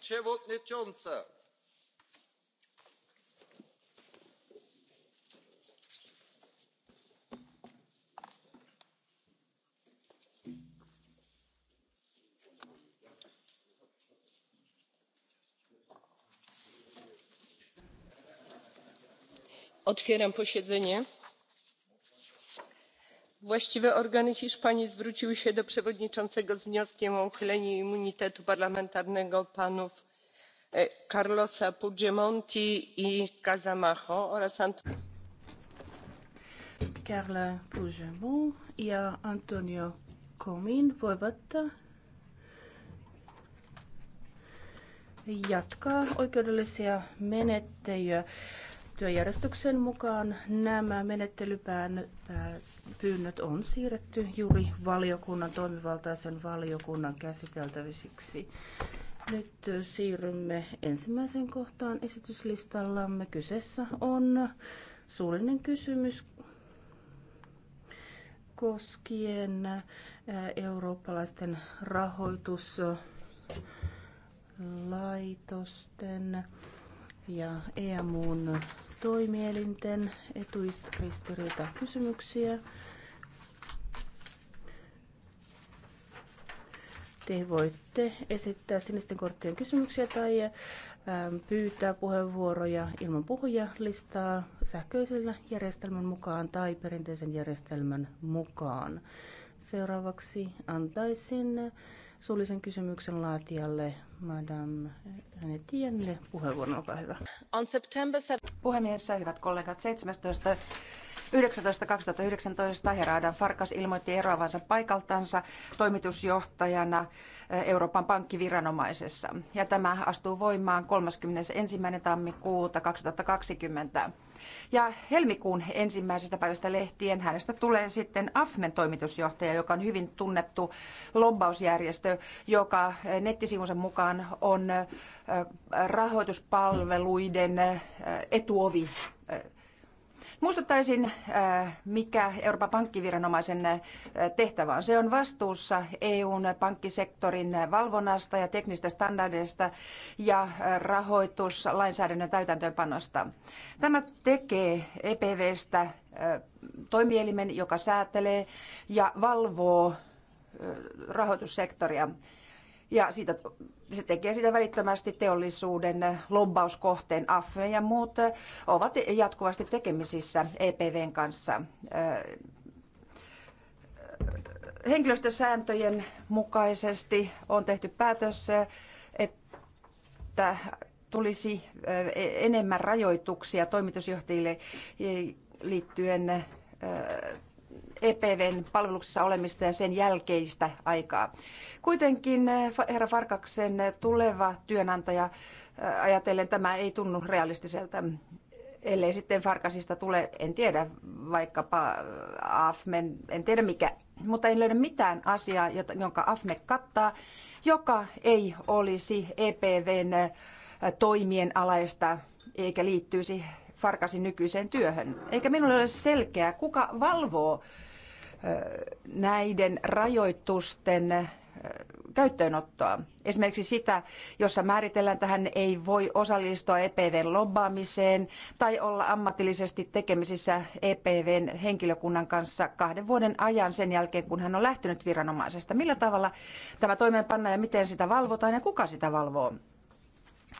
przewodnicząca! otwieram posiedzenie właściwe organy hiszpanii zwróciły się do przewodniczącego z wnioskiem o uchylenie immunitetu parlamentarnego panów e, carlosa puigdemonta i casamajo oraz carla ja antonio comin Työjärjestyksen mukaan nämä menettelypyynnöt on siirretty juuri valiokunnan toimivaltaisen valiokunnan käsiteltäviksi. Nyt siirrymme ensimmäiseen kohtaan esityslistallamme. Kyseessä on suullinen kysymys koskien äh, eurooppalaisten rahoituslaitosten ja EMUn toimielinten etuisristiriita kysymyksiä. Te voitte esittää sinisten korttien kysymyksiä tai pyytää puheenvuoroja ilman puhujalistaa sähköisellä järjestelmän mukaan tai perinteisen järjestelmän mukaan. Seuraavaksi antaisin suullisen kysymyksen laatijalle Madame Renetienille puheenvuoron, olkaa hyvä. On September... Puhemies, hyvät kollegat, 17. 19.2019 Adam Farkas ilmoitti eroavansa paikaltansa toimitusjohtajana eh, Euroopan pankkiviranomaisessa. Ja tämä astuu voimaan 31. tammikuuta 2020. Ja helmikuun ensimmäisestä päivästä lehtien hänestä tulee sitten AFMen toimitusjohtaja, joka on hyvin tunnettu lobbausjärjestö, joka eh, nettisivunsa mukaan on eh, rahoituspalveluiden etuovi Muistuttaisin, äh, mikä Euroopan pankkiviranomaisen äh, tehtävä on. Se on vastuussa EUn pankkisektorin valvonnasta ja teknisistä standardeista ja äh, rahoituslainsäädännön täytäntöönpanosta. Tämä tekee EPVstä toimielimen, joka säätelee ja valvoo rahoitussektoria. Ja siitä, se tekee sitä välittömästi teollisuuden lobbauskohteen AFE ja muut ovat jatkuvasti tekemisissä EPVn kanssa. Henkilöstösääntöjen mukaisesti on tehty päätös, että tulisi e, enemmän rajoituksia toimitusjohtajille e, liittyen EPVn palveluksessa olemista ja sen jälkeistä aikaa. Kuitenkin eh, herra Farkaksen tuleva työnantaja eh, ajatellen tämä ei tunnu realistiselta ellei sitten Farkasista tule, en tiedä, vaikkapa eh, Afmen, en tiedä mikä, mutta en löydä mitään asiaa, jonka Afme kattaa, joka ei olisi EPVn toimien alaista eikä liittyisi Farkasin nykyiseen työhön. Eikä minulle ole selkeää, kuka valvoo näiden rajoitusten käyttöönottoa. Esimerkiksi sitä, jossa määritellään, että hän ei voi osallistua EPVn lobbaamiseen tai olla ammatillisesti tekemisissä EPVn henkilökunnan kanssa kahden vuoden ajan sen jälkeen, kun hän on lähtenyt viranomaisesta. Millä tavalla tämä toimeenpanna ja miten sitä valvotaan ja kuka sitä valvoo?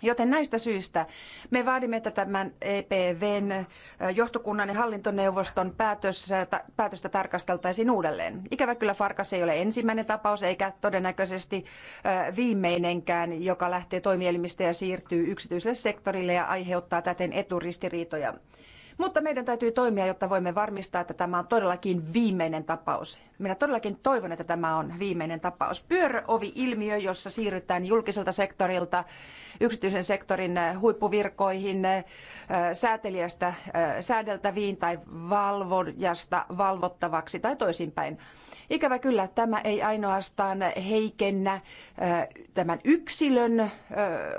Joten näistä syistä me vaadimme, että tämän EPVn johtokunnan ja hallintoneuvoston päätös, päätöstä tarkasteltaisiin uudelleen. Ikävä kyllä Farkas ei ole ensimmäinen tapaus eikä todennäköisesti viimeinenkään, joka lähtee toimielimistä ja siirtyy yksityiselle sektorille ja aiheuttaa täten eturistiriitoja. Mutta meidän täytyy toimia, jotta voimme varmistaa, että tämä on todellakin viimeinen tapaus. Minä todellakin toivon, että tämä on viimeinen tapaus. Pyöröovi-ilmiö, jossa siirrytään julkiselta sektorilta yksityisen sektorin äh, huippuvirkoihin, äh, säätelijästä äh, säädeltäviin tai valvojasta valvottavaksi tai toisinpäin. Ikävä kyllä tämä ei ainoastaan heikennä tämän yksilön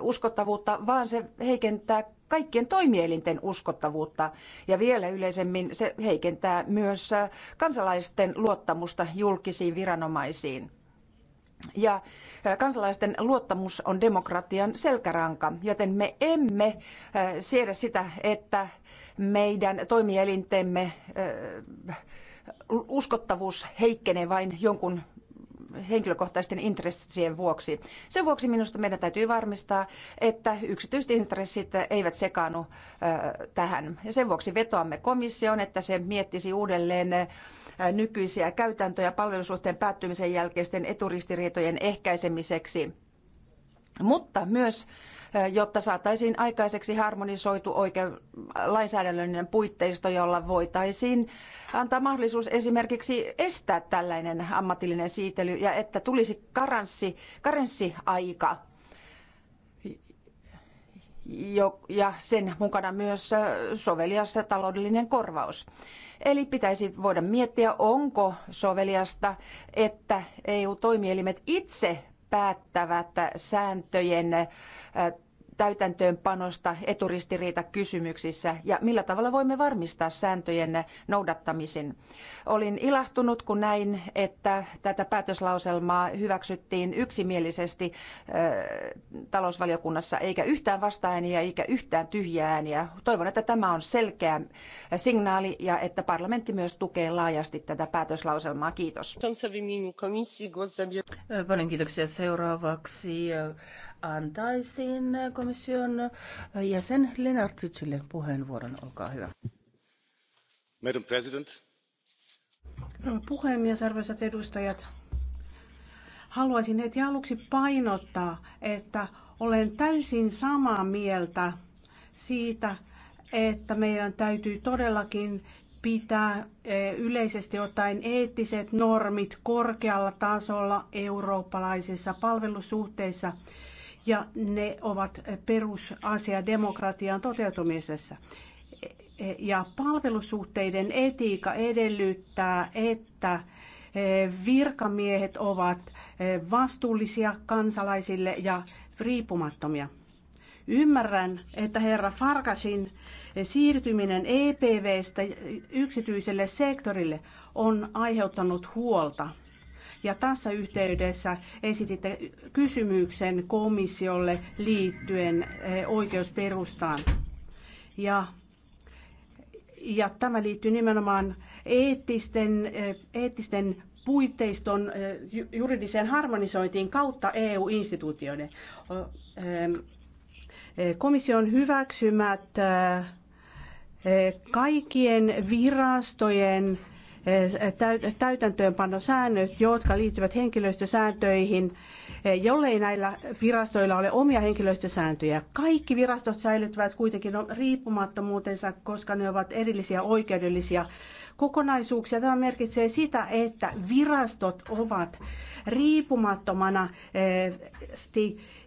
uskottavuutta, vaan se heikentää kaikkien toimielinten uskottavuutta ja vielä yleisemmin se heikentää myös kansalaisten luottamusta julkisiin viranomaisiin. Ja kansalaisten luottamus on demokratian selkäranka, joten me emme siedä sitä, että meidän toimielintemme uskottavuus heikkenee vain jonkun henkilökohtaisten intressien vuoksi. Sen vuoksi minusta meidän täytyy varmistaa, että yksityiset intressit eivät sekaannu tähän. Ja sen vuoksi vetoamme komissioon, että se miettisi uudelleen nykyisiä käytäntöjä palvelusuhteen päättymisen jälkeisten eturistiriitojen ehkäisemiseksi. Mutta myös jotta saataisiin aikaiseksi harmonisoitu oikein lainsäädännöllinen puitteisto, jolla voitaisiin antaa mahdollisuus esimerkiksi estää tällainen ammatillinen siitely ja että tulisi karanssi, karenssiaika ja sen mukana myös soveliassa taloudellinen korvaus. Eli pitäisi voida miettiä, onko soveliasta, että EU-toimielimet itse päättävät sääntöjen täytäntöönpanosta eturistiriitakysymyksissä ja millä tavalla voimme varmistaa sääntöjen noudattamisen. Olin ilahtunut, kun näin, että tätä päätöslauselmaa hyväksyttiin yksimielisesti talousvaliokunnassa, eikä yhtään vastaääniä eikä yhtään tyhjää ääniä. Toivon, että tämä on selkeä signaali ja että parlamentti myös tukee laajasti tätä päätöslauselmaa. Kiitos. Paljon kiitoksia seuraavaksi antaisin komission jäsen Lenarticille puheenvuoron. Olkaa hyvä. Madam President. Puhemies, arvoisat edustajat. Haluaisin heti aluksi painottaa, että olen täysin samaa mieltä siitä, että meidän täytyy todellakin pitää e, yleisesti ottaen eettiset normit korkealla tasolla eurooppalaisissa palvelussuhteissa – ja ne ovat perusasia demokratian toteutumisessa. Ja palvelussuhteiden etiikka edellyttää, että e, virkamiehet ovat e, vastuullisia kansalaisille ja riippumattomia. Ymmärrän, että herra Farkasin siirtyminen EPVstä yksityiselle sektorille on aiheuttanut huolta. Ja tässä yhteydessä esititte kysymyksen komissiolle liittyen eh, oikeusperustaan. Ja, ja tämä liittyy nimenomaan eettisten, eh, eettisten puitteiston eh, juridiseen harmonisointiin kautta EU-instituutioiden. Komission hyväksymät kaikkien virastojen täytäntöönpanosäännöt, jotka liittyvät henkilöstösääntöihin, eh, jollei näillä virastoilla ole omia henkilöstösääntöjä. Kaikki virastot säilyttävät kuitenkin riippumattomuutensa, koska ne ovat erillisiä oikeudellisia kokonaisuuksia. Tämä merkitsee sitä, että virastot ovat riippumattomana eh,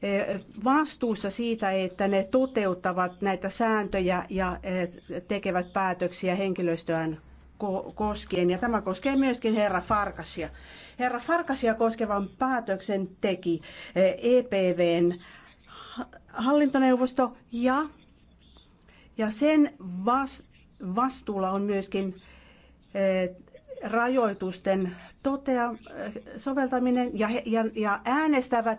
eh, vastuussa siitä, että ne toteuttavat näitä sääntöjä ja tekevät päätöksiä henkilöstöään koskien, ja tämä koskee myöskin herra Farkasia. Herra Farkasia koskevan päätöksen teki EPVn eh, e hallintoneuvosto ja, ja sen vas, vastuulla on myöskin eh, rajoitusten totea, eh, soveltaminen ja, ja, ja äänestävät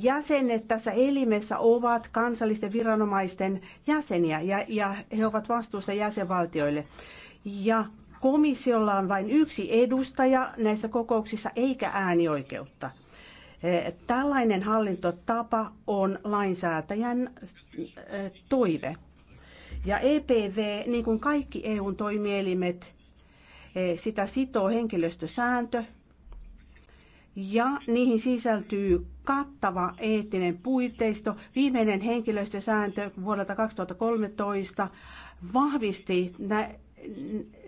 jäsenet tässä elimessä ovat kansallisten viranomaisten jäseniä ja, ja he ovat vastuussa jäsenvaltioille ja komissiolla on vain yksi edustaja näissä kokouksissa eikä äänioikeutta. E, tällainen hallintotapa on lainsäätäjän e, toive. Ja EPV, niin kuin kaikki EUn toimielimet, e, sitä sitoo henkilöstösääntö ja niihin sisältyy kattava eettinen puitteisto. Viimeinen henkilöstösääntö vuodelta 2013 vahvisti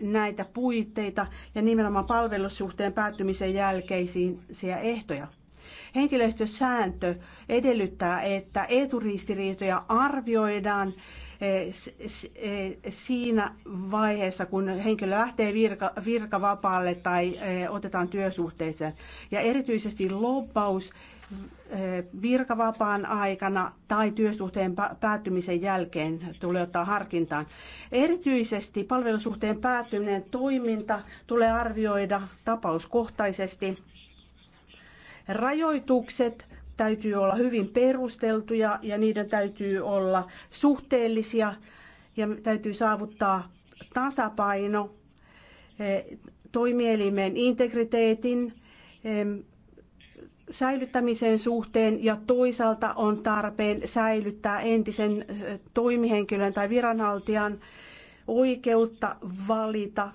näitä puitteita ja nimenomaan palvelussuhteen päättymisen jälkeisiä ehtoja. Henkilöstösääntö edellyttää, että eturistiriitoja arvioidaan eh, eh, siinä vaiheessa, kun henkilö lähtee virka, virkavapaalle tai eh, otetaan työsuhteeseen. Ja erityisesti lobbaus virkavapaan aikana tai työsuhteen päättymisen jälkeen tulee ottaa harkintaan. Erityisesti palvelusuhteen päättyminen toiminta tulee arvioida tapauskohtaisesti. Rajoitukset täytyy olla hyvin perusteltuja ja niiden täytyy olla suhteellisia ja täytyy saavuttaa tasapaino toimielimen integriteetin säilyttämisen suhteen ja toisaalta on tarpeen säilyttää entisen toimihenkilön tai viranhaltijan oikeutta valita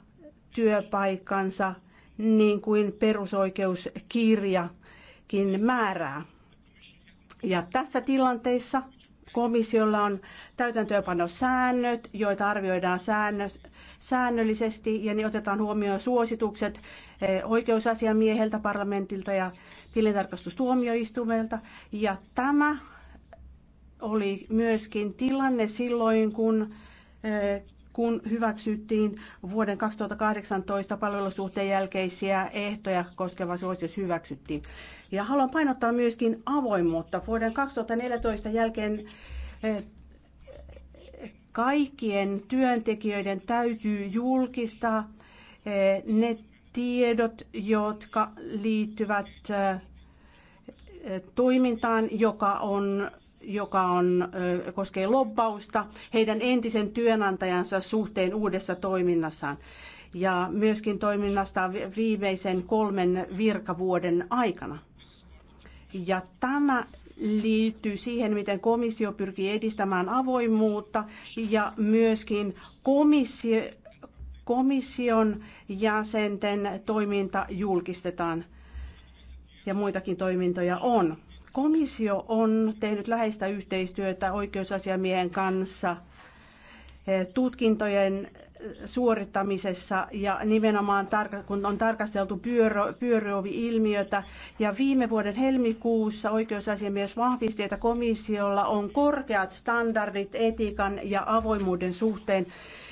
työpaikkansa niin kuin perusoikeuskirjakin määrää. Ja tässä tilanteessa komissiolla on täytäntöönpanosäännöt, joita arvioidaan säännös, säännöllisesti ja ne otetaan huomioon suositukset oikeusasiamieheltä, parlamentilta ja tilintarkastustuomioistuimelta. Ja tämä oli myöskin tilanne silloin, kun eh, kun hyväksyttiin vuoden 2018 palvelusuhteen jälkeisiä ehtoja koskeva suositus hyväksyttiin. Ja haluan painottaa myöskin avoimuutta. Vuoden 2014 jälkeen eh, kaikkien työntekijöiden täytyy julkistaa eh, ne tiedot, jotka liittyvät toimintaan, joka on joka on, koskee lobbausta heidän entisen työnantajansa suhteen uudessa toiminnassaan ja myöskin toiminnasta viimeisen kolmen virkavuoden aikana. Ja tämä liittyy siihen, miten komissio pyrkii edistämään avoimuutta ja myöskin komissio, komission jäsenten toiminta julkistetaan ja muitakin toimintoja on. Komissio on tehnyt läheistä yhteistyötä oikeusasiamiehen kanssa eh, tutkintojen suorittamisessa ja nimenomaan kun on tarkasteltu pyörö, pyöröovi-ilmiötä. Ja viime vuoden helmikuussa oikeusasiamies vahvisti, että komissiolla on korkeat standardit etiikan ja avoimuuden suhteen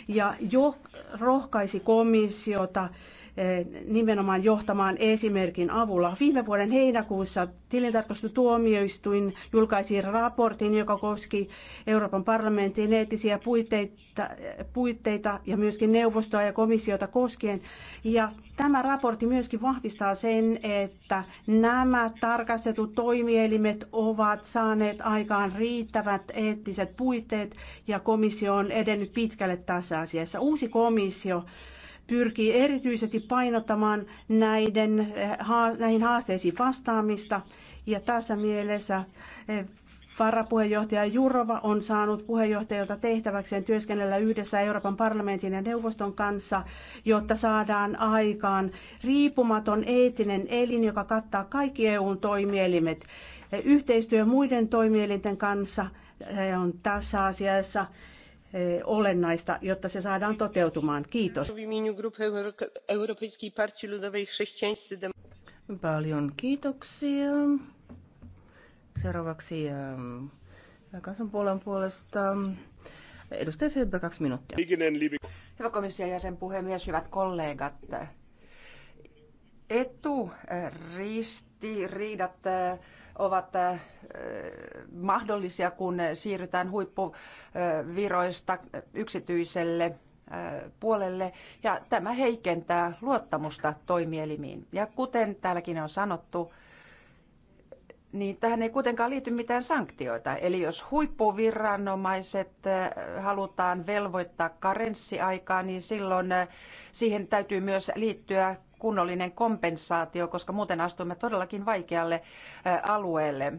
ja jo, rohkaisi komissiota Eh, nimenomaan johtamaan esimerkin avulla. Viime vuoden heinäkuussa tilintarkastustuomioistuin julkaisi raportin, joka koski Euroopan parlamentin eettisiä puitteita, puitteita ja myöskin neuvostoa ja komissiota koskien. Ja tämä raportti myöskin vahvistaa sen, että nämä tarkastetut toimielimet ovat saaneet aikaan riittävät eettiset puitteet ja komissio on edennyt pitkälle tässä asiassa. Uusi komissio pyrkii erityisesti painottamaan näiden, eh, näihin haasteisiin vastaamista. Ja tässä mielessä eh, Varapuheenjohtaja Jurova on saanut puheenjohtajalta tehtäväkseen työskennellä yhdessä Euroopan parlamentin ja neuvoston kanssa, jotta saadaan aikaan riippumaton eettinen elin, joka kattaa kaikki EUn toimielimet. Eh, yhteistyö muiden toimielinten kanssa on tässä asiassa olennaista, jotta se saadaan toteutumaan. Kiitos. Paljon kiitoksia. Seuraavaksi kansanpuolen puolesta edustaja Feber, kaksi minuuttia. Hyvä komission jäsen puhemies, hyvät kollegat. Eh, risti, riidat eh, ovat äh, mahdollisia, kun siirrytään huippuviroista äh, yksityiselle äh, puolelle ja tämä heikentää luottamusta toimielimiin. Ja kuten täälläkin on sanottu, niin tähän ei kuitenkaan liity mitään sanktioita. Eli jos huippuviranomaiset halutaan velvoittaa karenssiaikaa, niin silloin siihen täytyy myös liittyä kunnollinen kompensaatio, koska muuten astuimme todellakin vaikealle alueelle.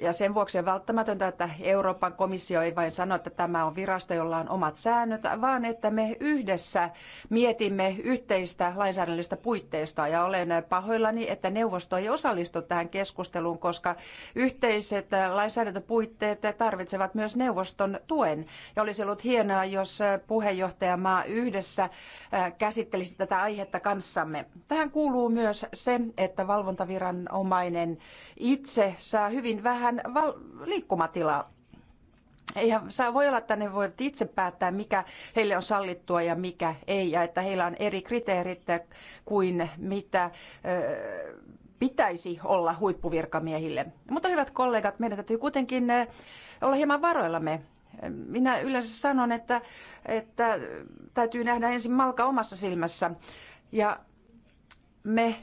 Ja sen vuoksi on välttämätöntä, että Euroopan komissio ei vain sano, että tämä on virasto, jolla on omat säännöt, vaan että me yhdessä mietimme yhteistä lainsäädännöllistä puitteista Ja olen pahoillani, että neuvosto ei osallistu tähän keskusteluun, koska yhteiset lainsäädäntöpuitteet tarvitsevat myös neuvoston tuen. Ja olisi ollut hienoa, jos puheenjohtajamaa yhdessä käsittelisi tätä aihetta kanssamme. Tähän kuuluu myös se, että valvontaviranomainen itse saa hyvin vähän vähän val- liikkumatilaa. Eihän saa, voi olla, että ne voivat itse päättää, mikä heille on sallittua ja mikä ei, ja että heillä on eri kriteerit kuin mitä ö, pitäisi olla huippuvirkamiehille. Mutta hyvät kollegat, meidän täytyy kuitenkin olla hieman varoillamme. Minä yleensä sanon, että, että täytyy nähdä ensin malka omassa silmässä. Ja me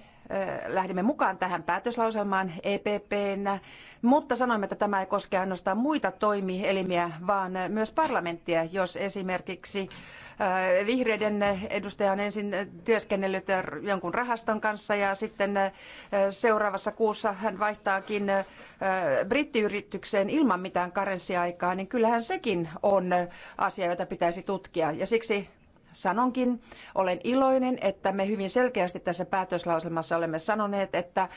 lähdimme mukaan tähän päätöslauselmaan EPPnä, mutta sanoimme, että tämä ei koske ainoastaan muita toimielimiä, vaan myös parlamenttia, jos esimerkiksi vihreiden edustaja on ensin työskennellyt jonkun rahaston kanssa ja sitten seuraavassa kuussa hän vaihtaakin brittiyritykseen ilman mitään karenssiaikaa, niin kyllähän sekin on asia, jota pitäisi tutkia. Ja siksi sanonkin, olen iloinen, että me hyvin selkeästi tässä päätöslauselmassa olemme sanoneet, että äh,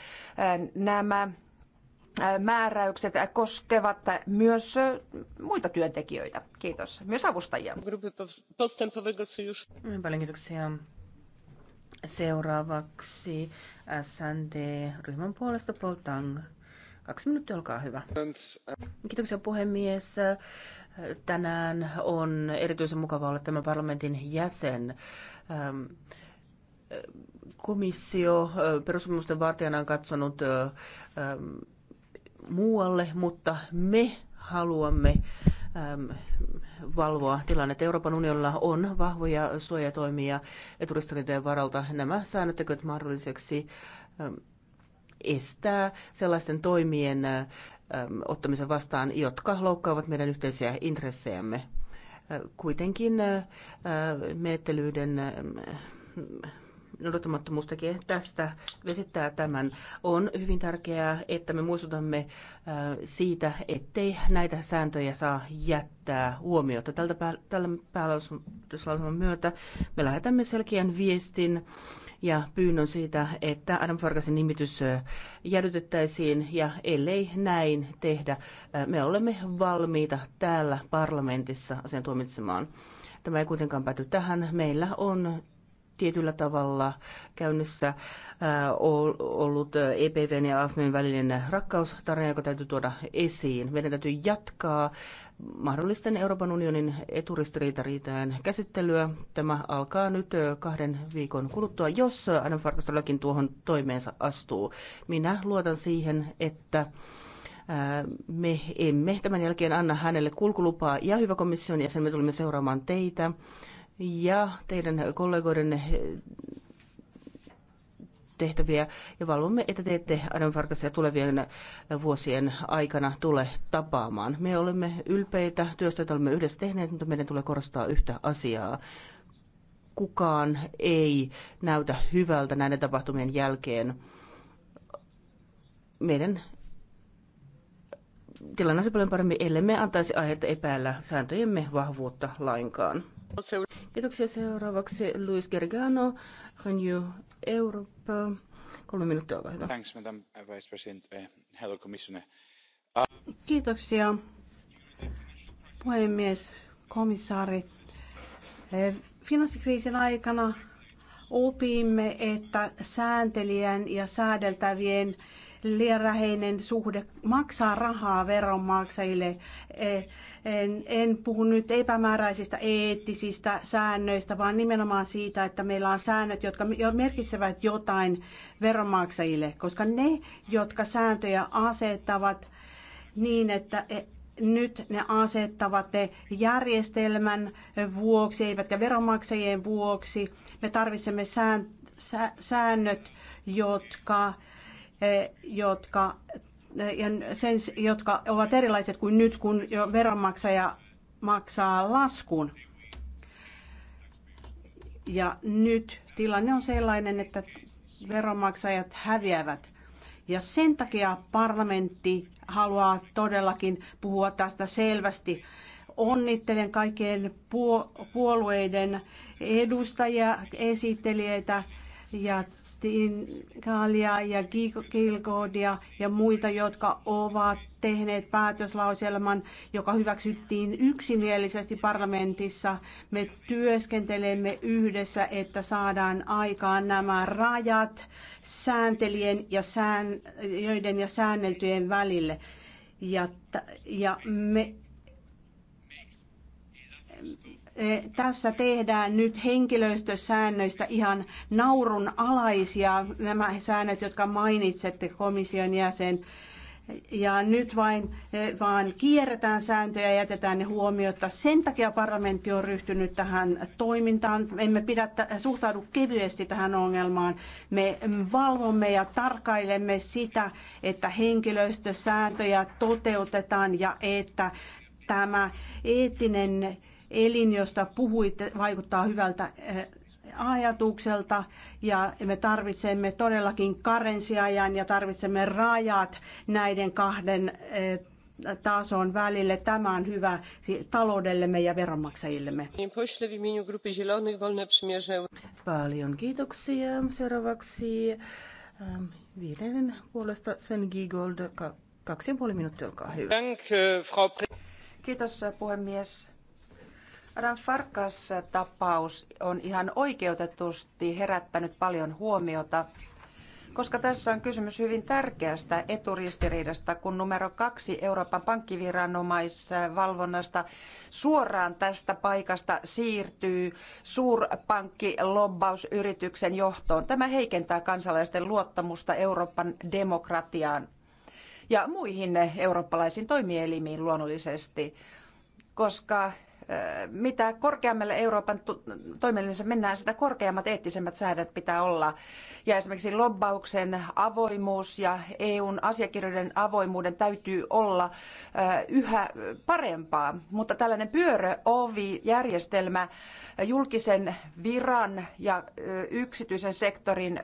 nämä äh, määräykset koskevat myös äh, muita työntekijöitä. Kiitos. Myös avustajia. Niin paljon kiitoksia. Seuraavaksi SND-ryhmän puolesta Paul Tang. Kaksi minuuttia, olkaa hyvä. Kiitoksia puhemies tänään. On erityisen mukava olla tämän parlamentin jäsen. Ähm, komissio äh, perussopimusten vartijana on katsonut äh, ähm, muualle, mutta me haluamme ähm, valvoa tilannetta. Euroopan unionilla on vahvoja suojatoimia eturistiriitojen varalta. Nämä säännöt tekevät mahdolliseksi estää sellaisten toimien äh, ottamisen vastaan, jotka loukkaavat meidän yhteisiä intressejämme. Äh, kuitenkin äh, äh, menettelyiden odottamattomuustekijä tästä vesittää tämän. On hyvin tärkeää, että me muistutamme äh, siitä, ettei näitä sääntöjä saa jättää huomiota. Tältä tällä päälauslausuman myötä me lähetämme selkeän viestin ja pyynnön siitä, että Adam Farkasin nimitys äh, jäädytettäisiin ja ellei näin tehdä, äh, me olemme valmiita täällä parlamentissa sen tuomitsemaan. Tämä ei kuitenkaan pääty tähän. Meillä on tietyllä tavalla käynnissä äh, ollut äh, EPVn ja AFMin välinen rakkaustarina, joka täytyy tuoda esiin. Meidän täytyy jatkaa mahdollisten Euroopan unionin eturistiriitariitojen käsittelyä. Tämä alkaa nyt äh, kahden viikon kuluttua, jos Adam Farkastolakin tuohon toimeensa astuu. Minä luotan siihen, että me emme tämän jälkeen anna hänelle kulkulupaa ja hyvä komission jäsen, me tulemme seuraamaan teitä ja teidän kollegoidenne eh, tehtäviä ja valvomme, että te ette Adam Farkasia tulevien vuosien aikana tule tapaamaan. Me olemme ylpeitä työstä, jota olemme yhdessä tehneet, mutta meidän tulee korostaa yhtä asiaa. Kukaan ei näytä hyvältä näiden tapahtumien jälkeen. Meidän tilanne on paljon paremmin, ellei me antaisi aihetta epäillä sääntöjemme vahvuutta lainkaan. Kiitoksia seuraavaksi Luis Gergano, Renew Europe. Kolme minuuttia, olkaa hyvä. Thanks, Madam Vice President. Eh, hello, Commissioner. Kiitoksia, puhemies, komissaari. Eh, finanssikriisin aikana opimme, että sääntelijän ja säädeltävien liian läheinen suhde maksaa rahaa veronmaksajille eh, en, en puhu nyt epämääräisistä eettisistä säännöistä, vaan nimenomaan siitä, että meillä on säännöt, jotka merkitsevät jotain veronmaksajille, koska ne, jotka sääntöjä asettavat niin, että e, nyt ne asettavat ne järjestelmän vuoksi, eivätkä veronmaksajien vuoksi. Me tarvitsemme säännöt, jotka, e, jotka ja sen, jotka ovat erilaiset kuin nyt, kun jo veronmaksaja maksaa laskun. Ja nyt tilanne on sellainen, että veronmaksajat häviävät. Ja sen takia parlamentti haluaa todellakin puhua tästä selvästi. Onnittelen kaikkien puolueiden edustajia, esittelijöitä ja Kaalia ja Kilkoodia ja muita, jotka ovat tehneet päätöslauselman, joka hyväksyttiin yksimielisesti parlamentissa. Me työskentelemme yhdessä, että saadaan aikaan nämä rajat sääntelien ja sään, joiden ja säänneltyjen välille. Ja, ja me tässä tehdään nyt henkilöstösäännöistä ihan naurun alaisia nämä säännöt, jotka mainitsette komission jäsen. Ja nyt vain, vaan kierretään sääntöjä ja jätetään ne huomiota. Sen takia parlamentti on ryhtynyt tähän toimintaan. Emme pidä, suhtaudu kevyesti tähän ongelmaan. Me valvomme ja tarkailemme sitä, että henkilöstösääntöjä toteutetaan ja että tämä eettinen elin, josta puhuitte, vaikuttaa hyvältä eh, ajatukselta ja me tarvitsemme todellakin karensiajan ja tarvitsemme rajat näiden kahden eh, tason välille. Tämä on hyvä taloudellemme ja veronmaksajillemme. Paljon kiitoksia. Seuraavaksi ähm, viiden puolesta Sven Giegold, kaksi ja puoli minuuttia, olkaa hyvä. Eh, Kiitos puhemies Adam Farkas tapaus on ihan oikeutetusti herättänyt paljon huomiota, koska tässä on kysymys hyvin tärkeästä eturistiriidasta, kun numero kaksi Euroopan pankkiviranomaisvalvonnasta suoraan tästä paikasta siirtyy suurpankkilobbausyrityksen johtoon. Tämä heikentää kansalaisten luottamusta Euroopan demokratiaan ja muihin eurooppalaisiin toimielimiin luonnollisesti, koska mitä korkeammalle Euroopan toimielinnassa mennään, sitä korkeammat eettisemmät säädöt pitää olla. Ja esimerkiksi lobbauksen avoimuus ja EUn asiakirjojen avoimuuden täytyy olla yhä parempaa. Mutta tällainen ovi järjestelmä julkisen viran ja yksityisen sektorin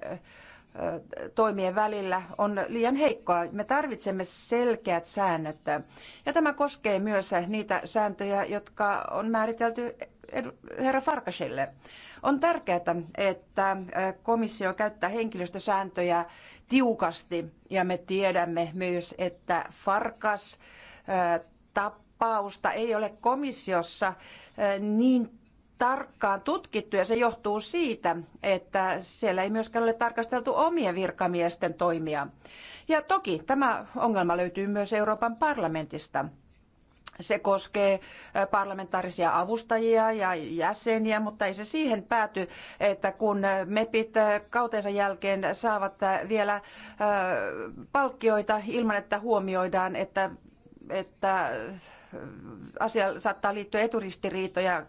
toimien välillä on liian heikkoa. Me tarvitsemme selkeät säännöt. Ja tämä koskee myös niitä sääntöjä, jotka on määritelty herra Farkasille. On tärkeää, että komissio käyttää henkilöstösääntöjä tiukasti ja me tiedämme myös, että Farkas tapausta ei ole komissiossa niin tarkkaan tutkittu ja se johtuu siitä, että siellä ei myöskään ole tarkasteltu omien virkamiesten toimia. Ja toki tämä ongelma löytyy myös Euroopan parlamentista. Se koskee parlamentaarisia avustajia ja jäseniä, mutta ei se siihen pääty, että kun MEPit kautensa jälkeen saavat vielä palkkioita ilman, että huomioidaan, että, että asia saattaa liittyä eturistiriitoja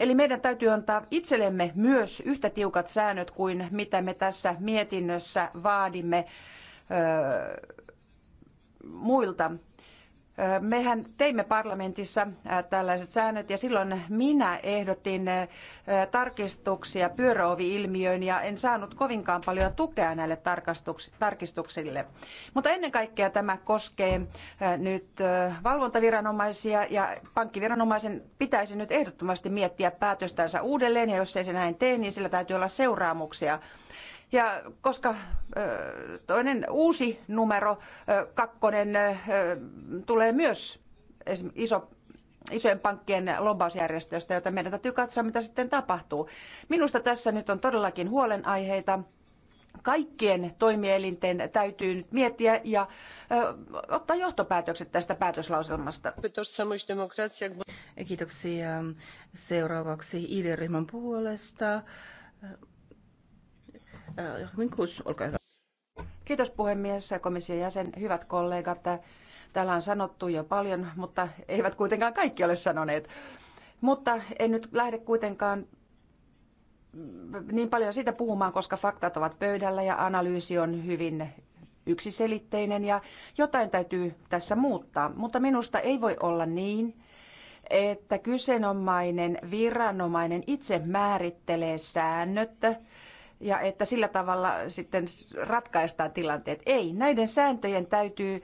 Eli meidän täytyy antaa itsellemme myös yhtä tiukat säännöt kuin mitä me tässä mietinnössä vaadimme öö, muilta Mehän teimme parlamentissa tällaiset säännöt ja silloin minä ehdotin tarkistuksia pyöröovi-ilmiöön ja en saanut kovinkaan paljon tukea näille tarkistuksille. Mutta ennen kaikkea tämä koskee nyt valvontaviranomaisia ja pankkiviranomaisen pitäisi nyt ehdottomasti miettiä päätöstänsä uudelleen ja jos ei se näin tee, niin sillä täytyy olla seuraamuksia. Ja koska toinen uusi numero, kakkonen, tulee myös iso isojen pankkien lobbausjärjestöistä, joten meidän täytyy katsoa, mitä sitten tapahtuu. Minusta tässä nyt on todellakin huolenaiheita. Kaikkien toimielinten täytyy nyt miettiä ja ö, ottaa johtopäätökset tästä päätöslauselmasta. Kiitoksia. Seuraavaksi ID-ryhmän puolesta Äh, olkaa hyvä. Kiitos puhemies ja komission jäsen. Hyvät kollegat, äh, täällä on sanottu jo paljon, mutta eivät kuitenkaan kaikki ole sanoneet. Mutta en nyt lähde kuitenkaan niin paljon siitä puhumaan, koska faktat ovat pöydällä ja analyysi on hyvin yksiselitteinen ja jotain täytyy tässä muuttaa. Mutta minusta ei voi olla niin, että kyseenomainen viranomainen itse määrittelee säännöt, ja että sillä tavalla sitten ratkaistaan tilanteet. Ei, näiden sääntöjen täytyy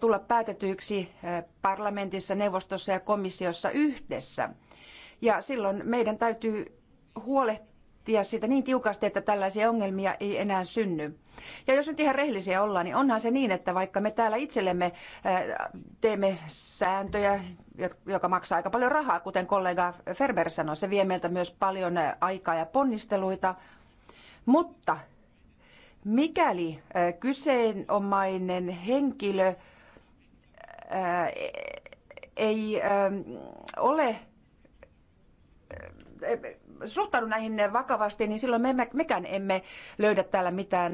tulla päätetyiksi parlamentissa, neuvostossa ja komissiossa yhdessä. Ja silloin meidän täytyy huolehtia siitä niin tiukasti, että tällaisia ongelmia ei enää synny. Ja jos nyt ihan rehellisiä ollaan, niin onhan se niin, että vaikka me täällä itsellemme teemme sääntöjä, joka maksaa aika paljon rahaa, kuten kollega Ferber sanoi, se vie meiltä myös paljon aikaa ja ponnisteluita, mutta mikäli kyseenomainen henkilö ei ole suhtaudu näihin vakavasti, niin silloin me, mekään emme löydä täällä mitään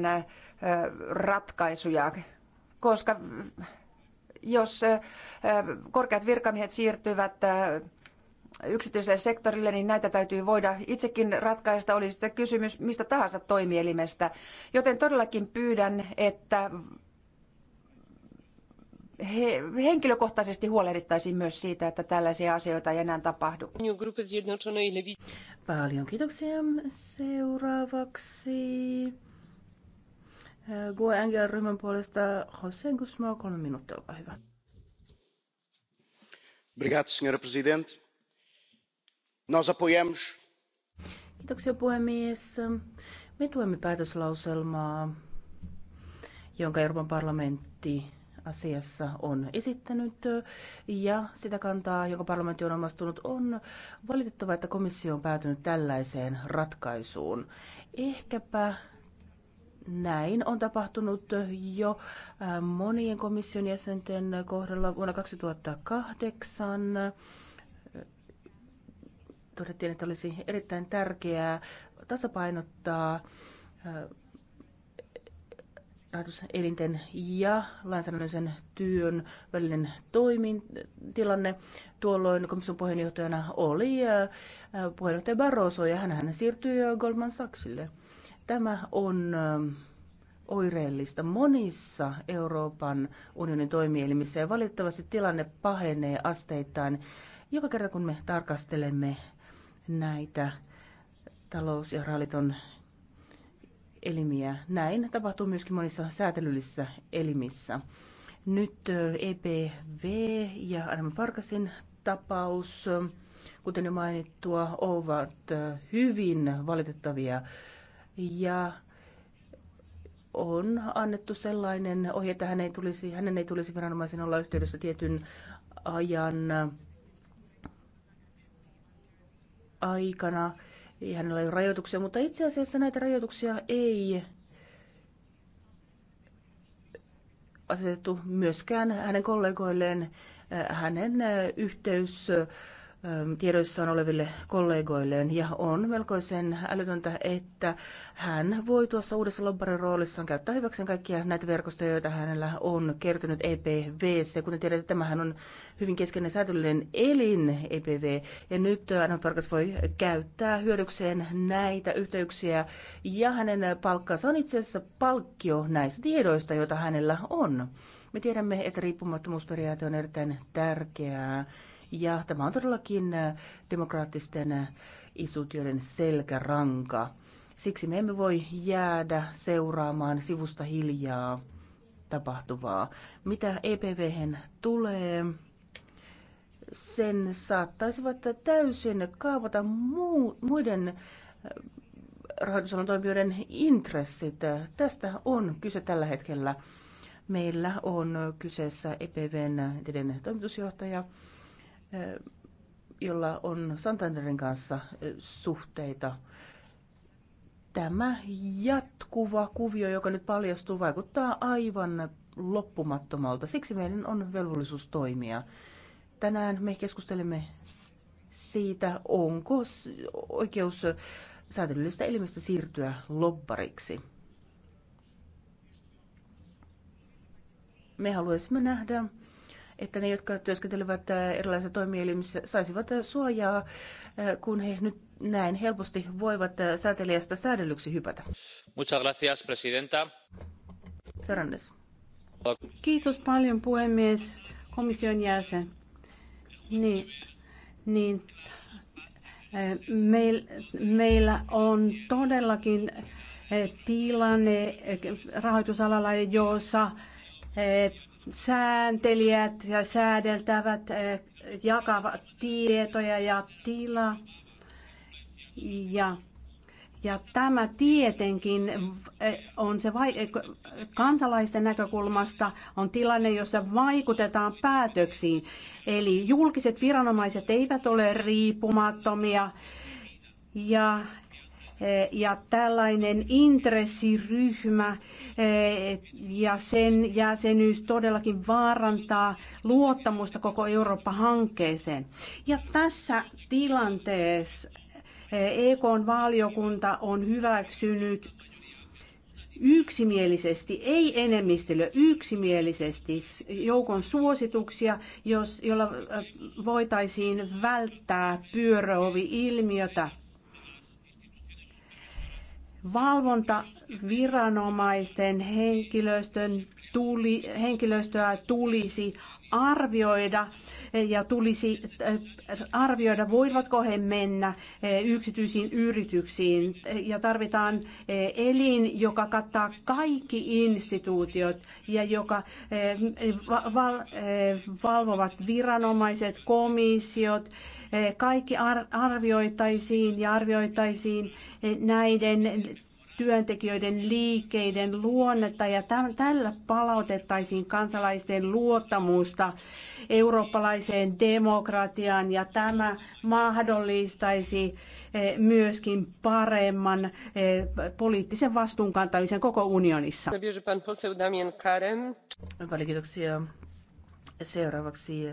ratkaisuja, koska jos korkeat virkamiehet siirtyvät yksityiselle sektorille, niin näitä täytyy voida itsekin ratkaista, oli sitten kysymys mistä tahansa toimielimestä. Joten todellakin pyydän, että he, henkilökohtaisesti huolehdittaisiin myös siitä, että tällaisia asioita ei enää tapahdu. Paljon kiitoksia. Seuraavaksi Gue Engel-ryhmän puolesta Jose Guzmao, kolme minuuttia, olkaa hyvä. Obrigado, senhora presidente. Nós apoiamos. Kiitoksia puhemies. Me tuemme päätöslauselmaa, jonka Euroopan parlamentti asiassa on esittänyt ja sitä kantaa, jonka parlamentti on omastunut, on valitettava, että komissio on päätynyt tällaiseen ratkaisuun. Ehkäpä näin on tapahtunut jo äh, monien komission jäsenten kohdalla vuonna 2008 todettiin, että olisi erittäin tärkeää tasapainottaa elinten ja lainsäädännöllisen työn välinen toimin, tilanne. Tuolloin komission puheenjohtajana oli puheenjohtaja Barroso ja hän siirtyi Goldman Sachsille. Tämä on oireellista monissa Euroopan unionin toimielimissä ja valitettavasti tilanne pahenee asteittain. Joka kerta kun me tarkastelemme näitä talous- ja rahaliiton elimiä. Näin tapahtuu myöskin monissa säätelyllisissä elimissä. Nyt EPV ja Adam Farkasin tapaus, kuten jo mainittua, ovat hyvin valitettavia ja on annettu sellainen ohje, että hänen ei tulisi, hänen ei tulisi viranomaisen olla yhteydessä tietyn ajan aikana. Hänellä ole rajoituksia, mutta itse asiassa näitä rajoituksia ei asetettu myöskään hänen kollegoilleen. Äh, hänen äh, yhteys Ähm, tiedoissaan oleville kollegoilleen. Ja on melkoisen älytöntä, että hän voi tuossa uudessa lobbarin roolissaan käyttää hyväkseen kaikkia näitä verkostoja, joita hänellä on kertynyt EPVC. Kuten tiedätte, tämähän on hyvin keskeinen säätöllinen elin EPV. Ja nyt Anna Parkas voi käyttää hyödykseen näitä yhteyksiä. Ja hänen palkkansa on itse asiassa palkkio näistä tiedoista, joita hänellä on. Me tiedämme, että riippumattomuusperiaate on erittäin tärkeää ja tämä on todellakin äh, demokraattisten äh, instituutioiden selkäranka. Siksi me emme voi jäädä seuraamaan sivusta hiljaa tapahtuvaa. Mitä EPV tulee, sen saattaisivat täysin kaavata muu, muiden äh, rahoitusalan toimijoiden intressit. Tästä on kyse tällä hetkellä. Meillä on kyseessä EPVn toimitusjohtaja, jolla on Santanderin kanssa suhteita. Tämä jatkuva kuvio, joka nyt paljastuu, vaikuttaa aivan loppumattomalta. Siksi meidän on velvollisuus toimia. Tänään me keskustelemme siitä, onko oikeus säätelyllisestä elimestä siirtyä loppariksi. Me haluaisimme nähdä että ne, jotka työskentelevät äh, erilaisissa toimielimissä, saisivat äh, suojaa, äh, kun he nyt näin helposti voivat säätelijästä säädellyksi hypätä. Muchas gracias, presidenta. Fernandes. Kiitos paljon puhemies, komission jäsen. Niin, niin meil, meillä on todellakin tilanne rahoitusalalla, jossa sääntelijät ja säädeltävät eh, jakavat tietoja ja tila. Ja, ja tämä tietenkin eh, on se vai, eh, kansalaisten näkökulmasta on tilanne, jossa vaikutetaan päätöksiin. Eli julkiset viranomaiset eivät ole riippumattomia ja Eh, ja tällainen intressiryhmä eh, ja sen jäsenyys todellakin vaarantaa luottamusta koko Eurooppa-hankkeeseen. Ja tässä tilanteessa EKn eh, e valiokunta on hyväksynyt yksimielisesti, ei enemmistöllä, yksimielisesti joukon suosituksia, jos, jolla voitaisiin välttää pyöröovi-ilmiötä Valvontaviranomaisten henkilöstön tuli, henkilöstöä tulisi arvioida ja tulisi äh, arvioida, voivatko he mennä äh, yksityisiin yrityksiin. Ja tarvitaan äh, elin, joka kattaa kaikki instituutiot ja joka valvovat viranomaiset, komissiot, kaikki arvioitaisiin ja arvioitaisiin näiden työntekijöiden liikkeiden luonnetta ja tällä palautettaisiin kansalaisten luottamusta eurooppalaiseen demokratiaan ja tämä mahdollistaisi eh, myöskin paremman eh, poliittisen vastuunkantamisen koko unionissa. kiitoksia. Seuraavaksi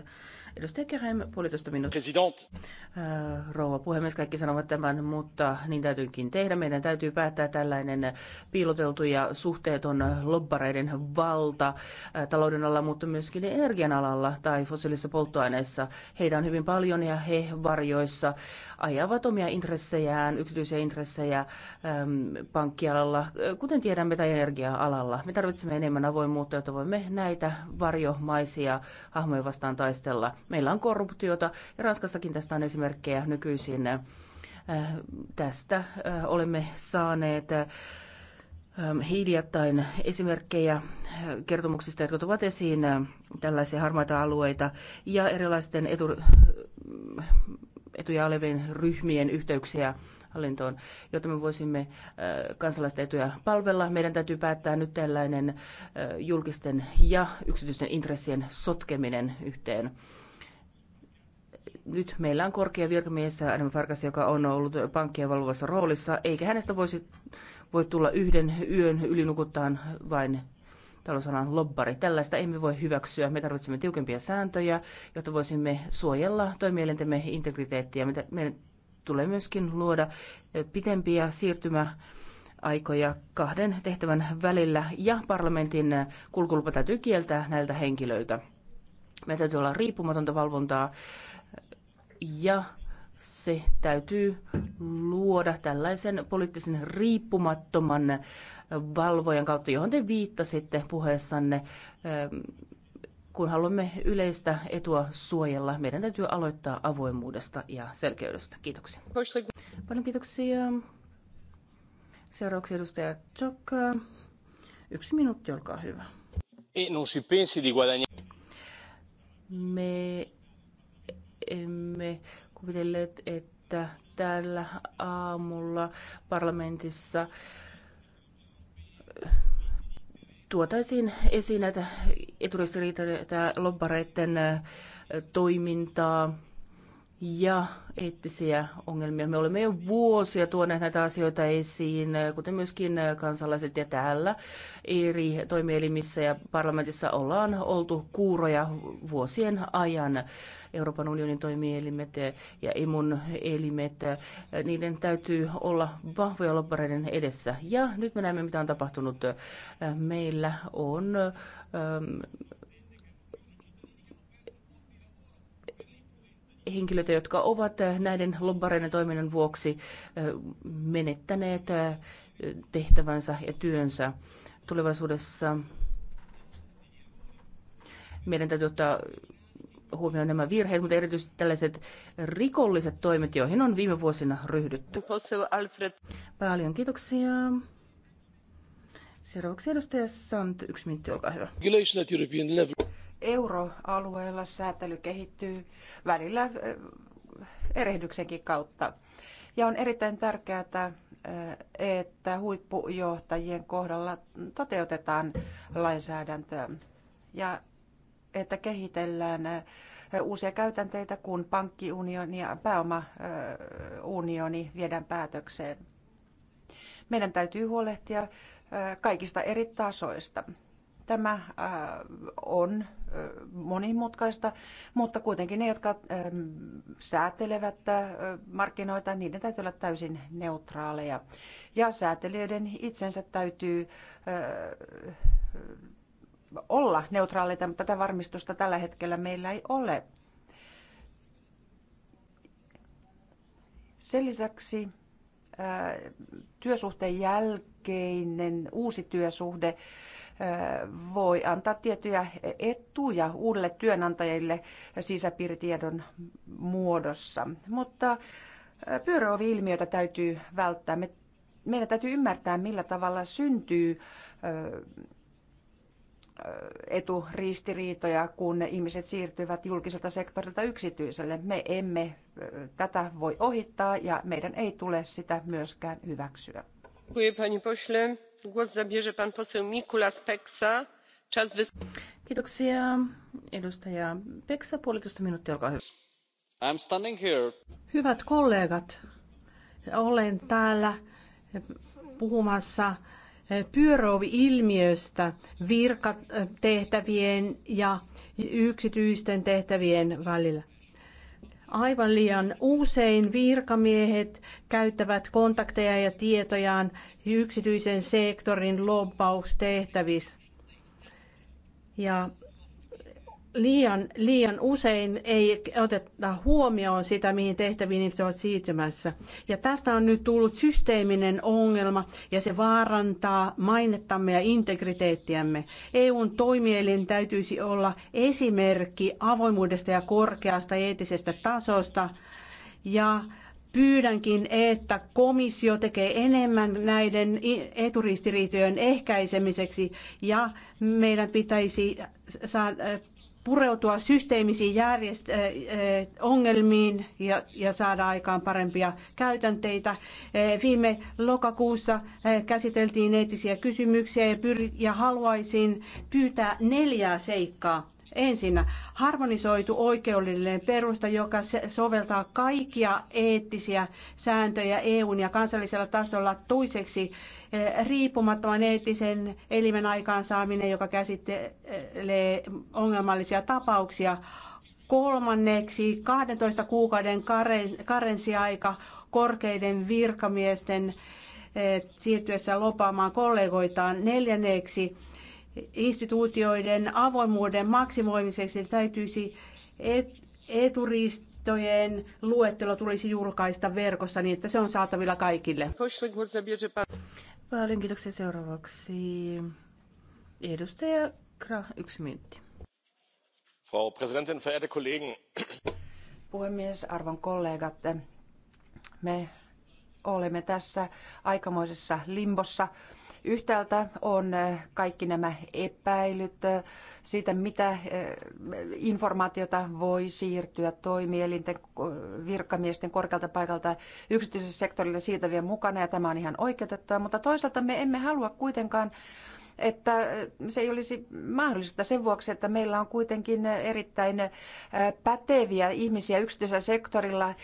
Edustaja Kerem, puolitoista minuuttia. President. Äh, rouva puhemies, kaikki sanovat tämän, mutta niin täytyykin tehdä. Meidän täytyy päättää tällainen piiloteltu ja suhteeton lobbareiden valta äh, talouden alalla, mutta myöskin energian alalla tai fossiilisissa polttoaineissa. Heitä on hyvin paljon ja he varjoissa ajavat omia intressejään, yksityisiä intressejä ähm, pankkialalla, äh, kuten tiedämme, tai energia-alalla. Me tarvitsemme enemmän avoimuutta, jotta voimme näitä varjomaisia hahmoja vastaan taistella. Meillä on korruptiota ja Ranskassakin tästä on esimerkkejä nykyisin. Äh, tästä äh, olemme saaneet äh, hiljattain esimerkkejä kertomuksista, jotka tuovat esiin tällaisia harmaita alueita ja erilaisten etu, etuja olevien ryhmien yhteyksiä hallintoon, jotta me voisimme kansalaisten etuja palvella. Meidän täytyy päättää nyt tällainen julkisten ja yksityisten intressien sotkeminen yhteen nyt meillä on korkea virkamies Adam Farkas, joka on ollut pankkien valvovassa roolissa, eikä hänestä voisi, voi tulla yhden yön ylinukuttaan vain talousalan lobbari. Tällaista emme voi hyväksyä. Me tarvitsemme tiukempia sääntöjä, jotta voisimme suojella toimielintemme integriteettiä. Meidän tulee myöskin luoda pitempiä siirtymä aikoja kahden tehtävän välillä ja parlamentin kulkulupa täytyy kieltää näiltä henkilöiltä. Meillä täytyy olla riippumatonta valvontaa ja se täytyy luoda tällaisen poliittisen riippumattoman valvojan kautta, johon te viittasitte puheessanne. Ehm, kun haluamme yleistä etua suojella, meidän täytyy aloittaa avoimuudesta ja selkeydestä. Kiitoksia. Paljon kiitoksia. Seuraavaksi edustaja Tsokka. Yksi minuutti, olkaa hyvä. E Me emme kuvitelleet, että tällä aamulla parlamentissa äh, tuotaisiin esiin näitä eturistiriitoja lobbareiden äh, toimintaa ja eettisiä ongelmia. Me olemme jo vuosia tuoneet näitä asioita esiin, kuten myöskin kansalaiset ja täällä eri toimielimissä ja parlamentissa ollaan oltu kuuroja vuosien ajan. Euroopan unionin toimielimet ja imun elimet, niiden täytyy olla vahvoja loppareiden edessä. Ja nyt me näemme, mitä on tapahtunut. Meillä on henkilöitä, jotka ovat eh, näiden lobbareiden toiminnan vuoksi eh, menettäneet eh, tehtävänsä ja työnsä tulevaisuudessa. Meidän täytyy ottaa huomioon nämä virheet, mutta erityisesti tällaiset rikolliset toimet, joihin on viime vuosina ryhdytty. Paljon kiitoksia. Seuraavaksi edustaja Sant, yksi minuutti, olkaa hyvä euroalueella säätely kehittyy välillä erehdyksenkin kautta. Ja on erittäin tärkeää, että huippujohtajien kohdalla toteutetaan lainsäädäntöä ja että kehitellään uusia käytänteitä, kun pankkiunioni ja pääomaunioni viedään päätökseen. Meidän täytyy huolehtia kaikista eri tasoista. Tämä äh, on äh, monimutkaista, mutta kuitenkin ne, jotka ähm, säätelevät äh, markkinoita, niiden täytyy olla täysin neutraaleja. Ja säätelijöiden itsensä täytyy olla neutraaleita, mutta tätä varmistusta tällä hetkellä meillä ei ole. Sen lisäksi työsuhteen jälkeinen uusi työsuhde voi antaa tiettyjä etuja uudelle työnantajille sisäpiiritiedon muodossa. Mutta pyöröovi-ilmiötä täytyy välttää. Me, meidän täytyy ymmärtää, millä tavalla syntyy eturistiriitoja, kun ihmiset siirtyvät julkiselta sektorilta yksityiselle. Me emme tätä voi ohittaa ja meidän ei tule sitä myöskään hyväksyä. Kiitoksia. Edustaja Hyvät kollegat, olen täällä puhumassa pyöröovi-ilmiöstä virkatehtävien ja yksityisten tehtävien välillä. Aivan liian usein virkamiehet käyttävät kontakteja ja tietojaan yksityisen sektorin lobbaustehtävissä. Ja liian, liian usein ei oteta huomioon sitä, mihin tehtäviin ihmiset ovat siirtymässä. Ja tästä on nyt tullut systeeminen ongelma ja se vaarantaa mainettamme ja integriteettiämme. EUn toimielin täytyisi olla esimerkki avoimuudesta ja korkeasta eettisestä tasosta ja Pyydänkin, että komissio tekee enemmän näiden eturistiriitojen ehkäisemiseksi ja meidän pitäisi saada pureutua systeemisiin järjest- ongelmiin ja, ja saada aikaan parempia käytänteitä. E, viime lokakuussa e, käsiteltiin eettisiä kysymyksiä ja, ja haluaisin pyytää neljää seikkaa. Ensinnä harmonisoitu oikeudellinen perusta, joka soveltaa kaikkia eettisiä sääntöjä EUn ja kansallisella tasolla. Toiseksi Eh, riippumattoman eettisen elimen aikaansaaminen, joka käsittelee ongelmallisia tapauksia. Kolmanneksi 12 kuukauden karensiaika korkeiden virkamiesten eh, siirtyessä lopaamaan kollegoitaan. Neljänneksi instituutioiden avoimuuden maksimoimiseksi täytyisi eturistojen luettelo tulisi julkaista verkossa niin, että se on saatavilla kaikille paljon. Kiitoksia seuraavaksi. Edustaja Kra, yksi minuutti. Frau Präsidentin, verehrte Kollegen. Puhemies, arvon kollegat, me olemme tässä aikamoisessa limbossa Yhtäältä on eh, kaikki nämä epäilyt eh, siitä, mitä eh, informaatiota voi siirtyä toimielinten virkamiesten korkealta paikalta yksityisessä sektorille siitä mukana, ja tämä on ihan oikeutettua, mutta toisaalta me emme halua kuitenkaan että se ei olisi mahdollista sen vuoksi, että meillä on kuitenkin erittäin äh, päteviä ihmisiä yksityisellä sektorilla, äh,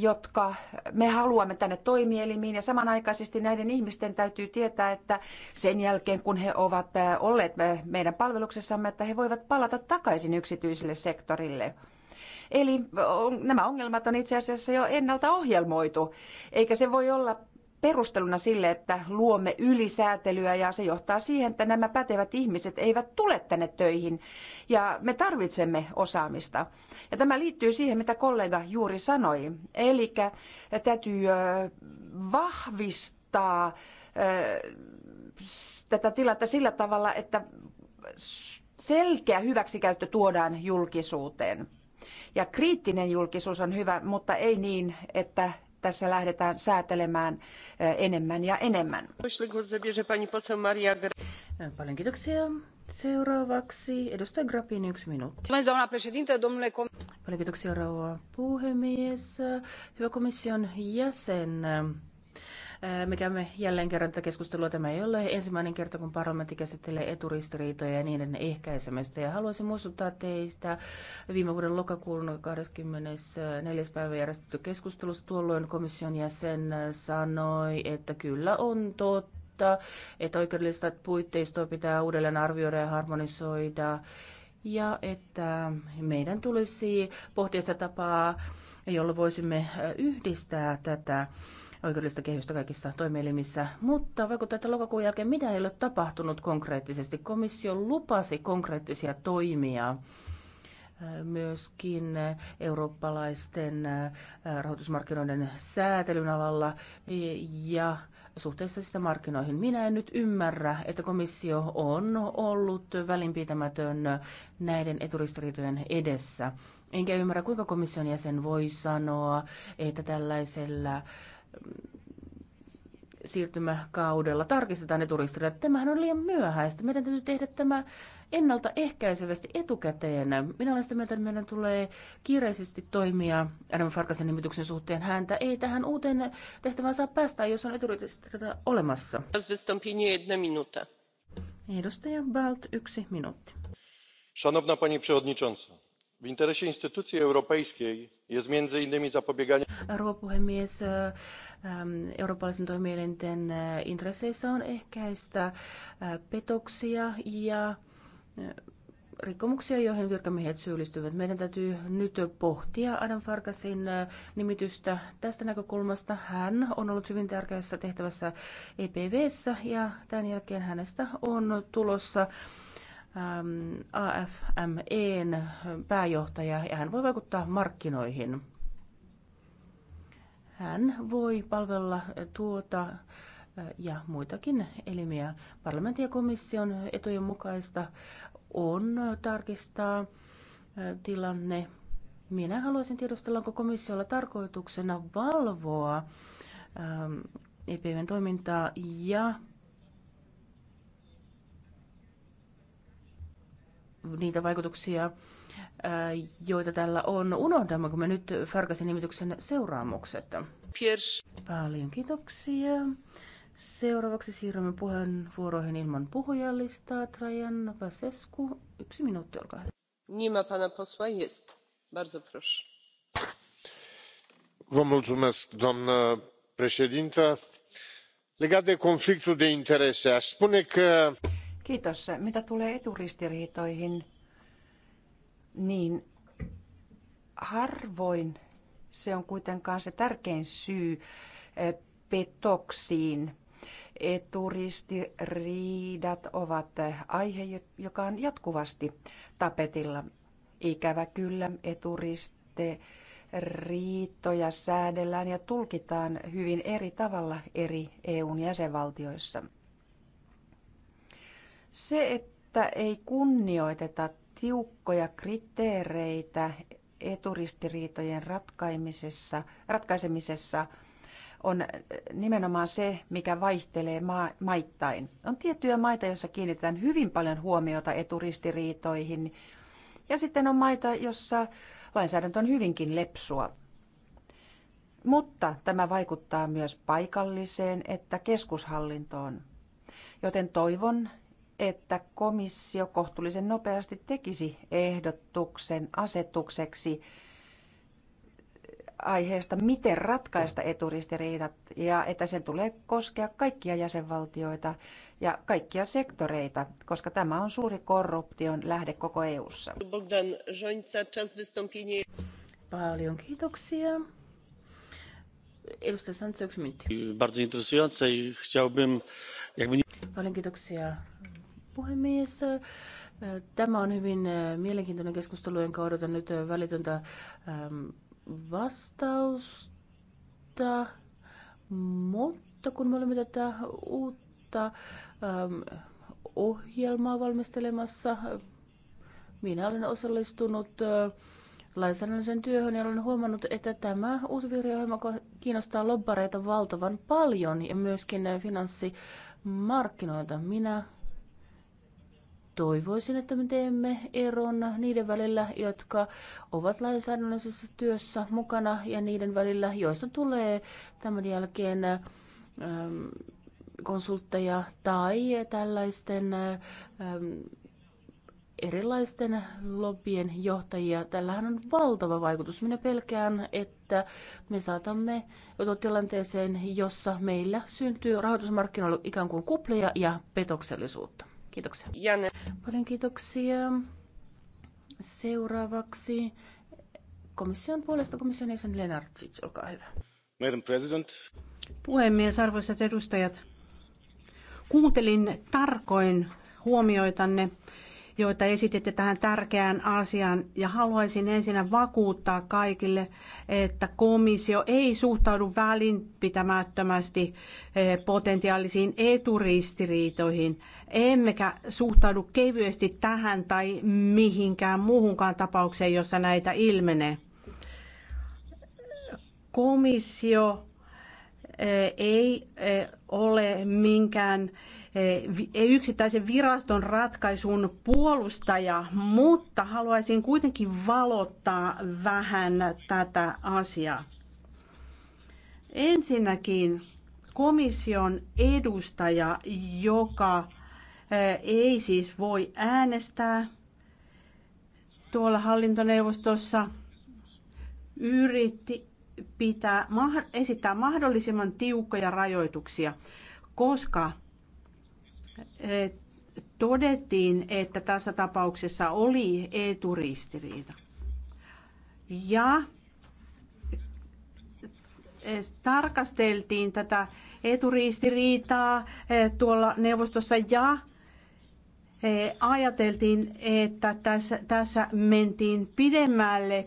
jotka me haluamme tänne toimielimiin ja samanaikaisesti näiden ihmisten täytyy tietää, että sen jälkeen kun he ovat äh, olleet meidän palveluksessamme, että he voivat palata takaisin yksityiselle sektorille. Eli nämä ongelmat on itse asiassa jo ennalta ohjelmoitu, eikä se voi olla perusteluna sille, että luomme ylisäätelyä ja se johtaa siihen, että nämä pätevät ihmiset eivät tule tänne töihin ja me tarvitsemme osaamista. Ja tämä liittyy siihen, mitä kollega juuri sanoi. Eli täytyy vahvistaa tätä tilannetta sillä tavalla, että selkeä hyväksikäyttö tuodaan julkisuuteen. Ja kriittinen julkisuus on hyvä, mutta ei niin, että tässä lähdetään säätelemään eh, enemmän ja enemmän. Paljon kiitoksia. Seuraavaksi edustaja Grappin yksi minuutti. Paljon kiitoksia rouva puhemies. Hyvä komission jäsen. Me käymme jälleen kerran tätä keskustelua. Tämä ei ole ensimmäinen kerta, kun parlamentti käsittelee eturistiriitoja ja niiden ehkäisemistä. Ja haluaisin muistuttaa teistä viime vuoden lokakuun 24. päivä järjestetty keskustelussa. Tuolloin komission jäsen sanoi, että kyllä on totta, että oikeudellista puitteistoa pitää uudelleen arvioida ja harmonisoida. Ja että meidän tulisi pohtia sitä tapaa, jolla voisimme yhdistää tätä oikeudellista kehystä kaikissa toimielimissä, mutta vaikuttaa, että lokakuun jälkeen mitä ei ole tapahtunut konkreettisesti. Komissio lupasi konkreettisia toimia äh, myöskin eurooppalaisten äh, rahoitusmarkkinoiden säätelyn alalla e, ja suhteessa sitä markkinoihin. Minä en nyt ymmärrä, että komissio on ollut välinpitämätön näiden eturistiriitojen edessä. Enkä ymmärrä, kuinka komission jäsen voi sanoa, että tällaisella siirtymäkaudella tarkistetaan ne että Tämähän on liian myöhäistä. Meidän täytyy tehdä tämä ennaltaehkäisevästi etukäteen. Minä olen sitä mieltä, että meidän tulee kiireisesti toimia Adam Farkasen nimityksen suhteen. Häntä ei tähän uuteen tehtävään saa päästä, jos on eturistiriita olemassa. Edustaja Balt, yksi minuutti. Szanowna pani przewodnicząca. W interesie instytucji europejskiej jest między innymi zapobieganie... Rouva puhemies, e, eurooppalaisen toimielinten e, intresseissä on ehkäistä e, petoksia ja rikkomuksia, joihin virkamiehet syyllistyvät. Meidän täytyy nyt pohtia Adam Farkasin nimitystä tästä näkökulmasta. Hän on ollut hyvin tärkeässä tehtävässä EPVssä ja tämän jälkeen hänestä on tulossa Ähm, AFMEn pääjohtaja ja hän voi vaikuttaa markkinoihin. Hän voi palvella tuota äh, ja muitakin elimiä. Parlamentin ja komission etujen mukaista on tarkistaa äh, tilanne. Minä haluaisin tiedustella, onko komissiolla tarkoituksena valvoa ähm, EPVn toimintaa ja niitä vaikutuksia, joita tällä on. Unohdammeko me nyt Farkasin nimityksen seuraamukset? Piers. Paljon kiitoksia. Seuraavaksi siirrymme puheenvuoroihin ilman puhujalistaa. Trajan Vasescu, yksi minuutti, olkaa hyvä. Nima pana posła, jest. Bardzo proszę. Vă mulțumesc, doamnă președintă. Legat de conflictul de interese, aș spune că... Kiitos. Mitä tulee eturistiriitoihin, niin harvoin se on kuitenkaan se tärkein syy eh, petoksiin. Eturistiriidat ovat eh, aihe, joka on jatkuvasti tapetilla. Ikävä kyllä eturistiriitoja säädellään ja tulkitaan hyvin eri tavalla eri EUn jäsenvaltioissa. Se, että ei kunnioiteta tiukkoja kriteereitä eturistiriitojen ratkaimisessa, ratkaisemisessa, on nimenomaan se, mikä vaihtelee ma- maittain. On tiettyjä maita, joissa kiinnitetään hyvin paljon huomiota eturistiriitoihin, ja sitten on maita, jossa lainsäädäntö on hyvinkin lepsua. Mutta tämä vaikuttaa myös paikalliseen että keskushallintoon. Joten toivon, että komissio kohtuullisen nopeasti tekisi ehdotuksen asetukseksi aiheesta, miten ratkaista eturistiriidat ja että sen tulee koskea kaikkia jäsenvaltioita ja kaikkia sektoreita, koska tämä on suuri korruption lähde koko EU:ssa. Bogdan czas wystąpienie. Paljon kiitoksia. Edustaja Sanz, yksi minuutti. Bardzo interesujące i chciałbym... Jakby... Paljon kiitoksia puhemies. Tämä on hyvin mielenkiintoinen keskustelu, jonka odotan nyt välitöntä vastausta. Mutta kun me olemme tätä uutta ohjelmaa valmistelemassa, minä olen osallistunut lainsäädännöllisen työhön ja olen huomannut, että tämä uusi vihreäohjelma kiinnostaa lobbareita valtavan paljon ja myöskin finanssimarkkinoita. Minä toivoisin, että me teemme eron niiden välillä, jotka ovat lainsäädännöllisessä työssä mukana ja niiden välillä, joista tulee tämän jälkeen äm, konsultteja tai tällaisten äm, erilaisten lobbien johtajia. Tällähän on valtava vaikutus. Minä pelkään, että me saatamme joutua tilanteeseen, jossa meillä syntyy rahoitusmarkkinoilla ikään kuin kupleja ja petoksellisuutta. Kiitoksia. Janne. Paljon kiitoksia. Seuraavaksi komission puolesta komission jäsen Lenartic, olkaa hyvä. Madam President. Puhemies, arvoisat edustajat. Kuuntelin tarkoin huomioitanne, joita esititte tähän tärkeään asiaan, ja haluaisin ensinnä vakuuttaa kaikille, että komissio ei suhtaudu välinpitämättömästi eh, potentiaalisiin eturistiriitoihin – emmekä suhtaudu kevyesti tähän tai mihinkään muuhunkaan tapaukseen, jossa näitä ilmenee. Komissio eh, ei eh, ole minkään eh, yksittäisen viraston ratkaisun puolustaja, mutta haluaisin kuitenkin valottaa vähän tätä asiaa. Ensinnäkin komission edustaja, joka ei siis voi äänestää tuolla hallintoneuvostossa, yritti pitää, esittää mahdollisimman tiukkoja rajoituksia, koska todettiin, että tässä tapauksessa oli eturistiriita. Ja tarkasteltiin tätä eturiistiriitaa tuolla neuvostossa ja ajateltiin, että tässä, tässä mentiin pidemmälle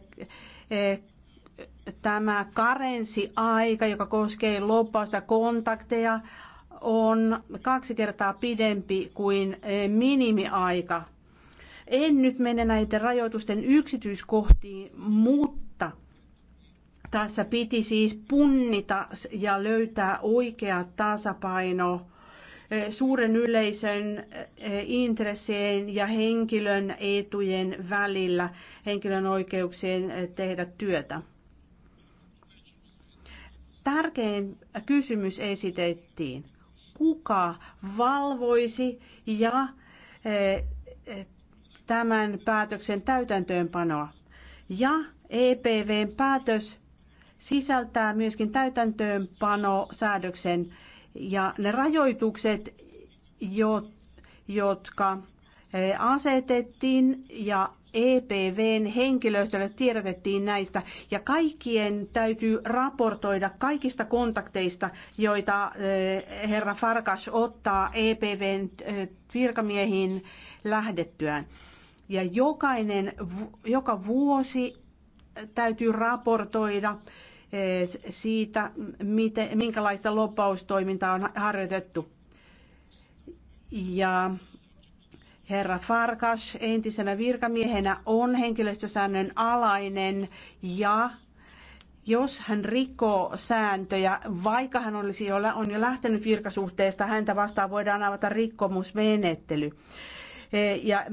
tämä karensi-aika, joka koskee loppausta kontakteja, on kaksi kertaa pidempi kuin minimiaika. En nyt mene näiden rajoitusten yksityiskohtiin, mutta tässä piti siis punnita ja löytää oikea tasapaino – suuren yleisön intressien ja henkilön etujen välillä, henkilön oikeuksien tehdä työtä. Tärkein kysymys esitettiin, kuka valvoisi ja tämän päätöksen täytäntöönpanoa. Ja EPVn päätös sisältää myöskin täytäntöönpano säädöksen ja ne rajoitukset, jotka eh, asetettiin ja EPVn henkilöstölle tiedotettiin näistä ja kaikkien täytyy raportoida kaikista kontakteista, joita eh, herra Farkas ottaa EPVn eh, virkamiehiin lähdettyään. Ja jokainen, joka vuosi täytyy raportoida Eh, siitä, miten, minkälaista loppaustoimintaa on harjoitettu. Ja herra Farkas entisenä virkamiehenä on henkilöstösäännön alainen ja jos hän rikkoo sääntöjä, vaikka hän olisi jo, on jo lähtenyt virkasuhteesta, häntä vastaan voidaan avata rikkomusmenettely. Eh, ja,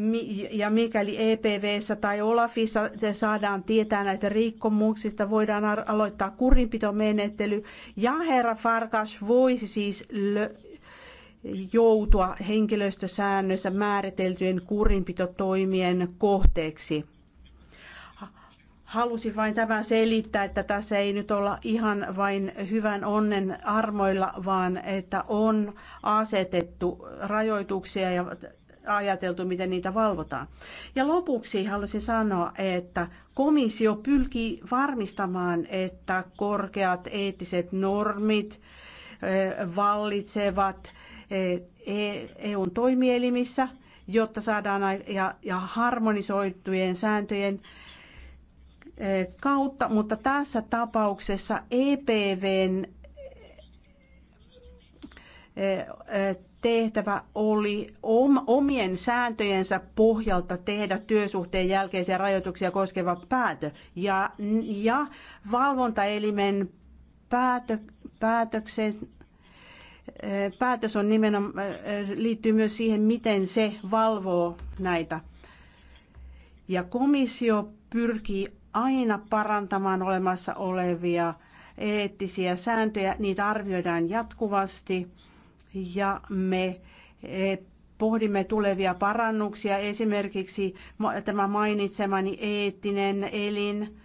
ja mikäli EPVssä tai Olafissa se saadaan tietää näistä rikkomuksista, voidaan aloittaa kurinpitomenettely ja herra Farkas voisi siis joutua henkilöstösäännössä määriteltyjen kurinpitotoimien kohteeksi halusin vain tämän selittää, että tässä ei nyt olla ihan vain hyvän onnen armoilla, vaan että on asetettu rajoituksia ja ajateltu, miten niitä valvotaan. Ja lopuksi haluaisin sanoa, että komissio pyrkii varmistamaan, että korkeat eettiset normit vallitsevat EUn e toimielimissä, jotta saadaan ja, ja harmonisoitujen sääntöjen kautta, mutta tässä tapauksessa EPVn tehtävä oli omien sääntöjensä pohjalta tehdä työsuhteen jälkeisiä rajoituksia koskeva päätö ja, ja valvontaelimen päätö, päätöksen eh, päätös on nimenomaan, eh, liittyy myös siihen, miten se valvoo näitä. Ja komissio pyrkii aina parantamaan olemassa olevia eettisiä sääntöjä, niitä arvioidaan jatkuvasti ja me eh, pohdimme tulevia parannuksia, esimerkiksi tämä mainitsemani eettinen elin,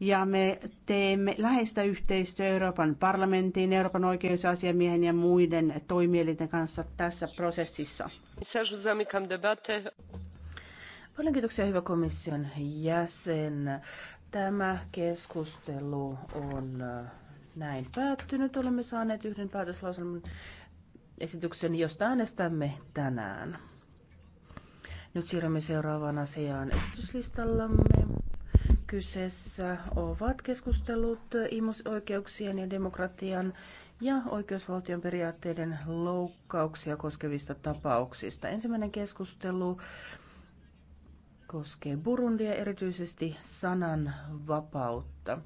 ja me teemme läheistä yhteistyötä Euroopan parlamentin, Euroopan oikeusasiamiehen ja muiden toimielinten kanssa tässä prosessissa. Paljon kiitoksia hyvä komission jäsen. Tämä keskustelu on eh, näin päättynyt. Olemme saaneet yhden päätöslauselman esityksen, josta äänestämme tänään. Nyt siirrymme seuraavaan asiaan esityslistallamme. Kyseessä ovat keskustelut ihmisoikeuksien ja demokratian ja oikeusvaltion periaatteiden loukkauksia koskevista tapauksista. Ensimmäinen keskustelu koskee Burundia, erityisesti sananvapautta.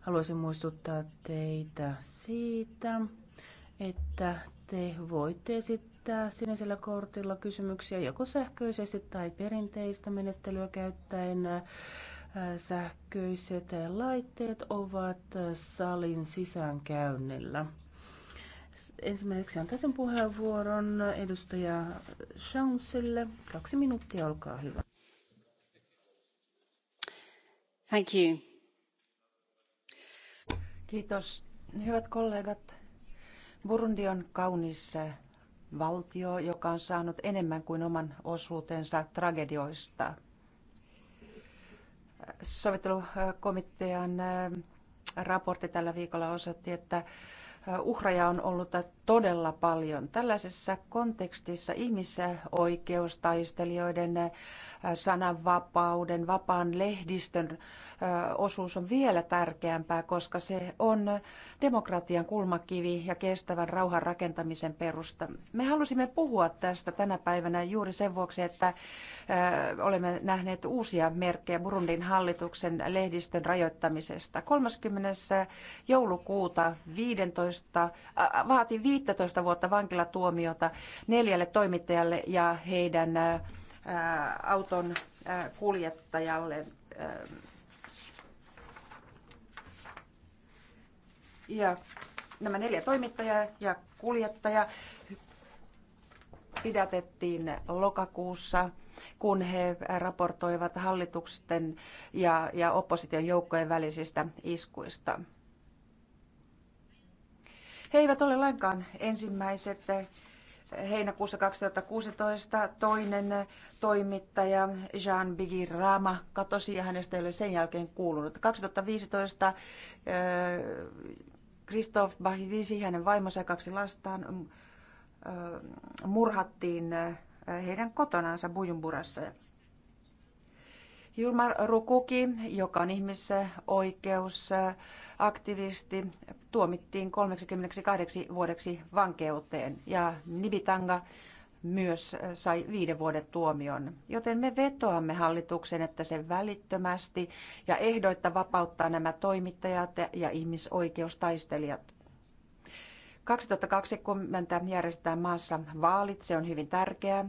Haluaisin muistuttaa teitä siitä, että te voitte esittää sinisellä kortilla kysymyksiä joko sähköisesti tai perinteistä menettelyä käyttäen. Äh, sähköiset laitteet ovat salin sisäänkäynnillä. Ensimmäiseksi antaisin puheenvuoron edustaja Chancelle. Kaksi minuuttia, olkaa hyvä. Thank you. Kiitos. Hyvät kollegat, Burundi on kaunis eh, valtio, joka on saanut enemmän kuin oman osuutensa tragedioista. Sovittelukomitean eh, raportti tällä viikolla osoitti, että eh, uhraja on ollut todella paljon. Tällaisessa kontekstissa ihmisoikeustaistelijoiden äh, sananvapauden, vapaan lehdistön äh, osuus on vielä tärkeämpää, koska se on demokratian kulmakivi ja kestävän rauhan rakentamisen perusta. Me halusimme puhua tästä tänä päivänä juuri sen vuoksi, että äh, olemme nähneet uusia merkkejä Burundin hallituksen lehdistön rajoittamisesta. 30. joulukuuta 15, vaati 15 15 vuotta vankilatuomiota neljälle toimittajalle ja heidän auton kuljettajalle. Ja nämä neljä toimittajaa ja kuljettaja pidätettiin lokakuussa, kun he raportoivat hallituksen ja, ja opposition joukkojen välisistä iskuista. He eivät ole lainkaan ensimmäiset eh, heinäkuussa 2016 toinen eh, toimittaja Jean Bigir katosi ja hänestä ei ole sen jälkeen kuulunut. 2015 eh, Christophe Bahivisi, hänen vaimonsa ja kaksi lastaan murhattiin heidän kotonaansa Bujumburassa. Jumar Rukuki, joka on ihmisoikeusaktivisti, tuomittiin 38 vuodeksi vankeuteen ja Nibitanga myös sai viiden vuoden tuomion. Joten me vetoamme hallituksen, että se välittömästi ja ehdoitta vapauttaa nämä toimittajat ja ihmisoikeustaistelijat. 2020 järjestetään maassa vaalit, se on hyvin tärkeää.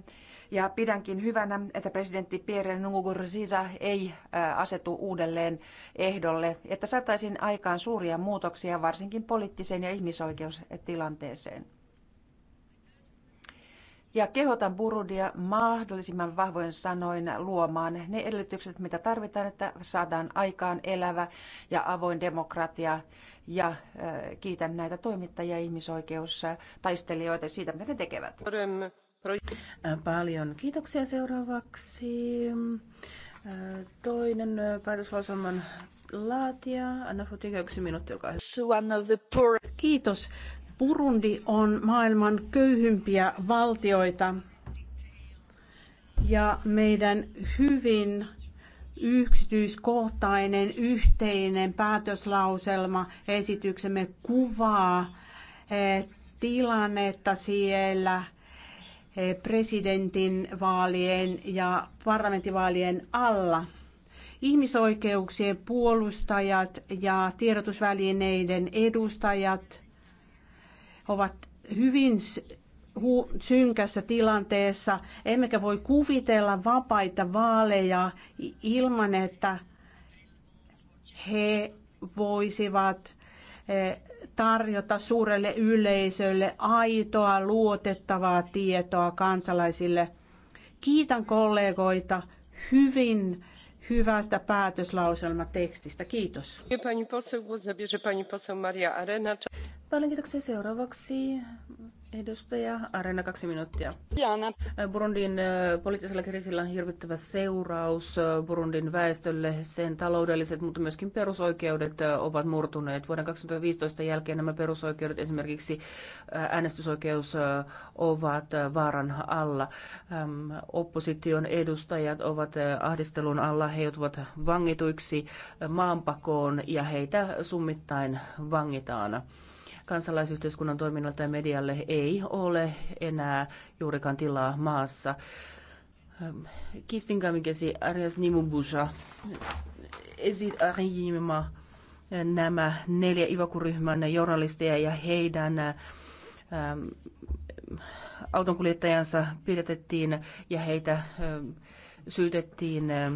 Ja pidänkin hyvänä, että presidentti Pierre Nkurunziza ei asetu uudelleen ehdolle, että saataisiin aikaan suuria muutoksia varsinkin poliittiseen ja ihmisoikeustilanteeseen. Ja kehotan Burundia mahdollisimman vahvoin sanoin luomaan ne edellytykset, mitä tarvitaan, että saadaan aikaan elävä ja avoin demokratia. Ja äh, kiitän näitä toimittajia, ihmisoikeustaistelijoita siitä, mitä ne tekevät. Todemme. Paljon kiitoksia seuraavaksi. Äh, toinen äh, päätöslauselman laatija, Anna Fotiga, yksi minuutti, olkaa hyvä. Kiitos. Burundi on maailman köyhimpiä valtioita ja meidän hyvin yksityiskohtainen yhteinen päätöslauselma esityksemme kuvaa eh, tilannetta siellä – Eh, presidentin vaalien ja parlamenttivaalien alla. Ihmisoikeuksien puolustajat ja tiedotusvälineiden edustajat ovat hyvin synkässä tilanteessa, emmekä voi kuvitella vapaita vaaleja ilman, että he voisivat eh, tarjota suurelle yleisölle aitoa, luotettavaa tietoa kansalaisille. Kiitän kollegoita hyvin hyvästä päätöslauselmatekstistä. Kiitos. Paljon kiitoksia seuraavaksi. Edustaja Arena, kaksi minuuttia. Jana. Burundin poliittisella kriisillä on hirvittävä seuraus Burundin väestölle. Sen taloudelliset, mutta myöskin perusoikeudet ovat murtuneet. Vuoden 2015 jälkeen nämä perusoikeudet, esimerkiksi äänestysoikeus, ovat vaaran alla. Opposition edustajat ovat ahdistelun alla. He joutuvat vangituiksi maanpakoon ja heitä summittain vangitaan kansalaisyhteiskunnan toiminnalta ja medialle ei ole enää juurikaan tilaa maassa. Ähm, kamikesi Arias Nimubusa, Esit arjima nämä neljä ivakuryhmän journalisteja ja heidän ähm, autonkuljettajansa pidätettiin ja heitä ähm, syytettiin äh,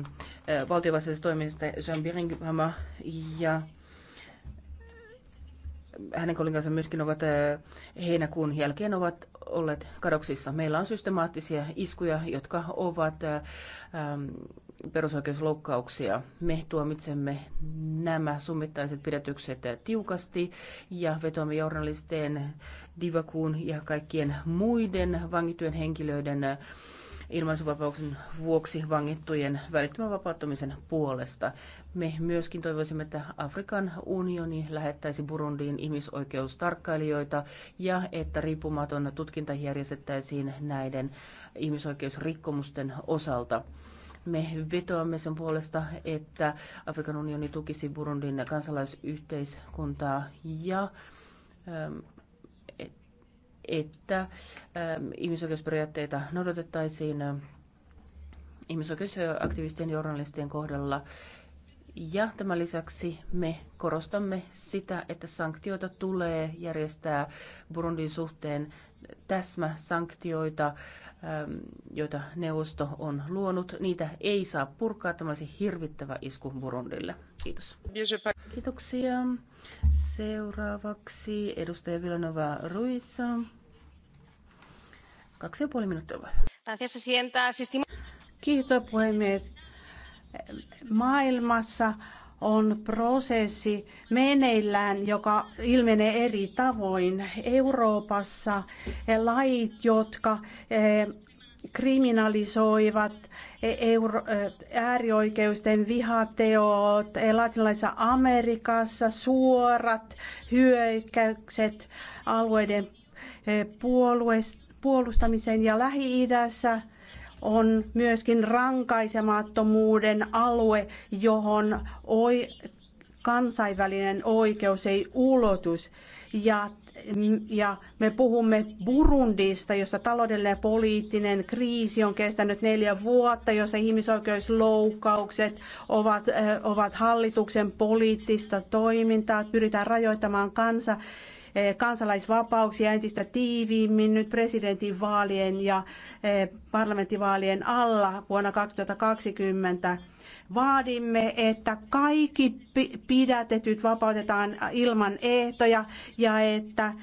valtiovastaisesta toiminnasta Jean Biringhama ja hänen kollegansa myöskin ovat heinäkuun jälkeen ovat olleet kadoksissa. Meillä on systemaattisia iskuja, jotka ovat perusoikeusloukkauksia. Me tuomitsemme nämä summittaiset pidätykset tiukasti ja vetoamme journalisteen, divakuun ja kaikkien muiden vangityön henkilöiden ilmaisuvapauksen vuoksi vangittujen välittömän vapauttamisen puolesta. Me myöskin toivoisimme, että Afrikan unioni lähettäisi Burundiin ihmisoikeustarkkailijoita ja että riippumaton tutkinta järjestettäisiin näiden ihmisoikeusrikkomusten osalta. Me vetoamme sen puolesta, että Afrikan unioni tukisi Burundin kansalaisyhteiskuntaa ja ähm, että ähm, ihmisoikeusperiaatteita noudatettaisiin ähm, ihmisoikeusaktivistien ja journalistien kohdalla. Ja tämän lisäksi me korostamme sitä, että sanktioita tulee järjestää Burundin suhteen täsmäsanktioita, ähm, joita neuvosto on luonut. Niitä ei saa purkaa. Tämä olisi hirvittävä isku Burundille. Kiitos. Kiitoksia. Seuraavaksi edustaja Vilanova Ruissa. Kaksi ja puoli minuuttia. Kiitos puhemies. Maailmassa on prosessi meneillään, joka ilmenee eri tavoin. Euroopassa lait, jotka eh, kriminalisoivat eh, euro, eh, äärioikeusten vihateot, latinalaisessa Amerikassa suorat hyökkäykset alueiden puolustamiseen ja Lähi-idässä on myöskin rankaisemattomuuden alue, johon oi, kansainvälinen oikeus ei ulotus. Ja, ja me puhumme Burundista, jossa taloudellinen ja poliittinen kriisi on kestänyt neljä vuotta, jossa ihmisoikeusloukkaukset ovat, ovat hallituksen poliittista toimintaa, pyritään rajoittamaan kansaa Eh, kansalaisvapauksia entistä tiiviimmin nyt presidentinvaalien ja eh, parlamenttivaalien alla vuonna 2020. Vaadimme, että kaikki pidätetyt vapautetaan ilman ehtoja ja että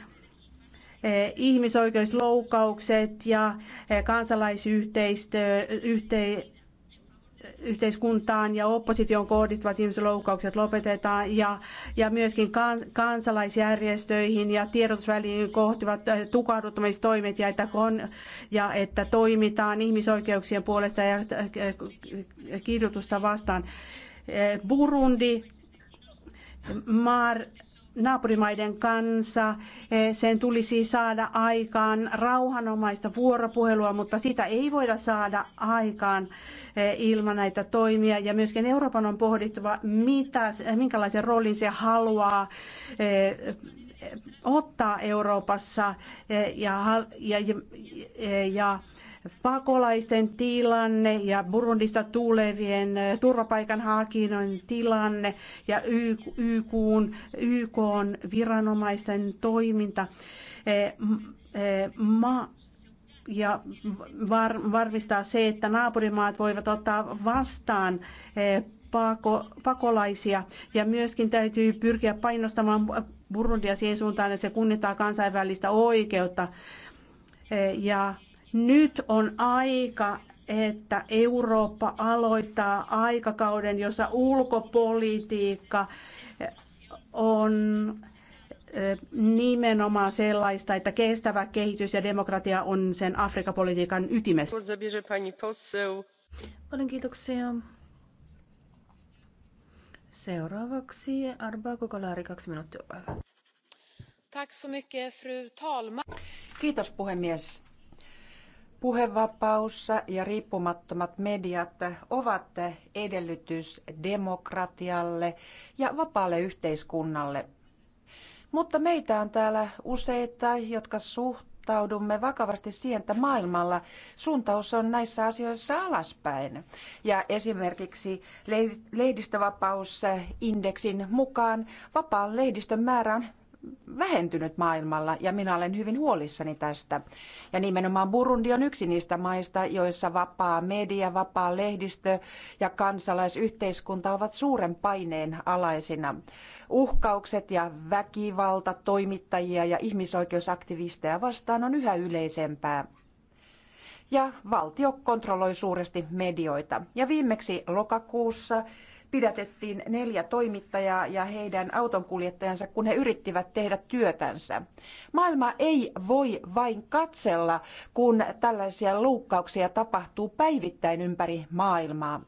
eh, ihmisoikeusloukkaukset ja kansalaisyhteistyö, yhteiskuntaan ja opposition kohdistuvat ihmisloukkaukset lopetetaan ja, ja myöskin kan, kansalaisjärjestöihin ja tiedotusväliin kohtivat äh, tukahduttamistoimet ja että, on, ja että toimitaan ihmisoikeuksien puolesta ja äh, äh, kidutusta vastaan. Burundi, Mar, naapurimaiden kanssa. Sen tulisi saada aikaan rauhanomaista vuoropuhelua, mutta sitä ei voida saada aikaan ilman näitä toimia. Ja myöskin Euroopan on pohdittava, mitä, minkälaisen roolin se haluaa eh, ottaa Euroopassa eh, ja, ja, ja, eh, ja pakolaisten tilanne ja Burundista tulevien turvapaikanhakijoiden tilanne ja YK, YK viranomaisten toiminta. Ma, ja var, varmistaa se, että naapurimaat voivat ottaa vastaan eh, pako, pakolaisia. Ja myöskin täytyy pyrkiä painostamaan Burundia siihen suuntaan, että se kunnittaa kansainvälistä oikeutta. Eh, ja nyt on aika, että Eurooppa aloittaa aikakauden, jossa ulkopolitiikka eh, on nimenomaan sellaista, että kestävä kehitys ja demokratia on sen Afrikapolitiikan ytimessä. Paljon kiitoksia. Seuraavaksi Arba Kokolaari, kaksi minuuttia päivä. Tack så mycket, fru talman. Kiitos puhemies. Puhevapaus ja riippumattomat mediat ovat edellytys demokratialle ja vapaalle yhteiskunnalle mutta meitä on täällä useita, jotka suhtaudumme vakavasti siihen, että maailmalla suuntaus on näissä asioissa alaspäin. Ja esimerkiksi lehdistövapausindeksin mukaan vapaan lehdistön määrä on vähentynyt maailmalla ja minä olen hyvin huolissani tästä. Ja nimenomaan Burundi on yksi niistä maista, joissa vapaa media, vapaa lehdistö ja kansalaisyhteiskunta ovat suuren paineen alaisina. Uhkaukset ja väkivalta toimittajia ja ihmisoikeusaktivisteja vastaan on yhä yleisempää ja valtio kontrolloi suuresti medioita. Ja viimeksi lokakuussa pidätettiin neljä toimittajaa ja heidän autonkuljettajansa, kun he yrittivät tehdä työtänsä. Maailma ei voi vain katsella, kun tällaisia loukkauksia tapahtuu päivittäin ympäri maailmaa.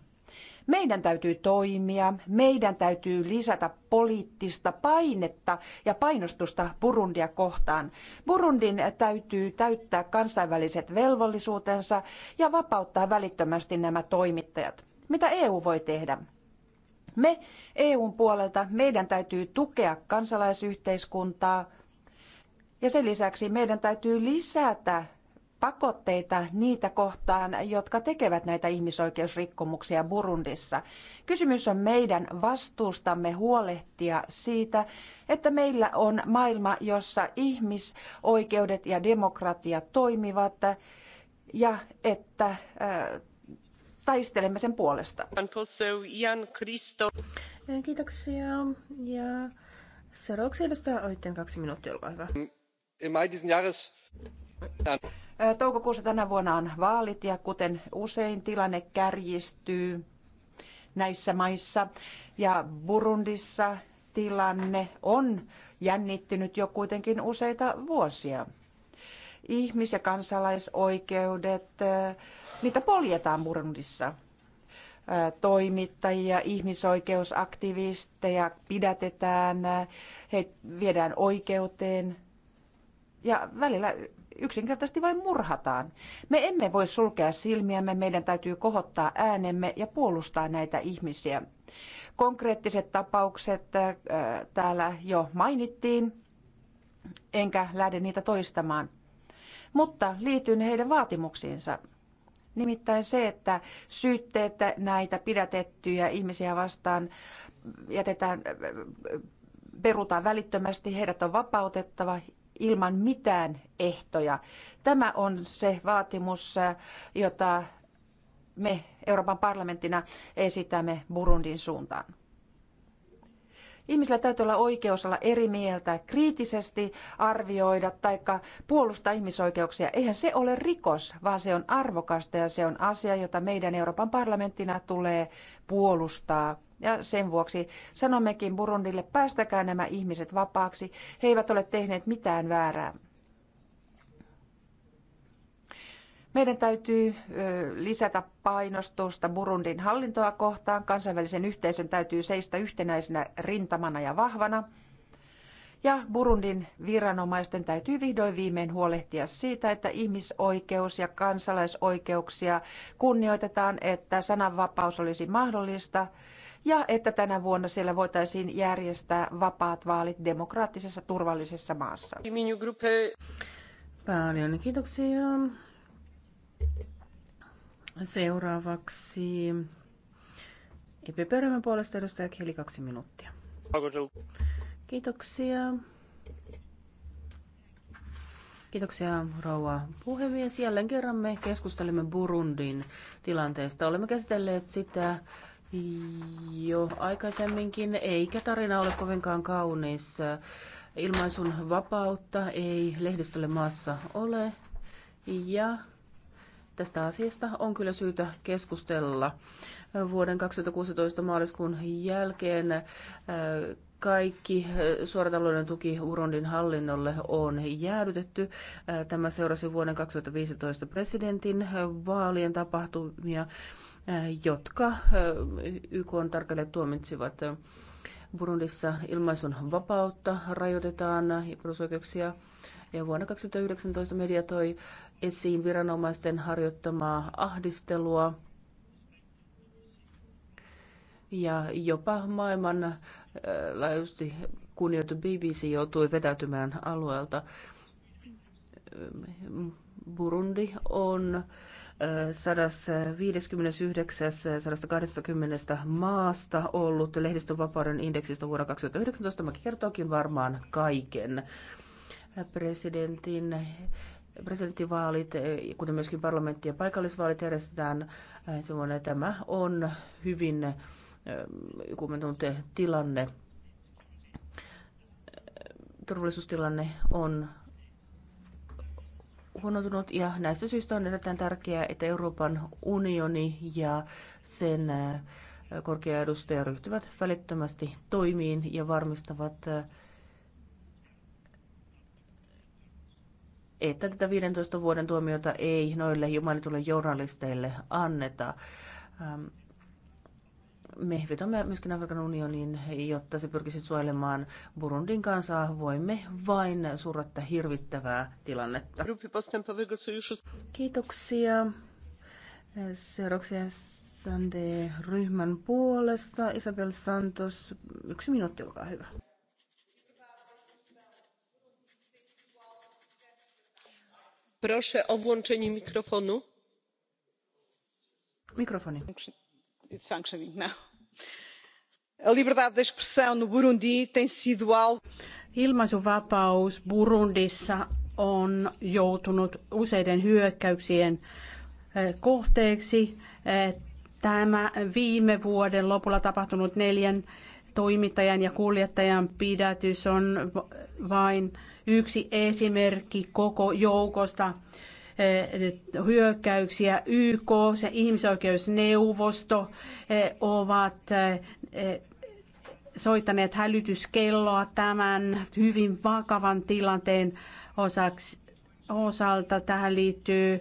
Meidän täytyy toimia, meidän täytyy lisätä poliittista painetta ja painostusta Burundia kohtaan. Burundin täytyy täyttää kansainväliset velvollisuutensa ja vapauttaa välittömästi nämä toimittajat. Mitä EU voi tehdä? Me EUn puolelta meidän täytyy tukea kansalaisyhteiskuntaa ja sen lisäksi meidän täytyy lisätä pakotteita niitä kohtaan, jotka tekevät näitä ihmisoikeusrikkomuksia Burundissa. Kysymys on meidän vastuustamme huolehtia siitä, että meillä on maailma, jossa ihmisoikeudet ja demokratia toimivat ja että äh, taistelemme sen puolesta. Kiitoksia. Ja seuraavaksi edustaja Oitten kaksi minuuttia, olkaa hyvä. Toukokuussa tänä vuonna on vaalit ja kuten usein tilanne kärjistyy näissä maissa ja Burundissa tilanne on jännittynyt jo kuitenkin useita vuosia ihmis- ja kansalaisoikeudet, niitä poljetaan Burundissa. Toimittajia, ihmisoikeusaktivisteja pidätetään, he viedään oikeuteen ja välillä yksinkertaisesti vain murhataan. Me emme voi sulkea silmiämme, meidän täytyy kohottaa äänemme ja puolustaa näitä ihmisiä. Konkreettiset tapaukset täällä jo mainittiin, enkä lähde niitä toistamaan mutta liityn heidän vaatimuksiinsa. Nimittäin se, että syytteet näitä pidätettyjä ihmisiä vastaan jätetään, perutaan välittömästi, heidät on vapautettava ilman mitään ehtoja. Tämä on se vaatimus, jota me Euroopan parlamenttina esitämme Burundin suuntaan. Ihmisillä täytyy olla oikeus olla eri mieltä, kriittisesti arvioida tai puolustaa ihmisoikeuksia. Eihän se ole rikos, vaan se on arvokasta ja se on asia, jota meidän Euroopan parlamenttina tulee puolustaa. Ja sen vuoksi sanommekin Burundille, päästäkää nämä ihmiset vapaaksi. He eivät ole tehneet mitään väärää. Meidän täytyy lisätä painostusta Burundin hallintoa kohtaan. Kansainvälisen yhteisön täytyy seistä yhtenäisenä rintamana ja vahvana. Ja Burundin viranomaisten täytyy vihdoin viimein huolehtia siitä, että ihmisoikeus- ja kansalaisoikeuksia kunnioitetaan, että sananvapaus olisi mahdollista ja että tänä vuonna siellä voitaisiin järjestää vapaat vaalit demokraattisessa turvallisessa maassa. Paljon kiitoksia. Seuraavaksi epp puolesta edustaja Keli kaksi minuuttia. Kiitoksia. Kiitoksia rouva puhemies. Jälleen kerran me keskustelemme Burundin tilanteesta. Olemme käsitelleet sitä jo aikaisemminkin, eikä tarina ole kovinkaan kaunis. Ilmaisun vapautta ei lehdistölle maassa ole ja Tästä asiasta on kyllä syytä keskustella. Vuoden 2016 maaliskuun jälkeen kaikki suoratalouden tuki Urundin hallinnolle on jäädytetty. Tämä seurasi vuoden 2015 presidentin vaalien tapahtumia, jotka YK on tarkalle tuomitsivat. Burundissa ilmaisun vapautta rajoitetaan ja perusoikeuksia. Ja vuonna 2019 media toi esiin viranomaisten harjoittamaa ahdistelua ja jopa maailman äh, laajuisesti kunnioitu BBC joutui vetäytymään alueelta. Burundi on 159-120 äh, maasta ollut lehdistönvapauden indeksistä vuonna 2019. Mä kertookin varmaan kaiken. Presidentin presidenttivaalit, eh, kuten myöskin parlamentti- ja paikallisvaalit järjestetään eh, ensi vuonna. Tämä on hyvin eh, kuumentunut tilanne. Turvallisuustilanne on huonontunut ja näistä syistä on erittäin tärkeää, että Euroopan unioni ja sen korkea edustaja ryhtyvät välittömästi toimiin ja varmistavat että tätä 15 vuoden tuomiota ei noille jumalitulle journalisteille anneta. Ähm, me vetomme myöskin Afrikan unioniin, jotta se pyrkisi suojelemaan Burundin kansaa. Voimme vain surratta hirvittävää tilannetta. Kiitoksia. Seuraavaksi Sande ryhmän puolesta. Isabel Santos, yksi minuutti, olkaa hyvä. Proszę o no Burundissa on joutunut useiden hyökkäyksien eh, kohteeksi. Eh, tämä viime vuoden lopulla tapahtunut neljän toimittajan ja kuljettajan pidätys on vain yksi esimerkki koko joukosta eh, hyökkäyksiä. YK ja ihmisoikeusneuvosto eh, ovat eh, soittaneet hälytyskelloa tämän hyvin vakavan tilanteen osaksi, osalta. Tähän liittyy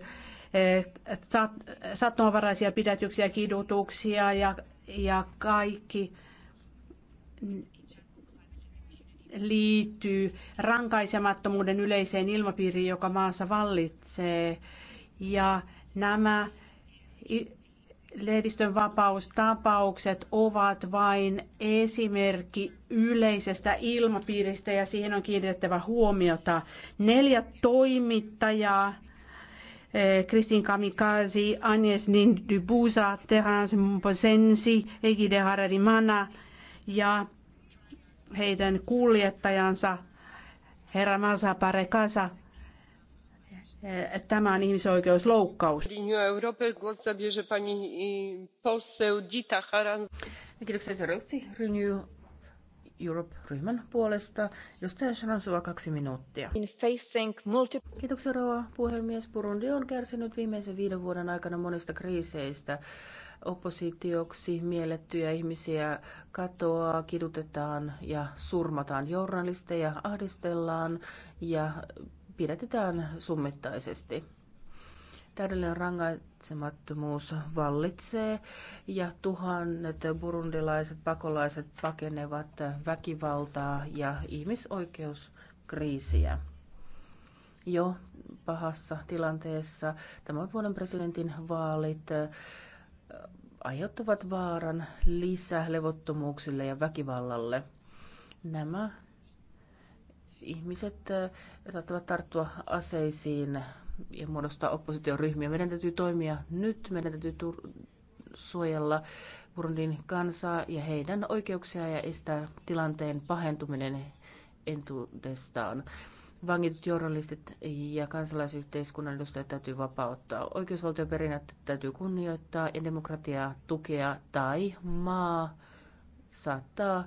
sattumanvaraisia pidätyksiä, kidutuksia ja, ja kaikki liittyy rankaisemattomuuden yleiseen ilmapiiriin, joka maassa vallitsee. Ja nämä lehdistön vapaustapaukset ovat vain esimerkki yleisestä ilmapiiristä ja siihen on kiinnitettävä huomiota. Neljä toimittajaa, Kristin eh, Kamikazi, Agnes Nindubusa, Terence Mposensi, Egide Hararimana ja heidän kuljettajansa, herra Mansapare Kasa. Tämä on ihmisoikeusloukkaus. Kiitoksia seuraavaksi Renew Europe-ryhmän puolesta. Edustaja Sharansua kaksi minuuttia. In facing multi- Kiitoksia rouva puhemies. Burundi on kärsinyt viimeisen viiden vuoden aikana monista kriiseistä oppositioksi miellettyjä ihmisiä katoaa, kidutetaan ja surmataan journalisteja, ahdistellaan ja pidätetään summittaisesti. Täydellinen rangaitsemattomuus vallitsee ja tuhannet burundilaiset pakolaiset pakenevat väkivaltaa ja ihmisoikeuskriisiä jo pahassa tilanteessa. Tämän vuoden presidentin vaalit aiheuttavat vaaran levottomuuksille ja väkivallalle. Nämä ihmiset saattavat tarttua aseisiin ja muodostaa oppositioryhmiä. Meidän täytyy toimia nyt, meidän täytyy suojella Burundin kansaa ja heidän oikeuksiaan ja estää tilanteen pahentuminen entuudestaan vangitut journalistit ja kansalaisyhteiskunnan edustajat täytyy vapauttaa. Oikeusvaltioperinnettä täytyy kunnioittaa ja demokratiaa tukea tai maa saattaa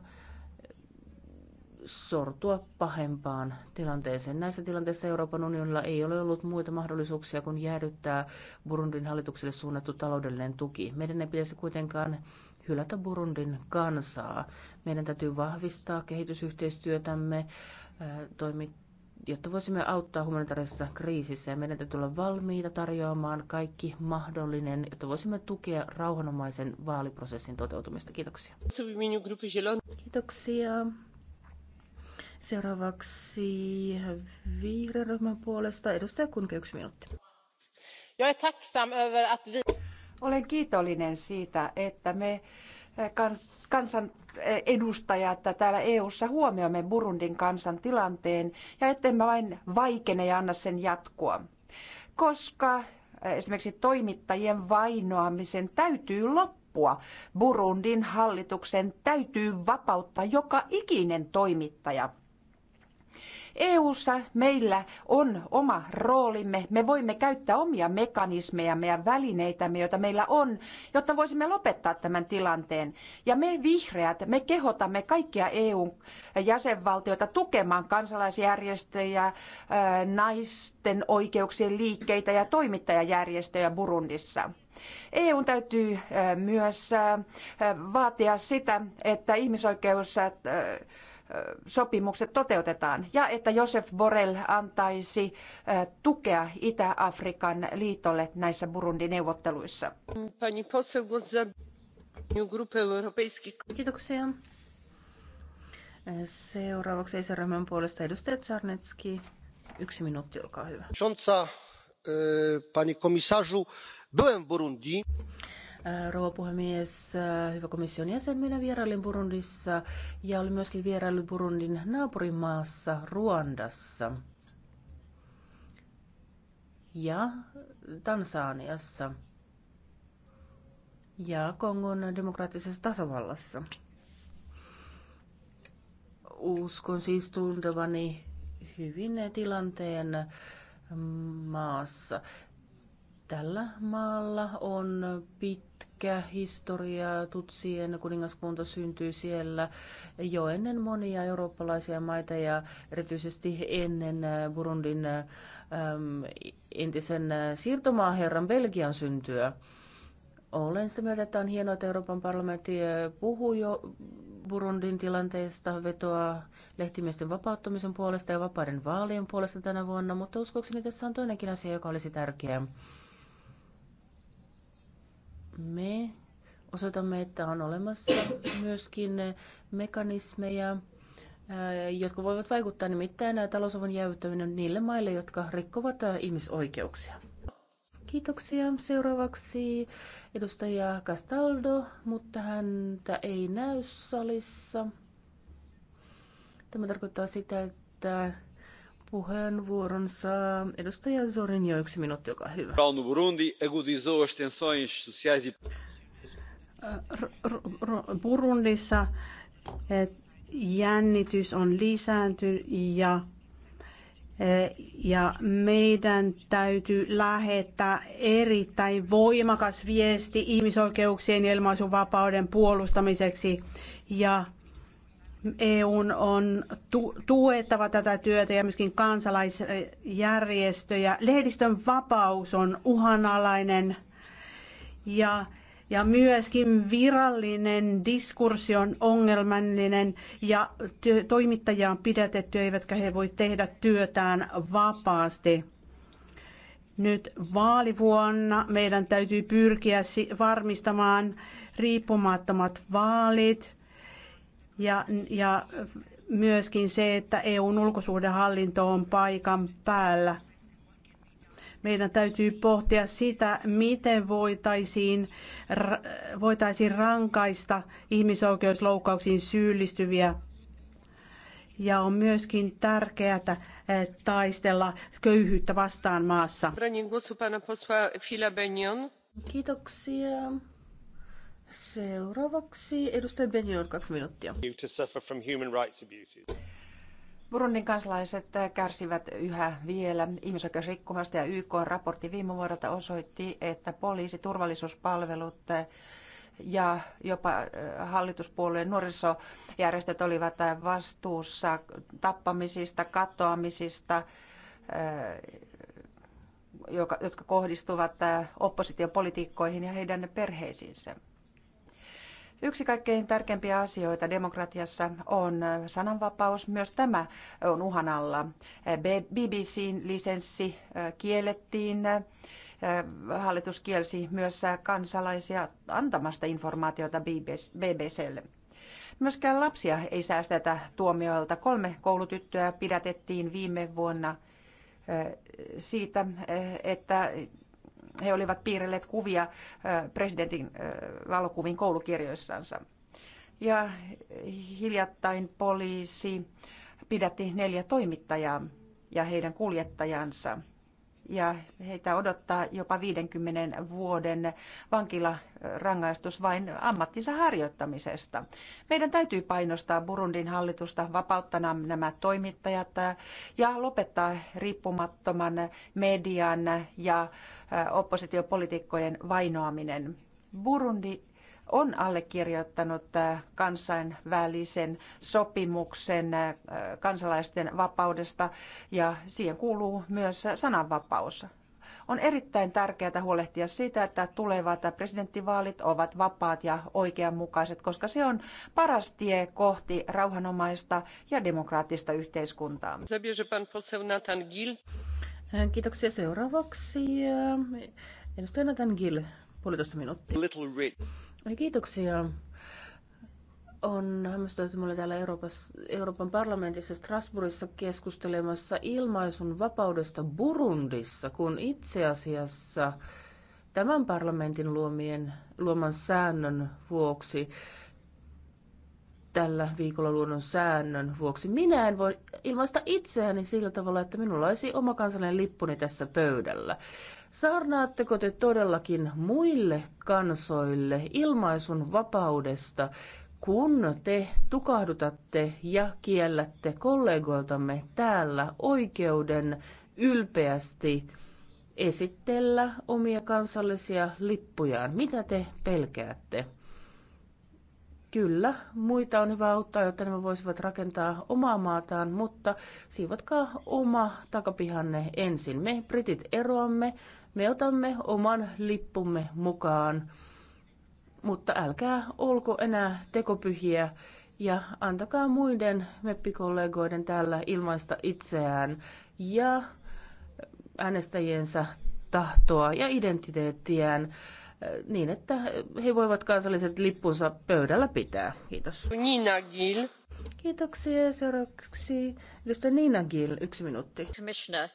sortua pahempaan tilanteeseen. Näissä tilanteissa Euroopan unionilla ei ole ollut muita mahdollisuuksia kuin jäädyttää Burundin hallitukselle suunnattu taloudellinen tuki. Meidän ei pitäisi kuitenkaan hylätä Burundin kansaa. Meidän täytyy vahvistaa kehitysyhteistyötämme, toimittaa jotta voisimme auttaa humanitaarisessa kriisissä ja meidän täytyy olla valmiita tarjoamaan kaikki mahdollinen, jotta voisimme tukea rauhanomaisen vaaliprosessin toteutumista. Kiitoksia. Kiitoksia. Seuraavaksi vihreän ryhmän puolesta edustaja Kunke, yksi minuutti. Olen kiitollinen siitä, että me kans, kansan että täällä EU:ssa huomioimme Burundin kansan tilanteen ja ettemme vain vaikene ja anna sen jatkua. Koska esimerkiksi toimittajien vainoamisen täytyy loppua. Burundin hallituksen täytyy vapauttaa joka ikinen toimittaja. EU-ssa meillä on oma roolimme. Me voimme käyttää omia mekanismejamme ja välineitämme, joita meillä on, jotta voisimme lopettaa tämän tilanteen. Ja me vihreät, me kehotamme kaikkia EUn jäsenvaltioita tukemaan kansalaisjärjestöjä, naisten oikeuksien liikkeitä ja toimittajajärjestöjä Burundissa. EUn täytyy myös vaatia sitä, että ihmisoikeus sopimukset toteutetaan ja että Josef Borrell antaisi tukea Itä-Afrikan liitolle näissä Burundi-neuvotteluissa. Kiitoksia. Seuraavaksi esiryhmän puolesta edustaja Czarnecki. Yksi minuutti, olkaa hyvä. Pani komisarzu, byłem w Burundi. Äh, rouva puhemies, äh, hyvä komission jäsen, minä vierailin Burundissa ja olin myöskin vierailu Burundin naapurimaassa Ruandassa ja Tansaniassa ja Kongon demokraattisessa tasavallassa. Uskon siis tuntevani hyvin tilanteen maassa. Tällä maalla on pitkä historia. Tutsien kuningaskunta syntyi siellä jo ennen monia eurooppalaisia maita ja erityisesti ennen Burundin äm, entisen siirtomaaherran Belgian syntyä. Olen sitä mieltä, että on hienoa, että Euroopan parlamentti puhuu jo Burundin tilanteesta, vetoa lehtimiesten vapauttamisen puolesta ja vapaiden vaalien puolesta tänä vuonna, mutta uskoakseni tässä on toinenkin asia, joka olisi tärkeä me osoitamme, että on olemassa myöskin mekanismeja, jotka voivat vaikuttaa nimittäin talousavun jäyttäminen niille maille, jotka rikkovat ihmisoikeuksia. Kiitoksia. Seuraavaksi edustaja Castaldo, mutta häntä ei näy salissa. Tämä tarkoittaa sitä, että Puheenvuoron saa edustaja Zorin jo yksi minuutti, joka hyvä. Burundi agudizou as tensões sociais e... Burundissa jännitys on lisääntynyt ja eh, ja meidän täytyy lähettää erittäin voimakas viesti ihmisoikeuksien ja ilmaisuvapauden puolustamiseksi ja EUn on tuettava tätä työtä ja myöskin kansalaisjärjestöjä. Lehdistön vapaus on uhanalainen ja, ja myöskin virallinen diskurssi on ongelmallinen ja työ, toimittajia on pidätetty, eivätkä he voi tehdä työtään vapaasti. Nyt vaalivuonna meidän täytyy pyrkiä varmistamaan riippumattomat vaalit – ja, ja myöskin se, että EUn ulkosuhdehallinto on paikan päällä. Meidän täytyy pohtia sitä, miten voitaisiin, voitaisiin rankaista ihmisoikeusloukkauksiin syyllistyviä. Ja on myöskin tärkeää eh, taistella köyhyyttä vastaan maassa. Kiitoksia. Seuraavaksi edustaja Benion kaksi minuuttia. Burundin kansalaiset kärsivät yhä vielä ihmisoikeusrikkomasta ja YK-raportti viime vuodelta osoitti, että poliisi, turvallisuuspalvelut ja jopa äh, hallituspuolueen nuorisojärjestöt olivat vastuussa tappamisista, katoamisista, äh, jotka kohdistuvat äh, oppositiopolitiikkoihin ja heidän perheisiinsä. Yksi kaikkein tärkeimpiä asioita demokratiassa on sananvapaus. Myös tämä on uhan alla. BBCn lisenssi kiellettiin. Hallitus kielsi myös kansalaisia antamasta informaatiota BBClle. Myöskään lapsia ei säästetä tuomioilta. Kolme koulutyttöä pidätettiin viime vuonna siitä, että he olivat piirrelleet kuvia presidentin valokuviin koulukirjoissansa. Ja hiljattain poliisi pidätti neljä toimittajaa ja heidän kuljettajansa – ja heitä odottaa jopa 50 vuoden vankilarangaistus vain ammattinsa harjoittamisesta. Meidän täytyy painostaa Burundin hallitusta vapauttana nämä toimittajat ja lopettaa riippumattoman median ja oppositiopolitiikkojen vainoaminen. Burundi on allekirjoittanut äh, kansainvälisen sopimuksen äh, kansalaisten vapaudesta ja siihen kuuluu myös sananvapaus. On erittäin tärkeää huolehtia siitä, että tulevat presidenttivaalit ovat vapaat ja oikeanmukaiset, koska se on paras tie kohti rauhanomaista ja demokraattista yhteiskuntaa. Äh, kiitoksia seuraavaksi. Edustaja Nathan Gill, puolitoista minuuttia. Kiitoksia. On hämmästynyt minulle täällä Euroopan parlamentissa Strasbourgissa keskustelemassa ilmaisun vapaudesta Burundissa, kun itse asiassa tämän parlamentin luomien, luoman säännön vuoksi tällä viikolla luonnon säännön vuoksi. Minä en voi ilmaista itseäni sillä tavalla, että minulla olisi oma kansallinen lippuni tässä pöydällä. Saarnaatteko te todellakin muille kansoille ilmaisun vapaudesta, kun te tukahdutatte ja kiellätte kollegoiltamme täällä oikeuden ylpeästi esitellä omia kansallisia lippujaan? Mitä te pelkäätte? Kyllä, muita on hyvä auttaa, jotta ne voisivat rakentaa omaa maataan, mutta siivotkaa oma takapihanne ensin. Me britit eroamme me otamme oman lippumme mukaan, mutta älkää olko enää tekopyhiä ja antakaa muiden meppikollegoiden täällä ilmaista itseään ja äänestäjiensä tahtoa ja identiteettiään eh, niin, että he voivat kansalliset lippunsa pöydällä pitää. Kiitos. Nina Gill. Kiitoksia. Seuraavaksi edustaja Nina Gill, yksi minuutti. Commissioner.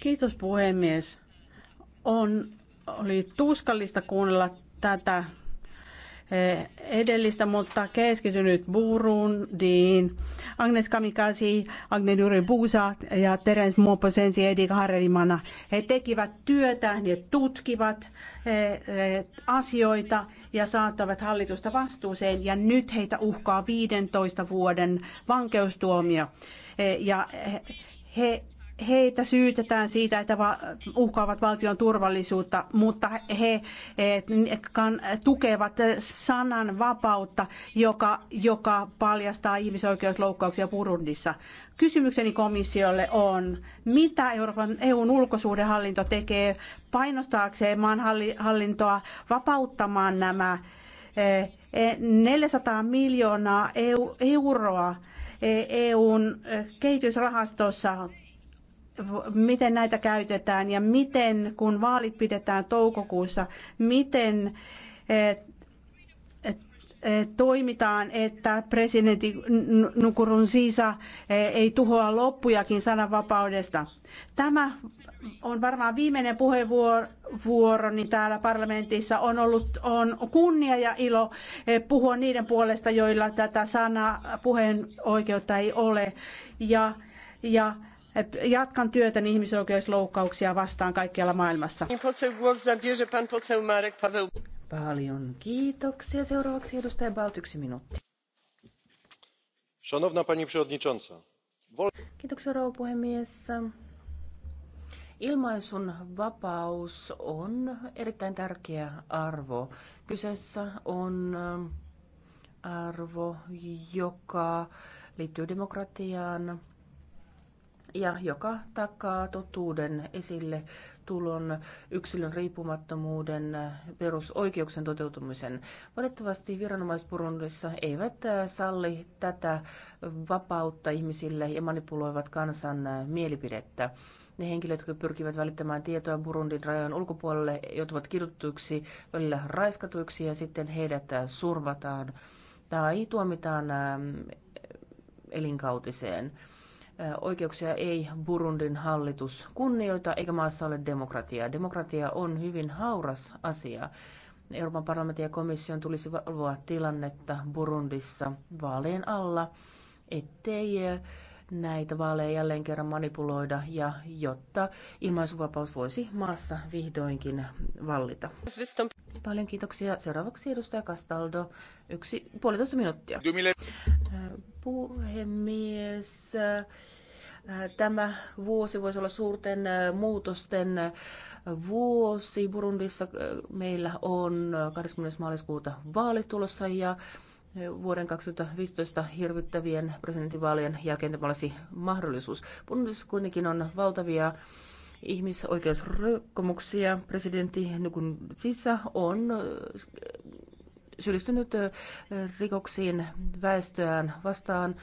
Kiitos puhemies. On, oli tuskallista kuunnella tätä eh, edellistä, mutta keskitynyt Burundiin. Agnes Kamikasi, Agnes Juri Buusa ja Terence Moposensi Edi Harelimana. He tekivät työtä, he tutkivat he, eh, eh, he, asioita ja saattavat hallitusta vastuuseen ja nyt heitä uhkaa 15 vuoden vankeustuomio. He, ja he, he heitä syytetään siitä, että uhkaavat valtion turvallisuutta, mutta he eh, tukevat sanan vapautta, joka, joka paljastaa ihmisoikeusloukkauksia Burundissa. Kysymykseni komissiolle on, mitä Euroopan EUn ulkosuhdehallinto tekee painostaakseen maan hallintoa vapauttamaan nämä 400 eh, eh, miljoonaa euroa EUn kehitysrahastossa miten näitä käytetään ja miten, kun vaalit pidetään toukokuussa, miten eh, eh, toimitaan, että presidentti Siisa eh, ei tuhoa loppujakin sananvapaudesta. Tämä on varmaan viimeinen puheenvuoroni niin täällä parlamentissa. On ollut on kunnia ja ilo puhua niiden puolesta, joilla tätä sana puheen oikeutta ei ole. Ja, ja jatkan työtäni ihmisoikeusloukkauksia vastaan kaikkialla maailmassa. Paljon kiitoksia. Seuraavaksi edustaja Balt yksi minuutti. Szanowna pani przewodnicząca. Kiitoksia rouva puhemies. Ilmaisun vapaus on erittäin tärkeä arvo. Kyseessä on ähm, arvo, joka liittyy demokratiaan, ja joka takaa totuuden esille tulon, yksilön riippumattomuuden, perusoikeuksien toteutumisen. Valitettavasti viranomaispurunnissa eivät äh, salli tätä vapautta ihmisille ja manipuloivat kansan äh, mielipidettä. Ne henkilöt, jotka pyrkivät välittämään tietoa Burundin rajojen ulkopuolelle, joutuvat kidutuiksi, välillä raiskatuiksi ja sitten heidät äh, survataan tai tuomitaan ähm, elinkautiseen oikeuksia ei Burundin hallitus kunnioita, eikä maassa ole demokratiaa. Demokratia on hyvin hauras asia. Euroopan parlamentin ja komission tulisi valvoa tilannetta Burundissa vaalien alla, ettei näitä vaaleja jälleen kerran manipuloida ja jotta ilmaisuvapaus voisi maassa vihdoinkin vallita. Paljon kiitoksia. Seuraavaksi edustaja Castaldo. Yksi puolitoista minuuttia. Puhemies, tämä vuosi voisi olla suurten muutosten vuosi. Burundissa meillä on 20. maaliskuuta vaalitulossa ja vuoden 2015 hirvittävien presidentinvaalien jälkeen tämä olisi mahdollisuus. Bundesissa kuitenkin on valtavia ihmisoikeusrikkomuksia. Presidentti nukun tsissa on äh, syyllistynyt äh, rikoksiin väestöään vastaan.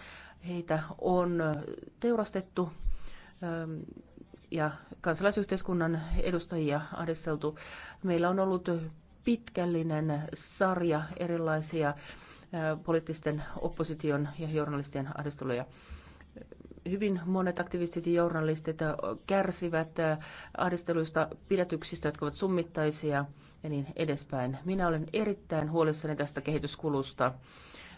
Heitä on äh, teurastettu ähm, ja kansalaisyhteiskunnan edustajia ahdisteltu. Meillä on ollut pitkällinen sarja erilaisia poliittisten opposition ja journalistien ahdisteluja. Hyvin monet aktivistit ja journalistit kärsivät ahdisteluista, pidätyksistä, jotka ovat summittaisia ja niin edespäin. Minä olen erittäin huolissani tästä kehityskulusta.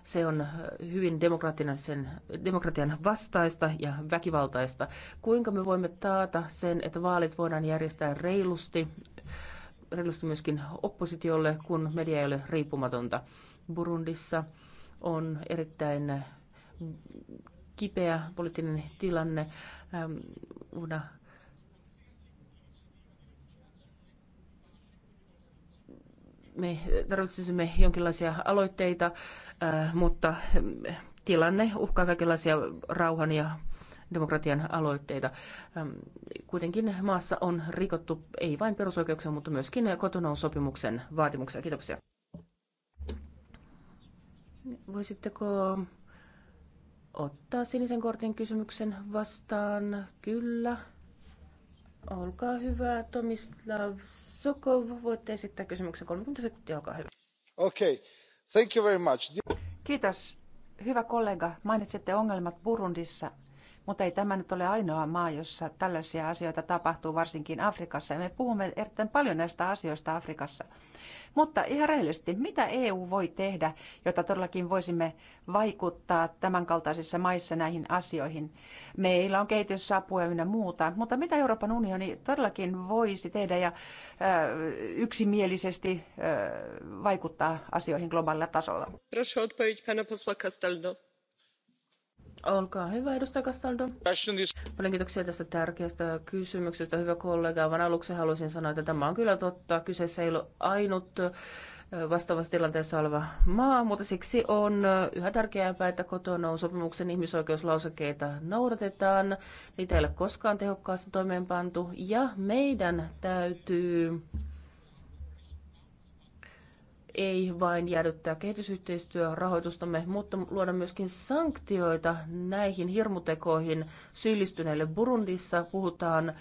Se on hyvin demokratian, sen, demokratian vastaista ja väkivaltaista. Kuinka me voimme taata sen, että vaalit voidaan järjestää reilusti, reilusti myöskin oppositiolle, kun media ei ole riippumatonta? Burundissa on erittäin kipeä poliittinen tilanne. Ähm, Una me tarvitsisimme jonkinlaisia aloitteita, äh, mutta ähm, tilanne uhkaa kaikenlaisia rauhan ja demokratian aloitteita. Ähm, kuitenkin maassa on rikottu ei vain perusoikeuksia, mutta myöskin sopimuksen vaatimuksia. Kiitoksia. Voisitteko ottaa sinisen kortin kysymyksen vastaan? Kyllä. Olkaa hyvä, Tomislav Sokov. Voitte esittää kysymyksen 30 sekuntia, olkaa hyvä. Okay. Thank you very much. Kiitos. Hyvä kollega, mainitsitte ongelmat Burundissa mutta ei tämä nyt ole ainoa maa, jossa tällaisia asioita tapahtuu, varsinkin Afrikassa. Ja me puhumme erittäin paljon näistä asioista Afrikassa. Mutta ihan rehellisesti, mitä EU voi tehdä, jotta todellakin voisimme vaikuttaa tämänkaltaisissa maissa näihin asioihin? Meillä on kehitysapua ja muuta, mutta mitä Euroopan unioni todellakin voisi tehdä ja ö, yksimielisesti ö, vaikuttaa asioihin globaalilla tasolla? Proszę odpowiedź pana posła Castaldo. Olkaa hyvä, edustaja Castaldo. Paljon kiitoksia tästä tärkeästä kysymyksestä, hyvä kollega. Vaan aluksi haluaisin sanoa, että tämä on kyllä totta. Kyseessä ei ole ainut vastaavassa tilanteessa oleva maa, mutta siksi on yhä tärkeämpää, että kotona on sopimuksen ihmisoikeuslausekkeita noudatetaan. Niitä ei ole koskaan tehokkaasti toimeenpantu ja meidän täytyy ei vain jäädyttää kehitysyhteistyörahoitustamme, mutta luoda myöskin sanktioita näihin hirmutekoihin syyllistyneille. Burundissa puhutaan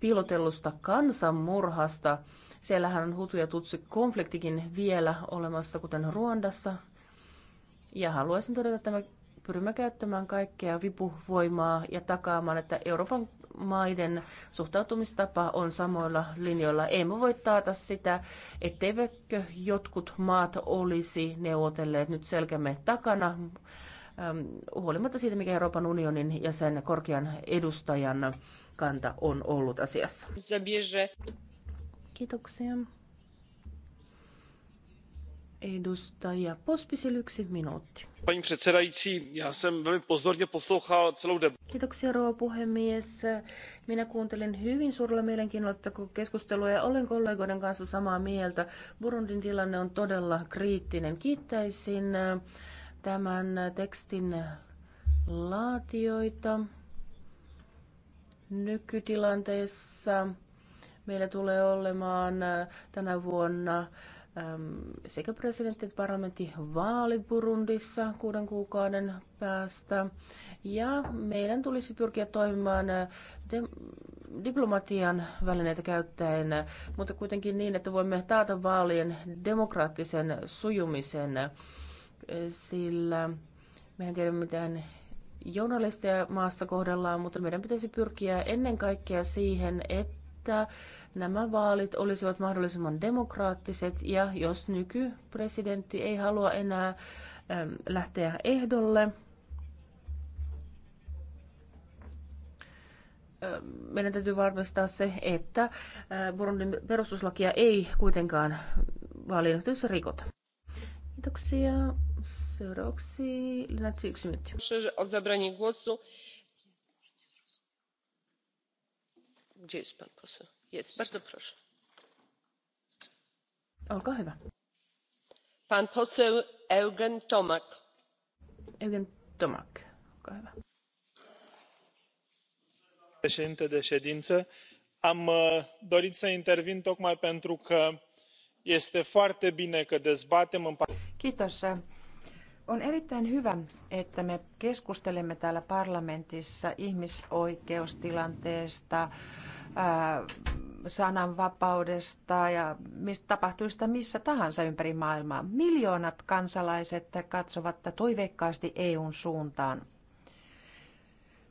piilotellusta kansanmurhasta. Siellähän on hutuja tutsi-konfliktikin vielä olemassa, kuten Ruandassa. Ja haluaisin todeta, että me pyrimme käyttämään kaikkea vipuvoimaa ja takaamaan, että Euroopan maiden suhtautumistapa on samoilla linjoilla. Emme voi taata sitä, etteivätkö jotkut maat olisi neuvotelleet nyt selkämme takana, ähm, huolimatta siitä, mikä Euroopan unionin ja sen korkean edustajan kanta on ollut asiassa. Kiitoksia paní předsedající, já jsem velmi pozorně poslouchal celou debatu. Kiitoksia Minä kuuntelin hyvin suurella keskustelua ja olen kollegoiden kanssa samaa mieltä. Burundin tilanne on todella kriittinen. Kiittäisin äh, tämän tekstin laatioita nykytilanteessa. Meillä tulee olemaan äh, tänä vuonna Ähm, sekä presidentti- että vaalit Burundissa kuuden kuukauden päästä. Ja meidän tulisi pyrkiä toimimaan äh, de- diplomatian välineitä käyttäen, mutta kuitenkin niin, että voimme taata vaalien demokraattisen sujumisen, äh, sillä mehän tiedämme, miten journalisteja maassa kohdellaan, mutta meidän pitäisi pyrkiä ennen kaikkea siihen, että että nämä vaalit olisivat mahdollisimman demokraattiset ja jos nykypresidentti ei halua enää lähteä ehdolle, meidän täytyy varmistaa se, että Burundin perustuslakia ei kuitenkaan vaalien rikota. Kiitoksia. Seuraavaksi Linnatsi yksi minuutti. Gdzie jest pan poseł? domnule Președinte de ședință, am uh, dorit să intervin tocmai pentru că este foarte bine că dezbatem în Kiitos. On erittäin hyvä, että me keskustelemme täällä parlamentissa ihmisoikeustilanteesta, äh, sananvapaudesta ja mistä tapahtuista sitä missä tahansa ympäri maailmaa. Miljoonat kansalaiset katsovat toiveikkaasti EUn suuntaan.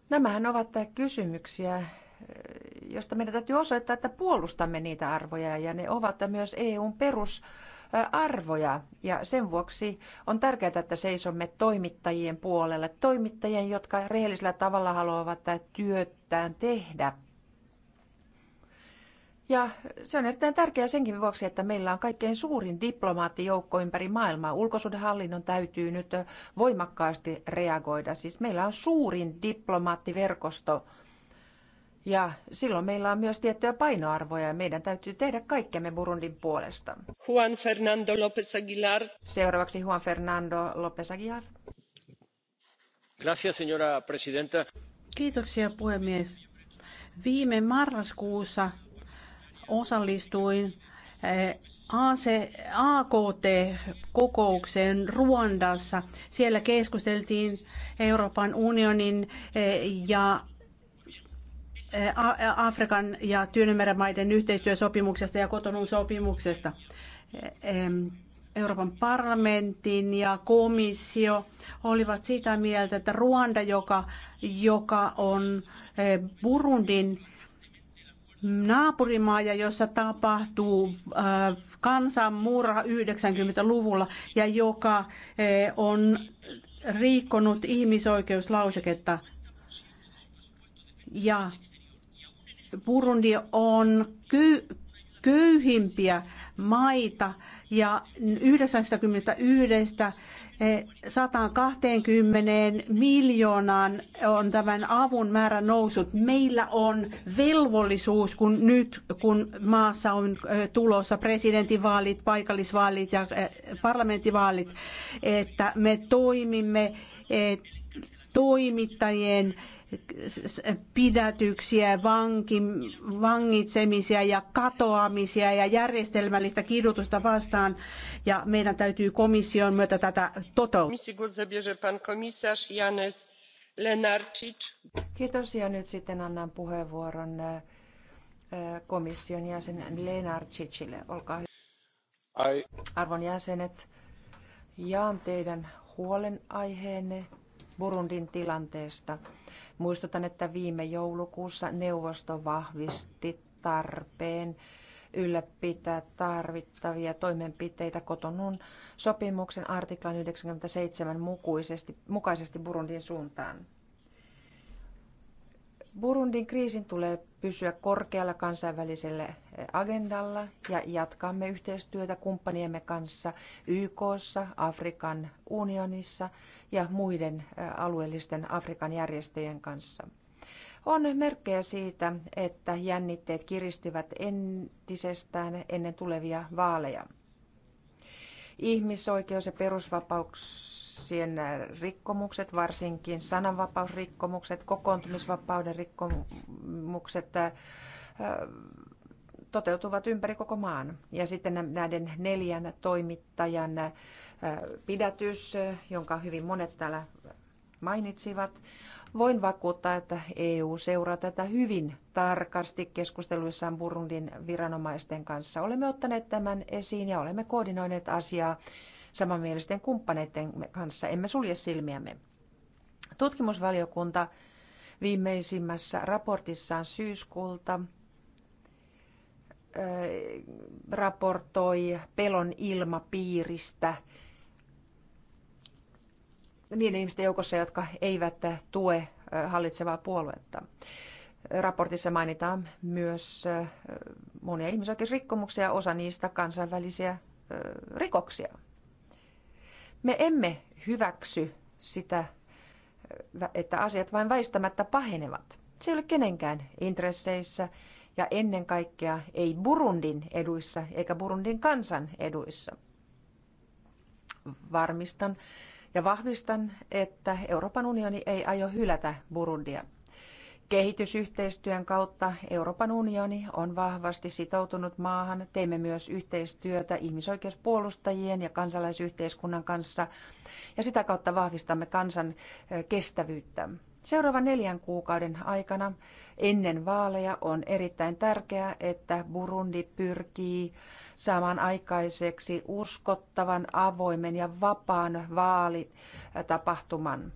Nämähän ovat kysymyksiä, josta meidän täytyy osoittaa, että puolustamme niitä arvoja ja ne ovat myös EUn perus arvoja ja sen vuoksi on tärkeää, että seisomme toimittajien puolelle, toimittajien, jotka rehellisellä tavalla haluavat työtään tehdä – ja se on erittäin tärkeää senkin vuoksi, että meillä on kaikkein suurin diplomaattijoukko ympäri maailmaa. Ulkosuhdehallinnon täytyy nyt voimakkaasti reagoida. Siis meillä on suurin diplomaattiverkosto ja silloin meillä on myös tiettyä painoarvoja ja meidän täytyy tehdä kaikkemme Burundin puolesta. Juan Fernando López Aguilar. Seuraavaksi Juan Fernando López Aguilar. Gracias, señora presidenta. Kiitoksia puhemies. Viime marraskuussa osallistuin eh, AKT-kokoukseen Ruandassa. Siellä keskusteltiin Euroopan unionin eh, ja eh, Afrikan ja Tyynemeren maiden yhteistyösopimuksesta ja kotonun sopimuksesta. Euroopan parlamentin ja komissio olivat sitä mieltä, että Ruanda, joka, joka on Burundin naapurimaa, jossa tapahtuu äh, kansanmurha 90-luvulla ja joka äh, on rikkonut ihmisoikeuslauseketta. Ja Burundi on ky- köyhimpiä maita ja 91 120 miljoonaan on tämän avun määrä noussut. Meillä on velvollisuus, kun nyt kun maassa on tulossa presidentinvaalit, paikallisvaalit ja parlamenttivaalit, että me toimimme toimittajien pidätyksiä, vankin, vangitsemisia ja katoamisia ja järjestelmällistä kidutusta vastaan. Ja meidän täytyy komission myötä tätä toteuttaa. Kiitos ja nyt sitten annan puheenvuoron eh, komission jäsen Lenarcicille. Olkaa hyvä. Arvon jäsenet, jaan teidän huolenaiheenne Burundin tilanteesta. Muistutan, että viime joulukuussa neuvosto vahvisti tarpeen ylläpitää tarvittavia toimenpiteitä kotonun sopimuksen artiklan 97 mukaisesti Burundin suuntaan. Burundin kriisin tulee pysyä korkealla kansainvälisellä eh, agendalla ja jatkamme yhteistyötä kumppaniemme kanssa YKssa, Afrikan unionissa ja muiden eh, alueellisten Afrikan järjestöjen kanssa. On merkkejä siitä, että jännitteet kiristyvät entisestään ennen tulevia vaaleja. Ihmisoikeus- ja perusvapauksia ihmisoikeuksien rikkomukset, varsinkin sananvapausrikkomukset, kokoontumisvapauden rikkomukset äh, toteutuvat ympäri koko maan. Ja sitten näiden neljän toimittajan äh, pidätys, jonka hyvin monet täällä mainitsivat. Voin vakuuttaa, että EU seuraa tätä hyvin tarkasti keskusteluissaan Burundin viranomaisten kanssa. Olemme ottaneet tämän esiin ja olemme koordinoineet asiaa samanmielisten kumppaneiden kanssa. Emme sulje silmiämme. Tutkimusvaliokunta viimeisimmässä raportissaan syyskuulta raportoi pelon ilmapiiristä niiden ihmisten joukossa, jotka eivät tue hallitsevaa puoluetta. Raportissa mainitaan myös monia ihmisoikeusrikkomuksia, osa niistä kansainvälisiä rikoksia. Me emme hyväksy sitä, että asiat vain väistämättä pahenevat. Se ei ole kenenkään intresseissä ja ennen kaikkea ei Burundin eduissa eikä Burundin kansan eduissa. Varmistan ja vahvistan, että Euroopan unioni ei aio hylätä Burundia. Kehitysyhteistyön kautta Euroopan unioni on vahvasti sitoutunut maahan. Teemme myös yhteistyötä ihmisoikeuspuolustajien ja kansalaisyhteiskunnan kanssa ja sitä kautta vahvistamme kansan kestävyyttä. Seuraavan neljän kuukauden aikana ennen vaaleja on erittäin tärkeää, että Burundi pyrkii saamaan aikaiseksi uskottavan, avoimen ja vapaan vaalitapahtuman.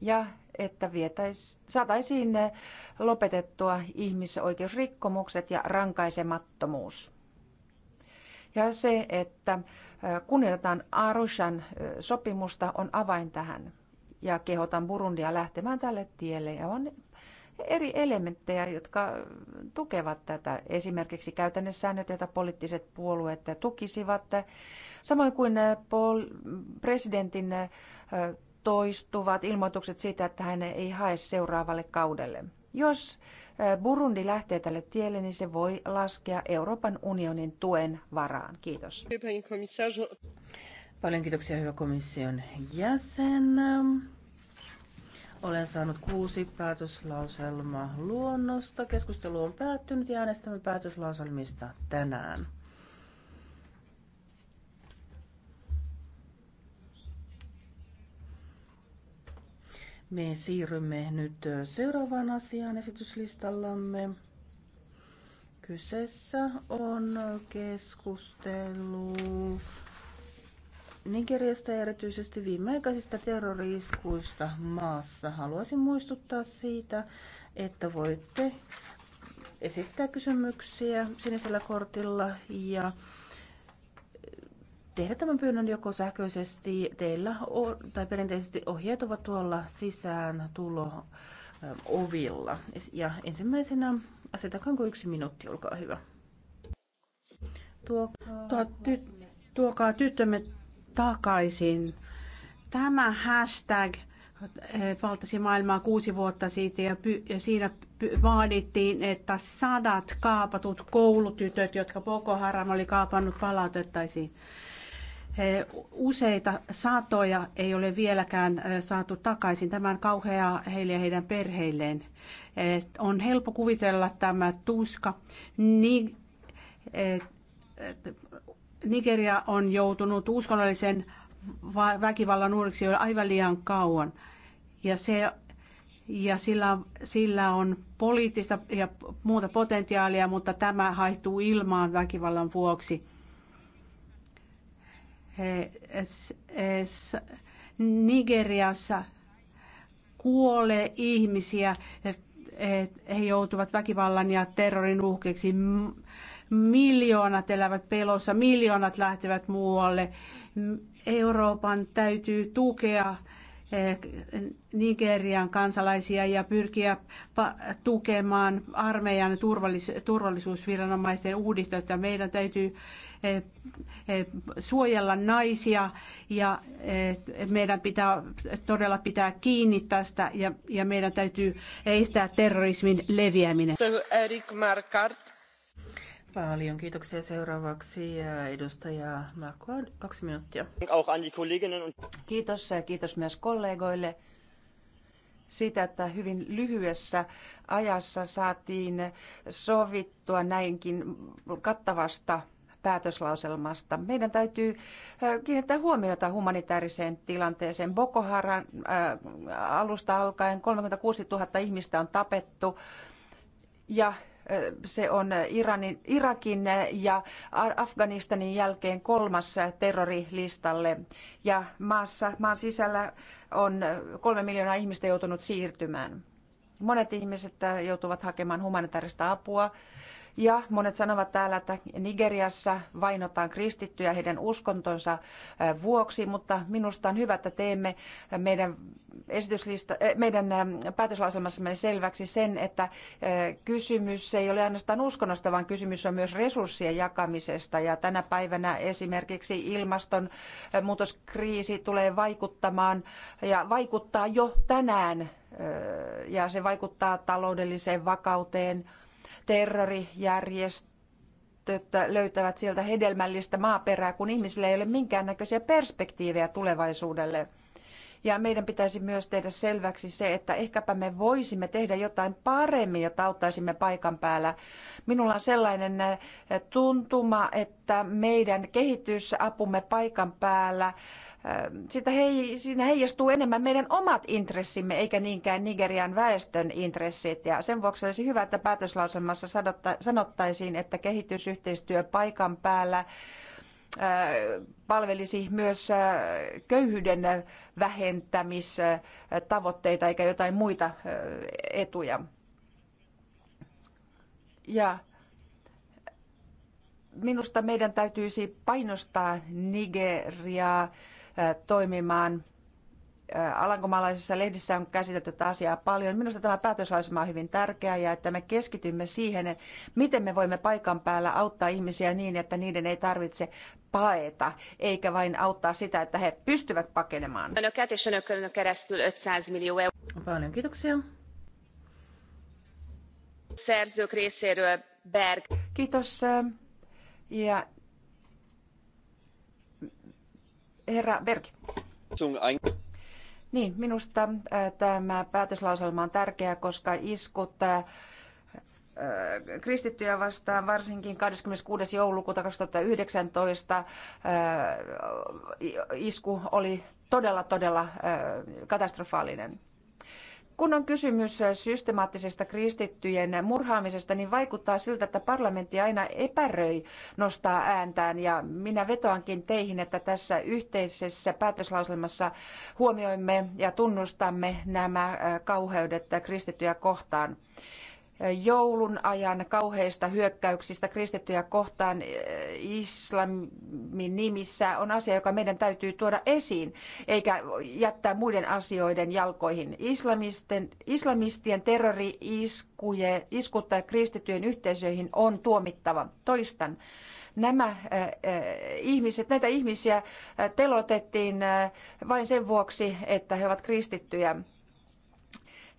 Ja että vietäis, saataisiin eh, lopetettua ihmisoikeusrikkomukset ja rankaisemattomuus. Ja se, että eh, kunnioitetaan Arushan eh, sopimusta, on avain tähän. Ja kehotan Burundia lähtemään tälle tielle. Ja on eri elementtejä, jotka tukevat tätä. Esimerkiksi säännöt, joita poliittiset puolueet tukisivat, samoin kuin presidentin toistuvat ilmoitukset siitä, että hän ei hae seuraavalle kaudelle. Jos eh, Burundi lähtee tälle tielle, niin se voi laskea Euroopan unionin tuen varaan. Kiitos. Paljon kiitoksia hyvä komission jäsen. Olen saanut kuusi päätöslauselmaa luonnosta. Keskustelu on päättynyt ja äänestämme päätöslauselmista tänään. Me siirrymme nyt seuraavaan asiaan esityslistallamme. Kyseessä on keskustelu Nigeriasta ja erityisesti viimeaikaisista terroriiskuista maassa. Haluaisin muistuttaa siitä, että voitte esittää kysymyksiä sinisellä kortilla ja tehdä tämän pyynnön joko sähköisesti teillä tai perinteisesti ohjeet ovat tuolla sisään tulo ovilla. Ja ensimmäisenä asetakanko yksi minuutti, olkaa hyvä. Tuokaa, ty, tuokaa tyttömme takaisin. Tämä hashtag eh, valtasi maailmaa kuusi vuotta sitten ja, py, ja siinä py, vaadittiin, että sadat kaapatut koulutytöt, jotka Boko Haram oli kaapannut, palautettaisiin. Useita satoja ei ole vieläkään saatu takaisin. Tämä on kauheaa heille ja heidän perheilleen. On helppo kuvitella tämä tuska. Nigeria on joutunut uskonnollisen väkivallan uudeksi jo aivan liian kauan. Ja, se, ja sillä, sillä on poliittista ja muuta potentiaalia, mutta tämä haihtuu ilmaan väkivallan vuoksi. Nigeriassa kuolee ihmisiä, he joutuvat väkivallan ja terrorin uhkeeksi. Miljoonat elävät pelossa, miljoonat lähtevät muualle. Euroopan täytyy tukea e, Nigerian kansalaisia ja pyrkiä tukemaan armeijan turvallisuusviranomaisten uudistusta. Meidän täytyy suojella naisia ja meidän pitää todella pitää kiinni tästä ja, ja meidän täytyy estää terrorismin leviäminen. Erik Paljon kiitoksia seuraavaksi edustaja Marko, kaksi minuuttia. Kiitos ja kiitos myös kollegoille siitä, että hyvin lyhyessä ajassa saatiin sovittua näinkin kattavasta päätöslauselmasta. Meidän täytyy kiinnittää huomiota humanitaariseen tilanteeseen. Boko Haran alusta alkaen 36 000 ihmistä on tapettu ja se on Iranin, Irakin ja Afganistanin jälkeen kolmas terrorilistalle. Ja maassa, maan sisällä on kolme miljoonaa ihmistä joutunut siirtymään. Monet ihmiset joutuvat hakemaan humanitaarista apua ja monet sanovat täällä, että Nigeriassa vainotaan kristittyjä heidän uskontonsa äh, vuoksi, mutta minusta on hyvä, että teemme meidän, esityslista, äh, meidän ähm, päätöslauselmassamme selväksi sen, että äh, kysymys ei ole ainoastaan uskonnosta, vaan kysymys on myös resurssien jakamisesta. Ja tänä päivänä esimerkiksi ilmastonmuutoskriisi tulee vaikuttamaan ja vaikuttaa jo tänään ja se vaikuttaa taloudelliseen vakauteen – terrorijärjestöt löytävät sieltä hedelmällistä maaperää, kun ihmisillä ei ole minkäännäköisiä perspektiivejä tulevaisuudelle. Ja meidän pitäisi myös tehdä selväksi se, että ehkäpä me voisimme tehdä jotain paremmin, jotta auttaisimme paikan päällä. Minulla on sellainen äh, tuntuma, että meidän kehitysapumme paikan päällä sitä hei, siinä heijastuu enemmän meidän omat intressimme, eikä niinkään Nigerian väestön intressit. Ja sen vuoksi olisi hyvä, että päätöslauselmassa sanottaisiin, että kehitysyhteistyö paikan päällä palvelisi myös köyhyyden vähentämistavoitteita eikä jotain muita etuja. Ja minusta meidän täytyisi painostaa Nigeriaa toimimaan. Alankomaalaisessa lehdissä on käsitelty tätä asiaa paljon. Minusta tämä päätöslausuma on hyvin tärkeä ja että me keskitymme siihen, miten me voimme paikan päällä auttaa ihmisiä niin, että niiden ei tarvitse paeta, eikä vain auttaa sitä, että he pystyvät pakenemaan. Paljon kiitoksia. Kiitos. Ja Herra Berg. Niin, minusta äh, tämä päätöslauselma on tärkeä, koska iskut äh, äh, kristittyjä vastaan, varsinkin 26. joulukuuta 2019 isku oli todella, todella katastrofaalinen. Kun on kysymys systemaattisesta kristittyjen murhaamisesta, niin vaikuttaa siltä, että parlamentti aina epäröi nostaa ääntään. Ja minä vetoankin teihin, että tässä yhteisessä päätöslauselmassa huomioimme ja tunnustamme nämä kauheudet kristittyjä kohtaan joulun ajan kauheista hyökkäyksistä kristittyjä kohtaan eh, islamin nimissä on asia, joka meidän täytyy tuoda esiin, eikä jättää muiden asioiden jalkoihin. Islamisten, islamistien terrori-iskut tai kristittyjen yhteisöihin on tuomittava. Toistan nämä eh, eh, ihmiset, näitä ihmisiä telotettiin vain sen vuoksi, että he ovat kristittyjä.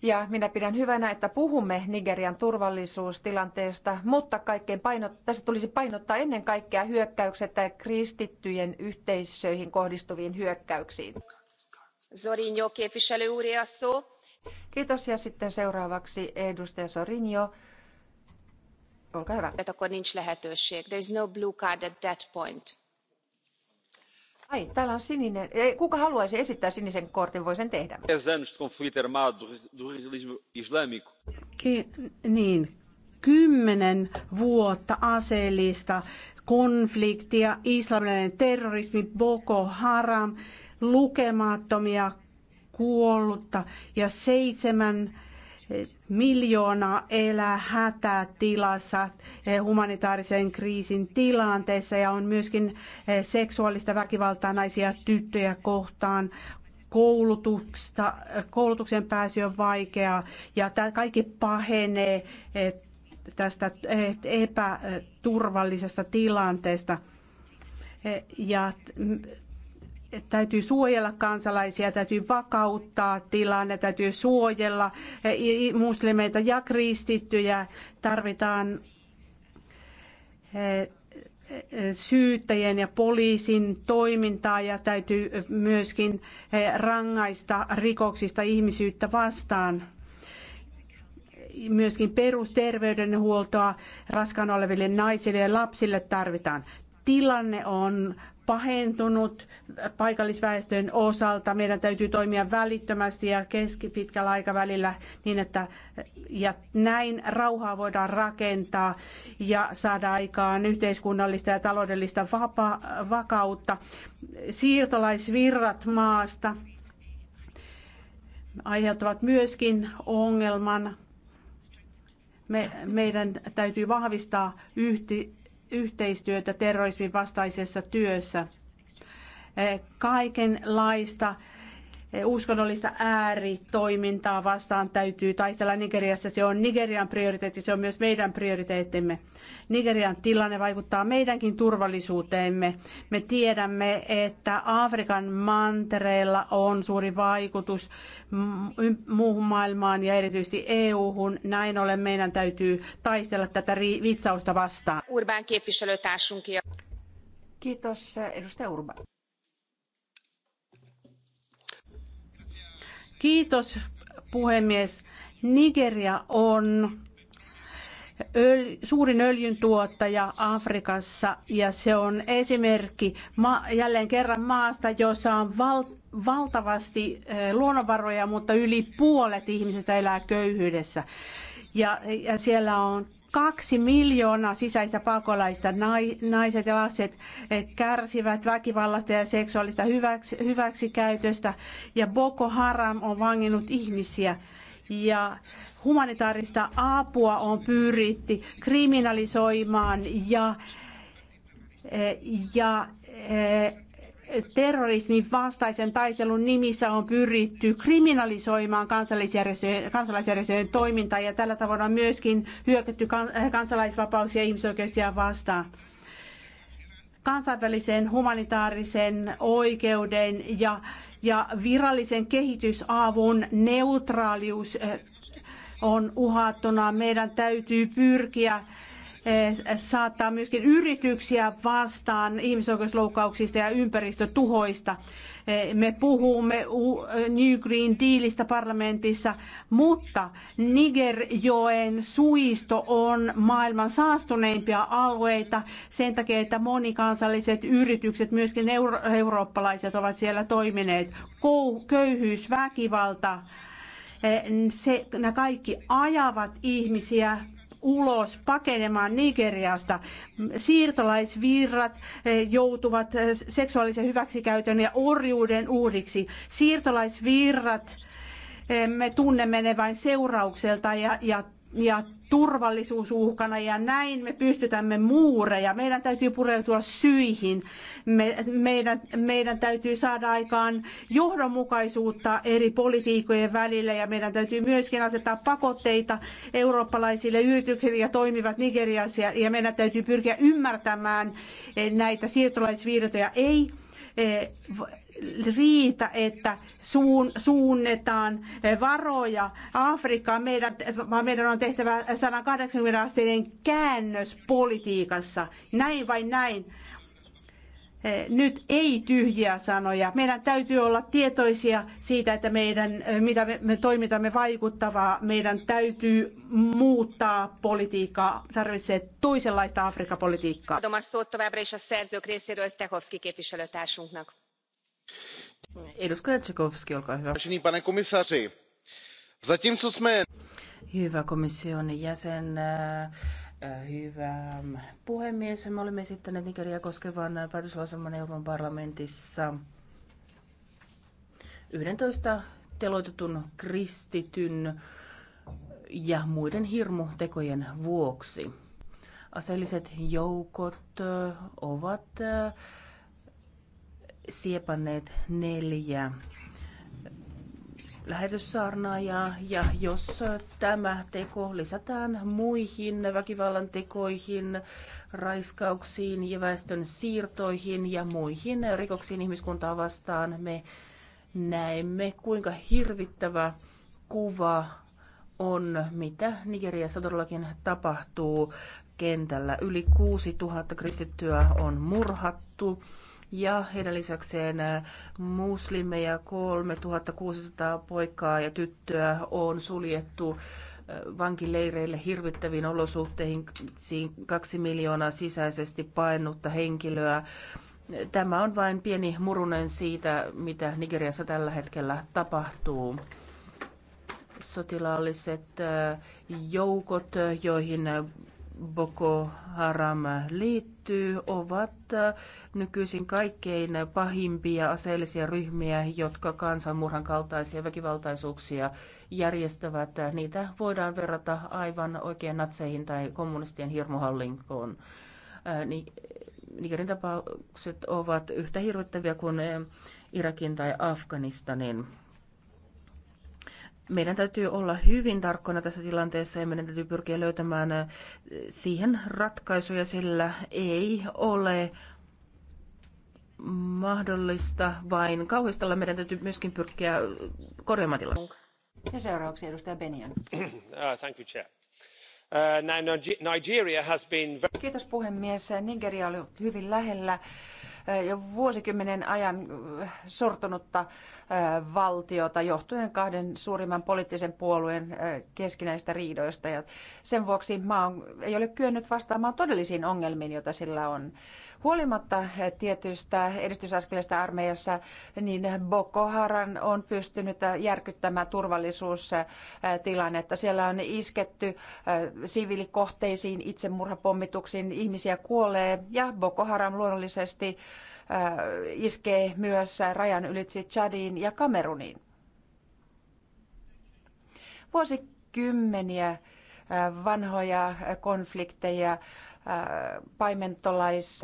Ja minä pidän hyvänä, että puhumme Nigerian turvallisuustilanteesta, mutta kaikkein painot, tässä tulisi painottaa ennen kaikkea hyökkäykset tai kristittyjen yhteisöihin kohdistuviin hyökkäyksiin. Zorinjo, Kiitos ja sitten seuraavaksi edustaja Sorinjo. Olkaa hyvä. There is no blue card at that point. Ai, täällä on sininen. Ei, kuka haluaisi esittää sinisen kortin, voi sen tehdä. Ki- niin, kymmenen vuotta aseellista konfliktia, islamilainen terrorismi, Boko Haram, lukemattomia kuollutta ja seitsemän miljoona elää hätätilassa eh, humanitaarisen kriisin tilanteessa ja on myöskin eh, seksuaalista väkivaltaa naisia ja tyttöjä kohtaan. koulutuksesta eh, koulutuksen pääsy on vaikeaa ja tämä kaikki pahenee tästä epäturvallisesta tilanteesta. Ja täytyy suojella kansalaisia, täytyy vakauttaa tilanne, täytyy suojella e, muslimeita ja kristittyjä. Tarvitaan e, e, syyttäjien ja poliisin toimintaa ja täytyy myöskin rangaista rikoksista ihmisyyttä vastaan. Myöskin perusterveydenhuoltoa raskaana oleville naisille ja lapsille tarvitaan. Tilanne on pahentunut paikallisväestön osalta. Meidän täytyy toimia välittömästi ja keskipitkällä aikavälillä niin, että ja näin rauhaa voidaan rakentaa ja saada aikaan yhteiskunnallista ja taloudellista vapa- vakautta. Siirtolaisvirrat maasta aiheuttavat myöskin ongelman. Me, meidän täytyy vahvistaa yhti yhteistyötä terrorismin vastaisessa työssä. Eh, kaikenlaista uskonnollista ääritoimintaa vastaan täytyy taistella Nigeriassa. Se on Nigerian prioriteetti, se on myös meidän prioriteettimme. Nigerian tilanne vaikuttaa meidänkin turvallisuuteemme. Me tiedämme, että Afrikan mantereella on suuri vaikutus muuhun maailmaan ja erityisesti EU-hun. Näin ollen meidän täytyy taistella tätä vitsausta vastaan. Urban Kiitos, edustaja Urban. Kiitos puhemies. Nigeria on suurin öljyntuottaja Afrikassa ja se on esimerkki jälleen kerran maasta, jossa on val, valtavasti eh, luonnonvaroja, mutta yli puolet ihmisistä elää köyhyydessä. Ja, ja siellä on Kaksi miljoonaa sisäistä pakolaista, naiset ja lapset, eh, kärsivät väkivallasta ja seksuaalista hyväksikäytöstä. Ja Boko Haram on vanginnut ihmisiä. Ja humanitaarista apua on pyritty kriminalisoimaan ja, eh, ja eh, terrorismin vastaisen taistelun nimissä on pyritty kriminalisoimaan kansalaisjärjestöjen, kansalaisjärjestöjen toimintaa ja tällä tavoin on myöskin hyökätty eh, kansalaisvapauksia ja ihmisoikeuksia vastaan kansainvälisen humanitaarisen oikeuden ja, ja virallisen kehitysavun neutraalius eh, on uhattuna. Meidän täytyy pyrkiä Eh, saattaa myöskin yrityksiä vastaan ihmisoikeusloukkauksista ja ympäristötuhoista. Eh, me puhumme eh, New Green Dealista parlamentissa, mutta Nigerjoen suisto on maailman saastuneimpia alueita sen takia, että monikansalliset yritykset, myöskin euro- eurooppalaiset, ovat siellä toimineet. köyhyys, väkivalta, se, nämä kaikki ajavat ihmisiä ulos pakenemaan Nigeriasta. Siirtolaisvirrat eh, joutuvat eh, seksuaalisen hyväksikäytön ja orjuuden uhriksi. Siirtolaisvirrat eh, me tunnemme ne vain seuraukselta ja, ja ja turvallisuusuhkana ja näin me pystytämme muureja. Meidän täytyy pureutua syihin. Me, meidän, meidän täytyy saada aikaan johdonmukaisuutta eri politiikojen välillä ja meidän täytyy myöskin asettaa pakotteita eurooppalaisille yrityksille ja toimivat Nigeriassa ja meidän täytyy pyrkiä ymmärtämään eh, näitä siirtolaisvirtoja. Ei eh, riitä, että suun, suunnetaan varoja Afrikkaan, meidän, vaan meidän on tehtävä 180 asteinen käännös politiikassa. Näin vai näin. Eh, nyt ei tyhjiä sanoja. Meidän täytyy olla tietoisia siitä, että meidän, eh, mitä me, me vaikuttavaa. Meidän täytyy muuttaa politiikkaa. Tarvitsee toisenlaista Afrikka-politiikkaa. Thomas Szót továbbra is Edustaja Tsekovski, olkaa hyvä. pane komissaari, zatímco jsme... Hyvä komission jäsen, eh, hyvä puhemies. Me olemme esittäneet Nigeria koskevan päätöslauselman Euroopan parlamentissa 11 teloitetun kristityn ja muiden hirmutekojen vuoksi. Aseelliset joukot eh, ovat eh, siepanneet neljä lähetyssaarnaajaa. Ja jos tämä teko lisätään muihin väkivallan tekoihin, raiskauksiin ja väestön siirtoihin ja muihin rikoksiin ihmiskuntaa vastaan, me näemme kuinka hirvittävä kuva on, mitä Nigeriassa todellakin tapahtuu kentällä. Yli 6000 kristittyä on murhattu ja heidän lisäkseen äh, muslimeja 3600 poikaa ja tyttöä on suljettu äh, vankileireille hirvittäviin olosuhteisiin kaksi miljoonaa sisäisesti painutta henkilöä. Tämä on vain pieni murunen siitä, mitä Nigeriassa tällä hetkellä tapahtuu. Sotilaalliset äh, joukot, joihin Boko Haram liittyy, ovat nykyisin kaikkein pahimpia aseellisia ryhmiä, jotka kansanmurhan kaltaisia väkivaltaisuuksia järjestävät. Niitä voidaan verrata aivan oikein natseihin tai kommunistien hirmuhallinkoon. Äh, Nigerin tapaukset ovat yhtä hirvittäviä kuin Irakin tai Afganistanin meidän täytyy olla hyvin tarkkoina tässä tilanteessa ja meidän täytyy pyrkiä löytämään siihen ratkaisuja, sillä ei ole mahdollista vain kauhistella. Meidän täytyy myöskin pyrkiä korjaamaan tilanne. Ja seuraavaksi edustaja Benian. Ah, thank you, Chair. Uh, Now, Nigeria has been... Kiitos puhemies. Nigeria oli hyvin lähellä jo vuosikymmenen ajan sortunutta valtiota johtuen kahden suurimman poliittisen puolueen keskinäistä riidoista. Ja sen vuoksi maa ei ole kyennyt vastaamaan todellisiin ongelmiin, joita sillä on. Huolimatta tietystä edistysaskeleista armeijassa, niin Boko Haran on pystynyt järkyttämään turvallisuustilannetta. Siellä on isketty siviilikohteisiin, itsemurhapommituksiin, ihmisiä kuolee ja Boko Haram luonnollisesti Äh, iskee myös rajan ylitse Chadiin ja Kameruniin. Vuosikymmeniä äh, vanhoja konflikteja, äh, paimentolais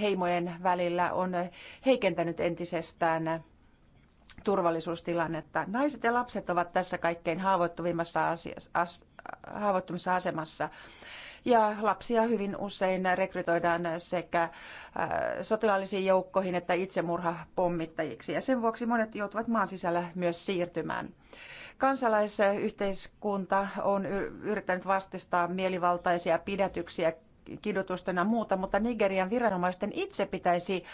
heimojen välillä on heikentänyt entisestään turvallisuustilannetta. Naiset ja lapset ovat tässä kaikkein haavoittuvimmassa, asiassa, as, haavoittuvimmassa asemassa ja lapsia hyvin usein rekrytoidaan sekä äh, sotilaallisiin joukkoihin että itsemurhapommittajiksi ja sen vuoksi monet joutuvat maan sisällä myös siirtymään. Kansalaisyhteiskunta on yrittänyt vastistaa mielivaltaisia pidätyksiä, kidutusten ja muuta, mutta Nigerian viranomaisten itse pitäisi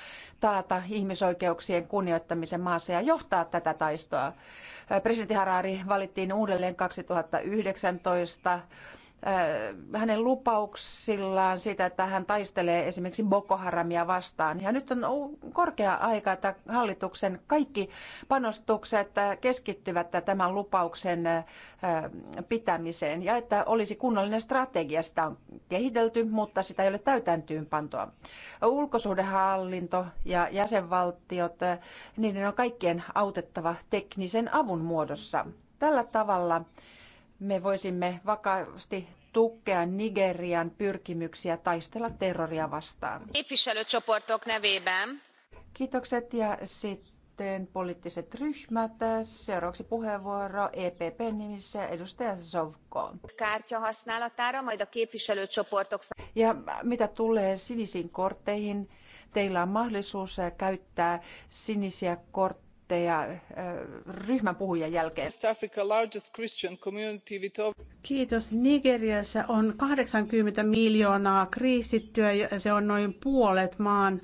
taata ihmisoikeuksien kunnioittamisen maassa ja johtaa tätä taistoa. Presidentti Harari valittiin uudelleen 2019 hänen lupauksillaan siitä, että hän taistelee esimerkiksi Boko Haramia vastaan. Ja nyt on korkea aika, että hallituksen kaikki panostukset keskittyvät tämän lupauksen pitämiseen ja että olisi kunnollinen strategia. Sitä on kehitelty, mutta sitä ei ole täytäntyynpantoa. Ulkosuhdehallinto ja jäsenvaltiot, niiden on kaikkien autettava teknisen avun muodossa. Tällä tavalla me voisimme vakaasti tukea Nigerian pyrkimyksiä taistella terroria vastaan. Kiitokset ja sitten poliittiset ryhmät. Seuraavaksi puheenvuoro EPP nimissä edustaja Sovko. Ja mitä tulee sinisiin kortteihin, teillä on mahdollisuus käyttää sinisiä kortteja minuutteja ryhmän puhujan jälkeen. Kiitos. Nigeriassa on 80 miljoonaa kristittyä ja se on noin puolet maan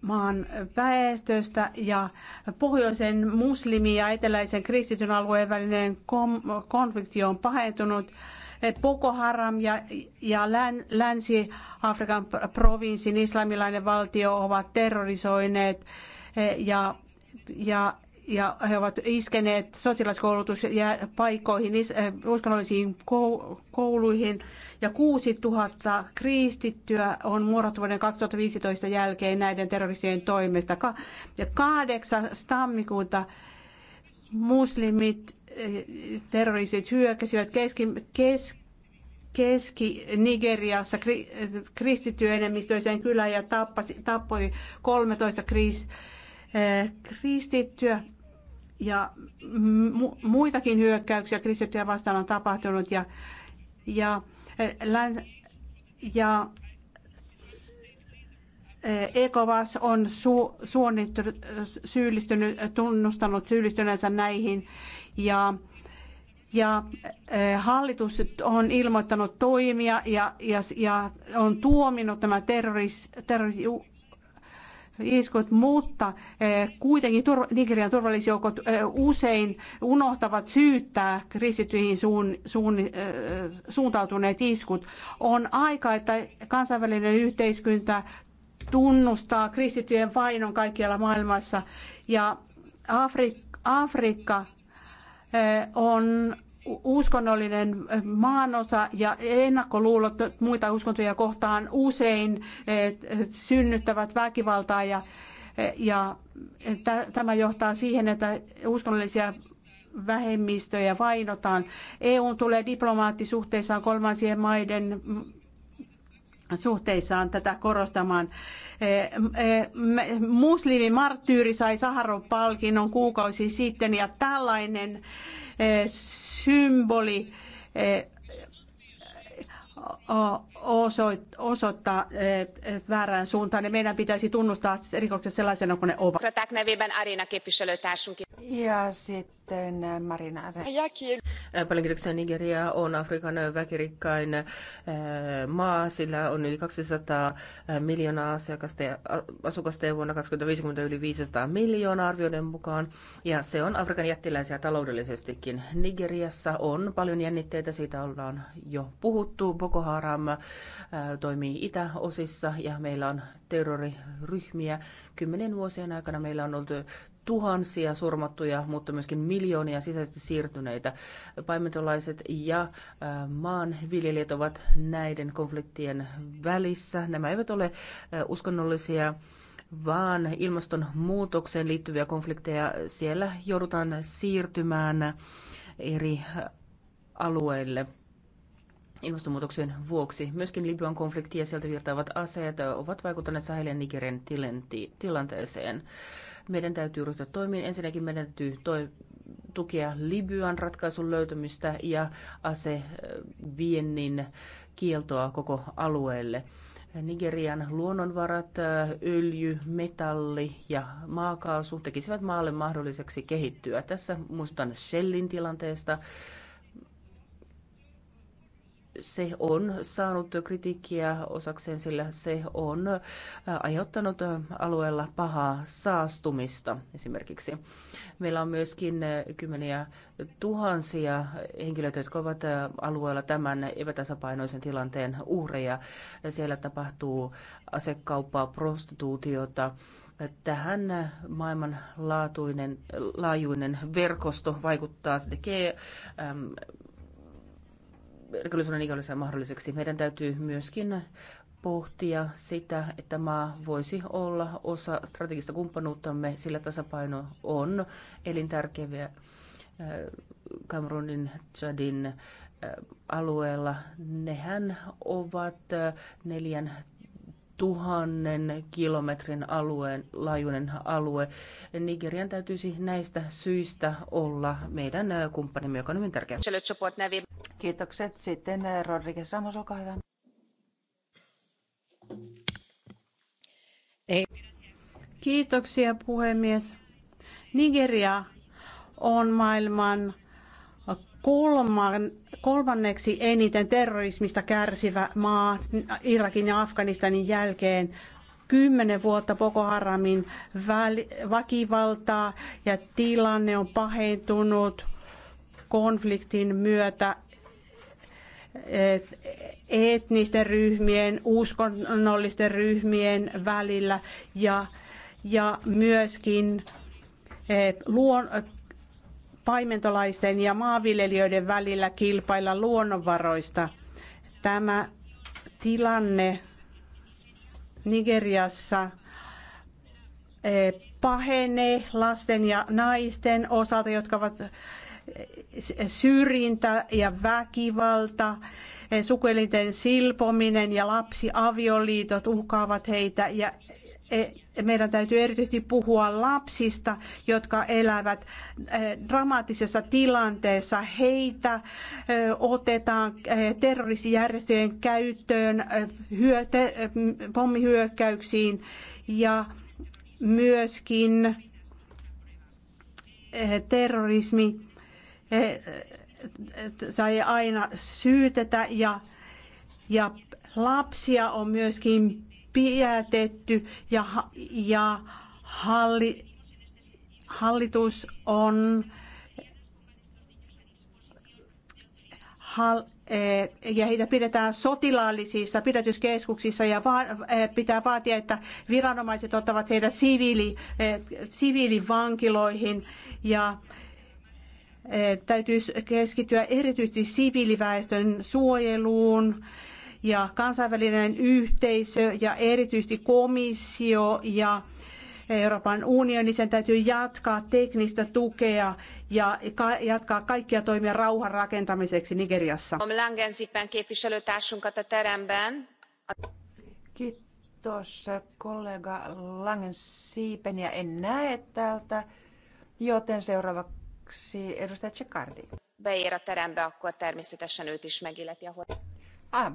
maan väestöstä ja pohjoisen muslimi- ja eteläisen kristityn alueen välinen konflikti on pahentunut. E, Boko Haram ja, ja Länsi-Afrikan provinssin islamilainen valtio ovat terrorisoineet ja, ja ja he ovat iskeneet sotilaskoulutuspaikkoihin, eh, uskonnollisiin kouluihin ja 6000 kristittyä on murhattu vuoden 2015 jälkeen näiden terroristien toimesta. Ja 8. tammikuuta muslimit eh, terroristit hyökkäsivät keski, keski Keski-Nigeriassa kristittyöenemmistöiseen kylään ja tappasi, tappoi 13 kristittyä Eh, kristittyä ja muitakin hyökkäyksiä kristittyjä vastaan on tapahtunut ja, ja, eh, läns, ja ekovas eh, on su, suunnittu, syyllistynyt, tunnustanut syyllistyneensä näihin ja, ja hallitus on ilmoittanut toimia ja, ja, ja on tuominut tämän terroris, terroris, iskut, mutta eh, kuitenkin Nigerian turvallisjoukot eh, usein unohtavat syyttää kristittyihin suun, suun, eh, suuntautuneet iskut. On aika, että kansainvälinen yhteiskunta tunnustaa kristittyjen vainon kaikkialla maailmassa ja Afrik, Afrikka on uskonnollinen eh, maanosa ja ennakkoluulot muita uskontoja kohtaan usein eh, synnyttävät väkivaltaa ja, eh, ja tämä johtaa siihen, että uskonnollisia vähemmistöjä vainotaan. EU tulee diplomaattisuhteissaan kolmansien maiden suhteissaan tätä korostamaan. Muslimi marttyyri sai Saharov-palkinnon kuukausi sitten ja tällainen Eh, symboli eh, osoittaa eh, eh, väärään suuntaan ja niin meidän pitäisi tunnustaa rikokset sellaisena kuin ne ovat. Ja sitten eh, Marina. Paljon kiitoksia. Nigeria on Afrikan väkirikkain maa. Sillä on yli 200 miljoonaa asiakasta ja asukasta ja vuonna 2050 yli 500 miljoonaa arvioiden mukaan. Ja se on Afrikan jättiläisiä taloudellisestikin. Nigeriassa on paljon jännitteitä. Siitä ollaan jo puhuttu. Boko Haram toimii itäosissa ja meillä on terroriryhmiä. Kymmenen vuosien aikana meillä on ollut tuhansia surmattuja, mutta myöskin miljoonia sisäisesti siirtyneitä. Paimentolaiset ja maanviljelijät ovat näiden konfliktien välissä. Nämä eivät ole uskonnollisia vaan ilmastonmuutokseen liittyviä konflikteja. Siellä joudutaan siirtymään eri alueille ilmastonmuutoksen vuoksi. Myöskin Libyan konflikti ja sieltä virtaavat aseet ovat vaikuttaneet Sahelin Nigerin tilanteeseen. Meidän täytyy ryhtyä toimiin. Ensinnäkin meidän täytyy toi, tukea Libyan ratkaisun löytämistä ja aseviennin kieltoa koko alueelle. Nigerian luonnonvarat, öljy, metalli ja maakaasu tekisivät maalle mahdolliseksi kehittyä. Tässä muistan Shellin tilanteesta se on saanut kritiikkiä osakseen, sillä se on aiheuttanut alueella pahaa saastumista esimerkiksi. Meillä on myöskin kymmeniä tuhansia henkilöitä, jotka ovat alueella tämän epätasapainoisen tilanteen uhreja. Siellä tapahtuu asekauppaa, prostituutiota, tähän maailmanlaatuinen laajuinen verkosto vaikuttaa, se tekee äm, rikollisuuden ikävässä mahdolliseksi. Meidän täytyy myöskin pohtia sitä, että maa voisi olla osa strategista kumppanuuttamme, sillä tasapaino on elintärkeä äh, Kamerunin, Chadin äh, alueella. Nehän ovat äh, neljän tuhannen kilometrin alueen, laajuinen alue. Nigerian täytyisi näistä syistä olla meidän kumppanimme, joka on hyvin tärkeä. Kiitokset. Sitten eh, Rodriguez Ramos, olkaa hyvä. Ei. Kiitoksia puhemies. Nigeria on maailman kolmanneksi eniten terrorismista kärsivä maa Irakin ja Afganistanin jälkeen. Kymmenen vuotta Boko Haramin väkivaltaa ja tilanne on pahentunut konfliktin myötä etnisten ryhmien, uskonnollisten ryhmien välillä ja, ja myöskin luon, paimentolaisten ja maanviljelijöiden välillä kilpailla luonnonvaroista. Tämä tilanne Nigeriassa eh, pahenee lasten ja naisten osalta, jotka ovat eh, syrjintä ja väkivalta, eh, sukuelinten silpominen ja lapsiavioliitot uhkaavat heitä ja E, meidän täytyy erityisesti puhua lapsista, jotka elävät e, dramaattisessa tilanteessa. Heitä e, otetaan terroristijärjestöjen käyttöön hyöte, pommihyökkäyksiin ja myöskin terrorismi sai aina syytetä ja, ja lapsia on myöskin pidätetty ja, ja halli, hallitus on hal, e, ja heitä pidetään sotilaallisissa pidätyskeskuksissa ja e, pitää vaatia, että viranomaiset ottavat heidät siviili, e, siviilivankiloihin ja täytyisi keskittyä erityisesti siviiliväestön suojeluun ja kansainvälinen yhteisö ja erityisesti komissio ja Euroopan unioni, sen täytyy jatkaa teknistä tukea ja jatkaa kaikkia toimia rauhan rakentamiseksi Nigeriassa. Kiitos kollega Langensiipen ja en näe täältä, joten seuraavaksi edustaja Tsekardi. Beér a terembe, akkor természetesen őt is megilleti, ahol... Ah,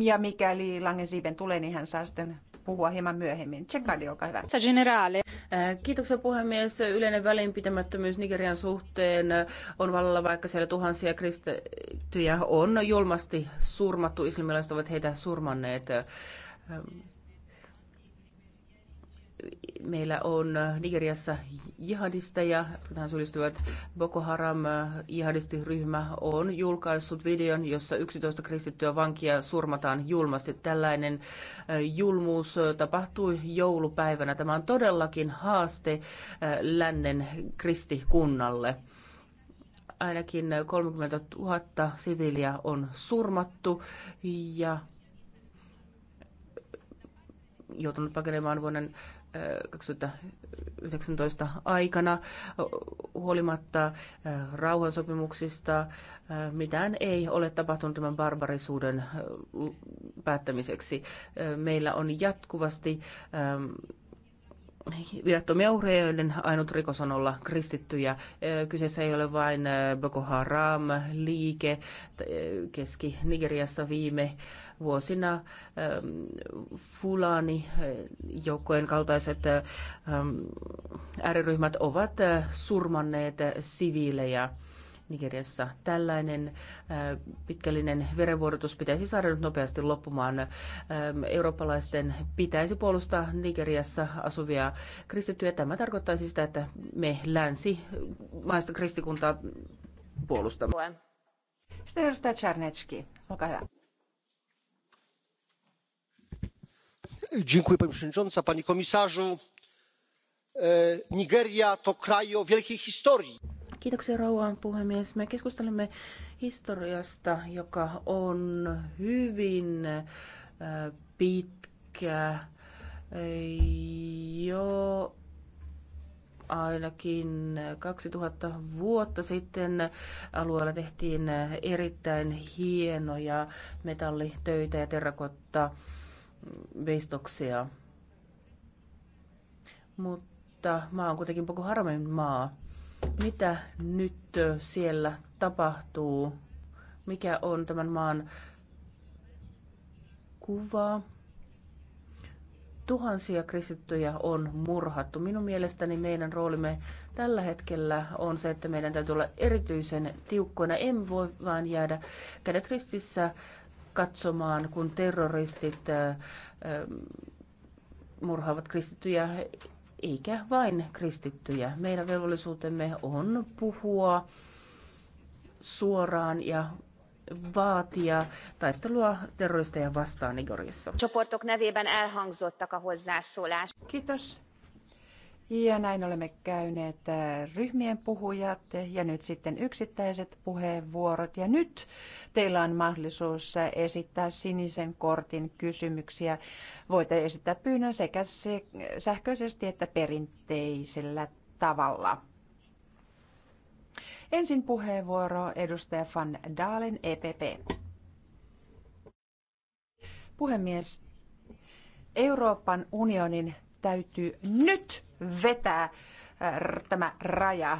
ja mikäli Langensiiven tulee, niin hän saa sitten puhua hieman myöhemmin. Tsekadi, olkaa hyvä. generaali. Äh, kiitoksia puhemies. Yleinen välinpitämättömyys Nigerian suhteen äh, on vallalla, vaikka siellä tuhansia kristittyjä on julmasti surmattu. Islamilaiset ovat heitä surmanneet äh, meillä on Nigeriassa jihadisteja, tähän sulistuvat Boko Haram jihadistiryhmä on julkaissut videon, jossa 11 kristittyä vankia surmataan julmasti. Tällainen julmuus tapahtui joulupäivänä. Tämä on todellakin haaste lännen kristikunnalle ainakin 30 000 siviiliä on surmattu ja joutunut pakenemaan vuoden 2019 aikana huolimatta rauhansopimuksista. Mitään ei ole tapahtunut tämän barbarisuuden päättämiseksi. Meillä on jatkuvasti virattomia uhreja, joiden ainut rikos on olla kristittyjä. Kyseessä ei ole vain Boko Haram-liike Keski-Nigeriassa viime vuosina. Fulani-joukkojen kaltaiset ääriryhmät ovat surmanneet siviilejä. Nigeriassa. Tällainen pitkällinen verenvuorotus pitäisi saada nyt nopeasti loppumaan. Eurooppalaisten pitäisi puolustaa Nigeriassa asuvia kristittyjä. Tämä tarkoittaisi sitä, että me länsi maista kristikuntaa puolustamme. Sitten edustaja Czarnecki, olkaa hyvä. pani przewodnicząca! panie komisarzu! E, nigeria to kraj o wielkiej historii. Kiitoksia rouvan puhemies. Me keskustelemme historiasta, joka on hyvin äh, pitkä. Jo ainakin 2000 vuotta sitten alueella tehtiin erittäin hienoja metallitöitä ja terrakotta veistoksia. Mutta maa on kuitenkin Boko Harmen maa mitä nyt siellä tapahtuu, mikä on tämän maan kuva. Tuhansia kristittyjä on murhattu. Minun mielestäni meidän roolimme tällä hetkellä on se, että meidän täytyy olla erityisen tiukkoina. Emme voi vaan jäädä kädet ristissä katsomaan, kun terroristit murhaavat kristittyjä eikä vain kristittyjä. Meidän velvollisuutemme on puhua suoraan ja vaatia taistelua terroristeja vastaan Nigeriassa. hozzászólás. Kiitos. Ja näin olemme käyneet äh, ryhmien puhujat ja nyt sitten yksittäiset puheenvuorot. Ja nyt teillä on mahdollisuus äh, esittää sinisen kortin kysymyksiä. Voitte esittää pyynnön sekä äh, sähköisesti että perinteisellä tavalla. Ensin puheenvuoro edustaja Van Daalen EPP. Puhemies, Euroopan unionin täytyy nyt vetää äh, tämä raja.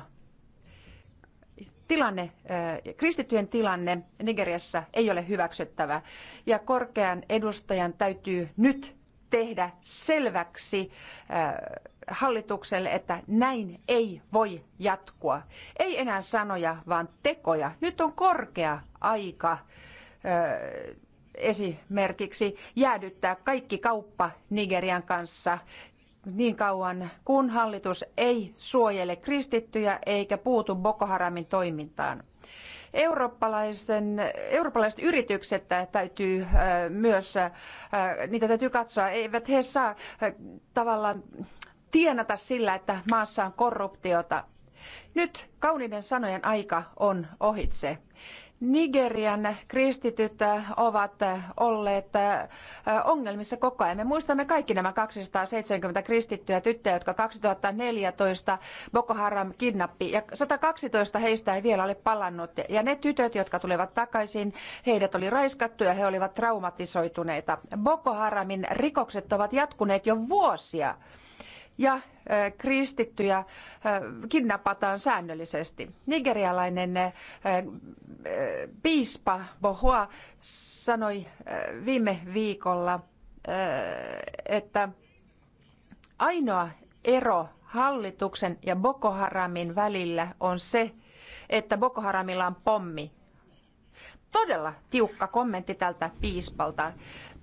Tilanne, äh, kristittyjen tilanne Nigeriassa ei ole hyväksyttävä ja korkean edustajan täytyy nyt tehdä selväksi äh, hallitukselle, että näin ei voi jatkua. Ei enää sanoja, vaan tekoja. Nyt on korkea aika esimerkiksi jäädyttää kaikki kauppa Nigerian kanssa niin kauan, kun hallitus ei suojele kristittyjä eikä puutu Boko Haramin toimintaan. Eurooppalaisen, eurooppalaiset yritykset täytyy myös, niitä täytyy katsoa, eivät he saa tavallaan tienata sillä, että maassa on korruptiota. Nyt kauniiden sanojen aika on ohitse. Nigerian kristityt ovat olleet äh, ongelmissa koko ajan. Me muistamme kaikki nämä 270 kristittyä tyttöä, jotka 2014 Boko Haram kidnappi ja 112 heistä ei vielä ole palannut. Ja ne tytöt, jotka tulevat takaisin, heidät oli raiskattu ja he olivat traumatisoituneita. Boko Haramin rikokset ovat jatkuneet jo vuosia ja kristittyjä kidnappataan säännöllisesti. Nigerialainen piispa Bohua sanoi viime viikolla, että ainoa ero hallituksen ja Boko Haramin välillä on se, että Boko Haramilla on pommi. Todella tiukka kommentti tältä piispalta.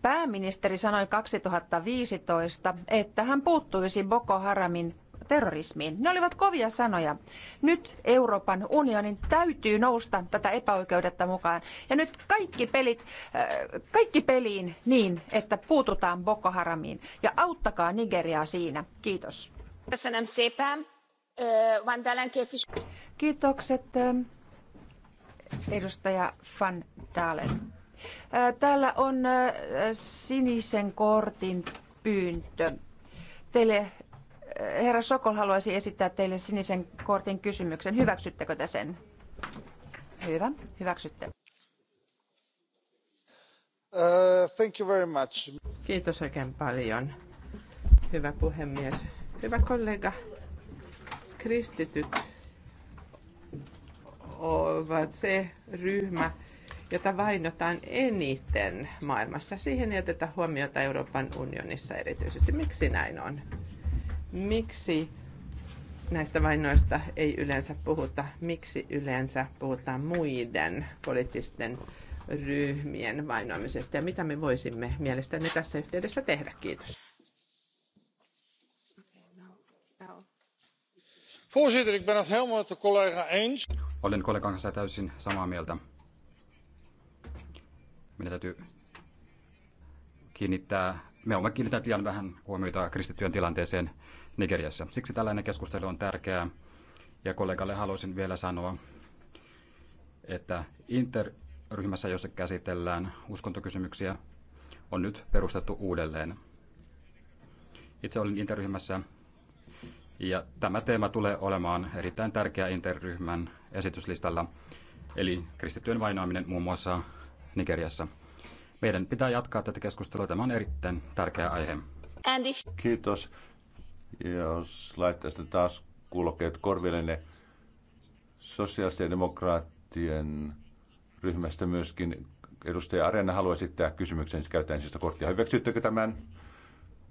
Pääministeri sanoi 2015, että hän puuttuisi Boko Haramin terrorismiin. Ne olivat kovia sanoja. Nyt Euroopan unionin täytyy nousta tätä epäoikeudetta mukaan. Ja nyt kaikki, pelit, äh, kaikki peliin niin, että puututaan Boko Haramiin. Ja auttakaa Nigeriaa siinä. Kiitos. Kiitokset edustaja Van Dalen. Täällä on sinisen kortin pyyntö. Teille, herra Sokol haluaisi esittää teille sinisen kortin kysymyksen. Hyväksyttekö te sen? Hyvä, hyväksytte. Uh, thank you very much. Kiitos oikein paljon. Hyvä puhemies. Hyvä kollega. Kristityt ovat se ryhmä, jota vainotaan eniten maailmassa. Siihen ei oteta huomiota Euroopan unionissa erityisesti. Miksi näin on? Miksi näistä vainoista ei yleensä puhuta? Miksi yleensä puhutaan muiden poliittisten ryhmien vainoamisesta ja mitä me voisimme mielestäni tässä yhteydessä tehdä? Kiitos. Voorzitter, ik ben het helemaal met de collega eens. Olen kollegan kanssa täysin samaa mieltä. Meidän täytyy kiinnittää, me olemme kiinnittäneet liian vähän huomiota kristittyjen tilanteeseen Nigeriassa. Siksi tällainen keskustelu on tärkeää. Ja kollegalle haluaisin vielä sanoa, että interryhmässä, jossa käsitellään uskontokysymyksiä, on nyt perustettu uudelleen. Itse olin interryhmässä ja tämä teema tulee olemaan erittäin tärkeä interryhmän esityslistalla, eli kristittyjen vainoaminen muun muassa Nigeriassa. Meidän pitää jatkaa tätä keskustelua. Tämä on erittäin tärkeä aihe. Kiitos. Jos laittaisitte taas kuulokkeet ne sosiaalisten demokraattien ryhmästä myöskin edustaja Areena haluaa esittää kysymyksen käytäen siis korttia. Hyväksyttekö tämän?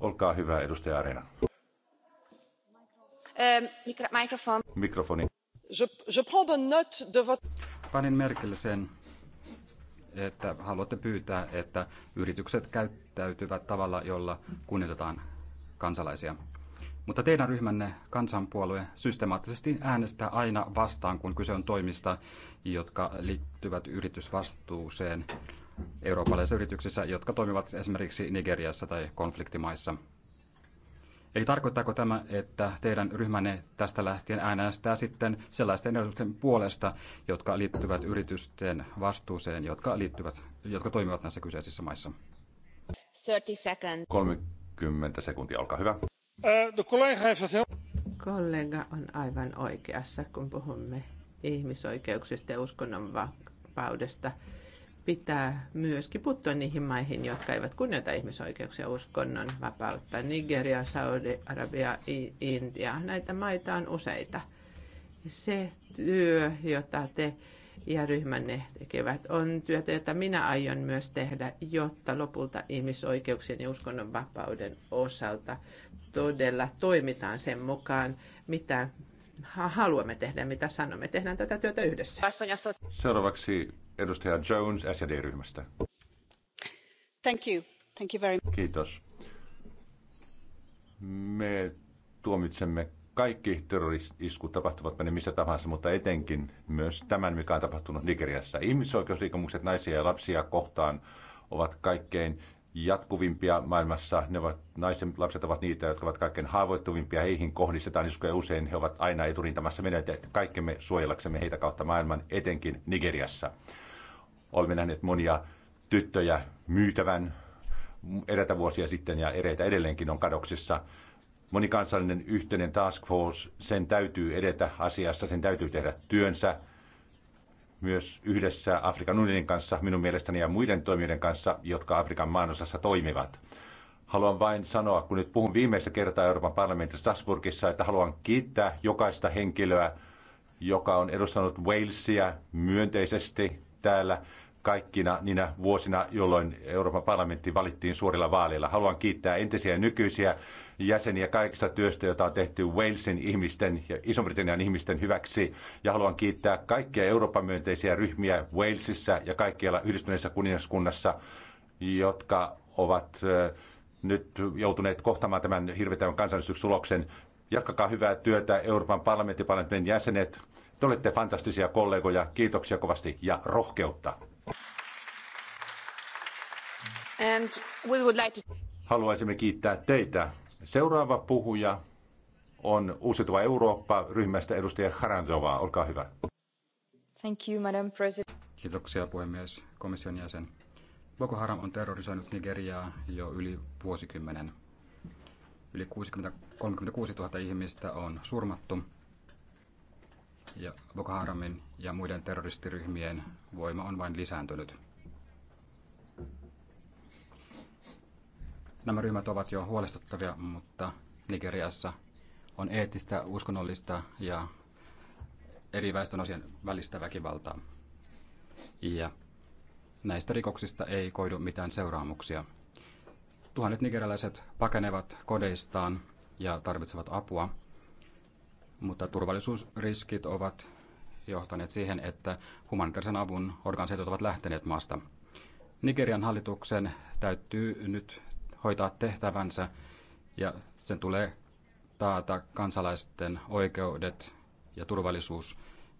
Olkaa hyvä, edustaja Areena. mikrofoni. Mikrofoni. Panin merkille sen, että haluatte pyytää, että yritykset käyttäytyvät tavalla, jolla kunnioitetaan kansalaisia. Mutta teidän ryhmänne kansanpuolue systemaattisesti äänestää aina vastaan, kun kyse on toimista, jotka liittyvät yritysvastuuseen eurooppalaisissa yrityksissä, jotka toimivat esimerkiksi Nigeriassa tai konfliktimaissa. Eli tarkoittaako tämä, että teidän ryhmänne tästä lähtien äänestää sitten sellaisten edustusten puolesta, jotka liittyvät yritysten vastuuseen, jotka, liittyvät, jotka toimivat näissä kyseisissä maissa? 30 30 sekuntia, olkaa hyvä. Kollega on aivan oikeassa, kun puhumme ihmisoikeuksista ja uskonnonvapaudesta pitää myöskin puuttua niihin maihin, jotka eivät kunnioita ihmisoikeuksia, uskonnon vapautta. Nigeria, Saudi-Arabia, Intia, näitä maita on useita. Se työ, jota te ja ryhmänne tekevät, on työtä, jota minä aion myös tehdä, jotta lopulta ihmisoikeuksien ja uskonnon vapauden osalta todella toimitaan sen mukaan, mitä haluamme tehdä, mitä sanomme. Tehdään tätä työtä yhdessä. Seuraavaksi Edustaja Jones sd ryhmästä Thank you. Thank you very much. Kiitos. Me tuomitsemme kaikki terroristiskut tapahtuvat ne missä tahansa, mutta etenkin myös tämän, mikä on tapahtunut Nigeriassa. Ihmisoikeusrikkomukset naisia ja lapsia kohtaan ovat kaikkein jatkuvimpia maailmassa. Ne ovat, naisen lapset ovat niitä, jotka ovat kaikkein haavoittuvimpia. Heihin kohdistetaan iskuja usein. He ovat aina eturintamassa menetä kaikkemme suojellaksemme heitä kautta maailman, etenkin Nigeriassa. Olemme nähneet monia tyttöjä myytävän eräitä vuosia sitten ja ereitä edelleenkin on kadoksissa. Monikansallinen yhteinen task force, sen täytyy edetä asiassa, sen täytyy tehdä työnsä myös yhdessä Afrikan unionin kanssa, minun mielestäni ja muiden toimijoiden kanssa, jotka Afrikan maanosassa toimivat. Haluan vain sanoa, kun nyt puhun viimeistä kertaa Euroopan parlamentissa Strasbourgissa, että haluan kiittää jokaista henkilöä, joka on edustanut Walesia myönteisesti täällä kaikkina niinä vuosina, jolloin Euroopan parlamentti valittiin suorilla vaaleilla. Haluan kiittää entisiä ja nykyisiä jäseniä kaikista työstä, jota on tehty Walesin ihmisten ja Iso-Britannian ihmisten hyväksi. Ja haluan kiittää kaikkia Euroopan myönteisiä ryhmiä Walesissa ja kaikkialla yhdistyneessä kuningaskunnassa, jotka ovat nyt joutuneet kohtamaan tämän hirvittävän kansanäänestystuloksen. Jatkakaa hyvää työtä Euroopan parlamentin jäsenet, te olette fantastisia kollegoja. Kiitoksia kovasti ja rohkeutta. And we would like to... Haluaisimme kiittää teitä. Seuraava puhuja on Uusiutuva Eurooppa-ryhmästä edustaja Haranzova. Olkaa hyvä. Thank you, Madam President. Kiitoksia puhemies, komission jäsen. Boko Haram on terrorisoinut Nigeriaa jo yli vuosikymmenen. Yli 60, 36 000 ihmistä on surmattu ja Boko Haramin ja muiden terroristiryhmien voima on vain lisääntynyt. Nämä ryhmät ovat jo huolestuttavia, mutta Nigeriassa on eettistä, uskonnollista ja eri väestönosien välistä väkivaltaa. Ja näistä rikoksista ei koidu mitään seuraamuksia. Tuhannet nigerialaiset pakenevat kodeistaan ja tarvitsevat apua – mutta turvallisuusriskit ovat johtaneet siihen, että humanitaarisen avun organisaatiot ovat lähteneet maasta. Nigerian hallituksen täytyy nyt hoitaa tehtävänsä ja sen tulee taata kansalaisten oikeudet ja turvallisuus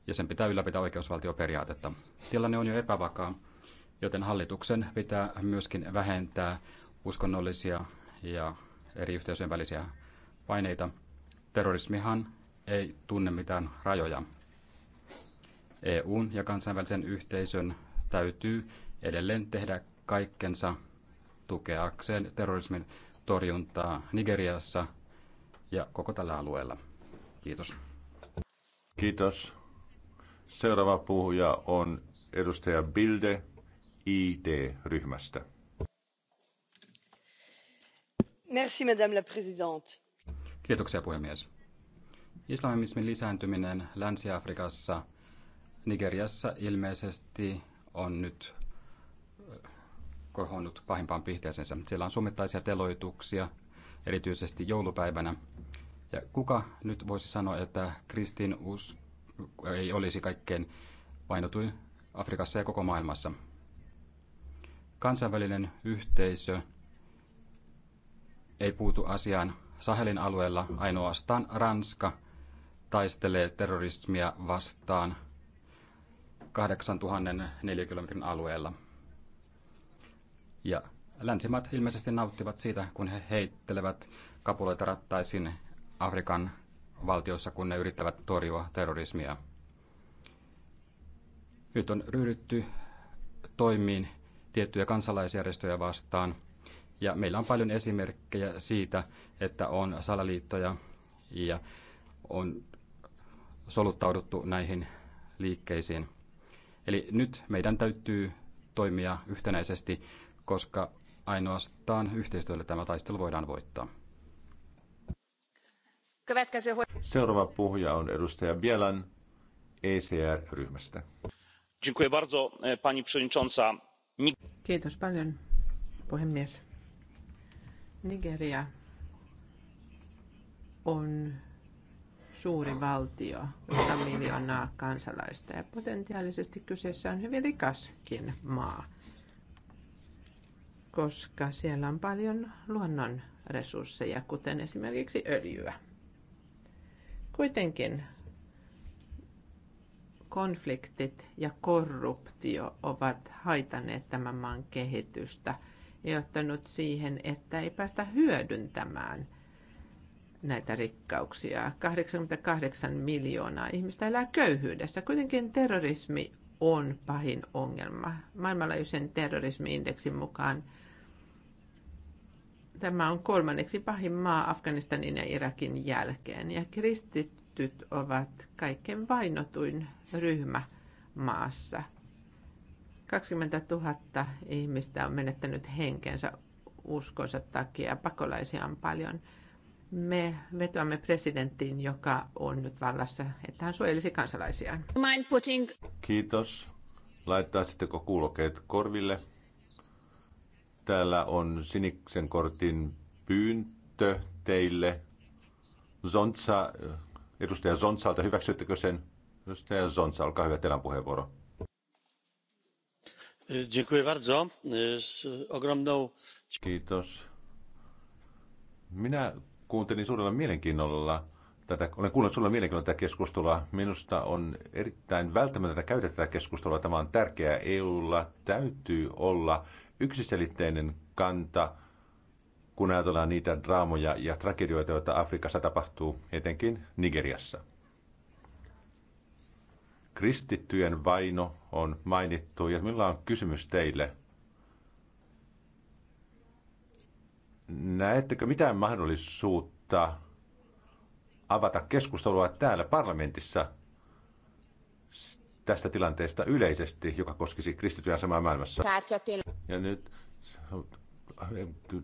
ja sen pitää ylläpitää oikeusvaltioperiaatetta. Tilanne on jo epävakaa, joten hallituksen pitää myöskin vähentää uskonnollisia ja eri yhteisöjen välisiä paineita. Terrorismihan ei tunne mitään rajoja. EUn ja kansainvälisen yhteisön täytyy edelleen tehdä kaikkensa tukeakseen terrorismin torjuntaa Nigeriassa ja koko tällä alueella. Kiitos. Kiitos. Seuraava puhuja on edustaja Bilde ID-ryhmästä. Merci, madame la présidente. Kiitoksia, puhemies. Islamismin lisääntyminen Länsi-Afrikassa, Nigeriassa ilmeisesti on nyt kohonnut pahimpaan pihteeseensä. Siellä on summittaisia teloituksia, erityisesti joulupäivänä. Ja kuka nyt voisi sanoa, että us ei olisi kaikkein painotuin Afrikassa ja koko maailmassa? Kansainvälinen yhteisö ei puutu asiaan Sahelin alueella ainoastaan Ranska – taistelee terrorismia vastaan 000 kilometrin alueella. Ja länsimaat ilmeisesti nauttivat siitä, kun he heittelevät kapuloita rattaisin Afrikan valtioissa, kun ne yrittävät torjua terrorismia. Nyt on ryhdytty toimiin tiettyjä kansalaisjärjestöjä vastaan. Ja meillä on paljon esimerkkejä siitä, että on salaliittoja ja on soluttauduttu näihin liikkeisiin. Eli nyt meidän täytyy toimia yhtenäisesti, koska ainoastaan yhteistyöllä tämä taistelu voidaan voittaa. Seuraava puhuja on edustaja Bielan ECR-ryhmästä. E, Kiitos paljon, puhemies. Nigeria on suuri valtio, 100 miljoonaa kansalaista ja potentiaalisesti kyseessä on hyvin rikaskin maa, koska siellä on paljon luonnon resursseja, kuten esimerkiksi öljyä. Kuitenkin konfliktit ja korruptio ovat haitaneet tämän maan kehitystä ja johtanut siihen, että ei päästä hyödyntämään – näitä rikkauksia. 88 miljoonaa ihmistä elää köyhyydessä. Kuitenkin terrorismi on pahin ongelma. Maailmanlaajuisen terrorismiindeksin mukaan tämä on kolmanneksi pahin maa Afganistanin ja Irakin jälkeen. Ja kristityt ovat kaikkein vainotuin ryhmä maassa. 20 000 ihmistä on menettänyt henkensä uskonsa takia. Pakolaisia on paljon me vetoamme presidenttiin, joka on nyt vallassa, että hän suojelisi kansalaisiaan. Kiitos. Laittaa sittenko kuulokkeet korville? Täällä on siniksen kortin pyyntö teille. Zontsa, edustaja Zontsalta, hyväksyttekö sen? Edustaja Zonsa, olkaa hyvä, teillä on puheenvuoro. Kiitos. Minä kuuntelin suurella mielenkiinnolla tätä, olen kuullut suurella mielenkiinnolla tätä keskustelua. Minusta on erittäin välttämätöntä käydä tätä keskustelua. Tämä on tärkeää. EUlla täytyy olla yksiselitteinen kanta, kun ajatellaan niitä draamoja ja tragedioita, joita Afrikassa tapahtuu, etenkin Nigeriassa. Kristittyjen vaino on mainittu ja minulla on kysymys teille – näettekö mitään mahdollisuutta avata keskustelua täällä parlamentissa tästä tilanteesta yleisesti, joka koskisi kristityä samaa maailmassa? Ja nyt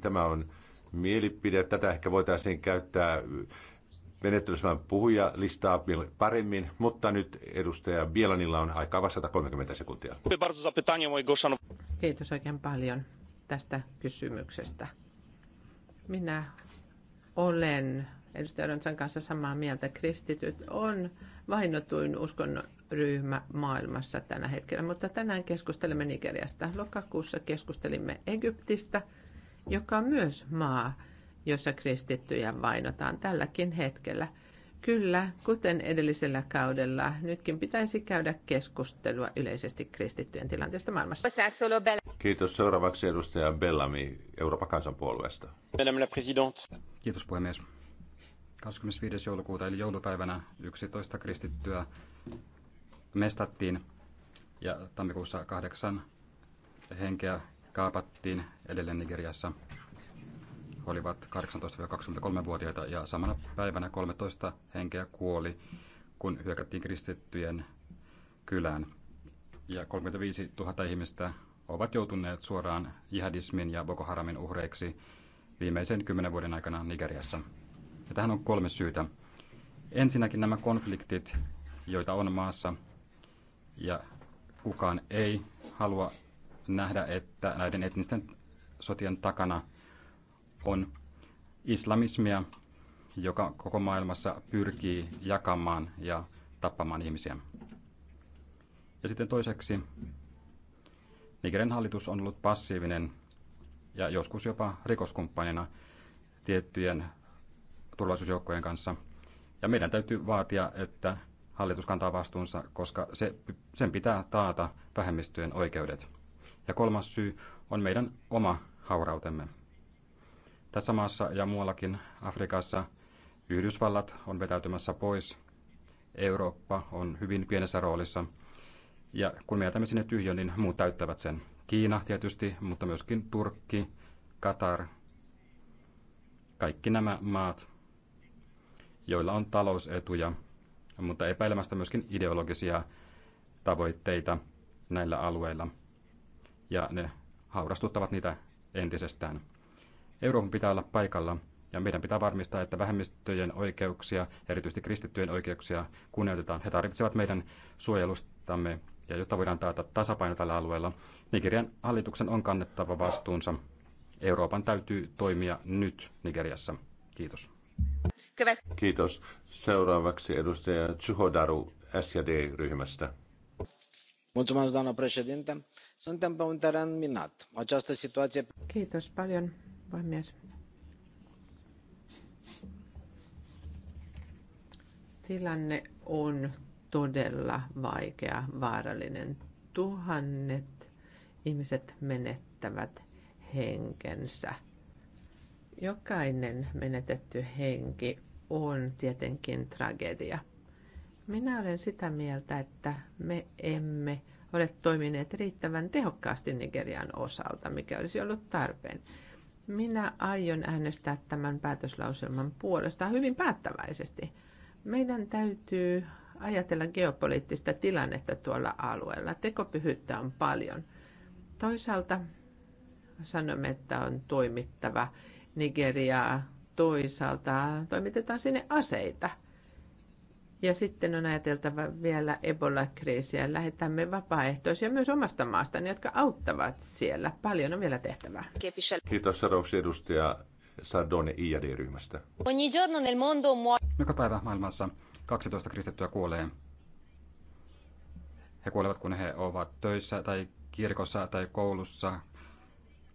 tämä on mielipide. Tätä ehkä voitaisiin käyttää menettelyssä puhuja listaa paremmin, mutta nyt edustaja Bielanilla on aikaa vastata 30 sekuntia. Kiitos oikein paljon tästä kysymyksestä. Minä olen edustaja Röntsen kanssa samaa mieltä. Kristityt on vainotuin uskonnon ryhmä maailmassa tänä hetkellä, mutta tänään keskustelemme Nigeriasta. Lokakuussa keskustelimme Egyptistä, joka on myös maa, jossa kristittyjä vainotaan tälläkin hetkellä – Kyllä, kuten edellisellä kaudella, nytkin pitäisi käydä keskustelua yleisesti kristittyjen tilanteesta maailmassa. Kiitos. Seuraavaksi edustaja Bellamy Euroopan kansanpuolueesta. Madame la présidente. Kiitos puhemies. 25. joulukuuta eli joulupäivänä 11 kristittyä mestattiin ja tammikuussa kahdeksan henkeä kaapattiin edelleen Nigeriassa olivat 18-23-vuotiaita ja samana päivänä 13 henkeä kuoli, kun hyökättiin kristittyjen kylään. Ja 35 000 ihmistä ovat joutuneet suoraan jihadismin ja Boko Haramin uhreiksi viimeisen kymmenen vuoden aikana Nigeriassa. Ja tähän on kolme syytä. Ensinnäkin nämä konfliktit, joita on maassa, ja kukaan ei halua nähdä, että näiden etnisten sotien takana on islamismia, joka koko maailmassa pyrkii jakamaan ja tappamaan ihmisiä. Ja sitten toiseksi, Nigerin hallitus on ollut passiivinen ja joskus jopa rikoskumppanina tiettyjen turvallisuusjoukkojen kanssa. Ja meidän täytyy vaatia, että hallitus kantaa vastuunsa, koska se, sen pitää taata vähemmistöjen oikeudet. Ja kolmas syy on meidän oma haurautemme. Tässä maassa ja muuallakin Afrikassa Yhdysvallat on vetäytymässä pois. Eurooppa on hyvin pienessä roolissa. Ja kun me jätämme sinne tyhjön, niin muut täyttävät sen. Kiina tietysti, mutta myöskin Turkki, Katar, kaikki nämä maat, joilla on talousetuja, mutta epäilemästä myöskin ideologisia tavoitteita näillä alueilla. Ja ne haurastuttavat niitä entisestään. Euroopan pitää olla paikalla ja meidän pitää varmistaa, että vähemmistöjen oikeuksia, erityisesti kristittyjen oikeuksia, kunnioitetaan. He tarvitsevat meidän suojelustamme ja jotta voidaan taata tasapaino tällä alueella, Nigerian hallituksen on kannettava vastuunsa. Euroopan täytyy toimia nyt Nigeriassa. Kiitos. Kiitos. Seuraavaksi edustaja Chuhodaru SD-ryhmästä. minat. Kiitos paljon, puhemies. Tilanne on todella vaikea, vaarallinen. Tuhannet ihmiset menettävät henkensä. Jokainen menetetty henki on tietenkin tragedia. Minä olen sitä mieltä, että me emme ole toimineet riittävän tehokkaasti Nigerian osalta, mikä olisi ollut tarpeen. Minä aion äänestää tämän päätöslauselman puolesta hyvin päättäväisesti. Meidän täytyy ajatella geopoliittista tilannetta tuolla alueella. Tekopyhyyttä on paljon. Toisaalta sanomme, että on toimittava Nigeriaa. Toisaalta toimitetaan sinne aseita – ja sitten on ajateltava vielä Ebola-kriisiä. Lähetämme vapaaehtoisia myös omasta maastani, jotka auttavat siellä. Paljon on vielä tehtävää. Kiitos seuraavaksi edustaja Sardone IAD-ryhmästä. Joka päivä maailmassa 12 kristittyä kuolee. He kuolevat, kun he ovat töissä tai kirkossa tai koulussa,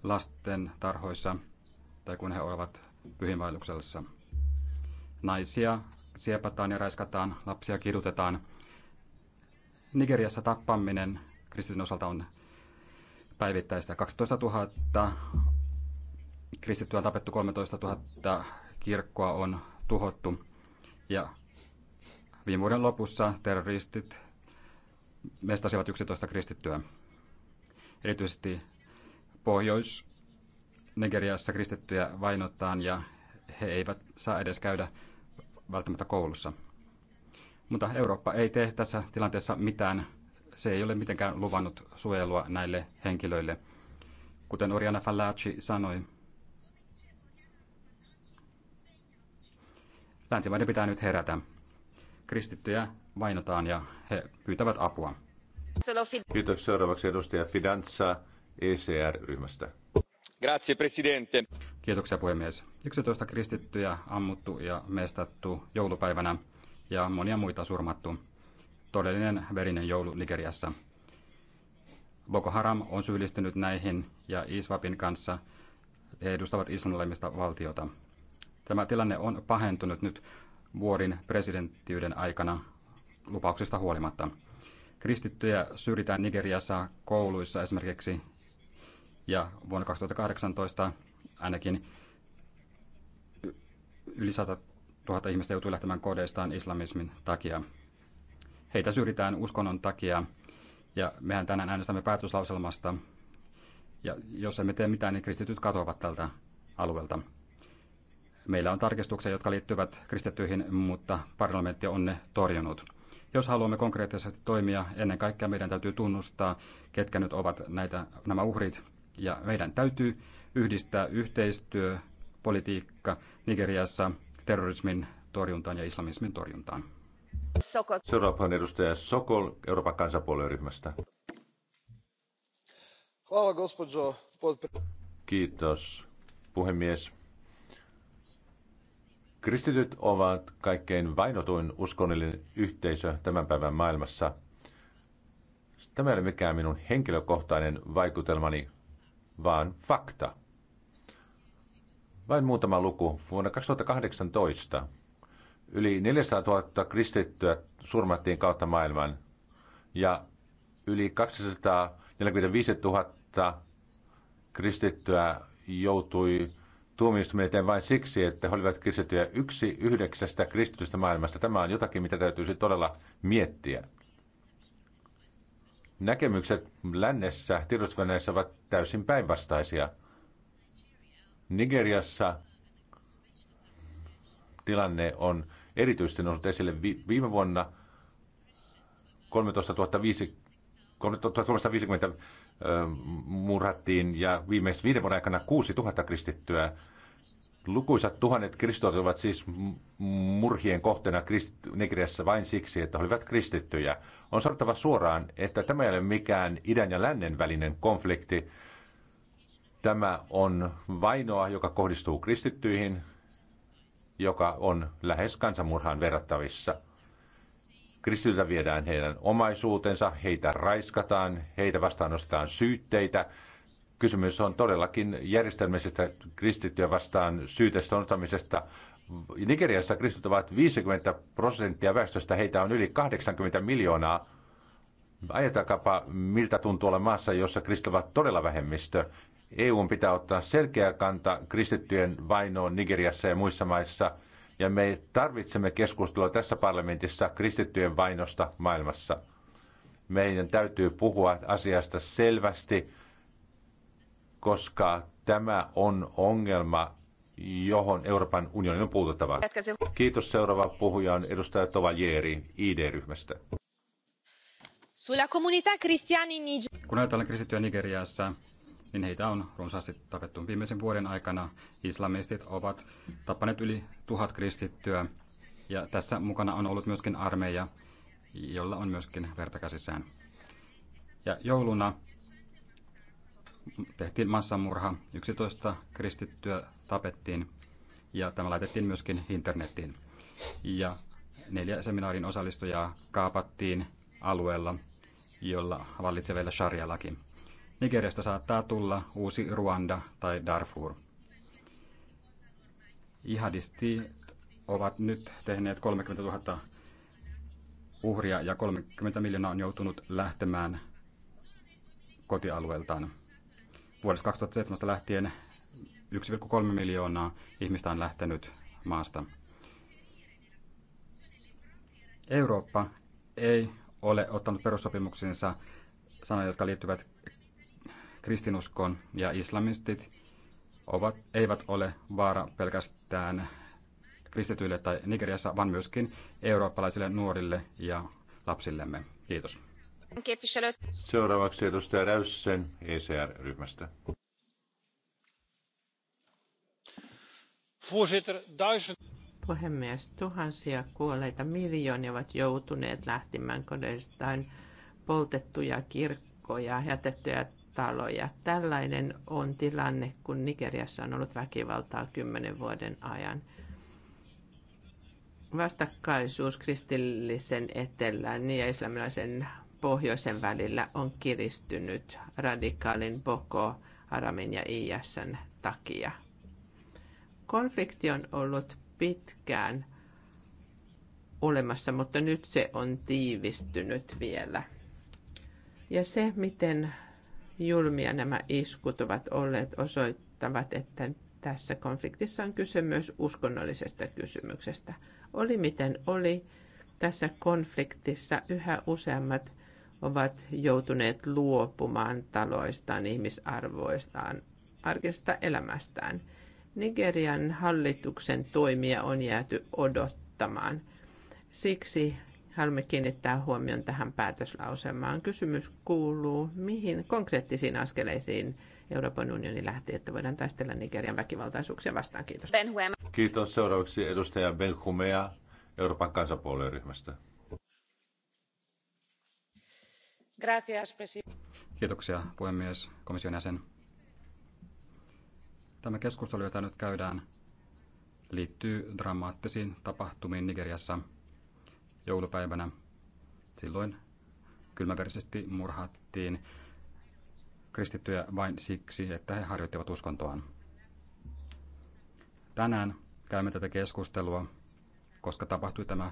lasten tarhoissa tai kun he ovat pyhinvaelluksessa. Naisia siepataan ja raiskataan, lapsia kidutetaan. Nigeriassa tappaminen kristityn osalta on päivittäistä. 12 000 kristittyä on tapettu, 13 000 kirkkoa on tuhottu. Ja viime vuoden lopussa terroristit mestasivat 11 kristittyä. Erityisesti Pohjois-Nigeriassa kristittyjä vainotaan ja he eivät saa edes käydä välttämättä koulussa. Mutta Eurooppa ei tee tässä tilanteessa mitään. Se ei ole mitenkään luvannut suojelua näille henkilöille. Kuten Oriana Fallaci sanoi, länsimaiden pitää nyt herätä. Kristittyjä vainotaan ja he pyytävät apua. Kiitos. Seuraavaksi edustaja Fidanza ECR-ryhmästä. Grazie, presidente. Kiitoksia puhemies. 11 kristittyjä ammuttu ja mestattu joulupäivänä ja monia muita surmattu. Todellinen verinen joulu Nigeriassa. Boko Haram on syyllistynyt näihin ja ISWAPin kanssa he edustavat islamilaista valtiota. Tämä tilanne on pahentunut nyt vuorin presidenttiyden aikana lupauksista huolimatta. Kristittyjä syrjitään Nigeriassa kouluissa esimerkiksi ja vuonna 2018 ainakin yli 100 000 ihmistä joutui lähtemään kodeistaan islamismin takia. Heitä syrjitään uskonnon takia ja mehän tänään äänestämme päätöslauselmasta. Ja jos emme tee mitään, niin kristityt katoavat tältä alueelta. Meillä on tarkistuksia, jotka liittyvät kristittyihin, mutta parlamentti on ne torjunut. Jos haluamme konkreettisesti toimia, ennen kaikkea meidän täytyy tunnustaa, ketkä nyt ovat näitä, nämä uhrit ja meidän täytyy yhdistää yhteistyöpolitiikka Nigeriassa terrorismin torjuntaan ja islamismin torjuntaan. Sokol. Seuraava on edustaja Sokol Euroopan kansanpuolueryhmästä. Kiitos, puhemies. Kristityt ovat kaikkein vainotuin uskonnollinen yhteisö tämän päivän maailmassa. Tämä ei ole mikään minun henkilökohtainen vaikutelmani, vaan fakta. Vain muutama luku. Vuonna 2018 yli 400 000 kristittyä surmattiin kautta maailman ja yli 245 000 kristittyä joutui tuomioistuimeen vain siksi, että he olivat kristittyjä yksi yhdeksästä kristitystä maailmasta. Tämä on jotakin, mitä täytyisi todella miettiä. Näkemykset lännessä tiedotusvälineissä ovat täysin päinvastaisia. Nigeriassa tilanne on erityisesti noussut esille viime vuonna 13 350 murhattiin ja viimeisen viiden vuoden aikana 6000 kristittyä. Lukuisat tuhannet kristot ovat siis murhien kohteena Nigeriassa vain siksi, että he olivat kristittyjä. On sanottava suoraan, että tämä ei ole mikään idän ja lännen välinen konflikti. Tämä on vainoa, joka kohdistuu kristittyihin, joka on lähes kansanmurhaan verrattavissa. Kristityltä viedään heidän omaisuutensa, heitä raiskataan, heitä vastaan nostetaan syytteitä. Kysymys on todellakin järjestelmisestä kristittyä vastaan syytestä Nigeriassa kristityt ovat 50 prosenttia väestöstä, heitä on yli 80 miljoonaa. Ajatelkaapa, miltä tuntuu olla maassa, jossa kristityt ovat todella vähemmistö. EU pitää ottaa selkeä kanta kristittyjen vainoon Nigeriassa ja muissa maissa, ja me tarvitsemme keskustelua tässä parlamentissa kristittyjen vainosta maailmassa. Meidän täytyy puhua asiasta selvästi, koska tämä on ongelma, johon Euroopan unionin on puututtava. Kiitos seuraava puhuja on edustaja Tovalieri ID-ryhmästä. Kun ajatellaan kristittyjä Nigeriassa, niin heitä on runsaasti tapettu. Viimeisen vuoden aikana islamistit ovat tappaneet yli tuhat kristittyä, ja tässä mukana on ollut myöskin armeija, jolla on myöskin verta käsissään. Ja jouluna tehtiin massamurha, 11 kristittyä tapettiin ja tämä laitettiin myöskin internettiin. Ja neljä seminaarin osallistujaa kaapattiin alueella, jolla vallitsee vielä sharia-laki. Nigeriasta saattaa tulla uusi Ruanda tai Darfur. Jihadistit ovat nyt tehneet 30 000 uhria ja 30 miljoonaa on joutunut lähtemään kotialueeltaan vuodesta 2017 lähtien 1,3 miljoonaa ihmistä on lähtenyt maasta. Eurooppa ei ole ottanut perussopimuksensa sanoja, jotka liittyvät kristinuskoon ja islamistit ovat, eivät ole vaara pelkästään kristityille tai Nigeriassa, vaan myöskin eurooppalaisille nuorille ja lapsillemme. Kiitos. Seuraavaksi edustaja Räyssen ECR-ryhmästä. Puhemies, tuhansia kuolleita miljoonia ovat joutuneet lähtemään kodeistaan poltettuja kirkkoja, jätettyjä taloja. Tällainen on tilanne, kun Nigeriassa on ollut väkivaltaa kymmenen vuoden ajan. Vastakkaisuus kristillisen etelän ja islamilaisen pohjoisen välillä on kiristynyt radikaalin Boko Haramin ja ISN takia. Konflikti on ollut pitkään olemassa, mutta nyt se on tiivistynyt vielä. Ja se, miten julmia nämä iskut ovat olleet, osoittavat, että tässä konfliktissa on kyse myös uskonnollisesta kysymyksestä. Oli miten oli, tässä konfliktissa yhä useammat ovat joutuneet luopumaan taloistaan, ihmisarvoistaan, arkesta elämästään. Nigerian hallituksen toimia on jääty odottamaan. Siksi haluamme kiinnittää huomion tähän päätöslausemaan. Kysymys kuuluu, mihin konkreettisiin askeleisiin Euroopan unioni lähti, että voidaan taistella Nigerian väkivaltaisuuksia vastaan. Kiitos. Kiitos. Seuraavaksi edustaja Ben Humea Euroopan ryhmästä. Kiitoksia puhemies, komission jäsen. Tämä keskustelu, jota nyt käydään, liittyy dramaattisiin tapahtumiin Nigeriassa joulupäivänä. Silloin kylmäverisesti murhattiin kristittyjä vain siksi, että he harjoittivat uskontoaan. Tänään käymme tätä keskustelua, koska tapahtui tämä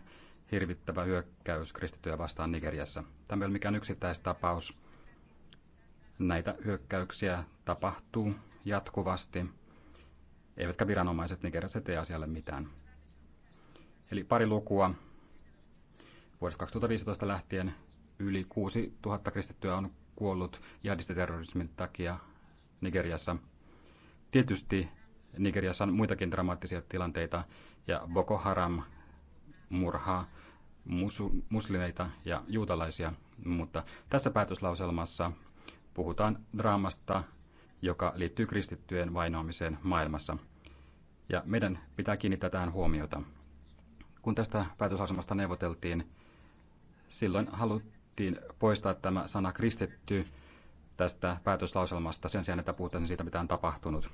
hirvittävä hyökkäys kristittyjä vastaan Nigeriassa. Tämä ei ole mikään yksittäistapaus. Näitä hyökkäyksiä tapahtuu jatkuvasti, eivätkä viranomaiset Nigeriassa tee asialle mitään. Eli pari lukua. Vuodesta 2015 lähtien yli 6 000 kristittyä on kuollut jihadistiterrorismin takia Nigeriassa. Tietysti Nigeriassa on muitakin dramaattisia tilanteita ja Boko Haram murhaa muslimeita ja juutalaisia, mutta tässä päätöslauselmassa puhutaan draamasta, joka liittyy kristittyjen vainoamiseen maailmassa. Ja meidän pitää kiinnittää tähän huomiota. Kun tästä päätöslauselmasta neuvoteltiin, silloin haluttiin poistaa tämä sana kristitty tästä päätöslauselmasta sen sijaan, että puhutaan siitä, mitä on tapahtunut.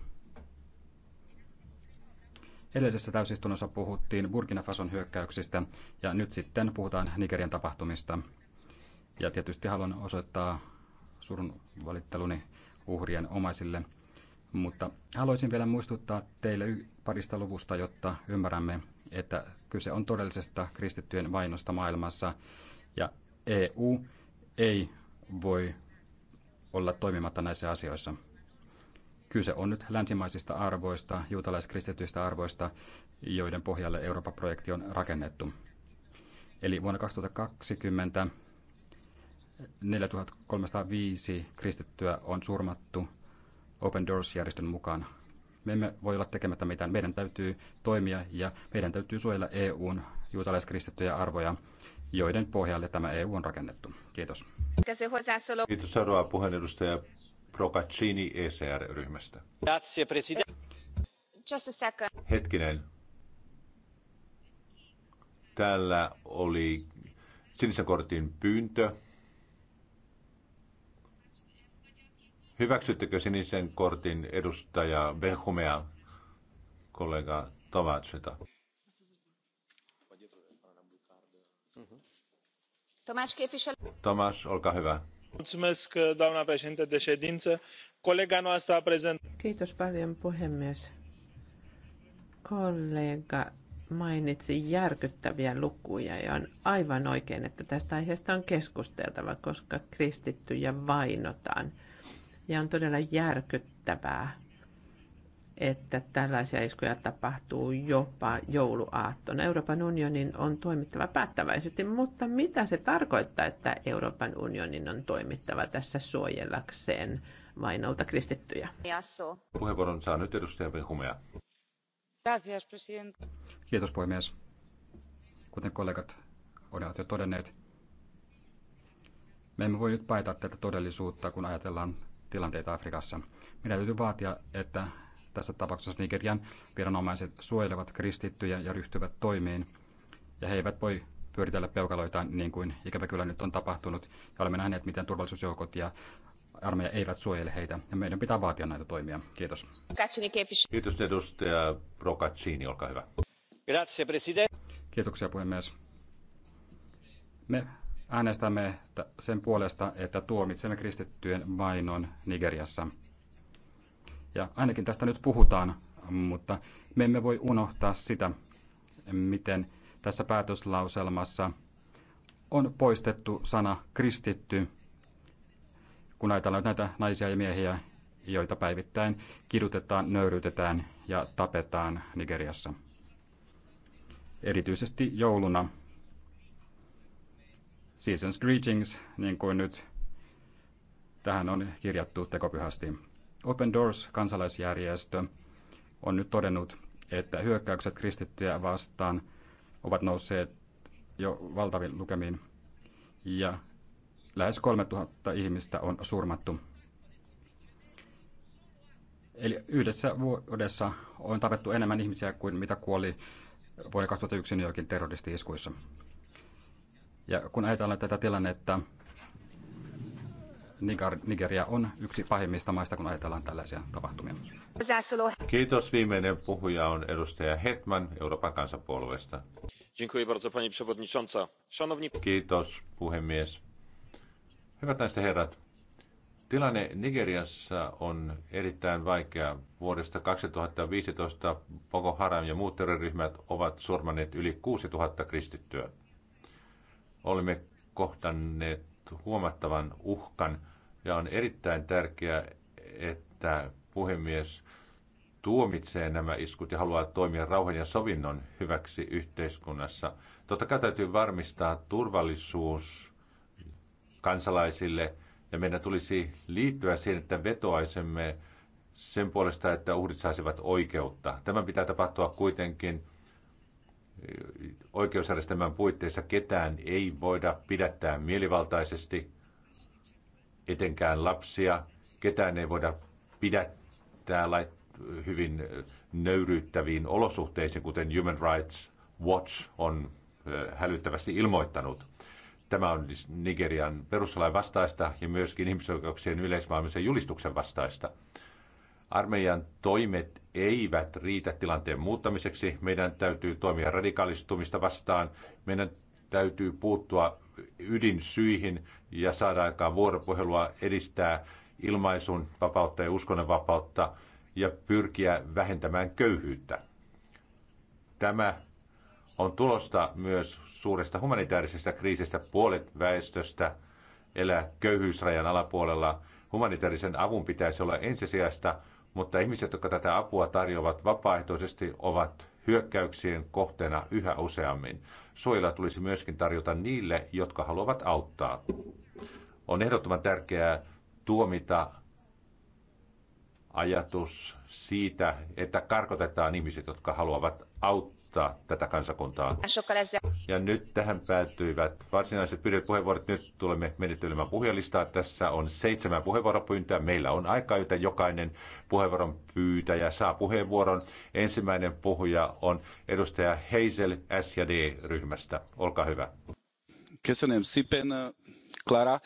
Edellisessä täysistunnossa puhuttiin Burkina Fason hyökkäyksistä ja nyt sitten puhutaan Nigerian tapahtumista. Ja tietysti haluan osoittaa surun valitteluni uhrien omaisille. Mutta haluaisin vielä muistuttaa teille parista luvusta, jotta ymmärrämme, että kyse on todellisesta kristittyjen vainosta maailmassa. Ja EU ei voi olla toimimatta näissä asioissa. Kyse on nyt länsimaisista arvoista, juutalaiskristityistä arvoista, joiden pohjalle Eurooppa-projekti on rakennettu. Eli vuonna 2020 4305 kristittyä on surmattu Open Doors-järjestön mukaan. Me emme voi olla tekemättä mitään. Meidän täytyy toimia ja meidän täytyy suojella EUn juutalaiskristittyjä arvoja, joiden pohjalle tämä EU on rakennettu. Kiitos. Kiitos seuraava puheenjohtaja. Procaccini ECR-ryhmästä. Just a second. Hetkinen. Täällä oli sinisen kortin pyyntö. Hyväksyttekö sinisen kortin edustaja Benhumea, kollega Tomaceta? Tomas, olkaa hyvä doamnă președintă de ședință kollega noastră a prezentat. Kiitos paljon puhemies. Kollega mainitsi järkyttäviä lukuja ja on aivan oikein, että tästä aiheesta on keskusteltava, koska kristittyjä vainotaan. Ja on todella järkyttävää, että tällaisia iskuja tapahtuu jopa jouluaattona. Euroopan unionin on toimittava päättäväisesti, mutta mitä se tarkoittaa, että Euroopan unionin on toimittava tässä suojellakseen vainolta kristittyjä? Jassu. Puheenvuoron saa nyt edustaja Humea. Kiitos puhemies. Kuten kollegat ovat jo todenneet, me emme voi nyt paita tätä todellisuutta, kun ajatellaan tilanteita Afrikassa. Meidän täytyy vaatia, että tässä tapauksessa Nigerian viranomaiset suojelevat kristittyjä ja ryhtyvät toimiin, ja he eivät voi pyöritellä peukaloitaan niin kuin ikävä kyllä nyt on tapahtunut, ja olemme nähneet, miten turvallisuusjoukot ja armeija eivät suojele heitä, ja meidän pitää vaatia näitä toimia. Kiitos. Kiitos edustaja Procaccini, olkaa hyvä. Grazie, presidente. Kiitoksia puhemies. Me äänestämme sen puolesta, että tuomitsemme kristittyjen vainon Nigeriassa – ja ainakin tästä nyt puhutaan, mutta me emme voi unohtaa sitä, miten tässä päätöslauselmassa on poistettu sana kristitty, kun ajatellaan näitä naisia ja miehiä, joita päivittäin kidutetaan, nöyrytetään ja tapetaan Nigeriassa. Erityisesti jouluna. Seasons Greetings, niin kuin nyt tähän on kirjattu tekopyhästi. Open Doors-kansalaisjärjestö on nyt todennut, että hyökkäykset kristittyjä vastaan ovat nousseet jo valtavin lukemiin ja lähes 3000 ihmistä on surmattu. Eli yhdessä vuodessa on tapettu enemmän ihmisiä kuin mitä kuoli vuonna 2001 jokin terroristi-iskuissa. Ja kun ajatellaan tätä tilannetta, Niger, Nigeria on yksi pahimmista maista, kun ajatellaan tällaisia tapahtumia. Kiitos. Viimeinen puhuja on edustaja Hetman Euroopan kansanpuolueesta. Kiitos, puhemies. Hyvät naiset herrat, tilanne Nigeriassa on erittäin vaikea. Vuodesta 2015 Boko Haram ja muut terroriryhmät ovat surmanneet yli 6000 kristittyä. Olemme kohtanneet huomattavan uhkan ja on erittäin tärkeää, että puhemies tuomitsee nämä iskut ja haluaa toimia rauhan ja sovinnon hyväksi yhteiskunnassa. Totta kai täytyy varmistaa turvallisuus kansalaisille ja meidän tulisi liittyä siihen, että vetoaisemme sen puolesta, että uhrit saisivat oikeutta. Tämän pitää tapahtua kuitenkin oikeusjärjestelmän puitteissa ketään ei voida pidättää mielivaltaisesti, etenkään lapsia. Ketään ei voida pidättää hyvin nöyryyttäviin olosuhteisiin, kuten Human Rights Watch on hälyttävästi ilmoittanut. Tämä on siis Nigerian perustuslain vastaista ja myöskin ihmisoikeuksien yleismaailmisen julistuksen vastaista. Armeijan toimet eivät riitä tilanteen muuttamiseksi. Meidän täytyy toimia radikaalistumista vastaan. Meidän täytyy puuttua ydinsyihin ja saada aikaan vuoropuhelua, edistää ilmaisun vapautta ja uskonnonvapautta ja pyrkiä vähentämään köyhyyttä. Tämä on tulosta myös suuresta humanitaarisesta kriisistä. Puolet väestöstä elää köyhyysrajan alapuolella. Humanitaarisen avun pitäisi olla ensisijaista mutta ihmiset, jotka tätä apua tarjoavat vapaaehtoisesti, ovat hyökkäyksien kohteena yhä useammin. Suojelua tulisi myöskin tarjota niille, jotka haluavat auttaa. On ehdottoman tärkeää tuomita ajatus siitä, että karkotetaan ihmiset, jotka haluavat auttaa puolustaa tätä kansakuntaa. Ja nyt tähän päättyivät varsinaiset puheenvuorot. Nyt tulemme menettelemään puhujalistaa. Tässä on seitsemän puheenvuoropyyntöä. Meillä on aikaa, joten jokainen puheenvuoron pyytäjä saa puheenvuoron. Ensimmäinen puhuja on edustaja Heisel S&D-ryhmästä. Olkaa hyvä. Köszönöm sipen, Klara.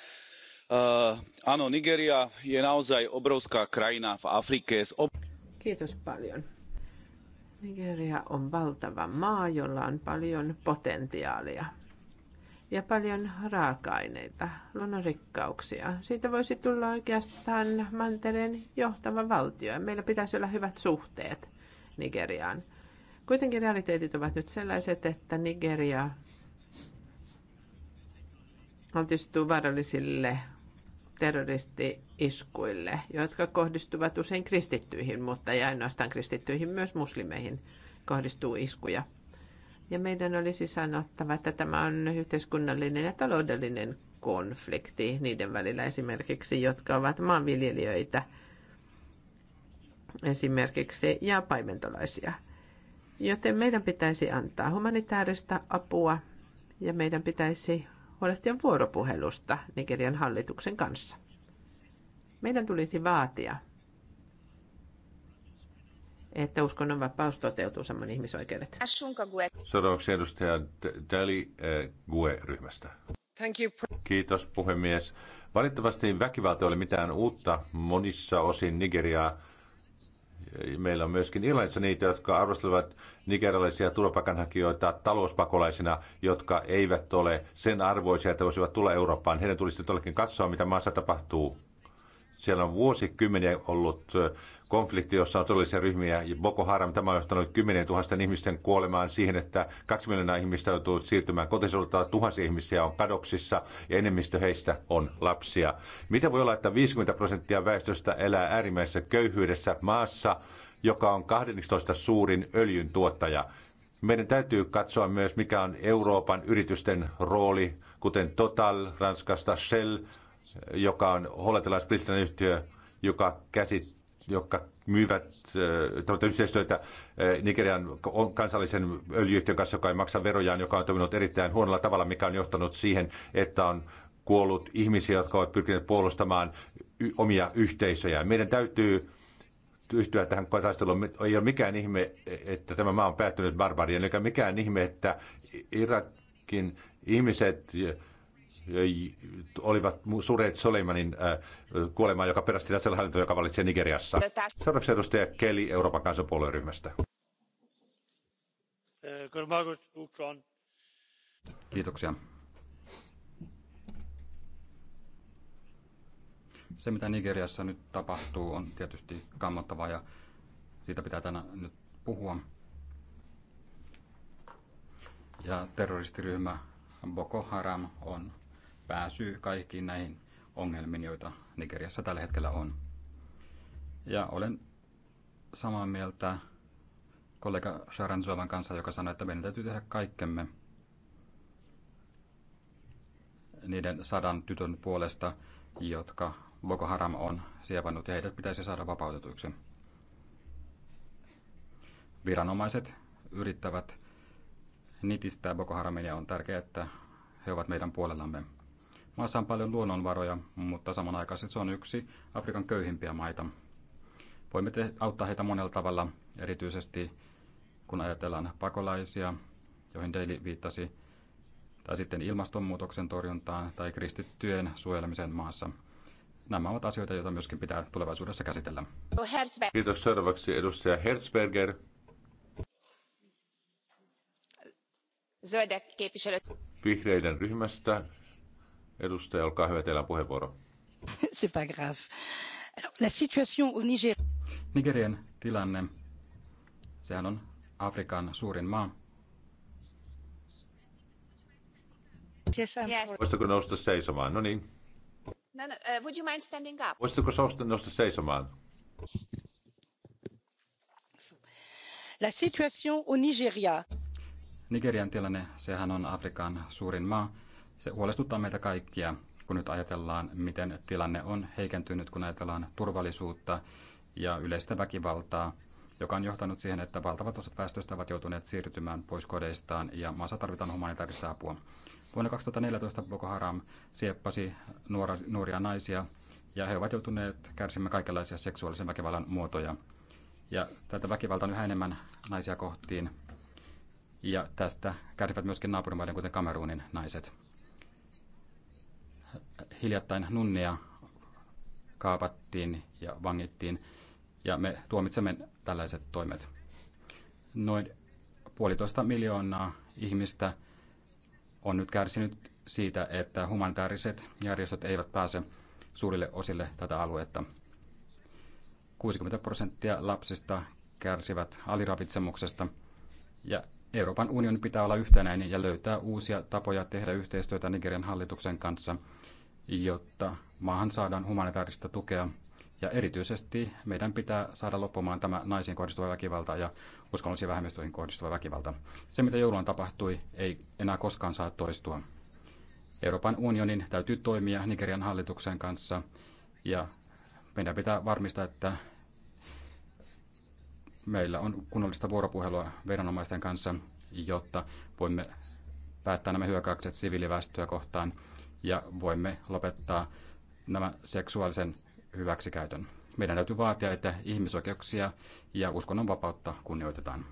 ano, Nigeria je naozaj obrovská krajina v Afrike. Kiitos paljon. Nigeria on valtava maa, jolla on paljon potentiaalia ja paljon raaka-aineita, luonnonrikkauksia. Siitä voisi tulla oikeastaan mantereen johtava valtio ja meillä pitäisi olla hyvät suhteet Nigeriaan. Kuitenkin realiteetit ovat nyt sellaiset, että Nigeria altistuu vaarallisille terroristi-iskuille, jotka kohdistuvat usein kristittyihin, mutta ei ainoastaan kristittyihin, myös muslimeihin kohdistuu iskuja. Ja meidän olisi sanottava, että tämä on yhteiskunnallinen ja taloudellinen konflikti niiden välillä esimerkiksi, jotka ovat maanviljelijöitä esimerkiksi ja paimentolaisia. Joten meidän pitäisi antaa humanitaarista apua ja meidän pitäisi huolehtia vuoropuhelusta Nigerian hallituksen kanssa. Meidän tulisi vaatia, että uskonnonvapaus toteutuu saman ihmisoikeudet. Seuraavaksi edustaja Dali eh, Gue-ryhmästä. Kiitos puhemies. Valitettavasti väkivalta oli mitään uutta monissa osin Nigeriaa. Meillä on myöskin Irlannissa niitä, jotka arvostelevat nigerialaisia turvapaikanhakijoita talouspakolaisina, jotka eivät ole sen arvoisia, että voisivat tulla Eurooppaan. Heidän tulisi todellakin katsoa, mitä maassa tapahtuu. Siellä on vuosikymmeniä ollut konflikti, jossa on todellisia ryhmiä. Boko Haram tämä on johtanut 10 tuhansien ihmisten kuolemaan siihen, että 2 miljoonaa ihmistä joutuu siirtymään kotisolta, tuhansia ihmisiä on kadoksissa ja enemmistö heistä on lapsia. Mitä voi olla, että 50 prosenttia väestöstä elää äärimmäisessä köyhyydessä maassa, joka on 12 suurin öljyn tuottaja. Meidän täytyy katsoa myös, mikä on Euroopan yritysten rooli, kuten Total Ranskasta, Shell, joka on hollantilais yhtiö, joka käsit, joka myyvät äh, yhteistyötä äh, Nigerian kansallisen öljyyhtiön kanssa, joka ei maksa verojaan, joka on toiminut erittäin huonolla tavalla, mikä on johtanut siihen, että on kuollut ihmisiä, jotka ovat pyrkineet puolustamaan omia yhteisöjään. Meidän täytyy yhtyä tähän taisteluun. Ei ole mikään ihme, että tämä maa on päättynyt barbarian, eikä mikään ihme, että Irakin ihmiset olivat sureet Soleimanin kuolemaan, joka perästi tässä hallintoa, joka valitsi Nigeriassa. Seuraavaksi edustaja Keli Euroopan kansanpuolueryhmästä. Kiitoksia. Se, mitä Nigeriassa nyt tapahtuu, on tietysti kammottavaa ja siitä pitää tänään nyt puhua. Ja terroristiryhmä Boko Haram on pääsy kaikkiin näihin ongelmiin, joita Nigeriassa tällä hetkellä on. Ja olen samaa mieltä kollega Sharan Zovan kanssa, joka sanoi, että meidän täytyy tehdä kaikkemme niiden sadan tytön puolesta, jotka Boko Haram on sievannut ja heidät pitäisi saada vapautetuiksi. Viranomaiset yrittävät nitistää Boko Haramin ja on tärkeää, että he ovat meidän puolellamme. Maassa on paljon luonnonvaroja, mutta samanaikaisesti se on yksi Afrikan köyhimpiä maita. Voimme te- auttaa heitä monella tavalla, erityisesti kun ajatellaan pakolaisia, joihin Daily viittasi, tai sitten ilmastonmuutoksen torjuntaan tai kristittyjen suojelemiseen maassa nämä ovat asioita, joita myöskin pitää tulevaisuudessa käsitellä. Kiitos seuraavaksi edustaja Herzberger. Vihreiden ryhmästä. Edustaja, olkaa hyvä, teillä on puheenvuoro. La Nigerian tilanne, sehän on Afrikan suurin maa. Yes. Voisitko nousta seisomaan? No niin. No, no, uh, would you mind standing up? Voisitteko nousta seisomaan? La situation au Nigeria. Nigerian tilanne, sehän on Afrikan suurin maa. Se huolestuttaa meitä kaikkia, kun nyt ajatellaan, miten tilanne on heikentynyt, kun ajatellaan turvallisuutta ja yleistä väkivaltaa, joka on johtanut siihen, että valtavat osat väestöstä ovat joutuneet siirtymään pois kodeistaan ja maassa tarvitaan humanitaarista apua. Vuonna 2014 Boko Haram sieppasi nuora, nuoria naisia ja he ovat joutuneet kärsimään kaikenlaisia seksuaalisen väkivallan muotoja. Ja tätä väkivaltaa on yhä enemmän naisia kohtiin ja tästä kärsivät myöskin naapurimaiden, kuten Kameruunin naiset. Hiljattain nunnia kaapattiin ja vangittiin, ja me tuomitsemme tällaiset toimet. Noin puolitoista miljoonaa ihmistä on nyt kärsinyt siitä, että humanitaariset järjestöt eivät pääse suurille osille tätä aluetta. 60 prosenttia lapsista kärsivät aliravitsemuksesta ja Euroopan unioni pitää olla yhtenäinen ja löytää uusia tapoja tehdä yhteistyötä Nigerian hallituksen kanssa, jotta maahan saadaan humanitaarista tukea. Ja erityisesti meidän pitää saada loppumaan tämä naisiin kohdistuva väkivalta ja uskonnollisiin vähemmistöihin kohdistuva väkivalta. Se, mitä joulun tapahtui, ei enää koskaan saa toistua. Euroopan unionin täytyy toimia Nigerian hallituksen kanssa ja meidän pitää varmistaa, että meillä on kunnollista vuoropuhelua viranomaisten kanssa, jotta voimme päättää nämä hyökkäykset siviiliväestöä kohtaan ja voimme lopettaa nämä seksuaalisen hyväksikäytön. Meidän täytyy vaatia, että ihmisoikeuksia ja uskonnonvapautta kunnioitetaan.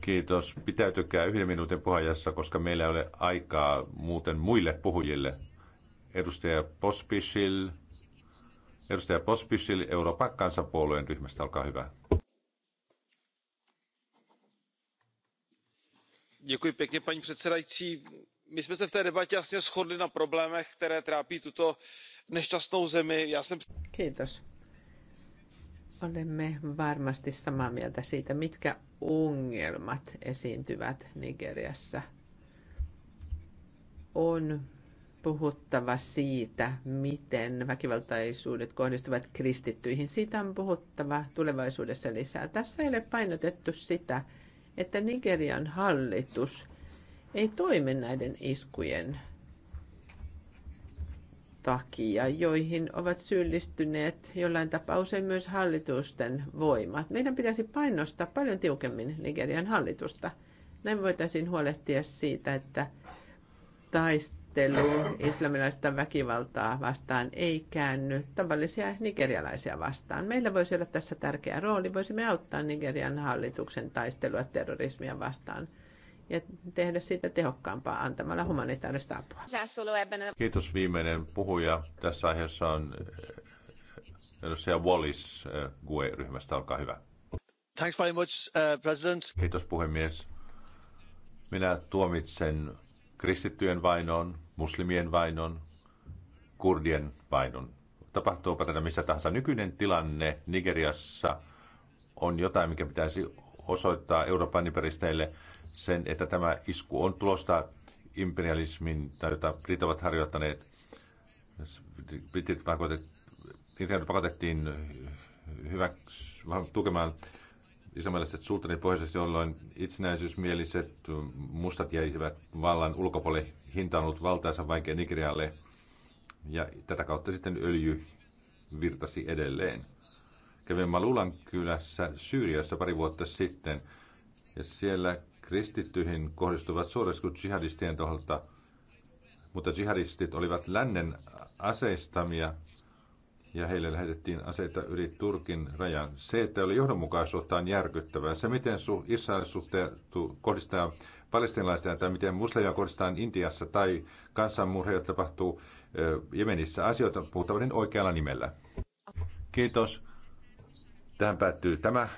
Kiitos. Pitäytykää yhden minuutin puheenjohtajassa, koska meillä ei ole aikaa muuten muille puhujille. Edustaja Pospisil, edustaja Pospisil Euroopan kansanpuolueen ryhmästä, olkaa hyvä. paní předsedající my jsme se v té debatě jasně shodli na problémech které trápí tuto nešťastnou zemi. Já jsem... Kiitos. Olemme varmasti samaa mieltä siitä, mitkä ongelmat esiintyvät Nigeriassa. On puhuttava siitä, miten väkivaltaisuudet kohdistuvat kristittyihin. Siitä on puhuttava tulevaisuudessa lisää. Tässä ei ole painotettu sitä, että Nigerian hallitus – ei toimi näiden iskujen takia, joihin ovat syyllistyneet jollain tapaa usein myös hallitusten voimat. Meidän pitäisi painostaa paljon tiukemmin Nigerian hallitusta. Näin voitaisiin huolehtia siitä, että taistelu islamilaista väkivaltaa vastaan ei käänny tavallisia nigerialaisia vastaan. Meillä voisi olla tässä tärkeä rooli. Voisimme auttaa Nigerian hallituksen taistelua terrorismia vastaan – ja tehdä siitä tehokkaampaa antamalla humanitaarista apua. Kiitos viimeinen puhuja. Tässä aiheessa on eh, edustaja Wallis eh, GUE-ryhmästä. Olkaa hyvä. Thanks very much, uh, President. Kiitos puhemies. Minä tuomitsen kristittyjen vainon, muslimien vainon, kurdien vainon. Tapahtuupa tätä missä tahansa. Nykyinen tilanne Nigeriassa on jotain, mikä pitäisi osoittaa Euroopan ympäristöille sen, että tämä isku on tulosta imperialismin, tai jota Britit ovat harjoittaneet. Britit pakotettiin, pakotettiin hyväksi, tukemaan isomalaiset sultanin pohjoisesta, jolloin itsenäisyysmieliset mustat jäisivät vallan ulkopuolelle. Hinta on ollut valtaansa vaikea Nigerialle ja tätä kautta sitten öljy virtasi edelleen. Kävin Malulan kylässä Syyriassa pari vuotta sitten ja siellä kristittyihin kohdistuvat suoriskut jihadistien taholta, mutta jihadistit olivat lännen aseistamia ja heille lähetettiin aseita yli Turkin rajan. Se, että oli johdonmukaisuutta, on järkyttävää. Se, miten su- Israel suhteutuu, kohdistaa palestinalaisia tai miten muslimia kohdistaa Intiassa tai kansanmurheja tapahtuu ö, Jemenissä, asioita puhutaan oikealla nimellä. Kiitos. Tähän päättyy tämä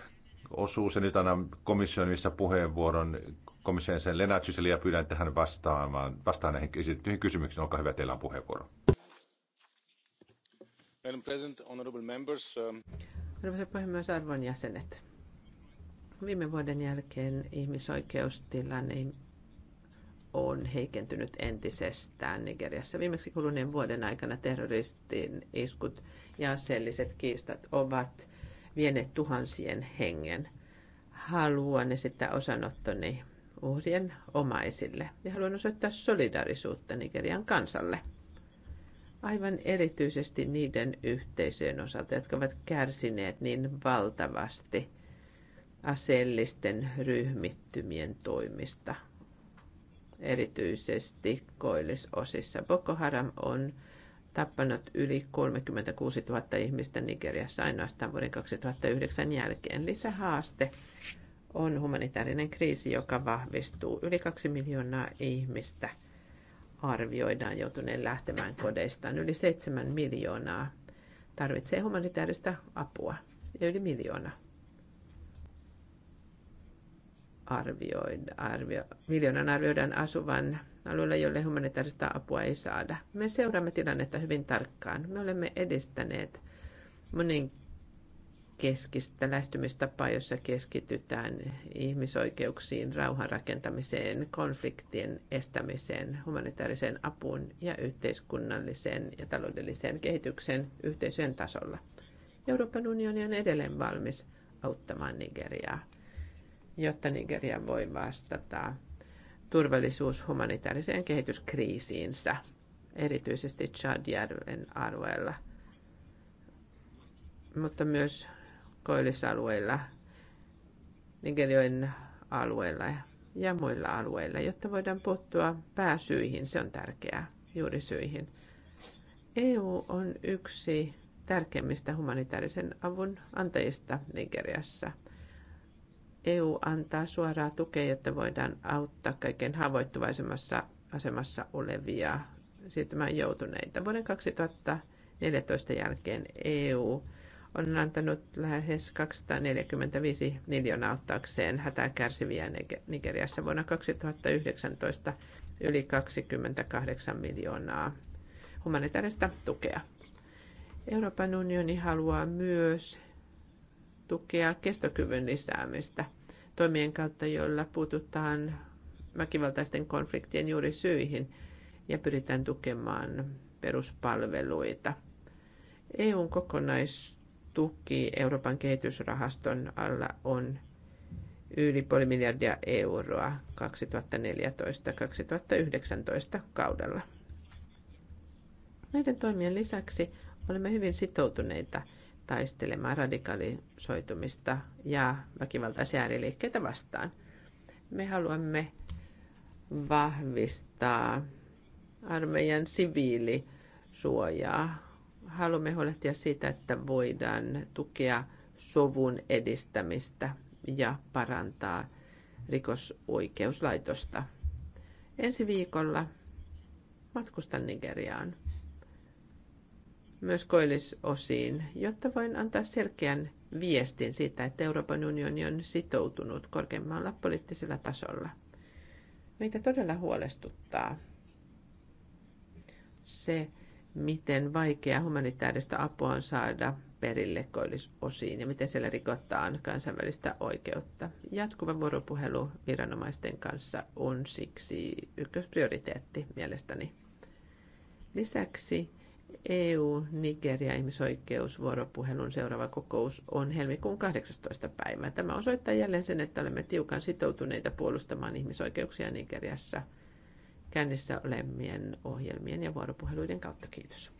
osuus. Ja nyt annan komission missä puheenvuoron komission sen Lena Syseli ja pyydän tähän vastaamaan, vastaan näihin esitettyihin kysymyksiin. Olkaa hyvä, teillä on puheenvuoro. Madam President, honorable members. Um, Arvoisa puhemies, arvon jäsenet. Viime vuoden jälkeen ihmisoikeustilanne on heikentynyt entisestään Nigeriassa. Viimeksi kuluneen vuoden aikana terroristin iskut ja selliset kiistat ovat vieneet tuhansien hengen. Haluan esittää osanottoni uhrien omaisille ja haluan osoittaa solidarisuutta Nigerian kansalle. Aivan erityisesti niiden yhteisöjen osalta, jotka ovat kärsineet niin valtavasti aseellisten ryhmittymien toimista. Erityisesti koillisosissa Boko Haram on tappanut yli 36 000 ihmistä Nigeriassa ainoastaan vuoden 2009 jälkeen. Lisähaaste on humanitaarinen kriisi, joka vahvistuu. Yli kaksi miljoonaa ihmistä arvioidaan joutuneen lähtemään kodeistaan. Yli seitsemän miljoonaa tarvitsee humanitaarista apua ja yli miljoona arvioida, arvio, miljoonan arvioidaan asuvan alueella, jolle humanitaarista apua ei saada. Me seuraamme tilannetta hyvin tarkkaan. Me olemme edistäneet monen keskistä lähestymistapaa, jossa keskitytään ihmisoikeuksiin, rauhan rakentamiseen, konfliktien estämiseen, humanitaariseen apuun ja yhteiskunnalliseen ja taloudelliseen kehitykseen yhteisön tasolla. Euroopan unioni on edelleen valmis auttamaan Nigeriaa jotta Nigeria voi vastata turvallisuus humanitaariseen kehityskriisiinsä, erityisesti Chadjärven alueella, mutta myös koillisalueilla, Nigerian alueilla ja muilla alueilla, jotta voidaan puuttua pääsyihin, se on tärkeää, juuri syihin. EU on yksi tärkeimmistä humanitaarisen avun antajista Nigeriassa – EU antaa suoraa tukea, jotta voidaan auttaa kaiken haavoittuvaisemmassa asemassa olevia siirtymään joutuneita. Vuoden 2014 jälkeen EU on antanut lähes 245 miljoonaa ottaakseen hätää kärsiviä Nigeriassa vuonna 2019 yli 28 miljoonaa humanitaarista tukea. Euroopan unioni haluaa myös tukea kestokyvyn lisäämistä – toimien kautta, joilla puututaan väkivaltaisten konfliktien juuri syihin ja pyritään tukemaan peruspalveluita. EUn kokonaistuki Euroopan kehitysrahaston alla on yli puoli miljardia euroa 2014-2019 kaudella. Näiden toimien lisäksi olemme hyvin sitoutuneita – taistelemaan radikalisoitumista ja väkivaltaisia ääriliikkeitä vastaan. Me haluamme vahvistaa armeijan siviilisuojaa. Haluamme huolehtia siitä, että voidaan tukea sovun edistämistä ja parantaa rikosoikeuslaitosta. Ensi viikolla matkustan Nigeriaan myös koillisosiin, jotta voin antaa selkeän viestin siitä, että Euroopan unioni on sitoutunut korkeammalla poliittisella tasolla. Meitä todella huolestuttaa se, miten vaikea humanitaarista apua on saada perille koillisosiin ja miten siellä rikotaan kansainvälistä oikeutta. Jatkuva vuoropuhelu viranomaisten kanssa on siksi ykkösprioriteetti mielestäni. Lisäksi EU, Nigeria, ihmisoikeusvuoropuhelun seuraava kokous on helmikuun 18. päivä. Tämä osoittaa jälleen sen, että olemme tiukan sitoutuneita puolustamaan ihmisoikeuksia Nigeriassa käynnissä olemien ohjelmien ja vuoropuheluiden kautta. Kiitos.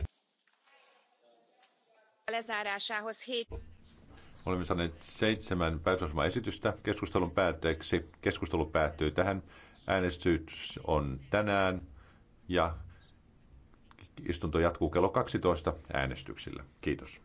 Olemme saaneet seitsemän esitystä keskustelun päätteeksi. Keskustelu päättyy tähän. Äänestys on tänään ja Istunto jatkuu kello 12 äänestyksillä. Kiitos.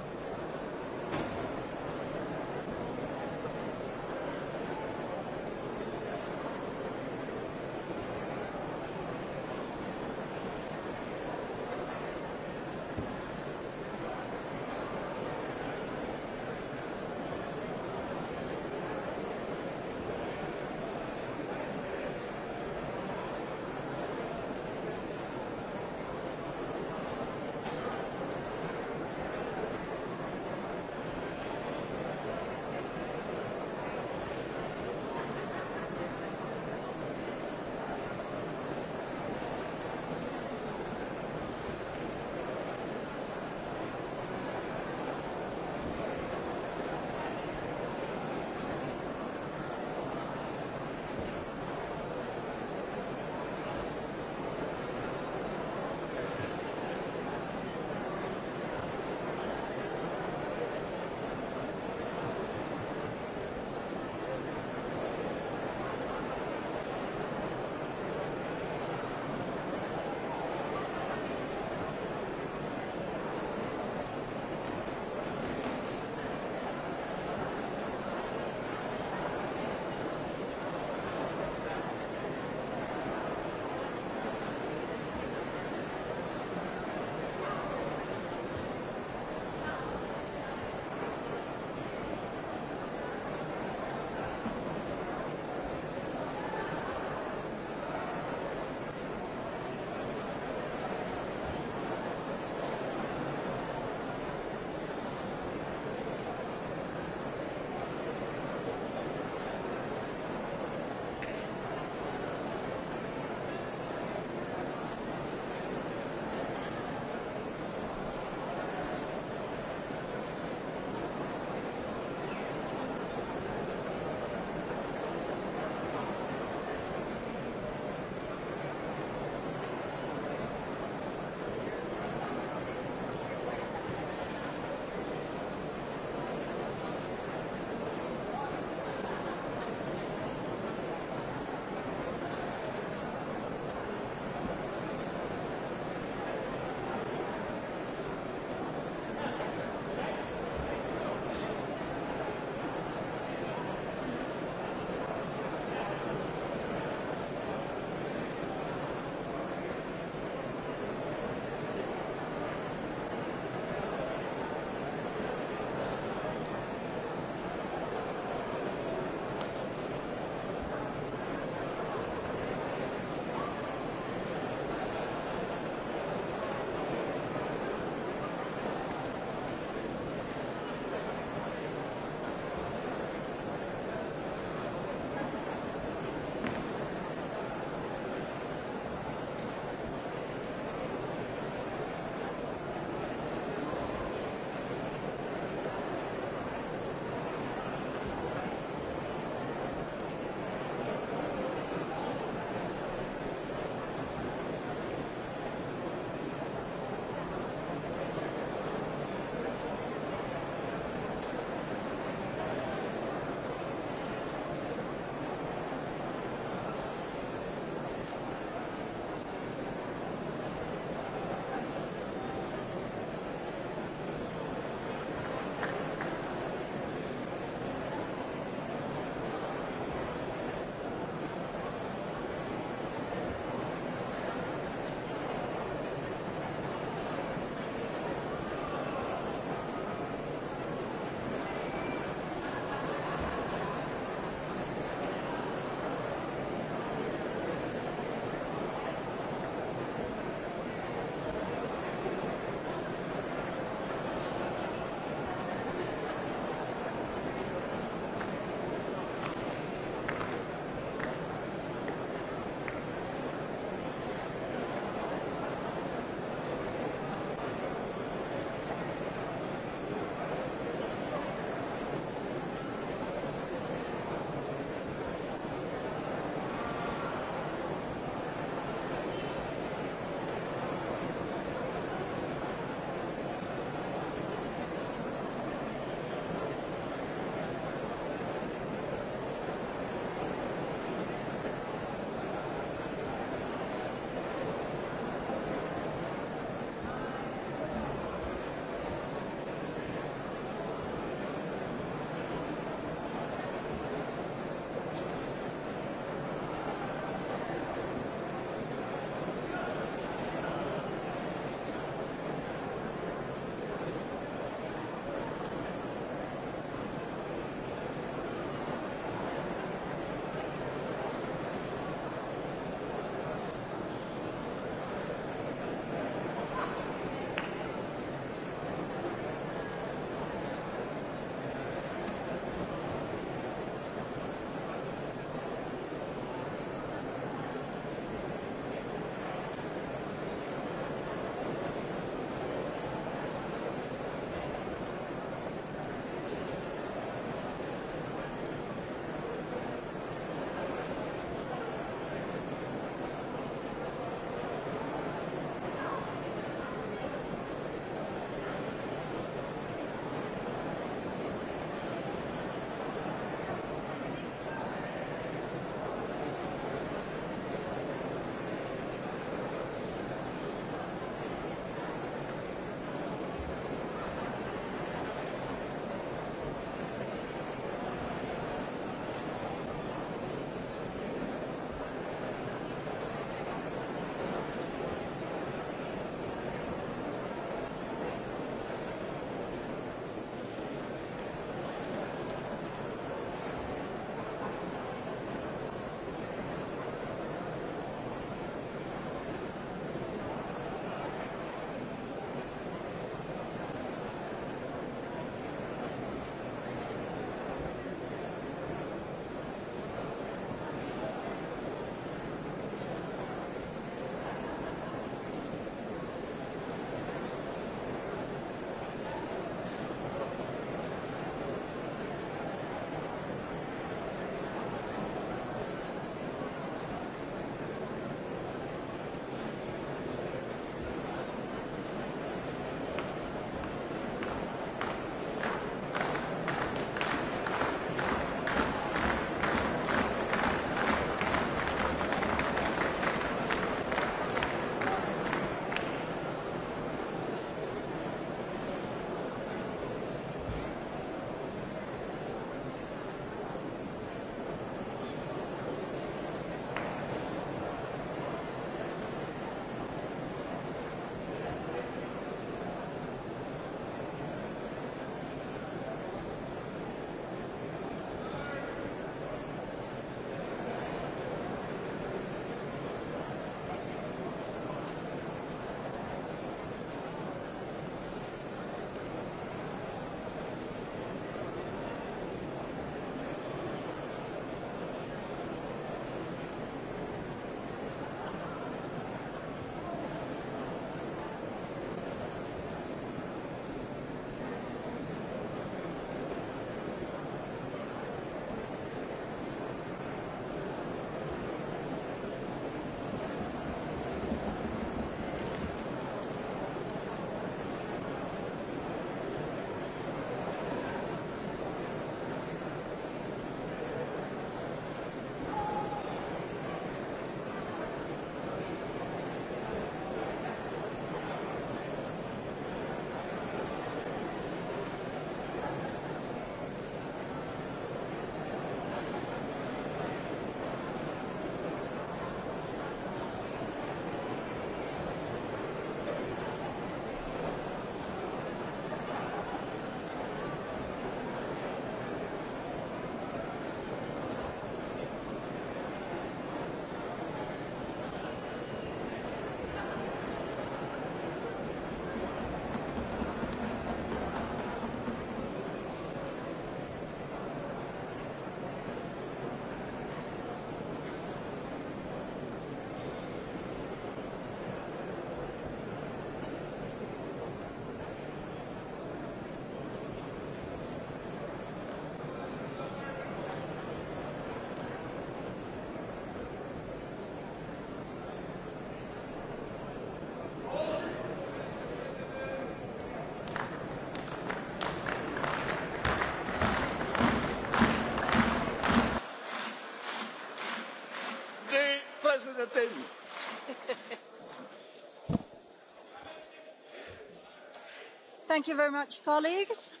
Thank you very much, colleagues.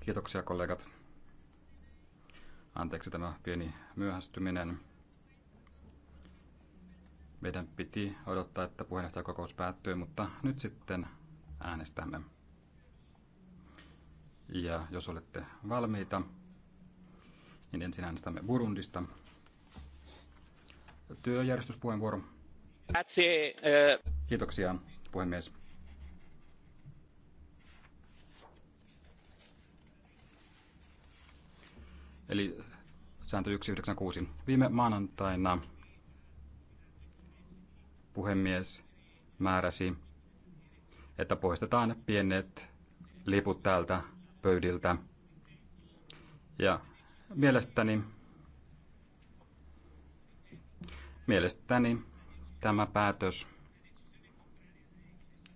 Kiitoksia kollegat. Anteeksi tämä pieni myöhästyminen. Meidän piti odottaa, että puheenjohtajakokous päättyy, mutta nyt sitten äänestämme. Ja jos olette valmiita, niin ensin äänestämme Burundista. Työjärjestyspuheenvuoro. Eh. Kiitoksia, puhemies. sääntö 196. Viime maanantaina puhemies määräsi, että poistetaan pienet liput täältä pöydiltä. Ja mielestäni, mielestäni tämä päätös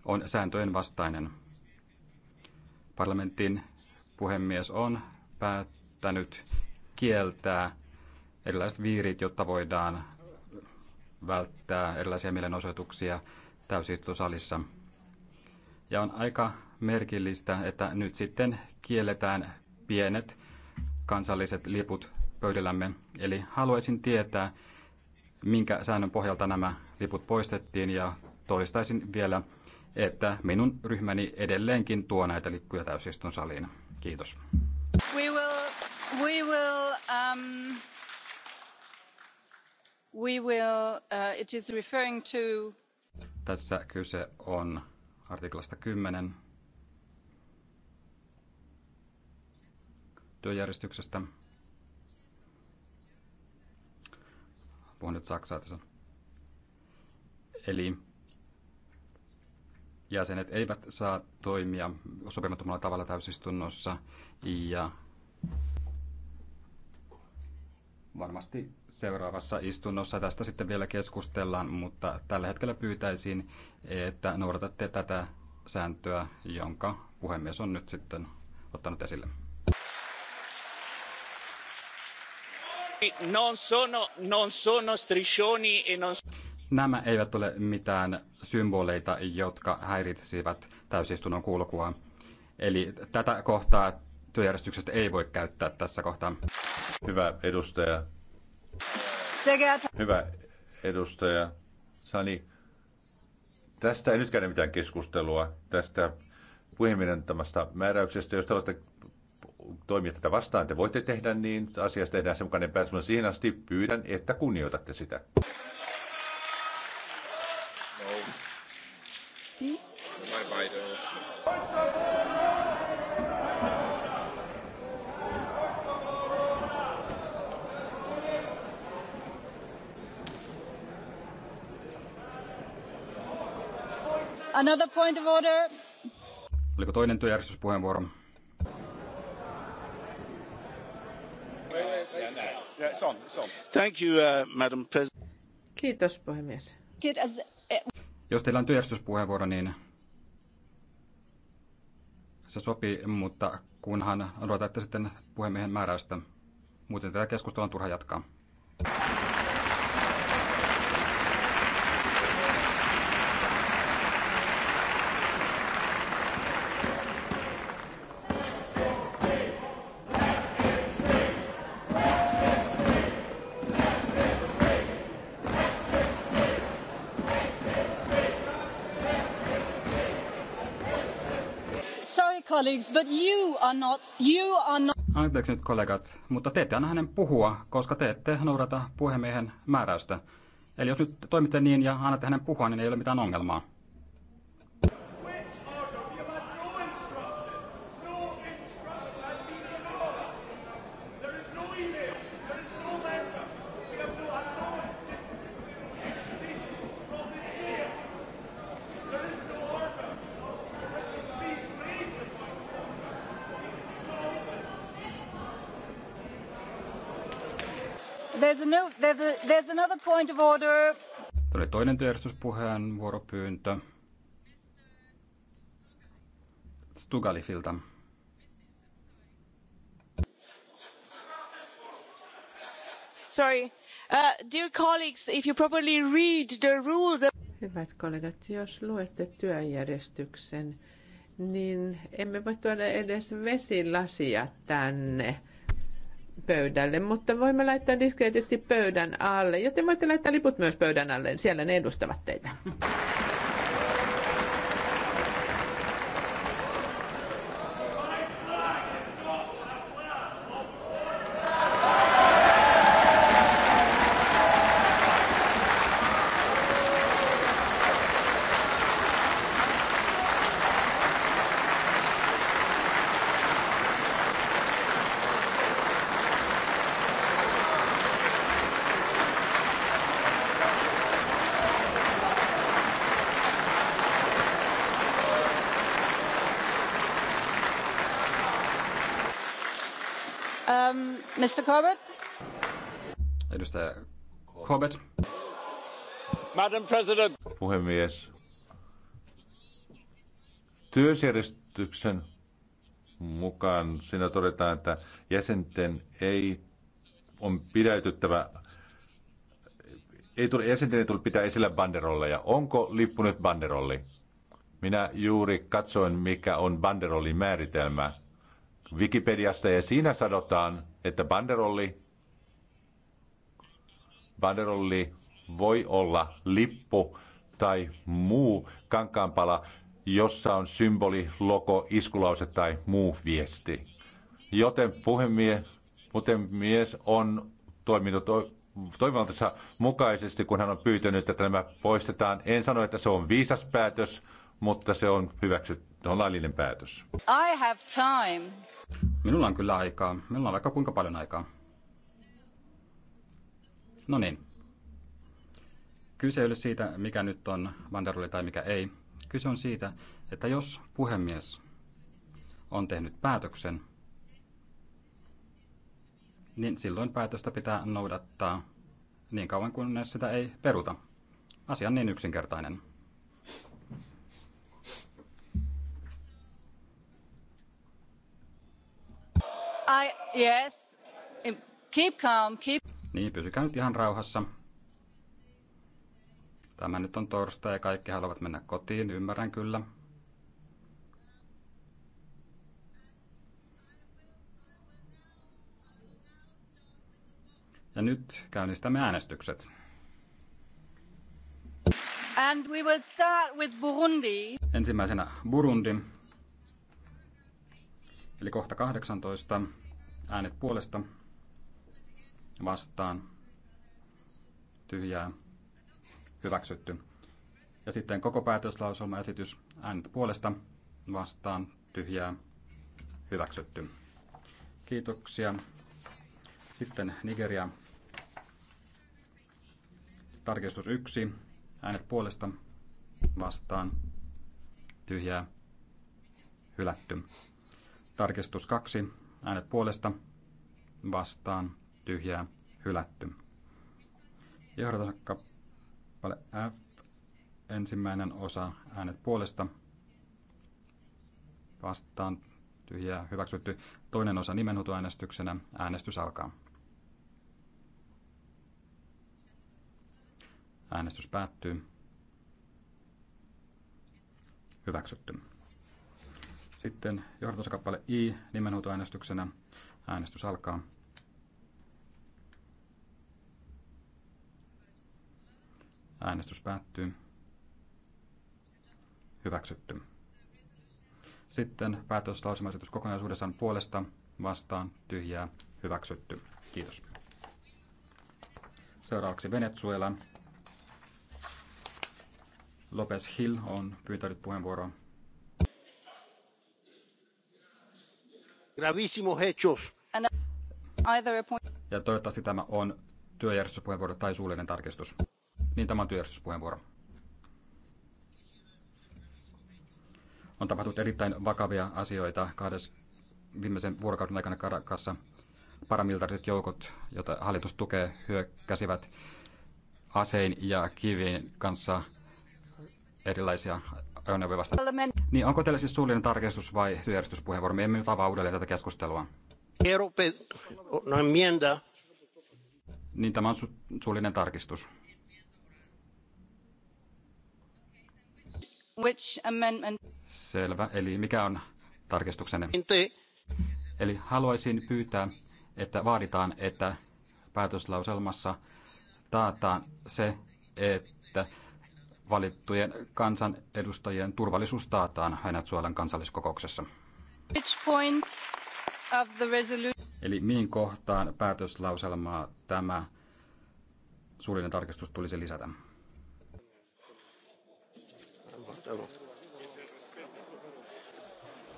on sääntöjen vastainen. Parlamentin puhemies on päättänyt kieltää erilaiset viirit, jotta voidaan välttää erilaisia mielenosoituksia täysistusalissa. Ja on aika merkillistä, että nyt sitten kielletään pienet kansalliset liput pöydällämme. Eli haluaisin tietää, minkä säännön pohjalta nämä liput poistettiin ja toistaisin vielä, että minun ryhmäni edelleenkin tuo näitä lippuja täysistun saliin. Kiitos. We will tässä kyse on artiklasta 10 työjärjestyksestä. Puhun nyt saksaa tässä. Eli jäsenet eivät saa toimia sopimattomalla tavalla täysistunnossa ja varmasti seuraavassa istunnossa tästä sitten vielä keskustellaan, mutta tällä hetkellä pyytäisin, että noudatatte tätä sääntöä, jonka puhemies on nyt sitten ottanut esille. Non sono, non sono striscioni e non... Nämä eivät ole mitään symboleita, jotka häiritsivät täysistunnon kulkua. Eli tätä kohtaa työjärjestyksestä ei voi käyttää tässä kohtaa. Hyvä edustaja. Hyvä edustaja Sani. Tästä ei nyt käydä mitään keskustelua, tästä puhemiehen määräyksestä. Jos te olette toimia tätä vastaan, te voitte tehdä niin, asiasta tehdään sen mukainen päätös, siihen asti pyydän, että kunnioitatte sitä. No. Hmm? Another point of order. Oliko toinen työjärjestyspuheenvuoro? Thank you, uh, Madam Kiitos, puhemies. Kiitos. Eh, Jos teillä on työjärjestyspuheenvuoro, niin se sopii, mutta kunhan odotatte sitten puhemiehen määräystä. Muuten tätä keskustelua on turha jatkaa. colleagues, but you are not, you are not... Anteeksi nyt kollegat, mutta te ette anna hänen puhua, koska te ette noudata puhemiehen määräystä. Eli jos nyt toimitte niin ja annatte hänen puhua, niin ei ole mitään ongelmaa. point of order. Tuli toinen työjärjestyspuheenvuoropyyntö Stugalifilta. Sorry. Uh, dear colleagues, if you properly read the rules... Hyvät kollegat, jos luette työjärjestyksen, niin emme voi tuoda edes vesilasia tänne pöydälle, mutta voimme laittaa diskreetisti pöydän alle, joten voitte laittaa liput myös pöydän alle, siellä ne edustavat teitä. Mr. Corbett? Edustaja Corbett. Madam President. Puhemies. Työsjärjestyksen mukaan siinä todetaan, että jäsenten ei on pidäytyttävä ei tule, jäsenten ei tule pitää esillä banderolleja. Onko lippu nyt banderolli? Minä juuri katsoin, mikä on banderollin määritelmä Wikipediasta ja siinä sanotaan, että banderolli, banderolli voi olla lippu tai muu kankaanpala, jossa on symboli, logo, iskulause tai muu viesti. Joten puhemies, muuten mies on toiminut toimivaltansa mukaisesti, kun hän on pyytänyt, että tämä poistetaan. En sano, että se on viisas päätös, mutta se on hyväksytty Tämä on laillinen päätös. I have time. Minulla on kyllä aikaa. Minulla on vaikka kuinka paljon aikaa. No niin. Kyse ei ole siitä, mikä nyt on banderolli tai mikä ei. Kyse on siitä, että jos puhemies on tehnyt päätöksen, niin silloin päätöstä pitää noudattaa niin kauan kuin sitä ei peruta. Asia on niin yksinkertainen. I, yes. Keep calm, keep... Niin, pysykää nyt ihan rauhassa. Tämä nyt on torstai ja kaikki haluavat mennä kotiin, ymmärrän kyllä. Ja nyt käynnistämme äänestykset. And we will start with Burundi. Ensimmäisenä Burundi. Eli kohta 18 äänet puolesta vastaan tyhjää hyväksytty. Ja sitten koko esitys äänet puolesta vastaan tyhjää hyväksytty. Kiitoksia. Sitten Nigeria. Tarkistus 1. Äänet puolesta vastaan tyhjää hylätty. Tarkistus 2. Äänet puolesta vastaan tyhjää hylätty. Johdataan kappale F. Ensimmäinen osa äänet puolesta vastaan tyhjää hyväksytty. Toinen osa nimenhutuäänestyksenä Äänestys alkaa. Äänestys päättyy. Hyväksytty. Sitten johdatuskappale I nimenhuutoäänestyksenä. Äänestys alkaa. Äänestys päättyy. Hyväksytty. Sitten päätöslausumaisetus kokonaisuudessaan puolesta vastaan tyhjää hyväksytty. Kiitos. Seuraavaksi Venezuela. Lopez Hill on pyytänyt puheenvuoroa. gravísimos hechos. Uh, ja toivottavasti tämä on työjärjestyspuheenvuoro tai suullinen tarkistus. Niin tämä on työjärjestyspuheenvuoro. On tapahtunut erittäin vakavia asioita kahdessa viimeisen vuorokauden aikana Karakassa. Paramilitaariset joukot, joita hallitus tukee, hyökkäsivät asein ja kivien kanssa erilaisia ajoneuvovasta. Niin, onko teillä siis suullinen tarkistus vai työjärjestyspuheenvuoro? Me emme nyt avaa uudelleen tätä keskustelua. Niin, tämä on su- suullinen tarkistus. Which amendment? Selvä. Eli mikä on tarkistuksenne? Eli haluaisin pyytää, että vaaditaan, että päätöslauselmassa taataan se, että valittujen kansanedustajien turvallisuus taataan Hainatsuolan kansalliskokouksessa. Eli mihin kohtaan päätöslauselmaa tämä suullinen tarkistus tulisi lisätä?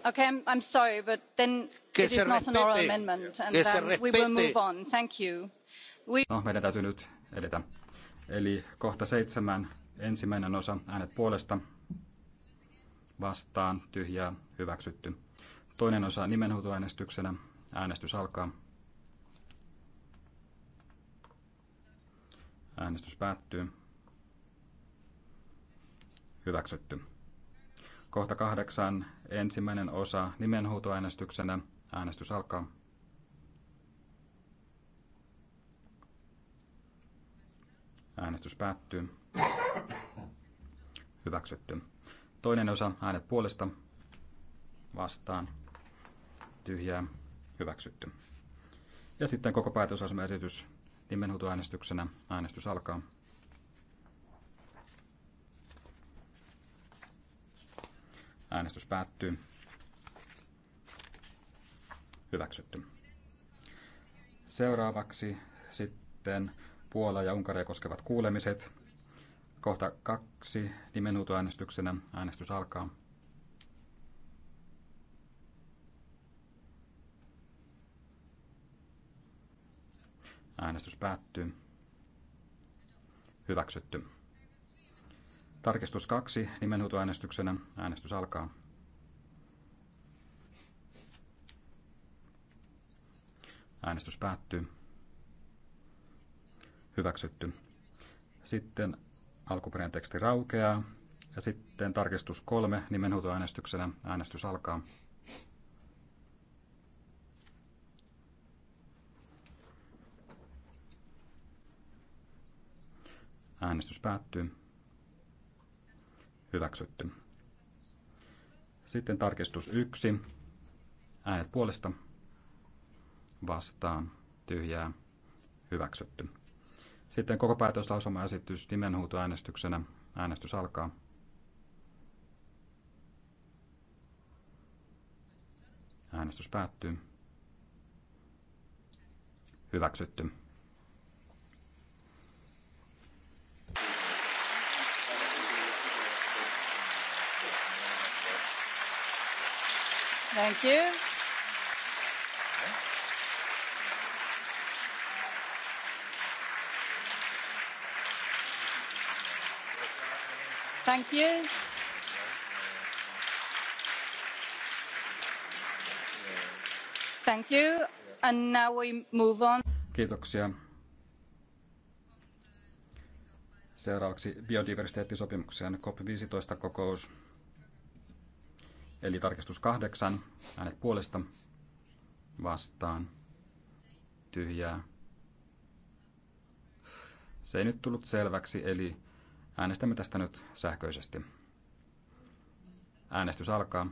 Okay, I'm sorry, but then it is not an oral amendment, and then we will move on. Thank you. We... No, meidän täytyy nyt edetä. Eli kohta seitsemän Ensimmäinen osa, äänet puolesta, vastaan, tyhjää, hyväksytty. Toinen osa nimenhuutoäänestyksenä, äänestys alkaa. Äänestys päättyy. Hyväksytty. Kohta kahdeksan, ensimmäinen osa nimenhuutoäänestyksenä, äänestys alkaa. Äänestys päättyy. Hyväksytty. Toinen osa äänet puolesta vastaan tyhjää hyväksytty. Ja sitten koko päätösasema-esitys nimenhuutoäänestyksenä. Äänestys alkaa. Äänestys päättyy. Hyväksytty. Seuraavaksi sitten Puola ja Unkaria koskevat kuulemiset. Kohta kaksi nimenhuutoäänestyksenä. Äänestys alkaa. Äänestys päättyy. Hyväksytty. Tarkistus kaksi nimenhuutoäänestyksenä. Äänestys alkaa. Äänestys päättyy. Hyväksytty. Sitten alkuperäinen teksti raukeaa. Ja sitten tarkistus kolme nimenhuutoäänestyksenä. Äänestys alkaa. Äänestys päättyy. Hyväksytty. Sitten tarkistus 1. Äänet puolesta. Vastaan. Tyhjää. Hyväksytty. Sitten koko päätöslausumaesitys nimenhuutoäänestyksenä. Äänestys alkaa. Äänestys päättyy. Hyväksytty. Thank you. Thank you. Thank you. And now we move on. Kiitoksia. Seuraavaksi biodiversiteettisopimuksen COP15 kokous. Eli tarkistus kahdeksan. Äänet puolesta vastaan. Tyhjää. Se ei nyt tullut selväksi, eli Äänestämme tästä nyt sähköisesti. Äänestys alkaa.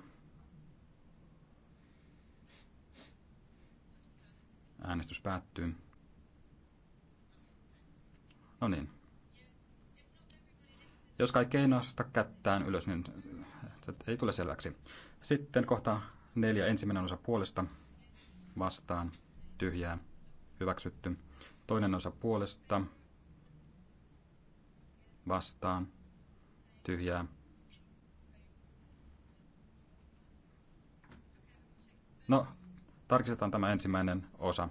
Äänestys päättyy. No niin. Jos kaikki ei nosta kättään ylös, niin se ei tule selväksi. Sitten kohta neljä ensimmäinen osa puolesta vastaan tyhjää hyväksytty. Toinen osa puolesta vastaan, tyhjää. No, tarkistetaan tämä ensimmäinen osa.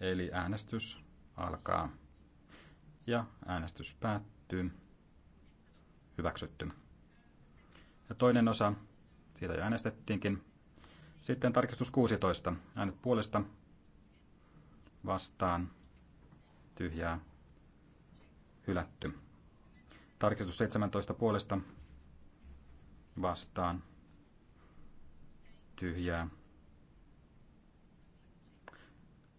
Eli äänestys alkaa ja äänestys päättyy. Hyväksytty. Ja toinen osa, siitä jo äänestettiinkin. Sitten tarkistus 16. Äänet puolesta vastaan tyhjää hylätty. Tarkistus 17 puolesta vastaan tyhjää.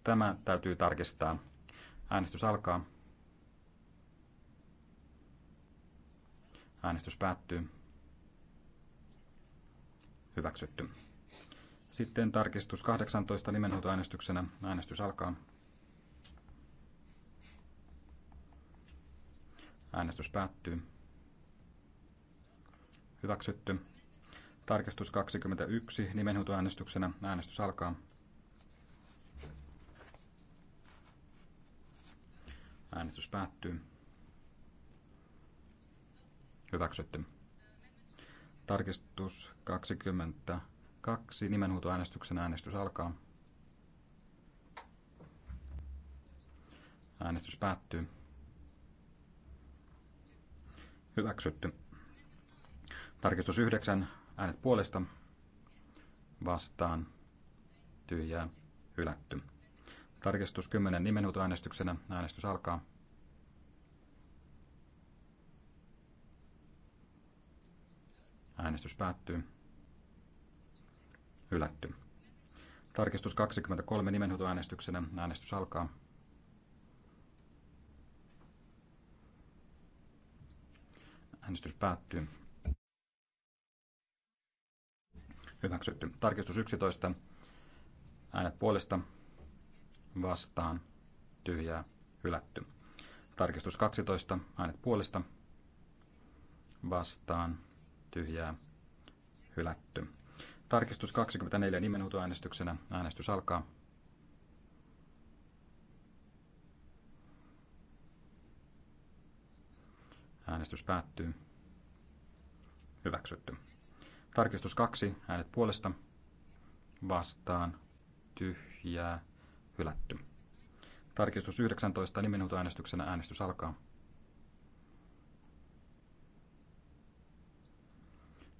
Tämä täytyy tarkistaa. Äänestys alkaa. Äänestys päättyy. Hyväksytty. Sitten tarkistus 18 nimenhuutoäänestyksenä. Äänestys alkaa. Äänestys päättyy. Hyväksytty. Tarkistus 21 nimenhuutoäänestyksenä. Äänestys alkaa. Äänestys päättyy. Hyväksytty. Tarkistus 22. Nimenhuutoäänestyksen äänestys alkaa. Äänestys päättyy. Hyväksytty. Tarkistus 9. Äänet puolesta. Vastaan. Tyhjää. Hylätty. Tarkistus 10. äänestyksenä. Äänestys alkaa. Äänestys päättyy. Hylätty. Tarkistus 23 nimenhuutoäänestyksenä. Äänestys alkaa. Äänestys päättyy. Hyväksytty. Tarkistus 11. Äänet puolesta. Vastaan. Tyhjää. Hylätty. Tarkistus 12. Äänet puolesta. Vastaan. Tyhjää. Hylätty. Tarkistus 24 nimenhuutoäänestyksenä. Äänestys alkaa. Äänestys päättyy. Hyväksytty. Tarkistus 2. Äänet puolesta. Vastaan. Tyhjää. Hylätty. Tarkistus 19. äänestyksenä äänestys alkaa.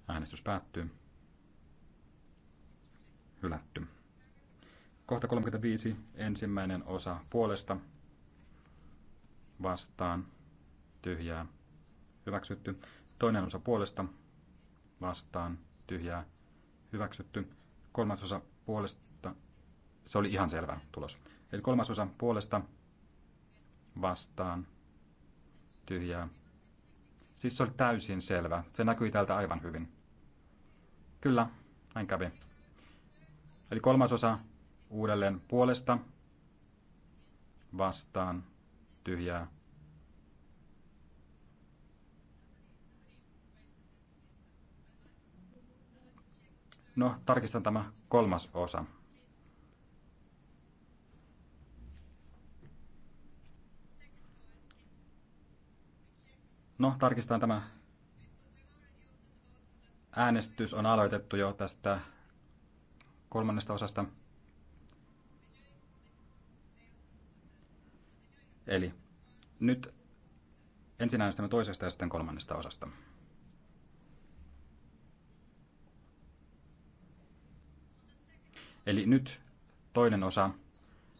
Äänestys päättyy. Hylätty. Kohta 35. Ensimmäinen osa puolesta. Vastaan. Tyhjää hyväksytty. Toinen osa puolesta vastaan tyhjää hyväksytty. Kolmas osa puolesta, se oli ihan selvä tulos. Eli kolmas osa puolesta vastaan tyhjää. Siis se oli täysin selvä. Se näkyi tältä aivan hyvin. Kyllä, näin kävi. Eli kolmas osa uudelleen puolesta vastaan tyhjää No, tarkistan tämä kolmas osa. No, tarkistan tämä. Äänestys on aloitettu jo tästä kolmannesta osasta. Eli nyt ensin äänestämme toisesta ja sitten kolmannesta osasta. Eli nyt toinen osa,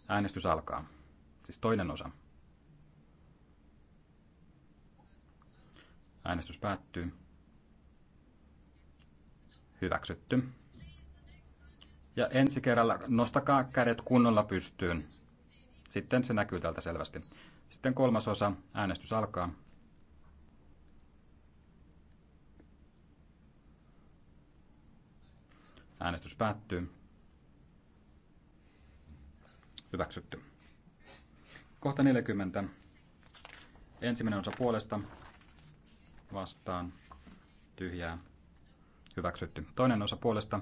äänestys alkaa. Siis toinen osa. Äänestys päättyy. Hyväksytty. Ja ensi kerralla nostakaa kädet kunnolla pystyyn. Sitten se näkyy tältä selvästi. Sitten kolmas osa, äänestys alkaa. Äänestys päättyy. Hyväksytty. Kohta 40. Ensimmäinen osa puolesta vastaan tyhjää. Hyväksytty. Toinen osa puolesta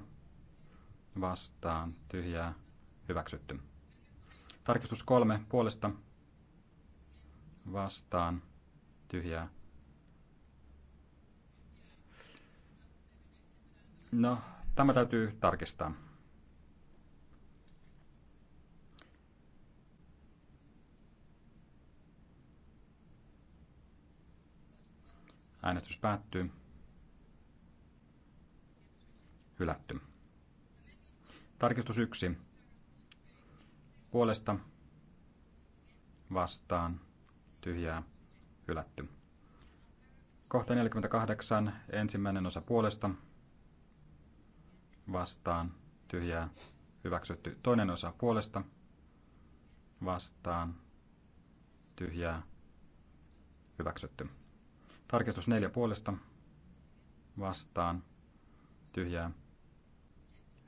vastaan tyhjää. Hyväksytty. Tarkistus kolme puolesta vastaan tyhjää. No, tämä täytyy tarkistaa. Äänestys päättyy. Hylätty. Tarkistus 1. Puolesta vastaan tyhjää hylätty. Kohta 48. Ensimmäinen osa puolesta vastaan tyhjää hyväksytty. Toinen osa puolesta vastaan tyhjää hyväksytty. Tarkistus neljä puolesta vastaan tyhjää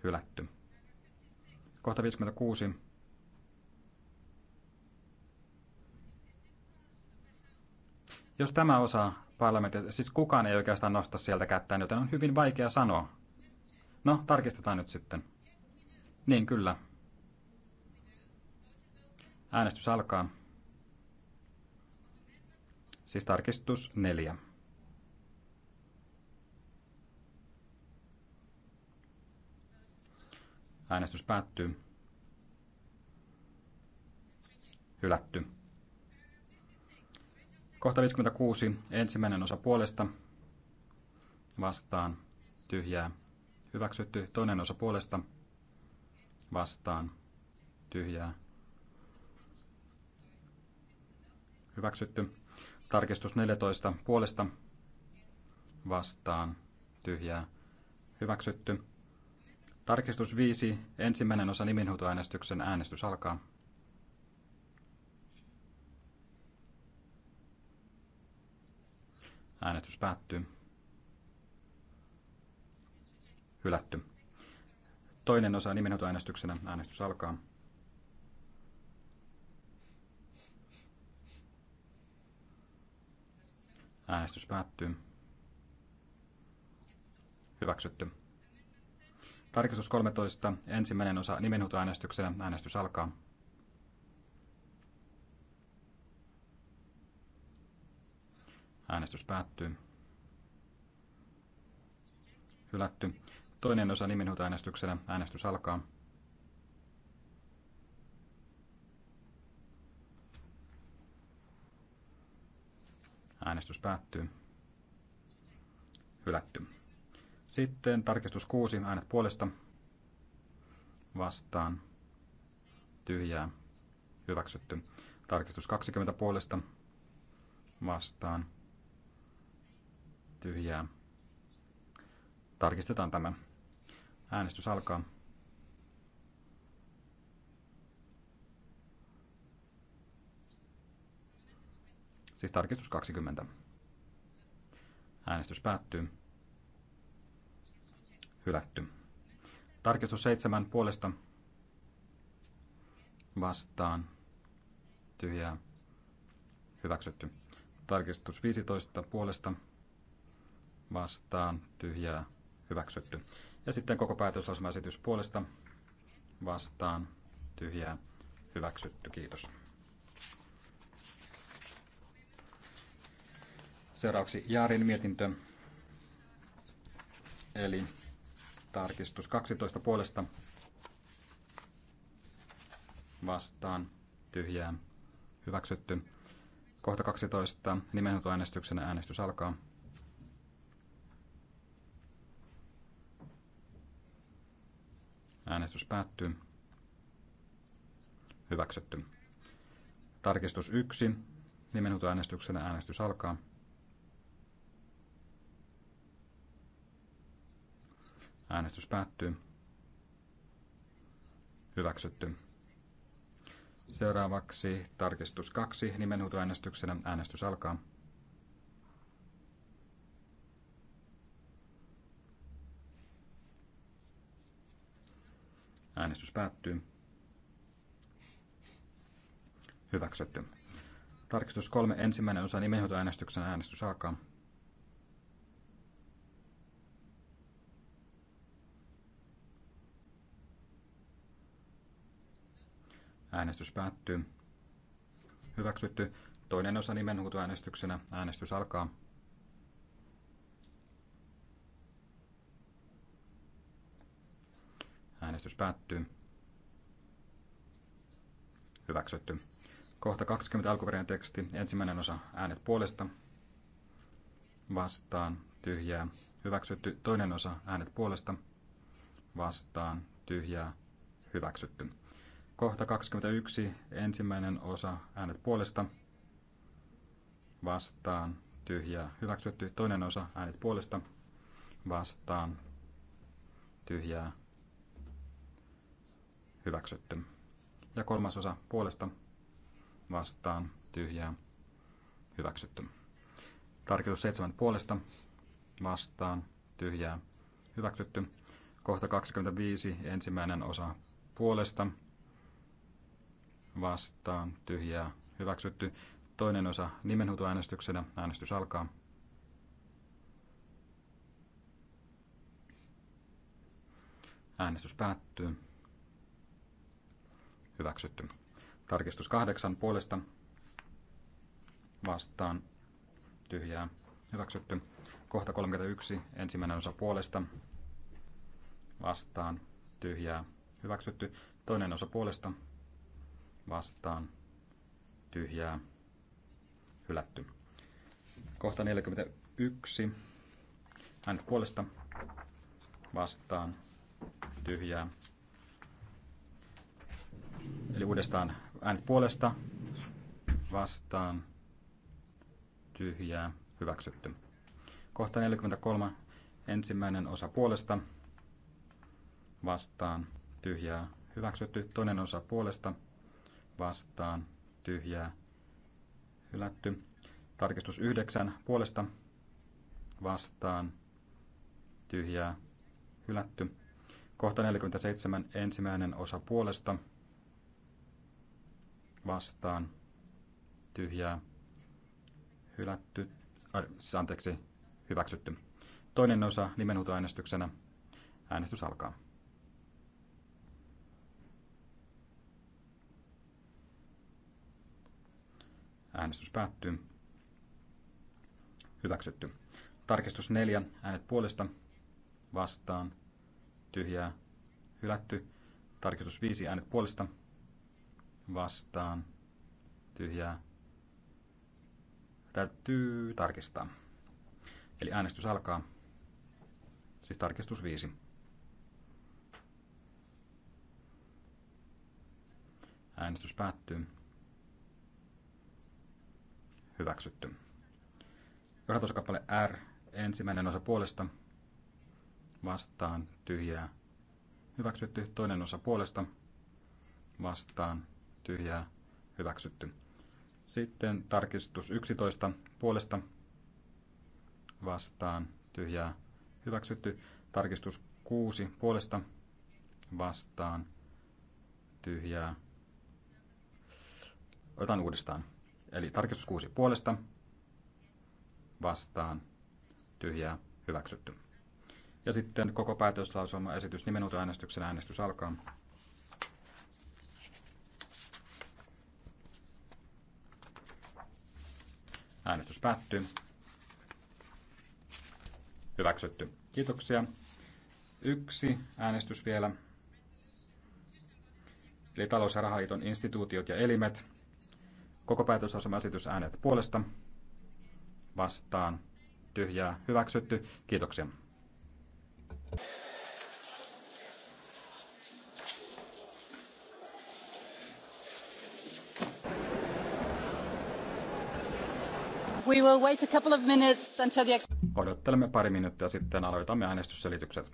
hylätty. Kohta 56. Jos tämä osa parlamentista, siis kukaan ei oikeastaan nosta sieltä kättään, joten on hyvin vaikea sanoa. No, tarkistetaan nyt sitten. Niin, kyllä. Äänestys alkaa. Siis tarkistus neljä. Äänestys päättyy. Hylätty. Kohta 56. Ensimmäinen osa puolesta. Vastaan. Tyhjää. Hyväksytty. Toinen osa puolesta. Vastaan. Tyhjää. Hyväksytty. Tarkistus 14 puolesta vastaan tyhjää hyväksytty. Tarkistus 5. Ensimmäinen osa nimenhuutoäänestyksen äänestys alkaa. Äänestys päättyy. Hylätty. Toinen osa nimenhuutoäänestyksenä äänestys alkaa. Äänestys päättyy. Hyväksytty. Tarkistus 13. Ensimmäinen osa nimenhuutoäänestyksenä. Äänestys alkaa. Äänestys päättyy. Hylätty. Toinen osa nimenhuutoäänestyksenä. Äänestys alkaa. Äänestys päättyy. Hylätty. Sitten tarkistus 6. Äänet puolesta. Vastaan. Tyhjää. Hyväksytty. Tarkistus 20 puolesta. Vastaan. Tyhjää. Tarkistetaan tämä. Äänestys alkaa. Siis tarkistus 20. Äänestys päättyy. Hylätty. Tarkistus 7 puolesta vastaan. Tyhjää. Hyväksytty. Tarkistus 15 puolesta vastaan. Tyhjää. Hyväksytty. Ja sitten koko päätöslausumaesitys puolesta vastaan. Tyhjää. Hyväksytty. Kiitos. Seuraavaksi Jaarin mietintö, eli tarkistus 12 puolesta vastaan tyhjää hyväksytty. Kohta 12 nimenhoitoäänestyksenä äänestys alkaa. Äänestys päättyy. Hyväksytty. Tarkistus 1. Nimenhoitoäänestyksenä äänestys alkaa. Äänestys päättyy. Hyväksytty. Seuraavaksi tarkistus 2 nimenhuutoäänestyksenä. Äänestys alkaa. Äänestys päättyy. Hyväksytty. Tarkistus 3 ensimmäinen osa nimenhuutoäänestyksen äänestys alkaa. Äänestys päättyy. Hyväksytty. Toinen osa nimenhuutoäänestyksenä. Äänestys alkaa. Äänestys päättyy. Hyväksytty. Kohta 20 alkuperäinen teksti. Ensimmäinen osa äänet puolesta. Vastaan. Tyhjää. Hyväksytty. Toinen osa äänet puolesta. Vastaan. Tyhjää. Hyväksytty. Kohta 21, ensimmäinen osa, äänet puolesta, vastaan, tyhjää, hyväksytty. Toinen osa, äänet puolesta, vastaan, tyhjää, hyväksytty. Ja kolmas osa, puolesta, vastaan, tyhjää, hyväksytty. Tarkoitus seitsemän puolesta, vastaan, tyhjää, hyväksytty. Kohta 25, ensimmäinen osa, puolesta, vastaan tyhjää hyväksytty. Toinen osa nimenhuutoäänestyksenä. Äänestys alkaa. Äänestys päättyy. Hyväksytty. Tarkistus kahdeksan puolesta vastaan tyhjää hyväksytty. Kohta 31 ensimmäinen osa puolesta vastaan tyhjää hyväksytty. Toinen osa puolesta vastaan tyhjää hylätty. Kohta 41. Hän puolesta vastaan tyhjää. Eli uudestaan äänet puolesta vastaan tyhjää hyväksytty. Kohta 43. Ensimmäinen osa puolesta vastaan tyhjää hyväksytty. Toinen osa puolesta vastaan tyhjää hylätty. Tarkistus 9 puolesta vastaan tyhjää hylätty. Kohta 47 ensimmäinen osa puolesta vastaan tyhjää hylätty, äh, siis anteeksi, hyväksytty. Toinen osa nimenhuutoäänestyksenä. Äänestys alkaa. Äänestys päättyy. Hyväksytty. Tarkistus 4. Äänet puolesta. Vastaan. Tyhjää. Hylätty. Tarkistus 5. Äänet puolesta. Vastaan. Tyhjää. Täytyy tarkistaa. Eli äänestys alkaa. Siis tarkistus 5. Äänestys päättyy hyväksytty. Johdatuskappale R, ensimmäinen osa puolesta, vastaan, tyhjää, hyväksytty. Toinen osa puolesta, vastaan, tyhjää, hyväksytty. Sitten tarkistus 11 puolesta, vastaan, tyhjää, hyväksytty. Tarkistus 6 puolesta, vastaan, tyhjää. Otan uudestaan. Eli tarkistus 6 puolesta vastaan tyhjää hyväksytty. Ja sitten koko päätöslausuma esitys äänestyksen äänestys alkaa. Äänestys päättyy. Hyväksytty. Kiitoksia. Yksi äänestys vielä. Eli talous- ja rahaliiton instituutiot ja elimet. Koko esitys äänet puolesta vastaan tyhjää hyväksytty. Kiitoksia. We will wait a couple of minutes until the... Odottelemme pari minuuttia sitten aloitamme äänestysselitykset.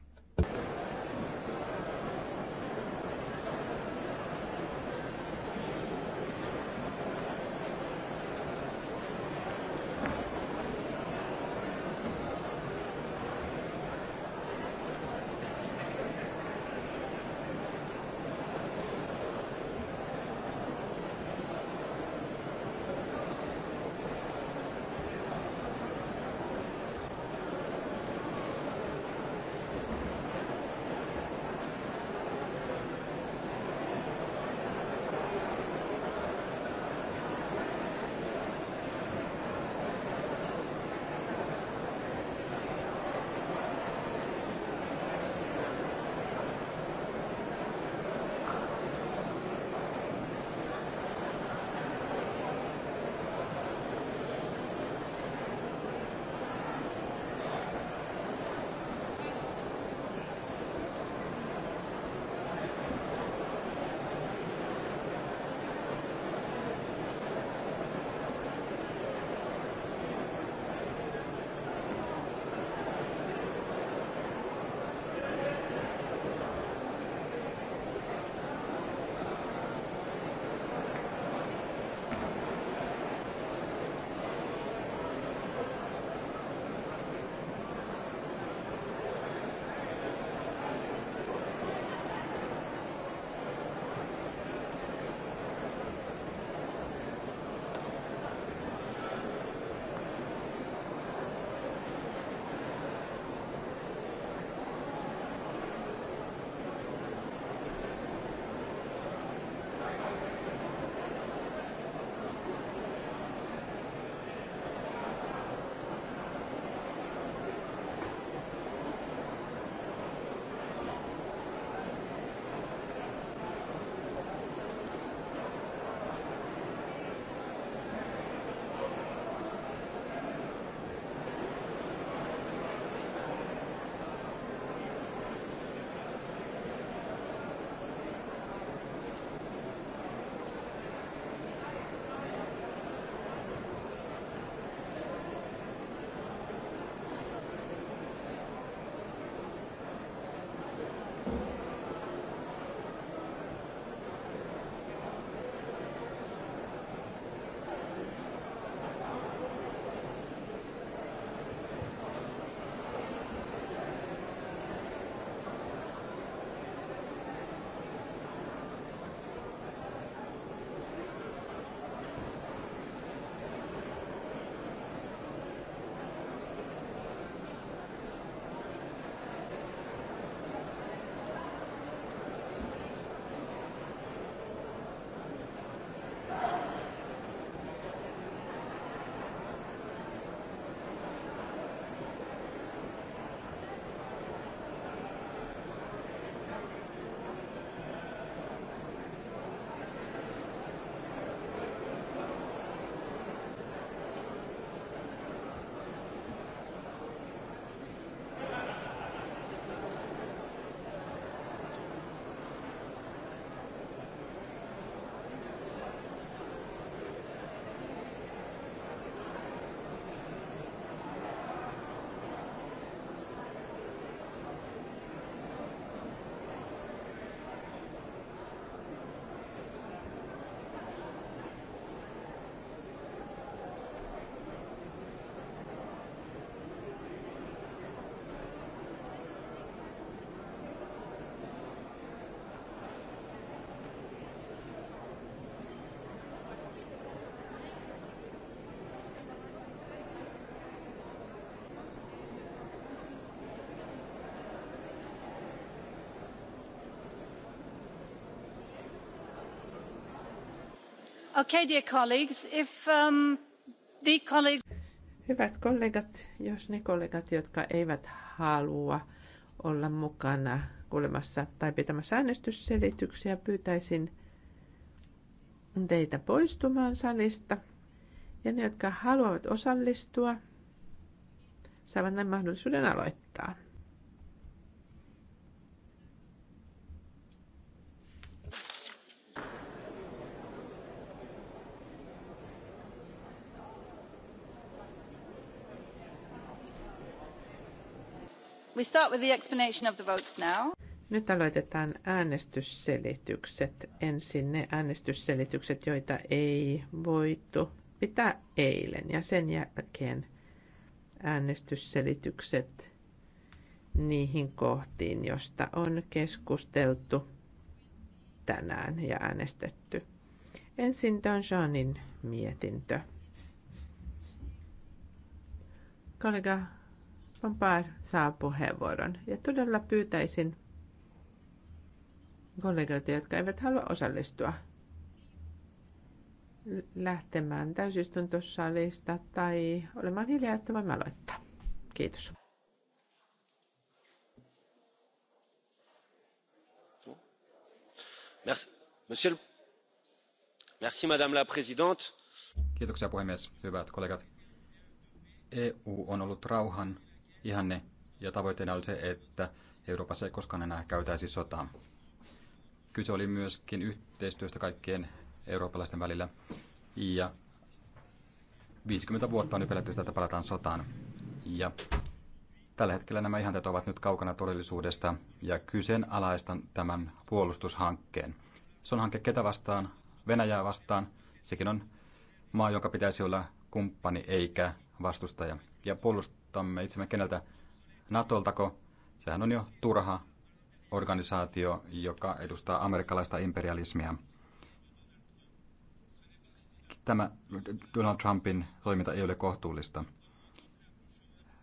Um, Hyvät kollegat, jos ne kollegat, jotka eivät halua olla mukana kuulemassa tai pitämässä äänestysselityksiä, pyytäisin teitä poistumaan salista. Ja ne, jotka haluavat osallistua, saavat näin mahdollisuuden aloittaa. start with the explanation of the votes now. Nyt aloitetaan äänestysselitykset. Ensin ne äänestysselitykset, joita ei voitu pitää eilen ja sen jälkeen äänestysselitykset niihin kohtiin, josta on keskusteltu tänään ja äänestetty. Ensin Danjanin mietintö. Kollega Van saa puheenvuoron. Ja todella pyytäisin kollegoita, jotka eivät halua osallistua lähtemään täysistuntosalista tai olemaan hiljaa, että voimme aloittaa. Kiitos. Merci, monsieur, merci madame la présidente. Kiitoksia puhemies, hyvät kollegat. EU on ollut rauhan ihanne ja tavoitteena oli se, että Euroopassa ei koskaan enää käytäisi sotaa. Kyse oli myöskin yhteistyöstä kaikkien eurooppalaisten välillä ja 50 vuotta on nyt pelätty sitä, että palataan sotaan. Ja tällä hetkellä nämä ihanteet ovat nyt kaukana todellisuudesta ja kyseenalaistan tämän puolustushankkeen. Se on hanke ketä vastaan? Venäjää vastaan. Sekin on maa, jonka pitäisi olla kumppani eikä vastustaja. Ja puolustus puolustamme itsemme keneltä? Natoltako? Sehän on jo turha organisaatio, joka edustaa amerikkalaista imperialismia. Tämä Donald Trumpin toiminta ei ole kohtuullista.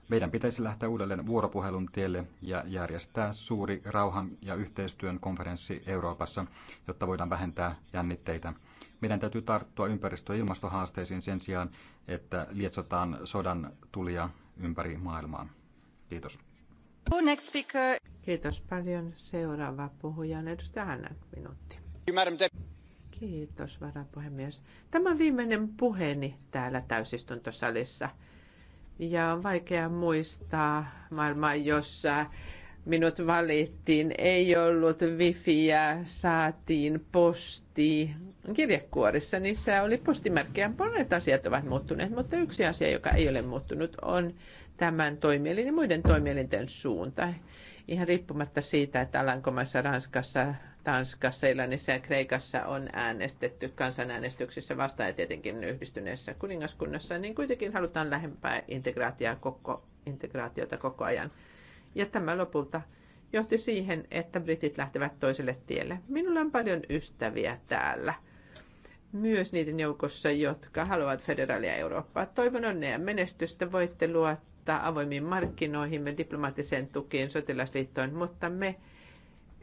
Meidän pitäisi lähteä uudelleen vuoropuhelun tielle ja järjestää suuri rauhan ja yhteistyön konferenssi Euroopassa, jotta voidaan vähentää jännitteitä. Meidän täytyy tarttua ympäristö- ja ilmastohaasteisiin sen sijaan, että lietsotaan sodan tulia ympäri maailmaa. Kiitos. Next speaker. Kiitos paljon. Seuraava puhuja on edustaja Hanna, minuutti. Kiitos varapuhemies. Tämä viimeinen puheeni täällä täysistuntosalissa. Ja on vaikea muistaa maailmaa, jossa minut valittiin. Ei ollut wifiä, saatiin posti kirjekuorissa. Niissä oli postimerkkejä. Monet asiat ovat muuttuneet, mutta yksi asia, joka ei ole muuttunut, on tämän toimielin ja muiden toimielinten suunta. Ihan riippumatta siitä, että Alankomaissa, Ranskassa, Tanskassa, Irlannissa ja Kreikassa on äänestetty kansanäänestyksissä vastaan ja tietenkin yhdistyneessä kuningaskunnassa, niin kuitenkin halutaan lähempää integraatiota koko, integraatiota koko ajan. Ja tämä lopulta johti siihen, että britit lähtevät toiselle tielle. Minulla on paljon ystäviä täällä. Myös niiden joukossa, jotka haluavat federaalia Eurooppaa. Toivon onnea menestystä. Voitte luottaa avoimiin markkinoihimme, diplomaattiseen tukiin, sotilasliittoon, mutta me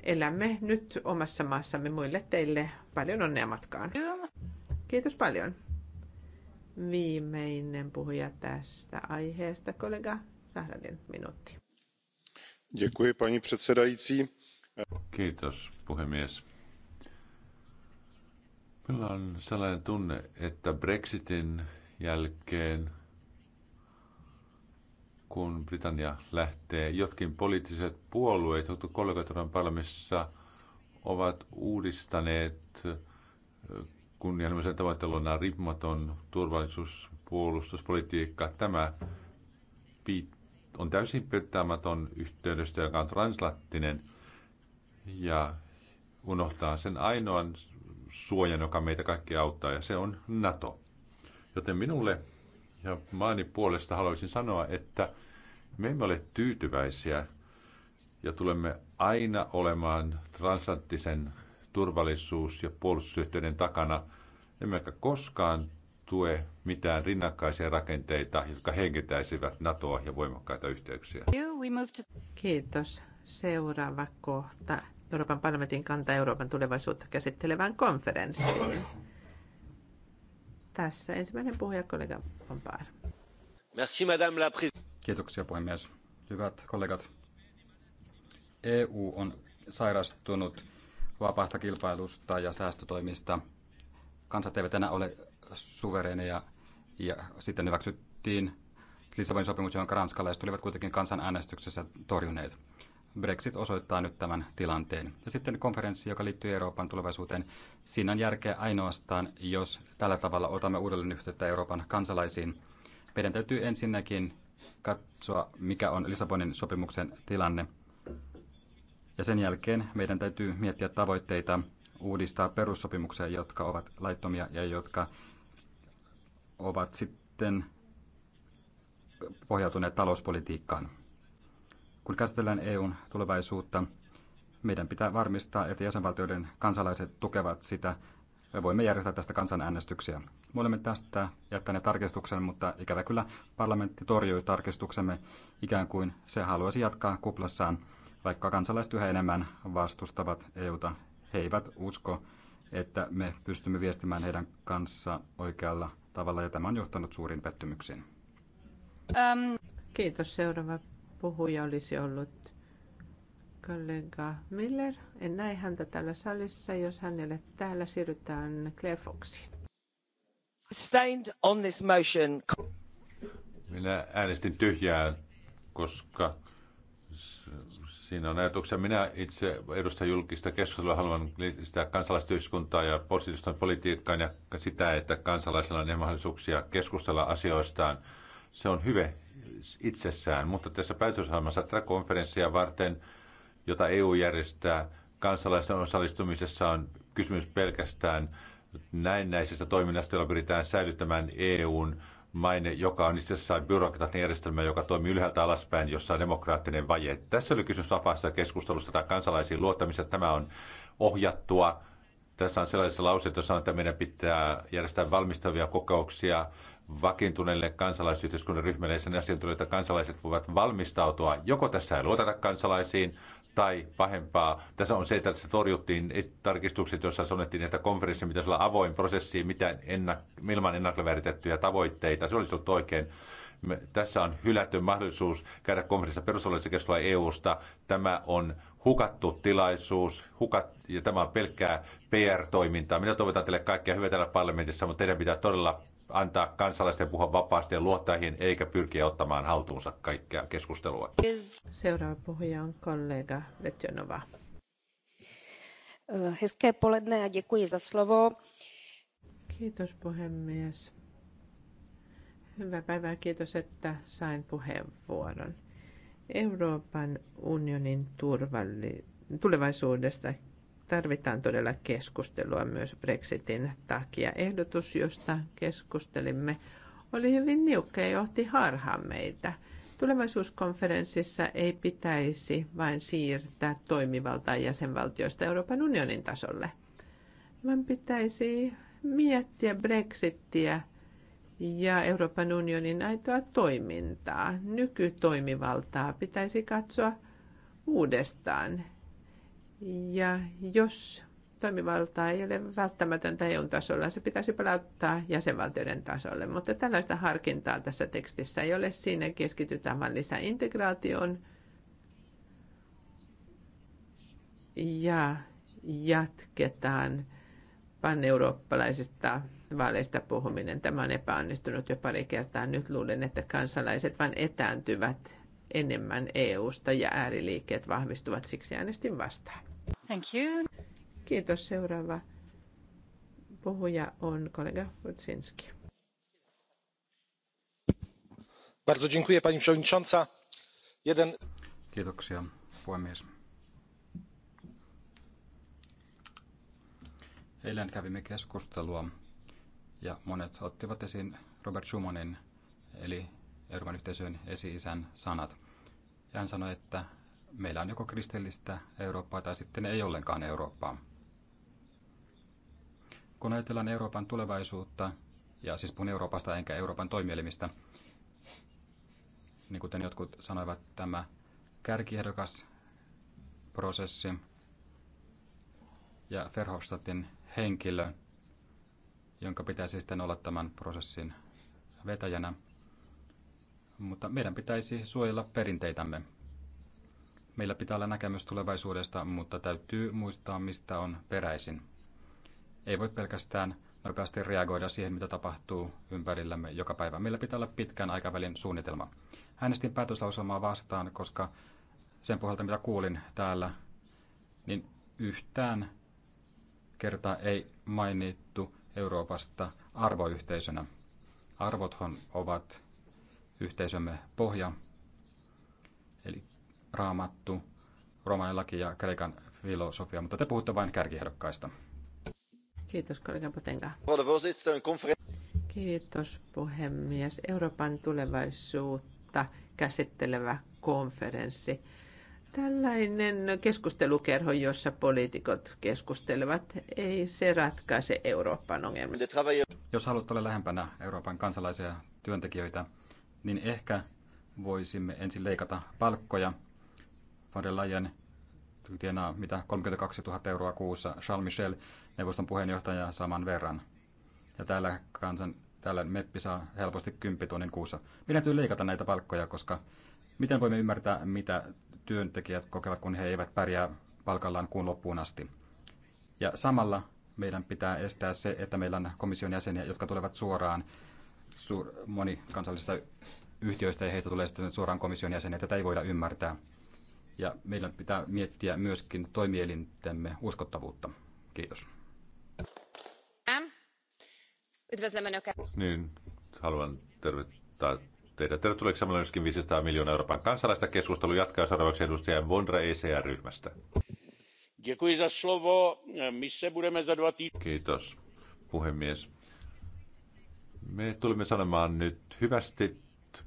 elämme nyt omassa maassamme muille teille. Paljon onnea matkaan. Kiitos paljon. Viimeinen puhuja tästä aiheesta, kollega Sahradin minuutti paní předsedající kiitos puhemies minulla on sellainen tunne että brexitin jälkeen kun Britannia lähtee, jotkin poliittiset puolueet, jotkut kollegat parlamentissa ovat uudistaneet kunnianhimoisen tavoitteluna riippumaton turvallisuuspuolustuspolitiikka. puolustuspolitiikka. Tämä on täysin pettämätön yhteydestä, joka on translattinen ja unohtaa sen ainoan suojan, joka meitä kaikki auttaa, ja se on NATO. Joten minulle ja maani puolesta haluaisin sanoa, että me emme ole tyytyväisiä ja tulemme aina olemaan transatlanttisen turvallisuus- ja puolustusyhteyden takana, emmekä koskaan tue mitään rinnakkaisia rakenteita, jotka henkitäisivät NATOa ja voimakkaita yhteyksiä. Kiitos. Seuraava kohta. Euroopan parlamentin kanta Euroopan tulevaisuutta käsittelevään konferenssiin. Tässä ensimmäinen puhuja kollega Pompaar. Merci, madame la Kiitoksia puhemies. Hyvät kollegat, EU on sairastunut vapaasta kilpailusta ja säästötoimista. Kansat eivät enää ole suvereneja ja sitten hyväksyttiin Lissabonin sopimus, jonka ranskalaiset tulivat kuitenkin kansanäänestyksessä torjuneet. Brexit osoittaa nyt tämän tilanteen. Ja sitten konferenssi, joka liittyy Euroopan tulevaisuuteen. Siinä on järkeä ainoastaan, jos tällä tavalla otamme uudelleen yhteyttä Euroopan kansalaisiin. Meidän täytyy ensinnäkin katsoa, mikä on Lissabonin sopimuksen tilanne. Ja sen jälkeen meidän täytyy miettiä tavoitteita uudistaa perussopimuksia, jotka ovat laittomia ja jotka ovat sitten pohjautuneet talouspolitiikkaan. Kun käsitellään EUn tulevaisuutta, meidän pitää varmistaa, että jäsenvaltioiden kansalaiset tukevat sitä. Me voimme järjestää tästä kansanäänestyksiä. Me olemme tästä jättäneet tarkistuksen, mutta ikävä kyllä parlamentti torjui tarkistuksemme ikään kuin se haluaisi jatkaa kuplassaan, vaikka kansalaiset yhä enemmän vastustavat EUta. He eivät usko, että me pystymme viestimään heidän kanssa oikealla tavalla ja tämä on johtanut suuriin pettymyksiin. Um. Kiitos. Seuraava puhuja olisi ollut kollega Miller. En näe häntä täällä salissa. Jos hänelle täällä siirrytään Claire Foxiin. Stained on this motion. Minä äänestin tyhjää, koska Siinä on ajatuksia. Minä itse edustan julkista keskustelua, haluan liittää kansalaisyhteiskuntaa ja poliittista politiikkaa ja sitä, että kansalaisilla on mahdollisuuksia keskustella asioistaan. Se on hyve itsessään, mutta tässä päätösohjelmassa tätä konferenssia varten, jota EU järjestää, kansalaisten osallistumisessa on kysymys pelkästään näennäisestä toiminnasta, jolla pyritään säilyttämään EUn maine, joka on itse asiassa byrokraattinen järjestelmä, joka toimii ylhäältä alaspäin, jossa on demokraattinen vaje. Tässä oli kysymys vapaassa keskustelusta tai kansalaisiin luottamista. Tämä on ohjattua. Tässä on sellaisessa lauseita, jossa on, että meidän pitää järjestää valmistavia kokouksia vakiintuneille kansalaisyhteiskunnan ryhmille ja sen että kansalaiset voivat valmistautua. Joko tässä ei luoteta kansalaisiin tai pahempaa. Tässä on se, että tässä torjuttiin tarkistukset, joissa sanottiin, että konferenssi pitäisi olla avoin prosessi mitä ennak- ilman ennakkoväritettyjä tavoitteita. Se olisi ollut oikein. Me, tässä on hylätty mahdollisuus käydä konferenssissa perustuslaillisessa keskustelua EUsta. Tämä on hukattu tilaisuus, hukat, ja tämä on pelkkää PR-toimintaa. Minä toivotan teille kaikkea hyvää täällä parlamentissa, mutta teidän pitää todella antaa kansalaisten puhua vapaasti ja luottaa heihin, eikä pyrkiä ottamaan haltuunsa kaikkea keskustelua. Seuraava puhuja on kollega Letjonova. Eh, hezké poledne ja děkuji za slovo. Kiitos puhemies. Hyvää päivää, kiitos että sain puheenvuoron. Euroopan unionin turvalli- tulevaisuudesta tarvitaan todella keskustelua myös Brexitin takia. Ehdotus, josta keskustelimme, oli hyvin niukka ja johti harhaan meitä. Tulevaisuuskonferenssissa ei pitäisi vain siirtää toimivaltaa jäsenvaltioista Euroopan unionin tasolle, vaan pitäisi miettiä Brexittiä ja Euroopan unionin aitoa toimintaa. Nykytoimivaltaa pitäisi katsoa uudestaan ja jos toimivaltaa ei ole välttämätöntä EU-tasolla, se pitäisi palauttaa jäsenvaltioiden tasolle. Mutta tällaista harkintaa tässä tekstissä ei ole. Siinä keskitytään vain lisäintegraatioon ja jatketaan pan-eurooppalaisista vaaleista puhuminen. Tämä on epäonnistunut jo pari kertaa. Nyt luulen, että kansalaiset vain etääntyvät enemmän EU-sta ja ääriliikkeet vahvistuvat. Siksi äänestin vastaan. Thank you. Kiitos. Seuraava puhuja on kollega Wodzinski. Bardzo dziękuję pani przewodnicząca. Jeden... Kiitoksia puhemies. Eilen kävimme keskustelua ja monet ottivat esiin Robert Schumannin eli Euroopan yhteisön esi-isän sanat. Ja hän sanoi, että meillä on joko kristillistä Eurooppaa tai sitten ei ollenkaan Eurooppaa. Kun ajatellaan Euroopan tulevaisuutta, ja siis puhun Euroopasta enkä Euroopan toimielimistä, niin kuten jotkut sanoivat, tämä kärkiehdokas prosessi ja Verhofstadtin henkilö, jonka pitäisi sitten olla tämän prosessin vetäjänä. Mutta meidän pitäisi suojella perinteitämme. Meillä pitää olla näkemys tulevaisuudesta, mutta täytyy muistaa, mistä on peräisin. Ei voi pelkästään nopeasti reagoida siihen, mitä tapahtuu ympärillämme joka päivä. Meillä pitää olla pitkän aikavälin suunnitelma. Äänestin päätöslauselmaa vastaan, koska sen pohjalta, mitä kuulin täällä, niin yhtään kertaa ei mainittu Euroopasta arvoyhteisönä. Arvothan ovat yhteisömme pohja, raamattu, romainen laki ja kreikan filosofia, mutta te puhutte vain kärkiherokkaista. Kiitos, kollega Potenka. Kiitos, puhemies. Euroopan tulevaisuutta käsittelevä konferenssi. Tällainen keskustelukerho, jossa poliitikot keskustelevat, ei se ratkaise Euroopan ongelmia. Jos haluat olla lähempänä Euroopan kansalaisia ja työntekijöitä, niin ehkä voisimme ensin leikata palkkoja von der Leyen tienaa mitä 32 000 euroa kuussa, Charles Michel, neuvoston puheenjohtaja, saman verran. Ja täällä, kansan, täällä meppi saa helposti 10 tonnin kuussa. Minä täytyy leikata näitä palkkoja, koska miten voimme ymmärtää, mitä työntekijät kokevat, kun he eivät pärjää palkallaan kuun loppuun asti. Ja samalla meidän pitää estää se, että meillä on komission jäseniä, jotka tulevat suoraan suur, monikansallisista yhtiöistä ja heistä tulee sitten suoraan komission jäseniä. Tätä ei voida ymmärtää. Ja meidän pitää miettiä myöskin toimielintemme uskottavuutta. Kiitos. Niin, haluan tervettää teidät. Tervetuloa samalla myöskin 500 miljoonaa Euroopan kansalaista keskustelu jatkaa seuraavaksi edustaja Vondra ECR-ryhmästä. Kiitos, puhemies. Me tulimme sanomaan nyt hyvästi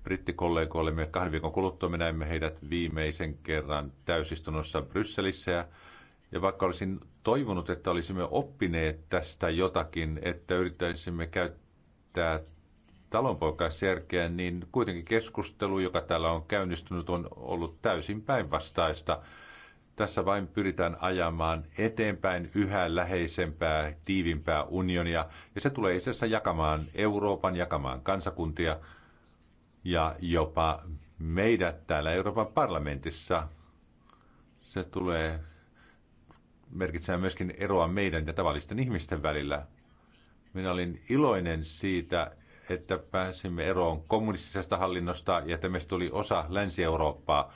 brittikollegoillemme. Kahden viikon kuluttua me näemme heidät viimeisen kerran täysistunnossa Brysselissä. Ja, ja vaikka olisin toivonut, että olisimme oppineet tästä jotakin, että yrittäisimme käyttää talonpoikaisjärkeä, niin kuitenkin keskustelu, joka täällä on käynnistynyt, on ollut täysin päinvastaista. Tässä vain pyritään ajamaan eteenpäin yhä läheisempää, tiivimpää unionia, ja se tulee itse asiassa jakamaan Euroopan, jakamaan kansakuntia – ja jopa meidät täällä Euroopan parlamentissa. Se tulee merkitsemään myöskin eroa meidän ja tavallisten ihmisten välillä. Minä olin iloinen siitä, että pääsimme eroon kommunistisesta hallinnosta ja että meistä tuli osa Länsi-Eurooppaa.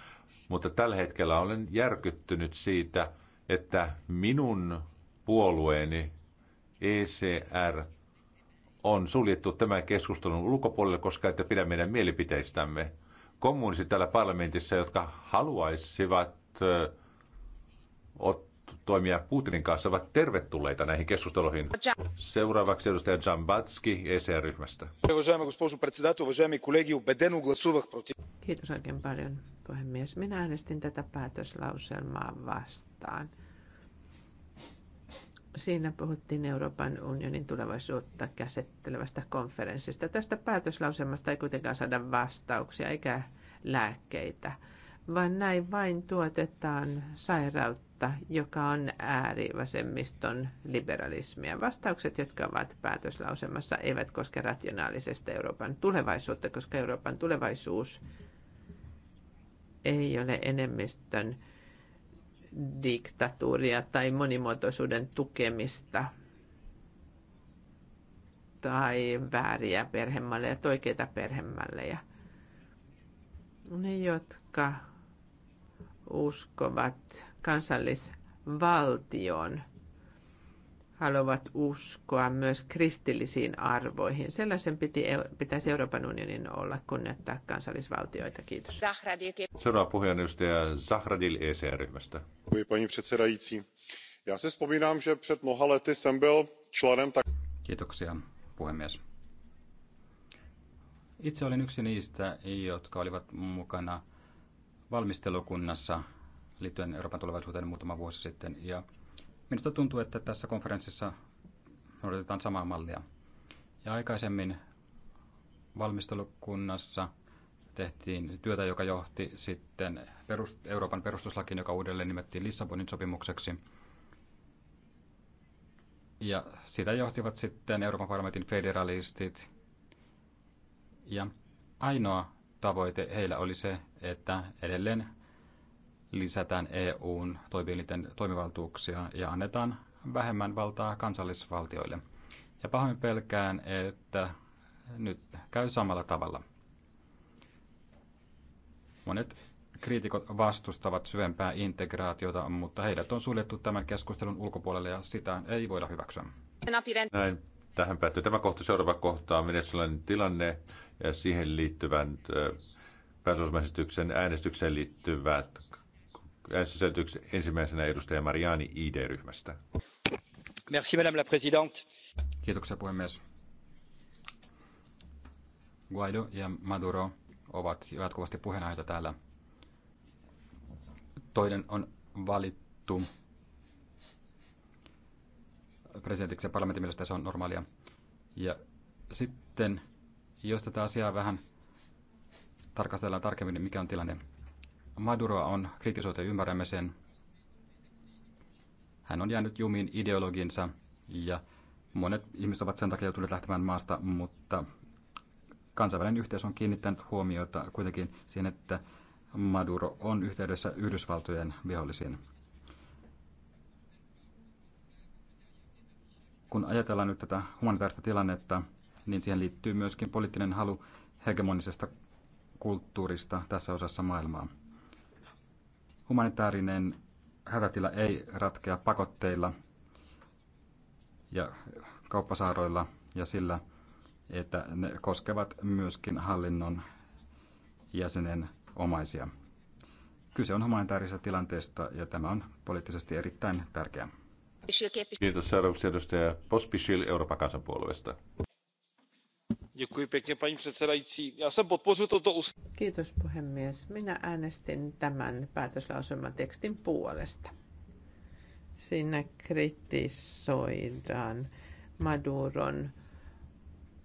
Mutta tällä hetkellä olen järkyttynyt siitä, että minun puolueeni ECR on suljettu tämän keskustelun ulkopuolelle, koska ette pidä meidän mielipiteistämme. Kommunistit täällä parlamentissa, jotka haluaisivat toimia Putinin kanssa, ovat tervetulleita näihin keskusteluihin. Seuraavaksi edustaja Jambatski ECR-ryhmästä. Kiitos oikein paljon, puhemies. Minä äänestin tätä päätöslauselmaa vastaan. Siinä puhuttiin Euroopan unionin tulevaisuutta käsittelevästä konferenssista. Tästä päätöslauselmasta ei kuitenkaan saada vastauksia eikä lääkkeitä, vaan näin vain tuotetaan sairautta, joka on äärivasemmiston liberalismia. Vastaukset, jotka ovat päätöslauselmassa, eivät koske rationaalisesta Euroopan tulevaisuutta, koska Euroopan tulevaisuus ei ole enemmistön diktatuuria tai monimuotoisuuden tukemista tai vääriä perhemalleja tai oikeita perhemalleja. Ne, jotka uskovat kansallisvaltioon – haluavat uskoa myös kristillisiin arvoihin. Sellaisen piti, pitäisi Euroopan unionin olla kunnioittaa kansallisvaltioita. Kiitos. Seuraava puheenjohtaja Zahradil ECR-ryhmästä. Kiitoksia, puhemies. Itse olin yksi niistä, jotka olivat mukana valmistelukunnassa liittyen Euroopan tulevaisuuteen muutama vuosi sitten. Ja Minusta tuntuu, että tässä konferenssissa noudatetaan samaa mallia. Ja aikaisemmin valmistelukunnassa tehtiin työtä, joka johti sitten perust- Euroopan perustuslakiin, joka uudelleen nimettiin Lissabonin sopimukseksi. Ja sitä johtivat sitten Euroopan parlamentin federalistit. Ja ainoa tavoite heillä oli se, että edelleen lisätään EUn toimielinten toimivaltuuksia ja annetaan vähemmän valtaa kansallisvaltioille. Ja pahoin pelkään, että nyt käy samalla tavalla. Monet kriitikot vastustavat syvempää integraatiota, mutta heidät on suljettu tämän keskustelun ulkopuolelle ja sitä ei voida hyväksyä. Näin. Tähän päättyy tämä kohta. Seuraava kohta on venezuelainen tilanne ja siihen liittyvän äänestykseen liittyvät ensimmäisenä edustaja Mariani ID-ryhmästä. Merci, madame la présidente. Kiitoksia puhemies. Guaido ja Maduro ovat jatkuvasti puheenaiheita täällä. Toinen on valittu presidentiksi ja parlamentin mielestä se on normaalia. Ja sitten, jos tätä asiaa vähän tarkastellaan tarkemmin, niin mikä on tilanne? Maduroa on kritisoitu ja ymmärrämme sen. Hän on jäänyt jumiin ideologinsa ja monet ihmiset ovat sen takia joutuneet lähtemään maasta, mutta kansainvälinen yhteisö on kiinnittänyt huomiota kuitenkin siihen, että Maduro on yhteydessä Yhdysvaltojen vihollisiin. Kun ajatellaan nyt tätä humanitaarista tilannetta, niin siihen liittyy myöskin poliittinen halu hegemonisesta kulttuurista tässä osassa maailmaa. Humanitaarinen hätätila ei ratkea pakotteilla ja kauppasaaroilla ja sillä, että ne koskevat myöskin hallinnon jäsenen omaisia. Kyse on humanitaarisesta tilanteesta ja tämä on poliittisesti erittäin tärkeää. Kiitos seuraavaksi edustaja Pospisil Euroopan kansanpuolueesta paní předsedající já jsem podpořil toto usnesení. Kiitos puhemies. Minä äänestin tämän päätöslauselman tekstin puolesta. Siinä kritisoidaan Maduron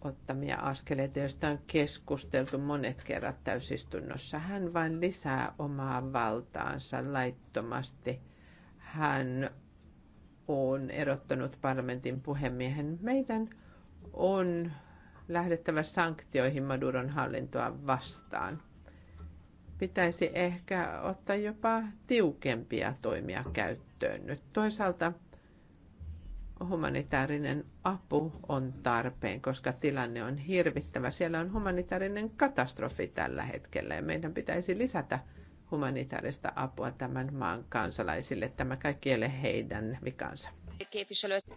ottamia askeleita, joista on keskusteltu monet kerrat täysistunnossa. Hän vain lisää omaa valtaansa laittomasti. Hän on erottanut parlamentin puhemiehen. Meidän on lähdettävä sanktioihin Maduron hallintoa vastaan. Pitäisi ehkä ottaa jopa tiukempia toimia käyttöön nyt. Toisaalta humanitaarinen apu on tarpeen, koska tilanne on hirvittävä. Siellä on humanitaarinen katastrofi tällä hetkellä ja meidän pitäisi lisätä humanitaarista apua tämän maan kansalaisille. Tämä kaikki ei ole heidän vikansa.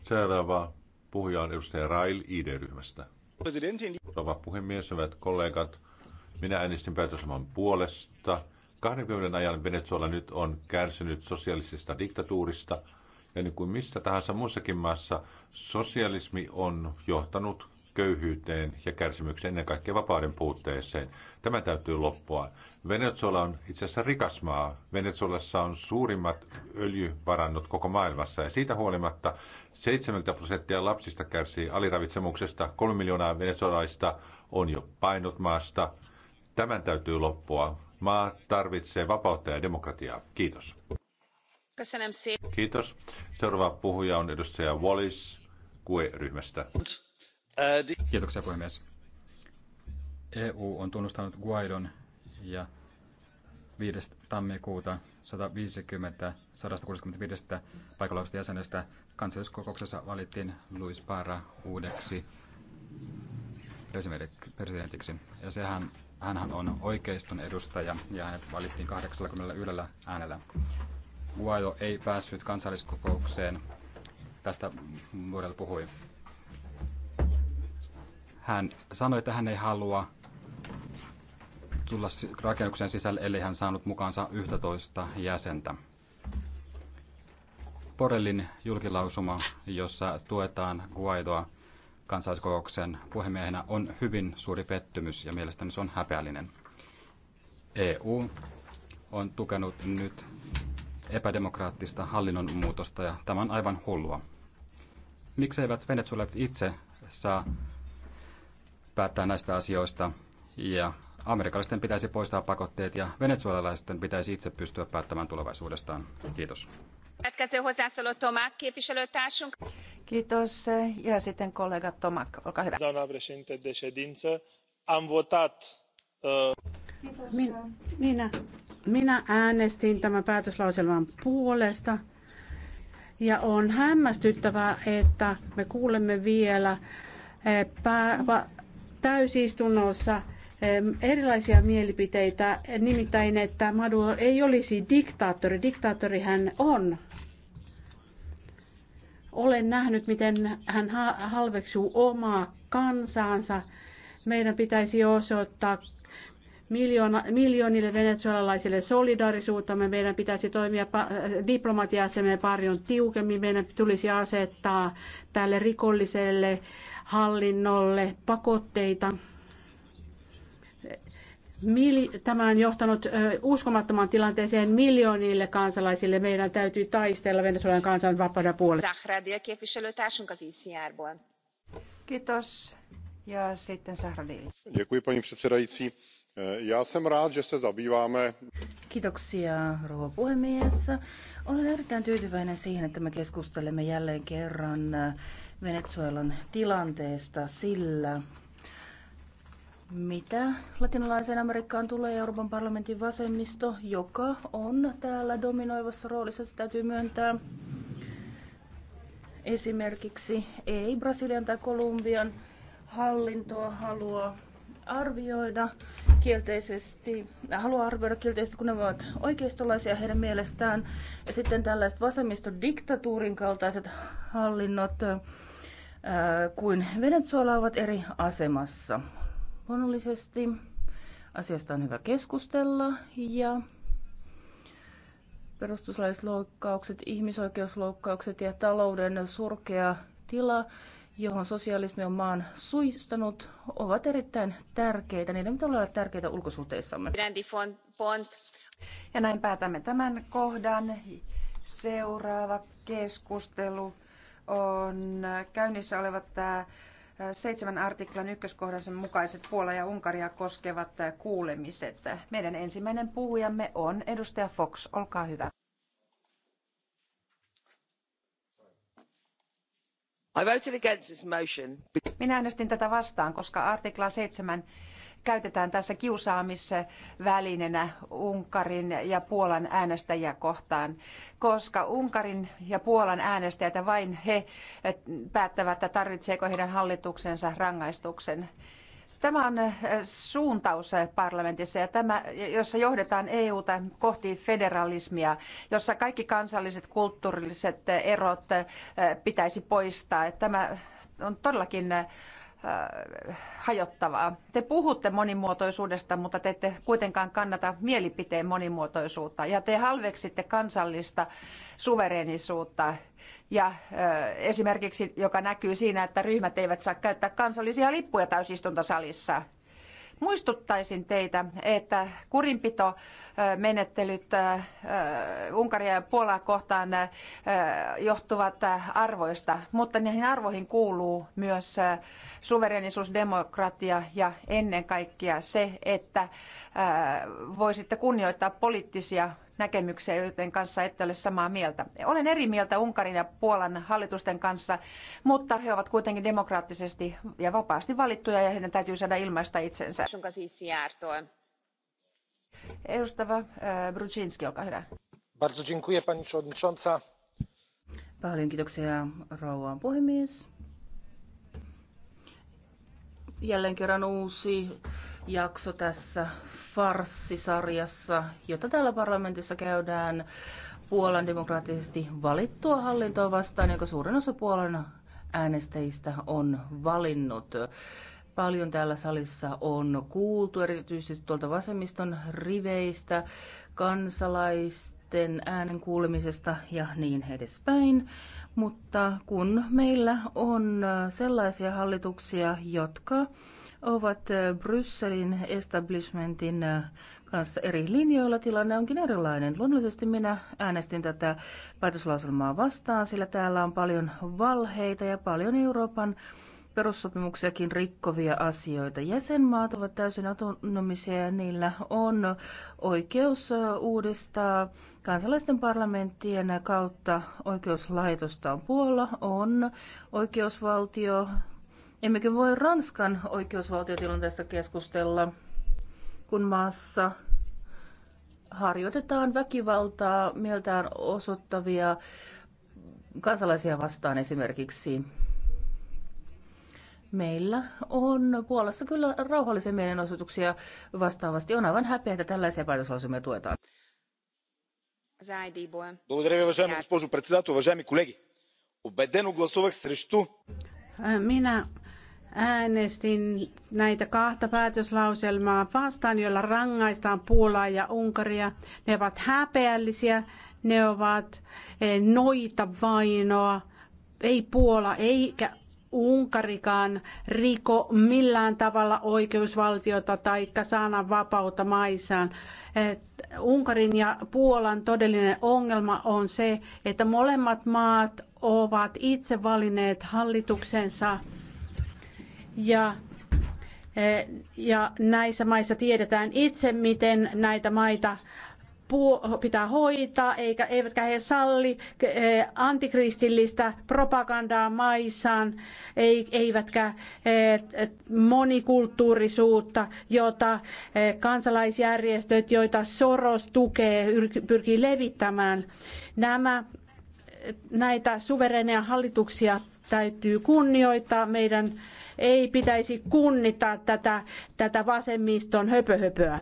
Seuraava puhuja on edustaja Rail ID-ryhmästä. Rouva puhemies, hyvät kollegat, minä äänestin päätösloman puolesta. 20 ajan Venezuela nyt on kärsinyt sosiaalisesta diktatuurista, ja niin kuin mistä tahansa muussakin maassa, sosialismi on johtanut köyhyyteen ja kärsimykseen ennen kaikkea vapauden puutteeseen. Tämä täytyy loppua. Venezuela on itse asiassa rikas maa. Venezuelassa on suurimmat öljyvarannot koko maailmassa ja siitä huolimatta 70 prosenttia lapsista kärsii aliravitsemuksesta. 3 miljoonaa venezuelaista on jo painut maasta. Tämän täytyy loppua. Maa tarvitsee vapautta ja demokratiaa. Kiitos. Kiitos. Seuraava puhuja on edustaja Wallis QE-ryhmästä. Kiitoksia puhemies. EU on tunnustanut Guaidon ja 5. tammikuuta 150 165 paikallisesta jäsenestä kansalliskokouksessa valittiin Luis Parra uudeksi presidentiksi. Ja sehän hänhän on oikeiston edustaja ja hänet valittiin 81 äänellä. Guaido ei päässyt kansalliskokoukseen. Tästä vuodella puhui. Hän sanoi, että hän ei halua tulla rakennuksen sisälle, ellei hän saanut mukaansa 11 jäsentä. Porellin julkilausuma, jossa tuetaan Guaidoa kansalliskokouksen puhemiehenä, on hyvin suuri pettymys ja mielestäni se on häpeällinen. EU on tukenut nyt epädemokraattista hallinnon muutosta ja tämä on aivan hullua. Mikseivät venezuelat itse saa päättää näistä asioista ja Amerikkalaisten pitäisi poistaa pakotteet ja venezuelalaisten pitäisi itse pystyä päättämään tulevaisuudestaan. Kiitos. Kiitos. Ja sitten kollega Tomak, olkaa hyvä. Doamna uh, minä, minä äänestin tämän päätöslauselman puolesta. Ja on hämmästyttävää, että me kuulemme vielä eh, pää, täysistunnossa – erilaisia mielipiteitä, nimittäin että Maduro ei olisi diktaattori. Diktaattori hän on. Olen nähnyt, miten hän halveksuu omaa kansaansa. Meidän pitäisi osoittaa miljoona, miljoonille venezuelalaisille solidaarisuutta. Meidän pitäisi toimia diplomatiasemme paljon tiukemmin. Meidän tulisi asettaa tälle rikolliselle hallinnolle pakotteita. Tämä on johtanut uskomattomaan tilanteeseen miljoonille kansalaisille. Meidän täytyy taistella Venezuelan kansan vapauden puolesta. Kiitos. Ja sitten Sahradil. Děkuji, paní e, rád, že se zabýváme. Kiitoksia, rouva puhemies. Olen erittäin tyytyväinen siihen, että me keskustelemme jälleen kerran Venezuelan tilanteesta, sillä mitä latinalaiseen Amerikkaan tulee Euroopan parlamentin vasemmisto, joka on täällä dominoivassa roolissa, se täytyy myöntää esimerkiksi ei Brasilian tai Kolumbian hallintoa halua arvioida kielteisesti, äh, halua arvioida kielteisesti, kun ne ovat oikeistolaisia heidän mielestään. Ja sitten tällaiset vasemmistodiktatuurin kaltaiset hallinnot äh, kuin Venezuela ovat eri asemassa. Luonnollisesti asiasta on hyvä keskustella ja loukkaukset, ihmisoikeusloukkaukset ja talouden surkea tila, johon sosialismi on maan suistanut, ovat erittäin tärkeitä. Niiden pitää olla tärkeitä ulkosuhteissamme. Ja näin päätämme tämän kohdan. Seuraava keskustelu on käynnissä oleva tämä seitsemän artiklan ykköskohdan mukaiset Puola ja Unkaria koskevat kuulemiset. Meidän ensimmäinen puhujamme on edustaja Fox. Olkaa hyvä. Minä äänestin tätä vastaan, koska artikla 7 käytetään tässä välinenä Unkarin ja Puolan äänestäjiä kohtaan, koska Unkarin ja Puolan äänestäjät vain he päättävät, että tarvitseeko heidän hallituksensa rangaistuksen. Tämä on eh, suuntaus parlamentissa, ja tämä, jossa johdetaan EUta kohti federalismia, jossa kaikki kansalliset kulttuurilliset erot eh, pitäisi poistaa. Tämä on todellakin eh, Äh, hajottavaa. Te puhutte monimuotoisuudesta, mutta te ette kuitenkaan kannata mielipiteen monimuotoisuutta ja te halveksitte kansallista suvereenisuutta ja äh, esimerkiksi joka näkyy siinä, että ryhmät eivät saa käyttää kansallisia lippuja täysistuntosalissa. Muistuttaisin teitä, että kurinpitomenettelyt Unkaria ja Puolaa kohtaan johtuvat arvoista, mutta niihin arvoihin kuuluu myös suverenisuus, demokratia ja ennen kaikkea se, että voisitte kunnioittaa poliittisia näkemyksiä, joiden kanssa ette ole samaa mieltä. Olen eri mieltä Unkarin ja Puolan hallitusten kanssa, mutta he ovat kuitenkin demokraattisesti ja vapaasti valittuja ja heidän täytyy saada ilmaista itsensä. Edustava äh, Brudzinski, olkaa hyvä. Bardzo dziękuję, pani przewodnicząca. Paljon kiitoksia, rouva puhemies. Jälleen kerran uusi jakso tässä farssisarjassa, jota täällä parlamentissa käydään Puolan demokraattisesti valittua hallintoa vastaan, jonka suurin osa Puolan äänestäjistä on valinnut. Paljon täällä salissa on kuultu, erityisesti tuolta vasemmiston riveistä, kansalaisten äänen kuulemisesta ja niin edespäin. Mutta kun meillä on sellaisia hallituksia, jotka ovat Brysselin establishmentin kanssa eri linjoilla. Tilanne onkin erilainen. Luonnollisesti minä äänestin tätä päätöslauselmaa vastaan, sillä täällä on paljon valheita ja paljon Euroopan perussopimuksiakin rikkovia asioita. Jäsenmaat ovat täysin autonomisia ja niillä on oikeus uudistaa kansalaisten parlamenttien kautta oikeuslaitosta on Puola, on oikeusvaltio, Emmekö voi Ranskan oikeusvaltiotilanteesta keskustella, kun maassa harjoitetaan väkivaltaa mieltään osoittavia kansalaisia vastaan esimerkiksi. Meillä on Puolassa kyllä rauhallisia mielenosoituksia vastaavasti. On aivan häpeä, että tällaisia päätöslausumia tuetaan. Minä äänestin näitä kahta päätöslauselmaa vastaan, joilla rangaistaan Puolaa ja Unkaria. Ne ovat häpeällisiä, ne ovat eh, noita vainoa. Ei Puola eikä Unkarikaan riko millään tavalla oikeusvaltiota tai vapautta maissaan. Et Unkarin ja Puolan todellinen ongelma on se, että molemmat maat ovat itse valinneet hallituksensa ja, eh, ja näissä maissa tiedetään itse, miten näitä maita pitää hoitaa, eikä, eivätkä he salli eh, antikristillistä propagandaa maissaan, eivätkä eh, monikulttuurisuutta, jota kansalaisjärjestöt, joita Soros tukee, pyrkii levittämään. Nämä, näitä suvereneja hallituksia täytyy kunnioittaa meidän ei pitäisi kunnita tätä, tätä vasemmiston höpöhöpöä.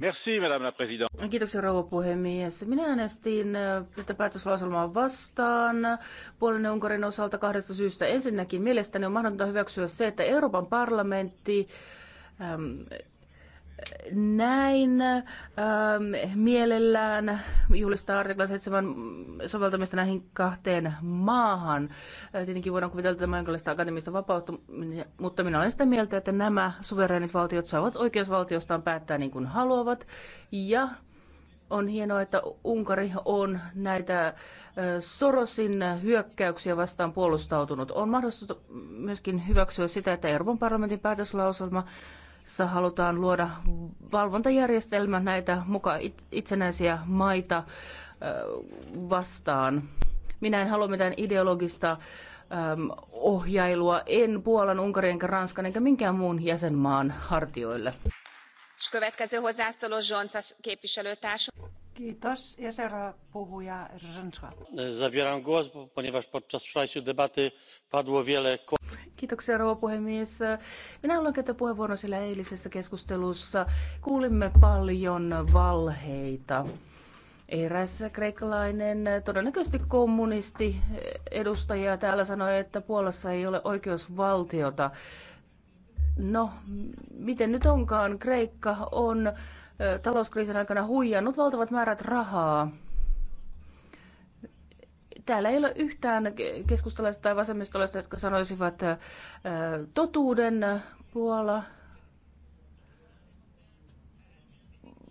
Merci, madame la présidente. Kiitoksia rouva puhemies. Minä äänestin tätä päätöslauselmaa vastaan Puolen ja Unkarin osalta kahdesta syystä. Ensinnäkin mielestäni on mahdotonta hyväksyä se, että Euroopan parlamentti äm, näin ähm, mielellään julistaa artikla 7 soveltamista näihin kahteen maahan. Äh, tietenkin voidaan kuvitella tämä jonkinlaista akateemista vapautta, mutta minä olen sitä mieltä, että nämä suvereenit valtiot saavat oikeusvaltiostaan päättää niin kuin haluavat. Ja on hienoa, että Unkari on näitä äh, Sorosin hyökkäyksiä vastaan puolustautunut. On mahdollista myöskin hyväksyä sitä, että Euroopan parlamentin päätöslauselma halutaan luoda valvontajärjestelmä näitä muka itsenäisiä maita vastaan. Minä en halua mitään ideologista ohjailua, en Puolan, Unkarin, Ranskan, eikä minkään muun jäsenmaan hartioille. Kiitos. Ja seuraava puhuja Rzynska. Zabieram głos, ponieważ podczas wczorajszej debaty padło wiele... Kiitoksia rouva puhemies. Minä haluan käyttää puheenvuoron, sillä eilisessä keskustelussa kuulimme paljon valheita. Eräs kreikkalainen, todennäköisesti kommunisti edustaja täällä sanoi, että Puolassa ei ole oikeusvaltiota. No, miten nyt onkaan, Kreikka on talouskriisin aikana huijannut valtavat määrät rahaa. Täällä ei ole yhtään keskustalaista tai vasemmistolaista, jotka sanoisivat totuuden Puola.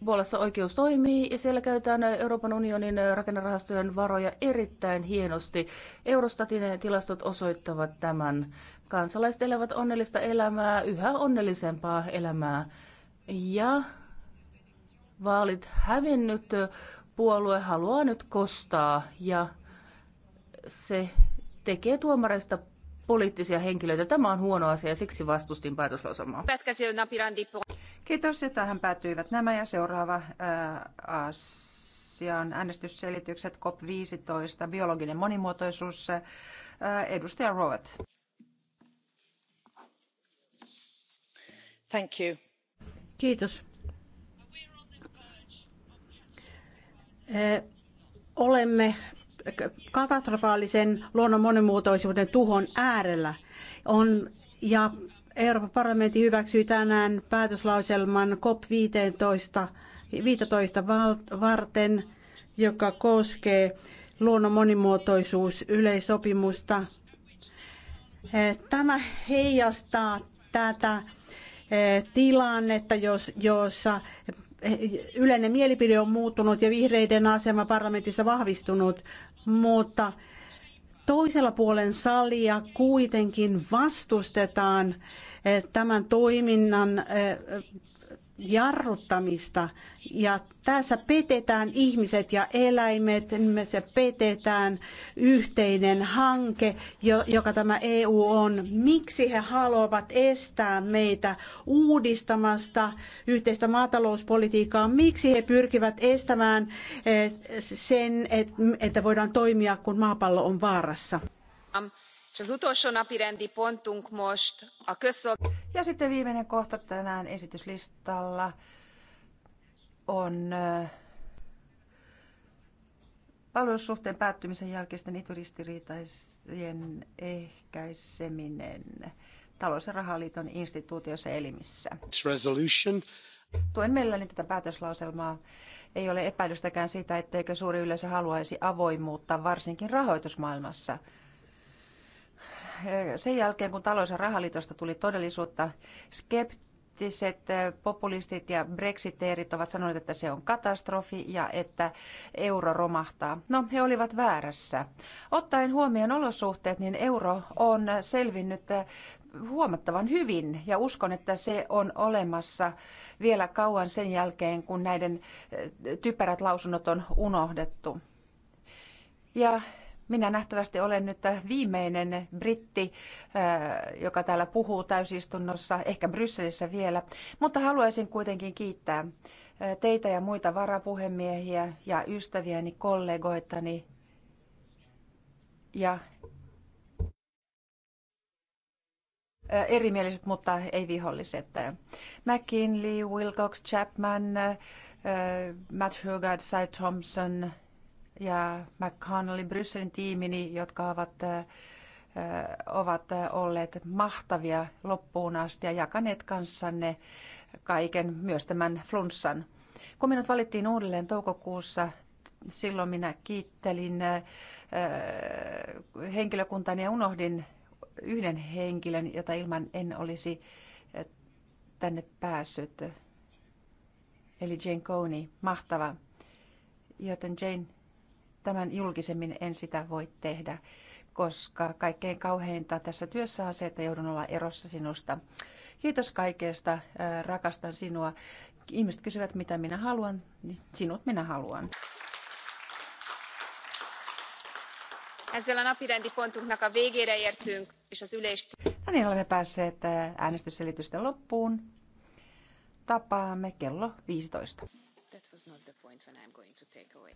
Puolassa oikeus toimii ja siellä käytetään Euroopan unionin rakennerahastojen varoja erittäin hienosti. Eurostatin tilastot osoittavat tämän. Kansalaiset elävät onnellista elämää, yhä onnellisempaa elämää. Ja vaalit hävinnyt puolue haluaa nyt kostaa ja se tekee tuomareista poliittisia henkilöitä. Tämä on huono asia ja siksi vastustin päätöslauselmaa. Kiitos ja tähän päätyivät nämä ja seuraava ää, on äänestysselitykset COP15, biologinen monimuotoisuus, ää, edustaja Rowett. Kiitos. Eh, olemme katastrofaalisen luonnon monimuotoisuuden tuhon äärellä. On, ja Euroopan parlamentti hyväksyi tänään päätöslauselman COP15 15 varten, joka koskee luonnon monimuotoisuusyleissopimusta. Eh, tämä heijastaa tätä Eh, tilannetta, jossa yleinen mielipide on muuttunut ja vihreiden asema parlamentissa vahvistunut, mutta toisella puolen salia kuitenkin vastustetaan eh, tämän toiminnan eh, jarruttamista ja tässä petetään ihmiset ja eläimet, me niin se petetään yhteinen hanke, joka tämä EU on. Miksi he haluavat estää meitä uudistamasta yhteistä maatalouspolitiikkaa? Miksi he pyrkivät estämään eh, sen, että voidaan toimia, kun maapallo on vaarassa? Ja sitten viimeinen kohta tänään esityslistalla on äh, palvelussuhteen päättymisen jälkeisten ituristiriitaisien ehkäiseminen talous- ja rahaliiton instituutioissa elimissä. Tuen mielelläni tätä päätöslauselmaa. Ei ole epäilystäkään sitä, etteikö suuri yleisö haluaisi avoimuutta, varsinkin rahoitusmaailmassa. Sen jälkeen, kun talous- ja rahaliitosta tuli todellisuutta, skepti kriittiset populistit ja brexiteerit ovat sanoneet, että se on katastrofi ja että euro romahtaa. No, he olivat väärässä. Ottaen huomioon olosuhteet, niin euro on selvinnyt huomattavan hyvin ja uskon, että se on olemassa vielä kauan sen jälkeen, kun näiden typerät lausunnot on unohdettu. Ja minä nähtävästi olen nyt viimeinen britti, joka täällä puhuu täysistunnossa, ehkä Brysselissä vielä, mutta haluaisin kuitenkin kiittää teitä ja muita varapuhemiehiä ja ystäviäni, kollegoitani ja erimieliset, mutta ei viholliset. McKinley, Wilcox, Chapman, Matt Hugard, Cy Thompson – ja McConnellin Brysselin tiimini, jotka ovat, ovat olleet mahtavia loppuun asti ja jakaneet kanssanne kaiken, myös tämän flunssan. Kun minut valittiin uudelleen toukokuussa, silloin minä kiittelin henkilökuntani ja unohdin yhden henkilön, jota ilman en olisi tänne päässyt. Eli Jane Coney, mahtava. Joten Jane, tämän julkisemmin en sitä voi tehdä, koska kaikkein kauheinta tässä työssä on se, että joudun olla erossa sinusta. Kiitos kaikesta, rakastan sinua. Ihmiset kysyvät, mitä minä haluan, niin sinut minä haluan. No niin, olemme päässeet äänestysselitysten loppuun. Tapaamme kello 15. That was not the point when I'm going to take away.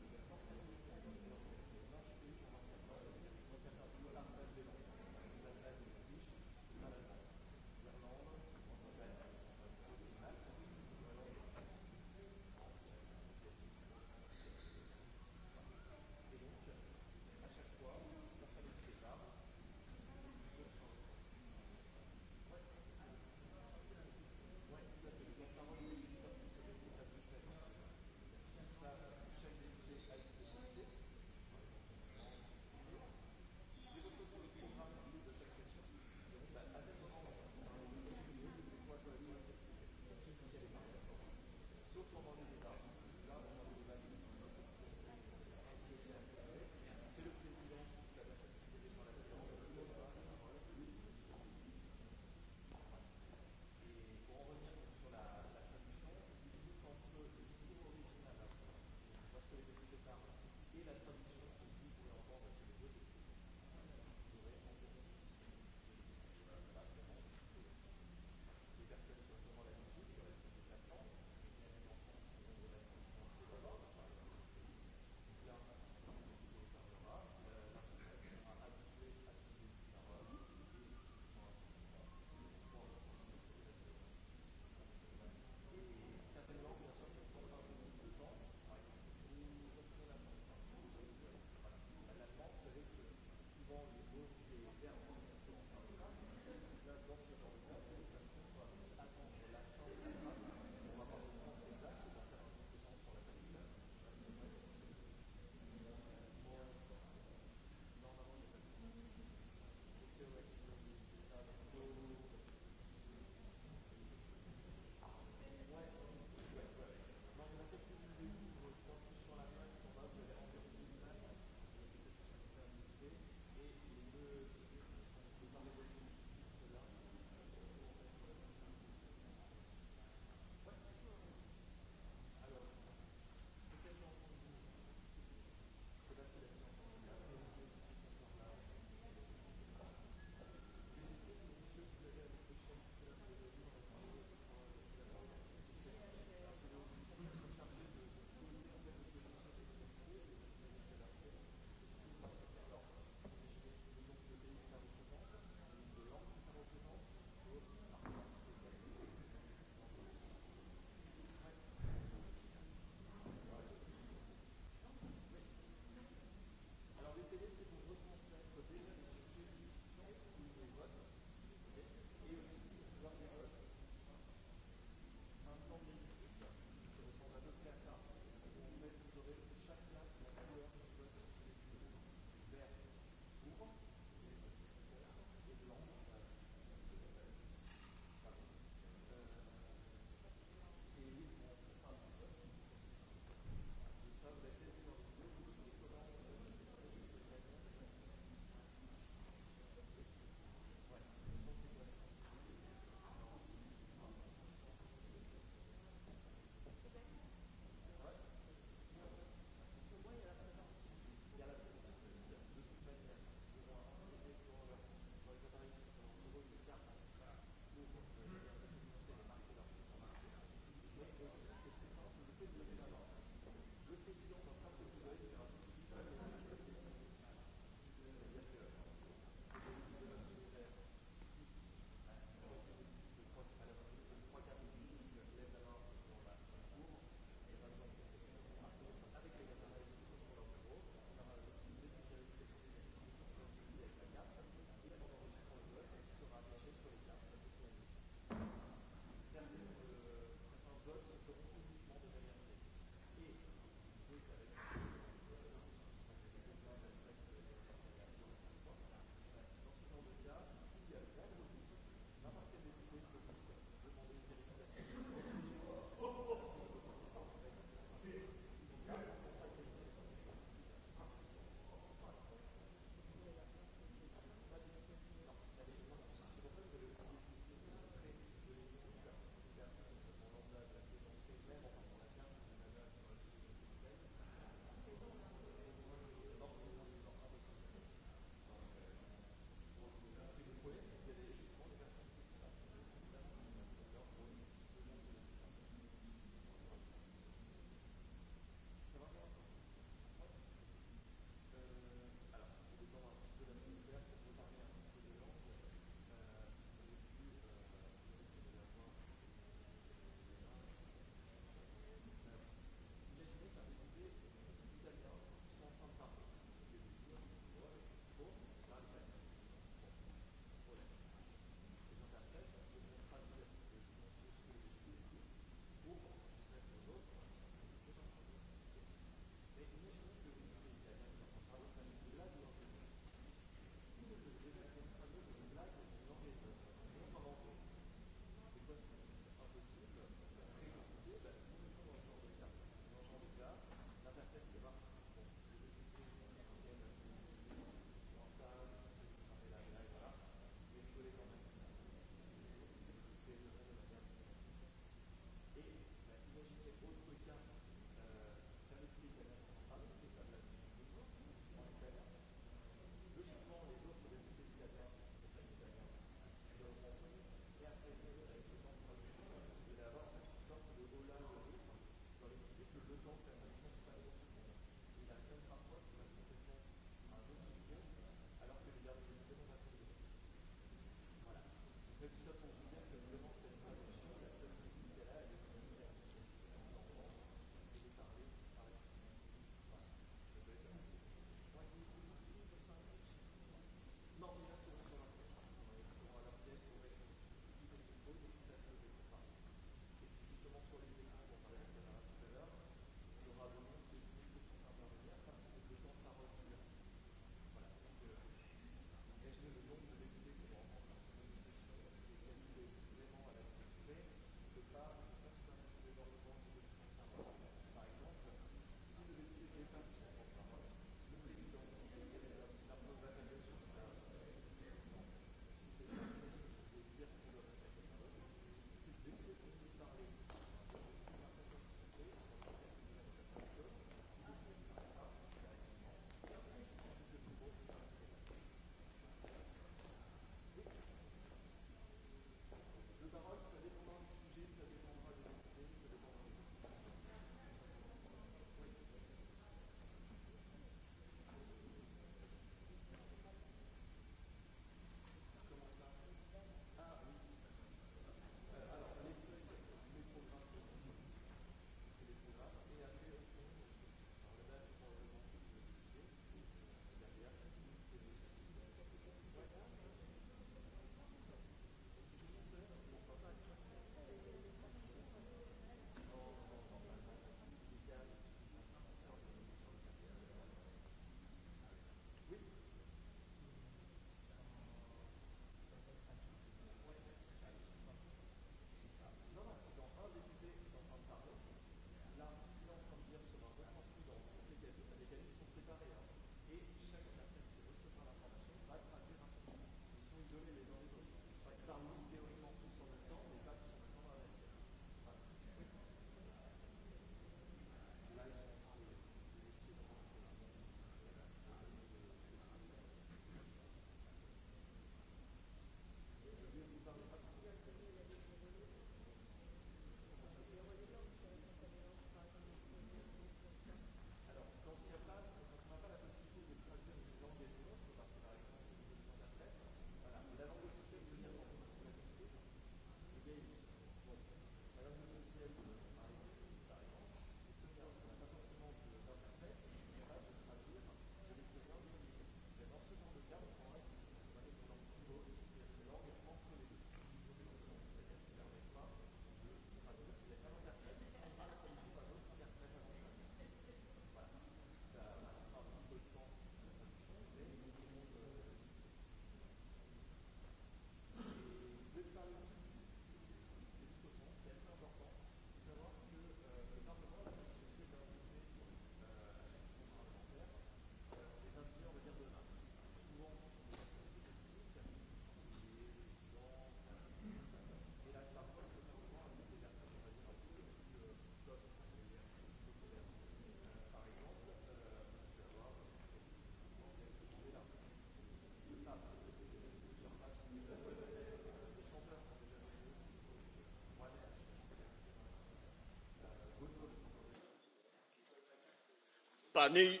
pani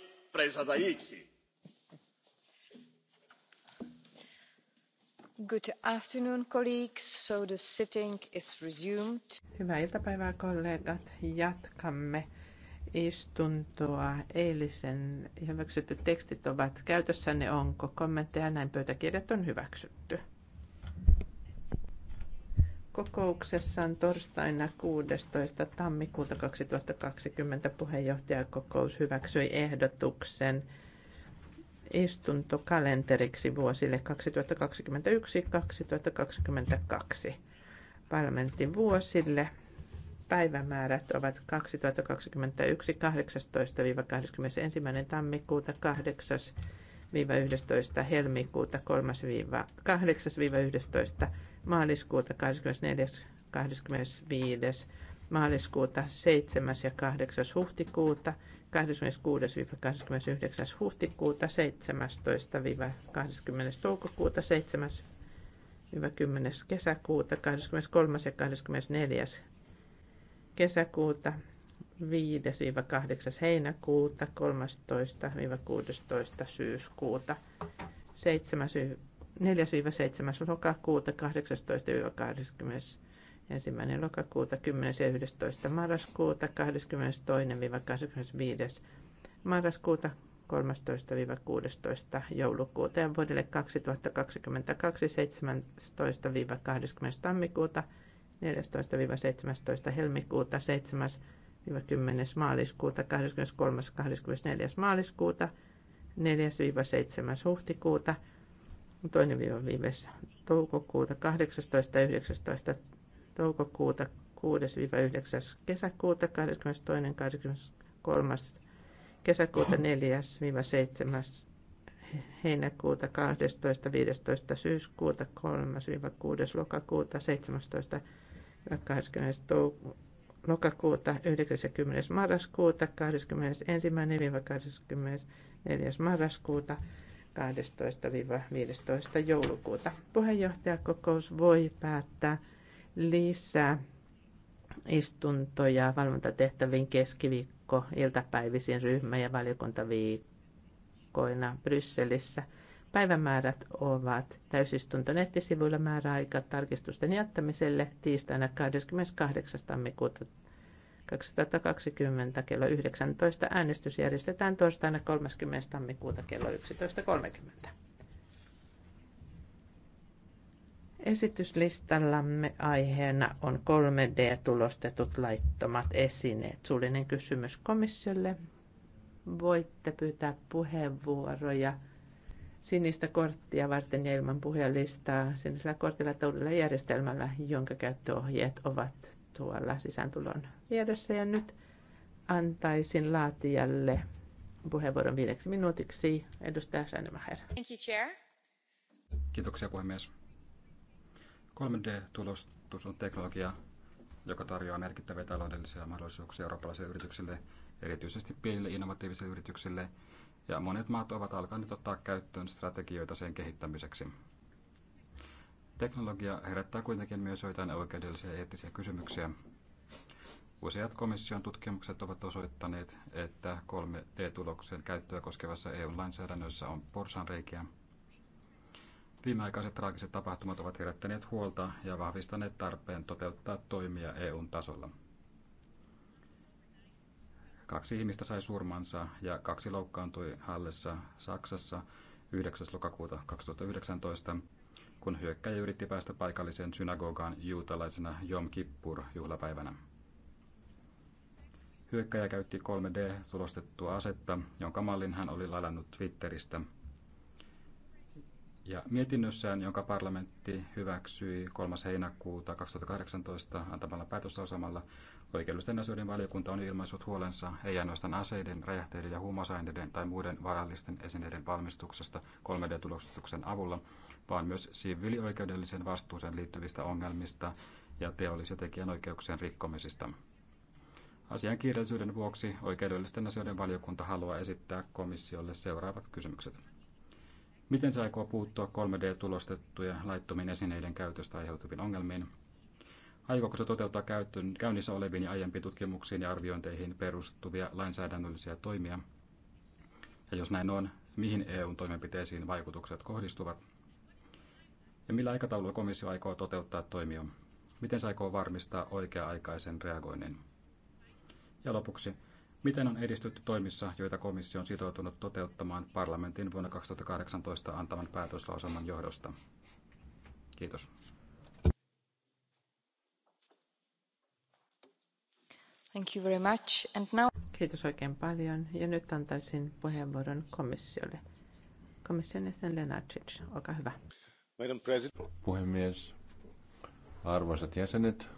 so hyvää iltapäivää kollegat jatkamme istuntoa. Eilisen hyväksytyt tekstit ovat käytössänne. Onko kommentteja? Näin pöytäkirjat on hyväksytty kokouksessaan torstaina 16. tammikuuta 2020 puheenjohtajakokous hyväksyi ehdotuksen istuntokalenteriksi vuosille 2021-2022 parlamentin vuosille. Päivämäärät ovat 2021 18-21. tammikuuta 8 11. helmikuuta 3-8-11 maaliskuuta 24. 25. maaliskuuta 7. ja 8. huhtikuuta 26-29. huhtikuuta 17-20. toukokuuta 7. 10. kesäkuuta 23. ja 24. kesäkuuta 5-8. heinäkuuta 13-16. syyskuuta 7. 4-7. lokakuuta, 18-21. lokakuuta, 10. ja 11. marraskuuta, 22-25. marraskuuta, 13-16. joulukuuta ja vuodelle 2022 17-20. tammikuuta, 14-17. helmikuuta, 7 10. maaliskuuta, 23. 24. maaliskuuta, 4-7. huhtikuuta, toinen viiva viides toukokuuta, 18. 19. toukokuuta, 6-9. kesäkuuta, 22. 23. kesäkuuta, 4-7. heinäkuuta, 12. 15. syyskuuta, 3-6. lokakuuta, 17. 20. Toukokuuta, lokakuuta 90. marraskuuta, 21.–24. marraskuuta, 12-15. joulukuuta. Puheenjohtajakokous voi päättää lisää istuntoja valvontatehtäviin keskiviikko, iltapäivisin ryhmä- ja valiokuntaviikkoina Brysselissä. Päivämäärät ovat täysistunto nettisivuilla määräaika tarkistusten jättämiselle tiistaina 28. tammikuuta 2020 kello 19. Äänestys järjestetään torstaina 30. tammikuuta kello 11.30. Esityslistallamme aiheena on 3D-tulostetut laittomat esineet. Suullinen kysymys komissiolle. Voitte pyytää puheenvuoroja sinistä korttia varten ja ilman puhelistaa sinisellä kortilla taudella järjestelmällä, jonka käyttöohjeet ovat tuolla sisääntulon tiedossa ja nyt antaisin laatijalle puheenvuoron viideksi minuutiksi. Edustaja Schönemacher. Thank you, Chair. Kiitoksia puhemies. 3D-tulostus on teknologia, joka tarjoaa merkittäviä taloudellisia mahdollisuuksia eurooppalaisille yrityksille, erityisesti pienille innovatiivisille yrityksille, ja monet maat ovat alkaneet ottaa käyttöön strategioita sen kehittämiseksi. Teknologia herättää kuitenkin myös joitain oikeudellisia ja eettisiä kysymyksiä, Useat komission tutkimukset ovat osoittaneet, että 3D-tuloksen käyttöä koskevassa EU-lainsäädännössä on porsanreikiä. Viimeaikaiset traagiset tapahtumat ovat herättäneet huolta ja vahvistaneet tarpeen toteuttaa toimia EUn tasolla. Kaksi ihmistä sai surmansa ja kaksi loukkaantui Hallessa Saksassa 9. lokakuuta 2019, kun hyökkäjä yritti päästä paikalliseen synagogaan juutalaisena Jom Kippur-juhlapäivänä. Hyökkäjä käytti 3D-tulostettua asetta, jonka mallin hän oli ladannut Twitteristä. Ja mietinnössään, jonka parlamentti hyväksyi 3. heinäkuuta 2018 antamalla päätöslausamalla, oikeudellisten asioiden valiokunta on ilmaissut huolensa ei ainoastaan aseiden, räjähteiden ja huumausaineiden tai muiden vaarallisten esineiden valmistuksesta 3D-tulostuksen avulla, vaan myös siviilioikeudelliseen vastuuseen liittyvistä ongelmista ja ja tekijänoikeuksien rikkomisista. Asian kiireellisyyden vuoksi oikeudellisten asioiden valiokunta haluaa esittää komissiolle seuraavat kysymykset. Miten se aikoo puuttua 3D-tulostettujen laittomien esineiden käytöstä aiheutuviin ongelmiin? Aikooko se toteuttaa käynnissä oleviin ja aiempiin tutkimuksiin ja arviointeihin perustuvia lainsäädännöllisiä toimia? Ja jos näin on, mihin EUn toimenpiteisiin vaikutukset kohdistuvat? Ja millä aikataululla komissio aikoo toteuttaa toimia? Miten se aikoo varmistaa oikea-aikaisen reagoinnin? Ja lopuksi, miten on edistytty toimissa, joita komissio on sitoutunut toteuttamaan parlamentin vuonna 2018 antaman päätöslauselman johdosta? Kiitos. Thank you very much. And now... Kiitos oikein paljon. Ja nyt antaisin puheenvuoron komissiolle. Komission jäsen Lenartic. olkaa hyvä. Puhemies, arvoisat jäsenet,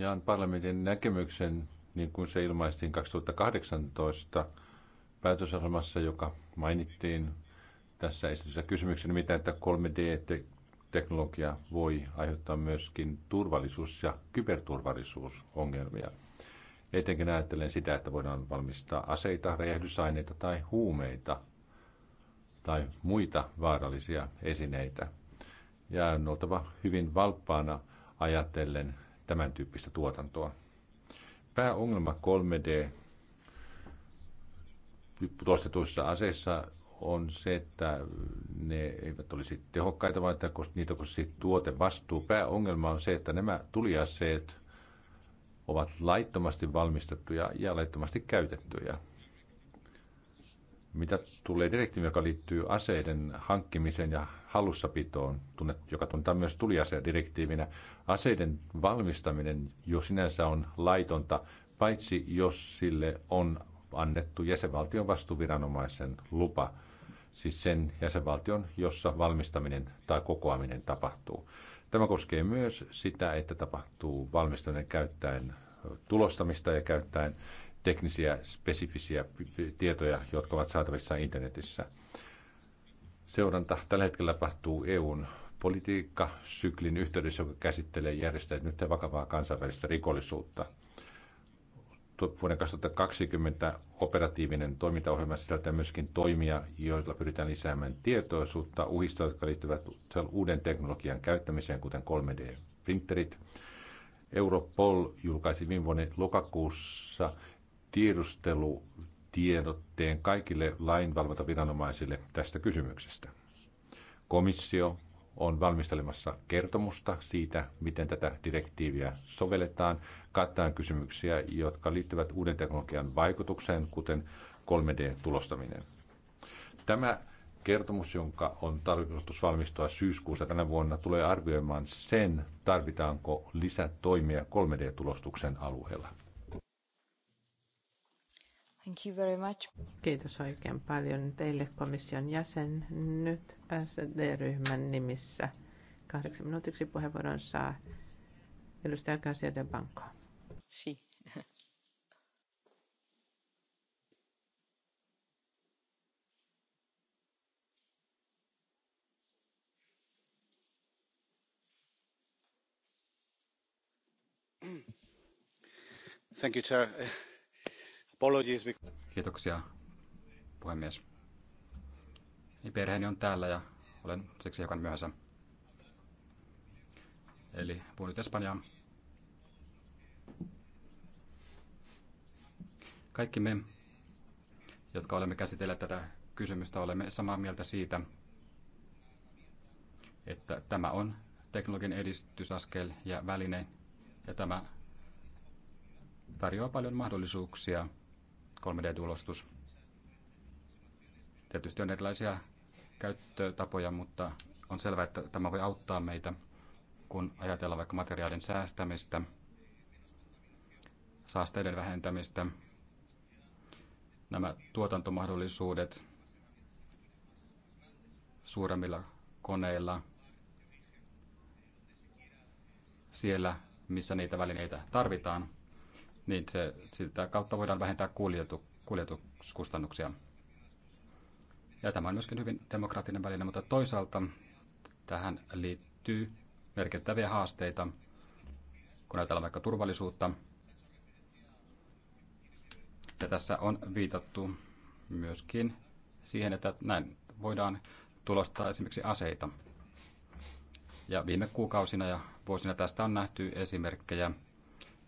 Jaan parlamentin näkemyksen, niin kuin se ilmaistiin 2018 päätösohjelmassa, joka mainittiin tässä esityksessä kysymyksen, mitä että 3D-teknologia voi aiheuttaa myöskin turvallisuus- ja kyberturvallisuusongelmia. Etenkin ajattelen sitä, että voidaan valmistaa aseita, räjähdysaineita tai huumeita tai muita vaarallisia esineitä. Ja on oltava hyvin valppaana ajatellen tämän tyyppistä tuotantoa. Pääongelma 3D tuostetuissa aseissa on se, että ne eivät olisi tehokkaita, vaan että niitä koskisi tuote vastuu. Pääongelma on se, että nämä tuliaseet ovat laittomasti valmistettuja ja laittomasti käytettyjä. Mitä tulee direktiivi, joka liittyy aseiden hankkimiseen ja hallussapitoon, joka tunnetaan myös tuliasedirektiivinä, aseiden valmistaminen jo sinänsä on laitonta, paitsi jos sille on annettu jäsenvaltion vastuviranomaisen lupa, siis sen jäsenvaltion, jossa valmistaminen tai kokoaminen tapahtuu. Tämä koskee myös sitä, että tapahtuu valmistaminen käyttäen tulostamista ja käyttäen teknisiä, spesifisiä tietoja, jotka ovat saatavissa internetissä. Seuranta tällä hetkellä tapahtuu EUn politiikkasyklin yhteydessä, joka käsittelee nyt vakavaa kansainvälistä rikollisuutta. Vuoden 2020 operatiivinen toimintaohjelma sisältää myöskin toimia, joilla pyritään lisäämään tietoisuutta uhista, jotka liittyvät uuden teknologian käyttämiseen, kuten 3D-printerit. Europol julkaisi viime vuoden lokakuussa tiedustelutiedotteen kaikille lainvalvontaviranomaisille tästä kysymyksestä. Komissio on valmistelemassa kertomusta siitä, miten tätä direktiiviä sovelletaan, kattaen kysymyksiä, jotka liittyvät uuden teknologian vaikutukseen, kuten 3D-tulostaminen. Tämä kertomus, jonka on tarkoitus valmistua syyskuussa tänä vuonna, tulee arvioimaan sen, tarvitaanko lisätoimia 3D-tulostuksen alueella. Thank you very much. Kiitos oikein paljon teille komission jäsen. Nyt SD-ryhmän nimissä kahdeksan minuutiksi puheenvuoron saa edustaja Garcia de Banco. Si. Thank you, Chair. Kiitoksia, puhemies. Niin perheeni on täällä ja olen siksi hiukan myöhässä. Eli puhun nyt Espanjaa. Kaikki me, jotka olemme käsitelleet tätä kysymystä, olemme samaa mieltä siitä, että tämä on teknologian edistysaskel ja väline, ja tämä tarjoaa paljon mahdollisuuksia – 3D-tulostus. Tietysti on erilaisia käyttötapoja, mutta on selvää, että tämä voi auttaa meitä, kun ajatellaan vaikka materiaalin säästämistä, saasteiden vähentämistä, nämä tuotantomahdollisuudet suuremmilla koneilla siellä, missä niitä välineitä tarvitaan – niin se, sitä kautta voidaan vähentää kuljetu, kuljetuskustannuksia. Ja tämä on myöskin hyvin demokraattinen väline, mutta toisaalta tähän liittyy merkittäviä haasteita, kun ajatellaan vaikka turvallisuutta. Ja tässä on viitattu myöskin siihen, että näin voidaan tulostaa esimerkiksi aseita. Ja viime kuukausina ja vuosina tästä on nähty esimerkkejä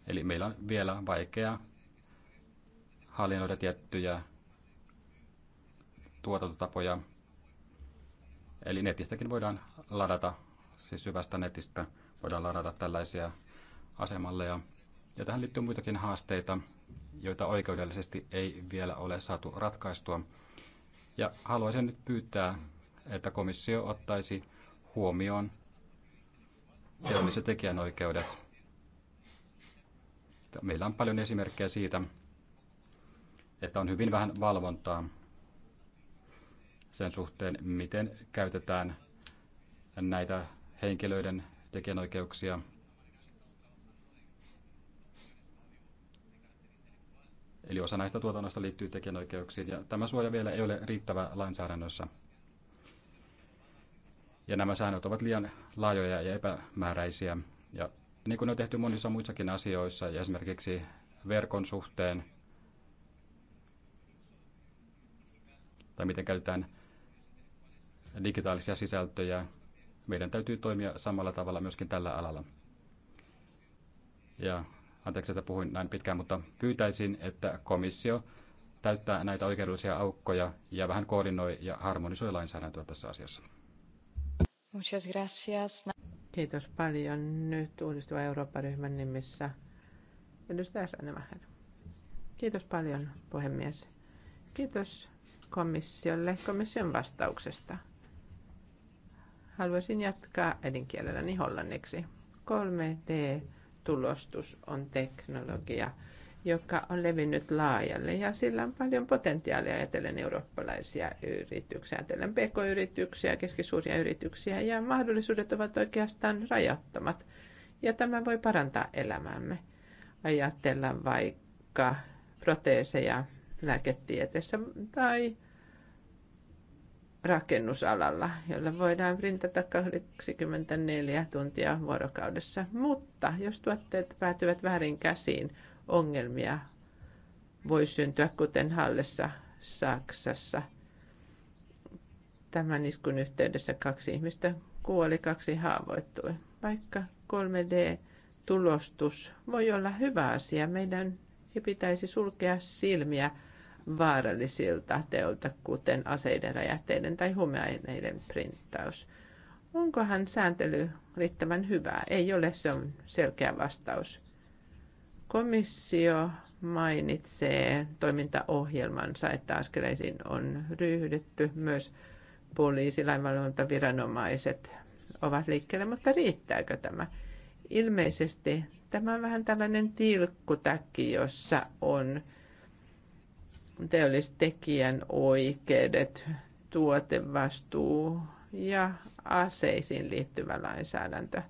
Eli meillä on vielä vaikea hallinnoida tiettyjä tuotantotapoja. Eli netistäkin voidaan ladata, siis syvästä netistä voidaan ladata tällaisia asemalleja. Ja tähän liittyy muitakin haasteita, joita oikeudellisesti ei vielä ole saatu ratkaistua. Ja haluaisin nyt pyytää, että komissio ottaisi huomioon teolliset tekijänoikeudet Meillä on paljon esimerkkejä siitä, että on hyvin vähän valvontaa sen suhteen, miten käytetään näitä henkilöiden tekijänoikeuksia. Eli osa näistä tuotannosta liittyy tekijänoikeuksiin, ja tämä suoja vielä ei ole riittävä lainsäädännössä. Ja nämä säännöt ovat liian laajoja ja epämääräisiä, ja niin kuin on tehty monissa muissakin asioissa, ja esimerkiksi verkon suhteen, tai miten käytetään digitaalisia sisältöjä, meidän täytyy toimia samalla tavalla myöskin tällä alalla. Ja anteeksi, että puhuin näin pitkään, mutta pyytäisin, että komissio täyttää näitä oikeudellisia aukkoja ja vähän koordinoi ja harmonisoi lainsäädäntöä tässä asiassa. Kiitos paljon nyt uudistuva Eurooppa-ryhmän nimissä. Edustaja Sanemäher. Kiitos paljon, puhemies. Kiitos komissiolle komission vastauksesta. Haluaisin jatkaa äidinkielelläni hollanniksi. 3D-tulostus on teknologia, joka on levinnyt laajalle ja sillä on paljon potentiaalia ajatellen eurooppalaisia yrityksiä, ajatellen pk-yrityksiä, keskisuuria yrityksiä ja mahdollisuudet ovat oikeastaan rajattomat ja tämä voi parantaa elämäämme. Ajatella vaikka proteeseja lääketieteessä tai rakennusalalla, jolla voidaan printata 24 tuntia vuorokaudessa. Mutta jos tuotteet päätyvät väärin käsiin, ongelmia voi syntyä, kuten Hallessa Saksassa. Tämän iskun yhteydessä kaksi ihmistä kuoli, kaksi haavoittui. Vaikka 3D-tulostus voi olla hyvä asia, meidän ei pitäisi sulkea silmiä vaarallisilta teolta, kuten aseiden, räjähteiden tai humeaineiden printtaus. Onkohan sääntely riittävän hyvää? Ei ole, se on selkeä vastaus. Komissio mainitsee toimintaohjelmansa, että askeleisiin on ryhdytty. Myös poliisi, viranomaiset ovat liikkeellä, mutta riittääkö tämä? Ilmeisesti tämä on vähän tällainen tilkkutäkki, jossa on teollistekijän oikeudet, tuotevastuu ja aseisiin liittyvä lainsäädäntö –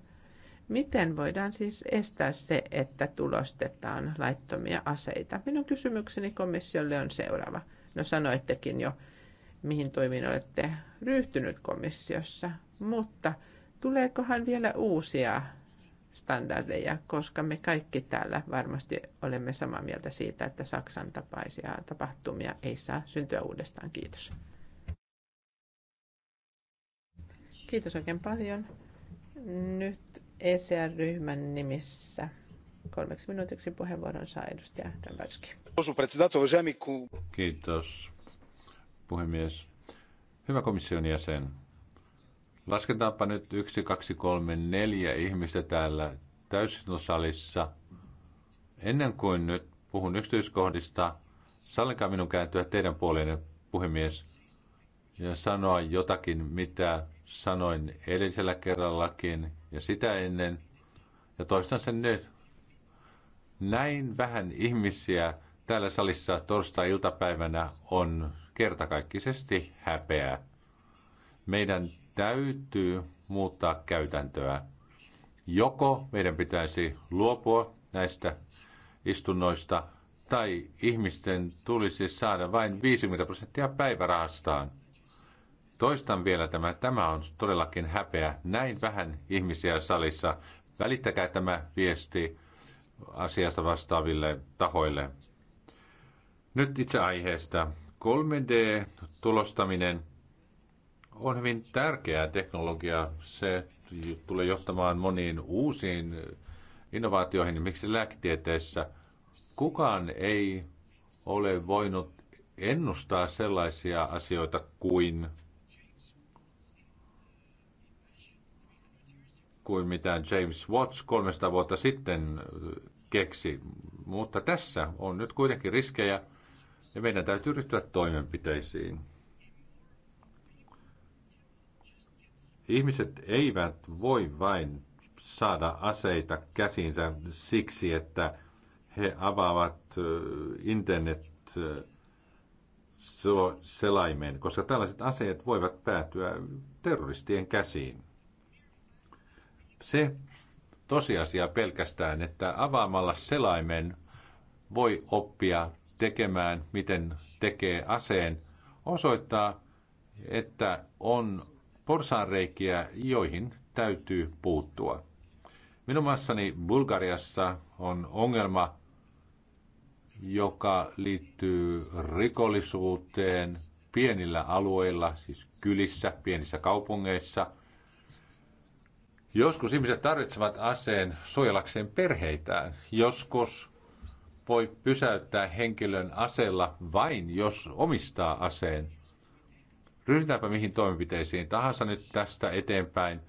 Miten voidaan siis estää se, että tulostetaan laittomia aseita? Minun kysymykseni komissiolle on seuraava. No sanoittekin jo, mihin toimiin olette ryhtynyt komissiossa, mutta tuleekohan vielä uusia standardeja, koska me kaikki täällä varmasti olemme samaa mieltä siitä, että Saksan tapaisia tapahtumia ei saa syntyä uudestaan. Kiitos. Kiitos oikein paljon. Nyt ECR-ryhmän nimissä. Kolmeksi minuutiksi puheenvuoron saa edustaja Dambatski. Kiitos, puhemies. Hyvä komission jäsen. Lasketaanpa nyt yksi, kaksi, kolme, neljä ihmistä täällä täysinosalissa. Ennen kuin nyt puhun yksityiskohdista, sallinkaa minun kääntyä teidän puoleenne, puhemies, ja sanoa jotakin, mitä sanoin edellisellä kerrallakin – ja sitä ennen, ja toistan sen nyt, näin vähän ihmisiä täällä salissa torstai-iltapäivänä on kertakaikkisesti häpeä. Meidän täytyy muuttaa käytäntöä. Joko meidän pitäisi luopua näistä istunnoista, tai ihmisten tulisi saada vain 50 prosenttia päivärahastaan – Toistan vielä tämä. Tämä on todellakin häpeä. Näin vähän ihmisiä salissa. Välittäkää tämä viesti asiasta vastaaville tahoille. Nyt itse aiheesta. 3D-tulostaminen on hyvin tärkeää teknologia. Se tulee johtamaan moniin uusiin innovaatioihin, miksi lääketieteessä. Kukaan ei ole voinut ennustaa sellaisia asioita kuin kuin mitä James Watts 300 vuotta sitten keksi. Mutta tässä on nyt kuitenkin riskejä ja meidän täytyy ryhtyä toimenpiteisiin. Ihmiset eivät voi vain saada aseita käsinsä siksi, että he avaavat internet selaimen, koska tällaiset aseet voivat päätyä terroristien käsiin. Se tosiasia pelkästään, että avaamalla selaimen voi oppia tekemään, miten tekee aseen, osoittaa, että on porsaanreikiä, joihin täytyy puuttua. Minun maassani Bulgariassa on ongelma, joka liittyy rikollisuuteen pienillä alueilla, siis kylissä, pienissä kaupungeissa – Joskus ihmiset tarvitsevat aseen suojelakseen perheitään. Joskus voi pysäyttää henkilön aseella vain, jos omistaa aseen. Ryhdytäänpä mihin toimenpiteisiin tahansa nyt tästä eteenpäin.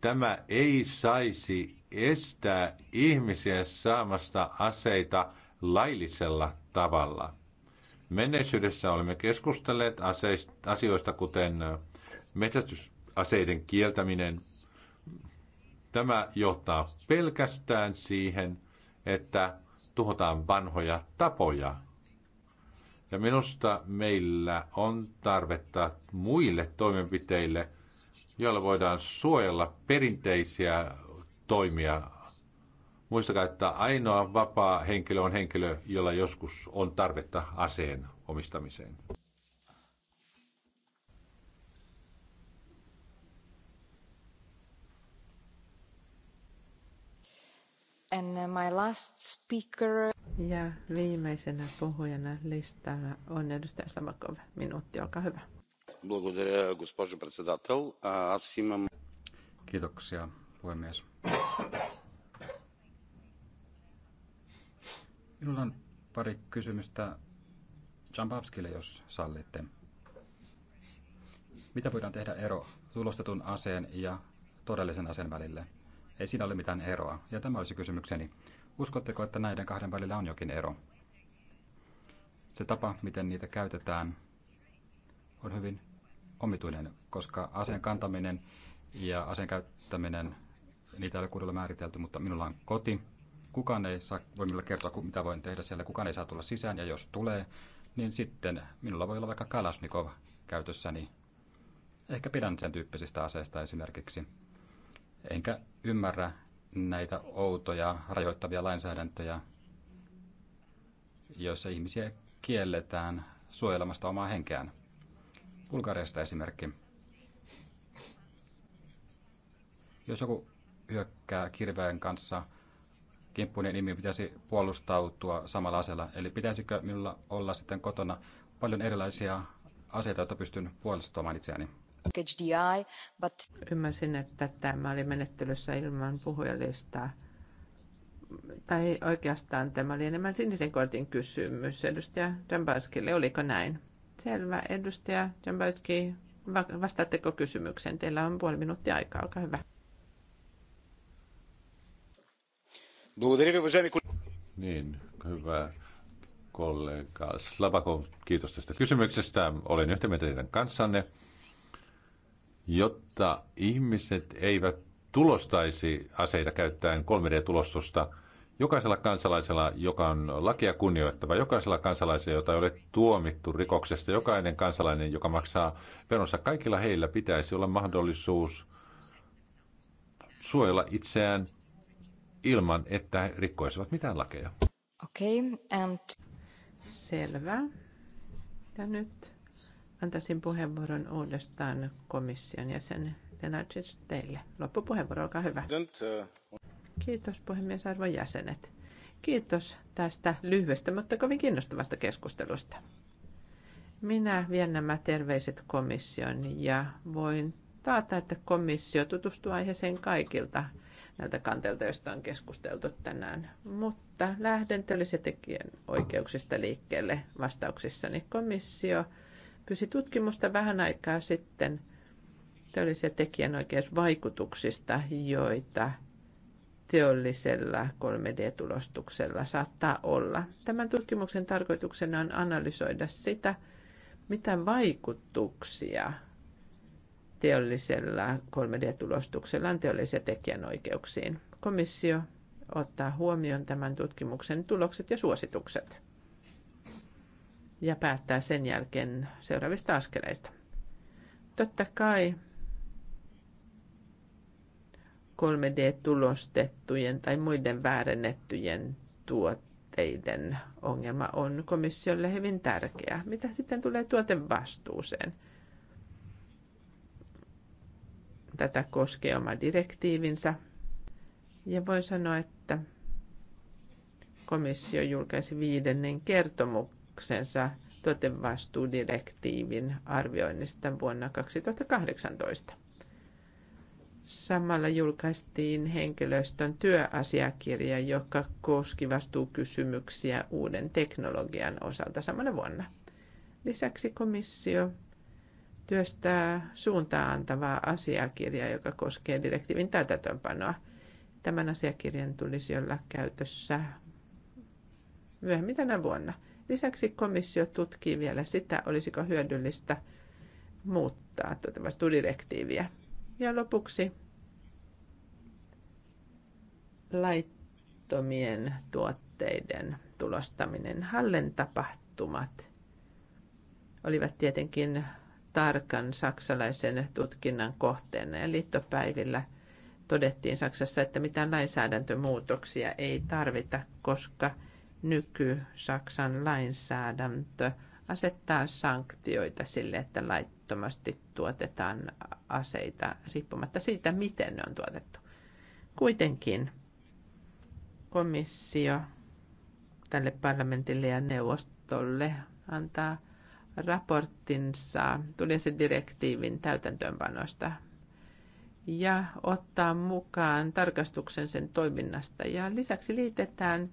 Tämä ei saisi estää ihmisiä saamasta aseita laillisella tavalla. Menneisyydessä olemme keskustelleet aseista, asioista kuten metsästys, aseiden kieltäminen, tämä johtaa pelkästään siihen, että tuhotaan vanhoja tapoja. Ja minusta meillä on tarvetta muille toimenpiteille, joilla voidaan suojella perinteisiä toimia. Muistakaa, että ainoa vapaa henkilö on henkilö, jolla joskus on tarvetta aseen omistamiseen. And my last speaker... Ja viimeisenä puhujana listalla on edustaja Slavakov. Minuutti, olkaa hyvä. Kiitoksia, puhemies. Minulla on pari kysymystä Jambavskille, jos sallitte. Mitä voidaan tehdä ero tulostetun aseen ja todellisen aseen välille? Ei siinä ole mitään eroa. Ja tämä olisi kysymykseni. Uskotteko, että näiden kahden välillä on jokin ero? Se tapa, miten niitä käytetään, on hyvin omituinen, koska aseen kantaminen ja aseen käyttäminen, niitä ei ole kuudella määritelty, mutta minulla on koti. Kukaan ei saa, voi minulle kertoa, mitä voin tehdä siellä. Kukaan ei saa tulla sisään, ja jos tulee, niin sitten minulla voi olla vaikka Kalasnikov käytössäni. Ehkä pidän sen tyyppisistä aseista esimerkiksi. Enkä ymmärrä näitä outoja rajoittavia lainsäädäntöjä, joissa ihmisiä kielletään suojelemasta omaa henkeään. Bulgariasta esimerkki. Jos joku hyökkää kirveen kanssa kimppuun, niin pitäisi puolustautua samalla asella. Eli pitäisikö minulla olla sitten kotona paljon erilaisia aseita, joita pystyn puolustamaan itseäni? but... Ymmärsin, että tämä oli menettelyssä ilman puhujalistaa. Tai oikeastaan tämä oli enemmän sinisen kortin kysymys edustaja Dambauskille. Oliko näin? Selvä. Edustaja Dambauski, vastaatteko kysymykseen? Teillä on puoli minuuttia aikaa. Olkaa hyvä. Niin, hyvä kollega Slavakov, kiitos tästä kysymyksestä. Olen yhtä mieltä teidän kanssanne jotta ihmiset eivät tulostaisi aseita käyttäen 3D-tulostusta, jokaisella kansalaisella, joka on lakia kunnioittava, jokaisella kansalaisella, jota ei ole tuomittu rikoksesta, jokainen kansalainen, joka maksaa veronsa, kaikilla heillä pitäisi olla mahdollisuus suojella itseään ilman, että he rikkoisivat mitään lakeja. Okei, okay, ähm, and... Selvä. Ja nyt antaisin puheenvuoron uudestaan komission jäsen Lenarcic teille. Loppupuheenvuoro, olkaa hyvä. Kiitos puhemies arvon jäsenet. Kiitos tästä lyhyestä, mutta kovin kiinnostavasta keskustelusta. Minä vien nämä terveiset komission ja voin taata, että komissio tutustuu aiheeseen kaikilta näiltä kanteilta, joista on keskusteltu tänään. Mutta lähden tekijän oikeuksista liikkeelle vastauksissani. Komissio pyysi tutkimusta vähän aikaa sitten teollisia tekijänoikeusvaikutuksista, joita teollisella 3D-tulostuksella saattaa olla. Tämän tutkimuksen tarkoituksena on analysoida sitä, mitä vaikutuksia teollisella 3D-tulostuksella on teollisia tekijänoikeuksiin. Komissio ottaa huomioon tämän tutkimuksen tulokset ja suositukset ja päättää sen jälkeen seuraavista askeleista. Totta kai 3D-tulostettujen tai muiden väärennettyjen tuotteiden ongelma on komissiolle hyvin tärkeä. Mitä sitten tulee tuotevastuuseen? Tätä koskee oma direktiivinsä. Ja voin sanoa, että komissio julkaisi viidennen kertomuksen ehdotuksensa tuotevastuudirektiivin arvioinnista vuonna 2018. Samalla julkaistiin henkilöstön työasiakirja, joka koski vastuukysymyksiä uuden teknologian osalta samana vuonna. Lisäksi komissio työstää suuntaa antavaa asiakirjaa, joka koskee direktiivin täytäntöönpanoa. Tämän asiakirjan tulisi olla käytössä myöhemmin tänä vuonna – Lisäksi komissio tutkii vielä sitä, olisiko hyödyllistä muuttaa tuota vastuudirektiiviä. Ja lopuksi laittomien tuotteiden tulostaminen. Hallen tapahtumat olivat tietenkin tarkan saksalaisen tutkinnan kohteena ja liittopäivillä todettiin Saksassa, että mitään lainsäädäntömuutoksia ei tarvita, koska – nyky-Saksan lainsäädäntö asettaa sanktioita sille, että laittomasti tuotetaan aseita riippumatta siitä, miten ne on tuotettu. Kuitenkin komissio tälle parlamentille ja neuvostolle antaa raporttinsa se direktiivin täytäntöönpanosta ja ottaa mukaan tarkastuksen sen toiminnasta. Ja lisäksi liitetään –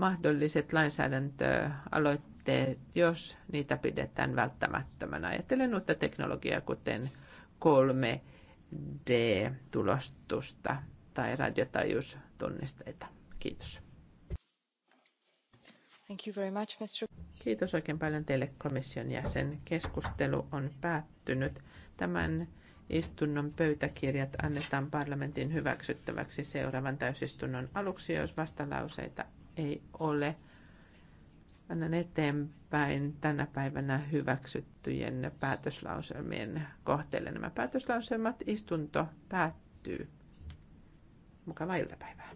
mahdolliset lainsäädäntöaloitteet, jos niitä pidetään välttämättömänä. Ajattelen uutta teknologiaa, kuten 3D-tulostusta tai radiotajuustunnisteita. Kiitos. Thank you very much, Mr. Kiitos oikein paljon teille komission jäsen. Keskustelu on päättynyt. Tämän istunnon pöytäkirjat annetaan parlamentin hyväksyttäväksi seuraavan täysistunnon aluksi, jos vastalauseita ei ole. Annan eteenpäin tänä päivänä hyväksyttyjen päätöslauselmien kohteelle nämä päätöslauselmat. Istunto päättyy. Mukavaa iltapäivää.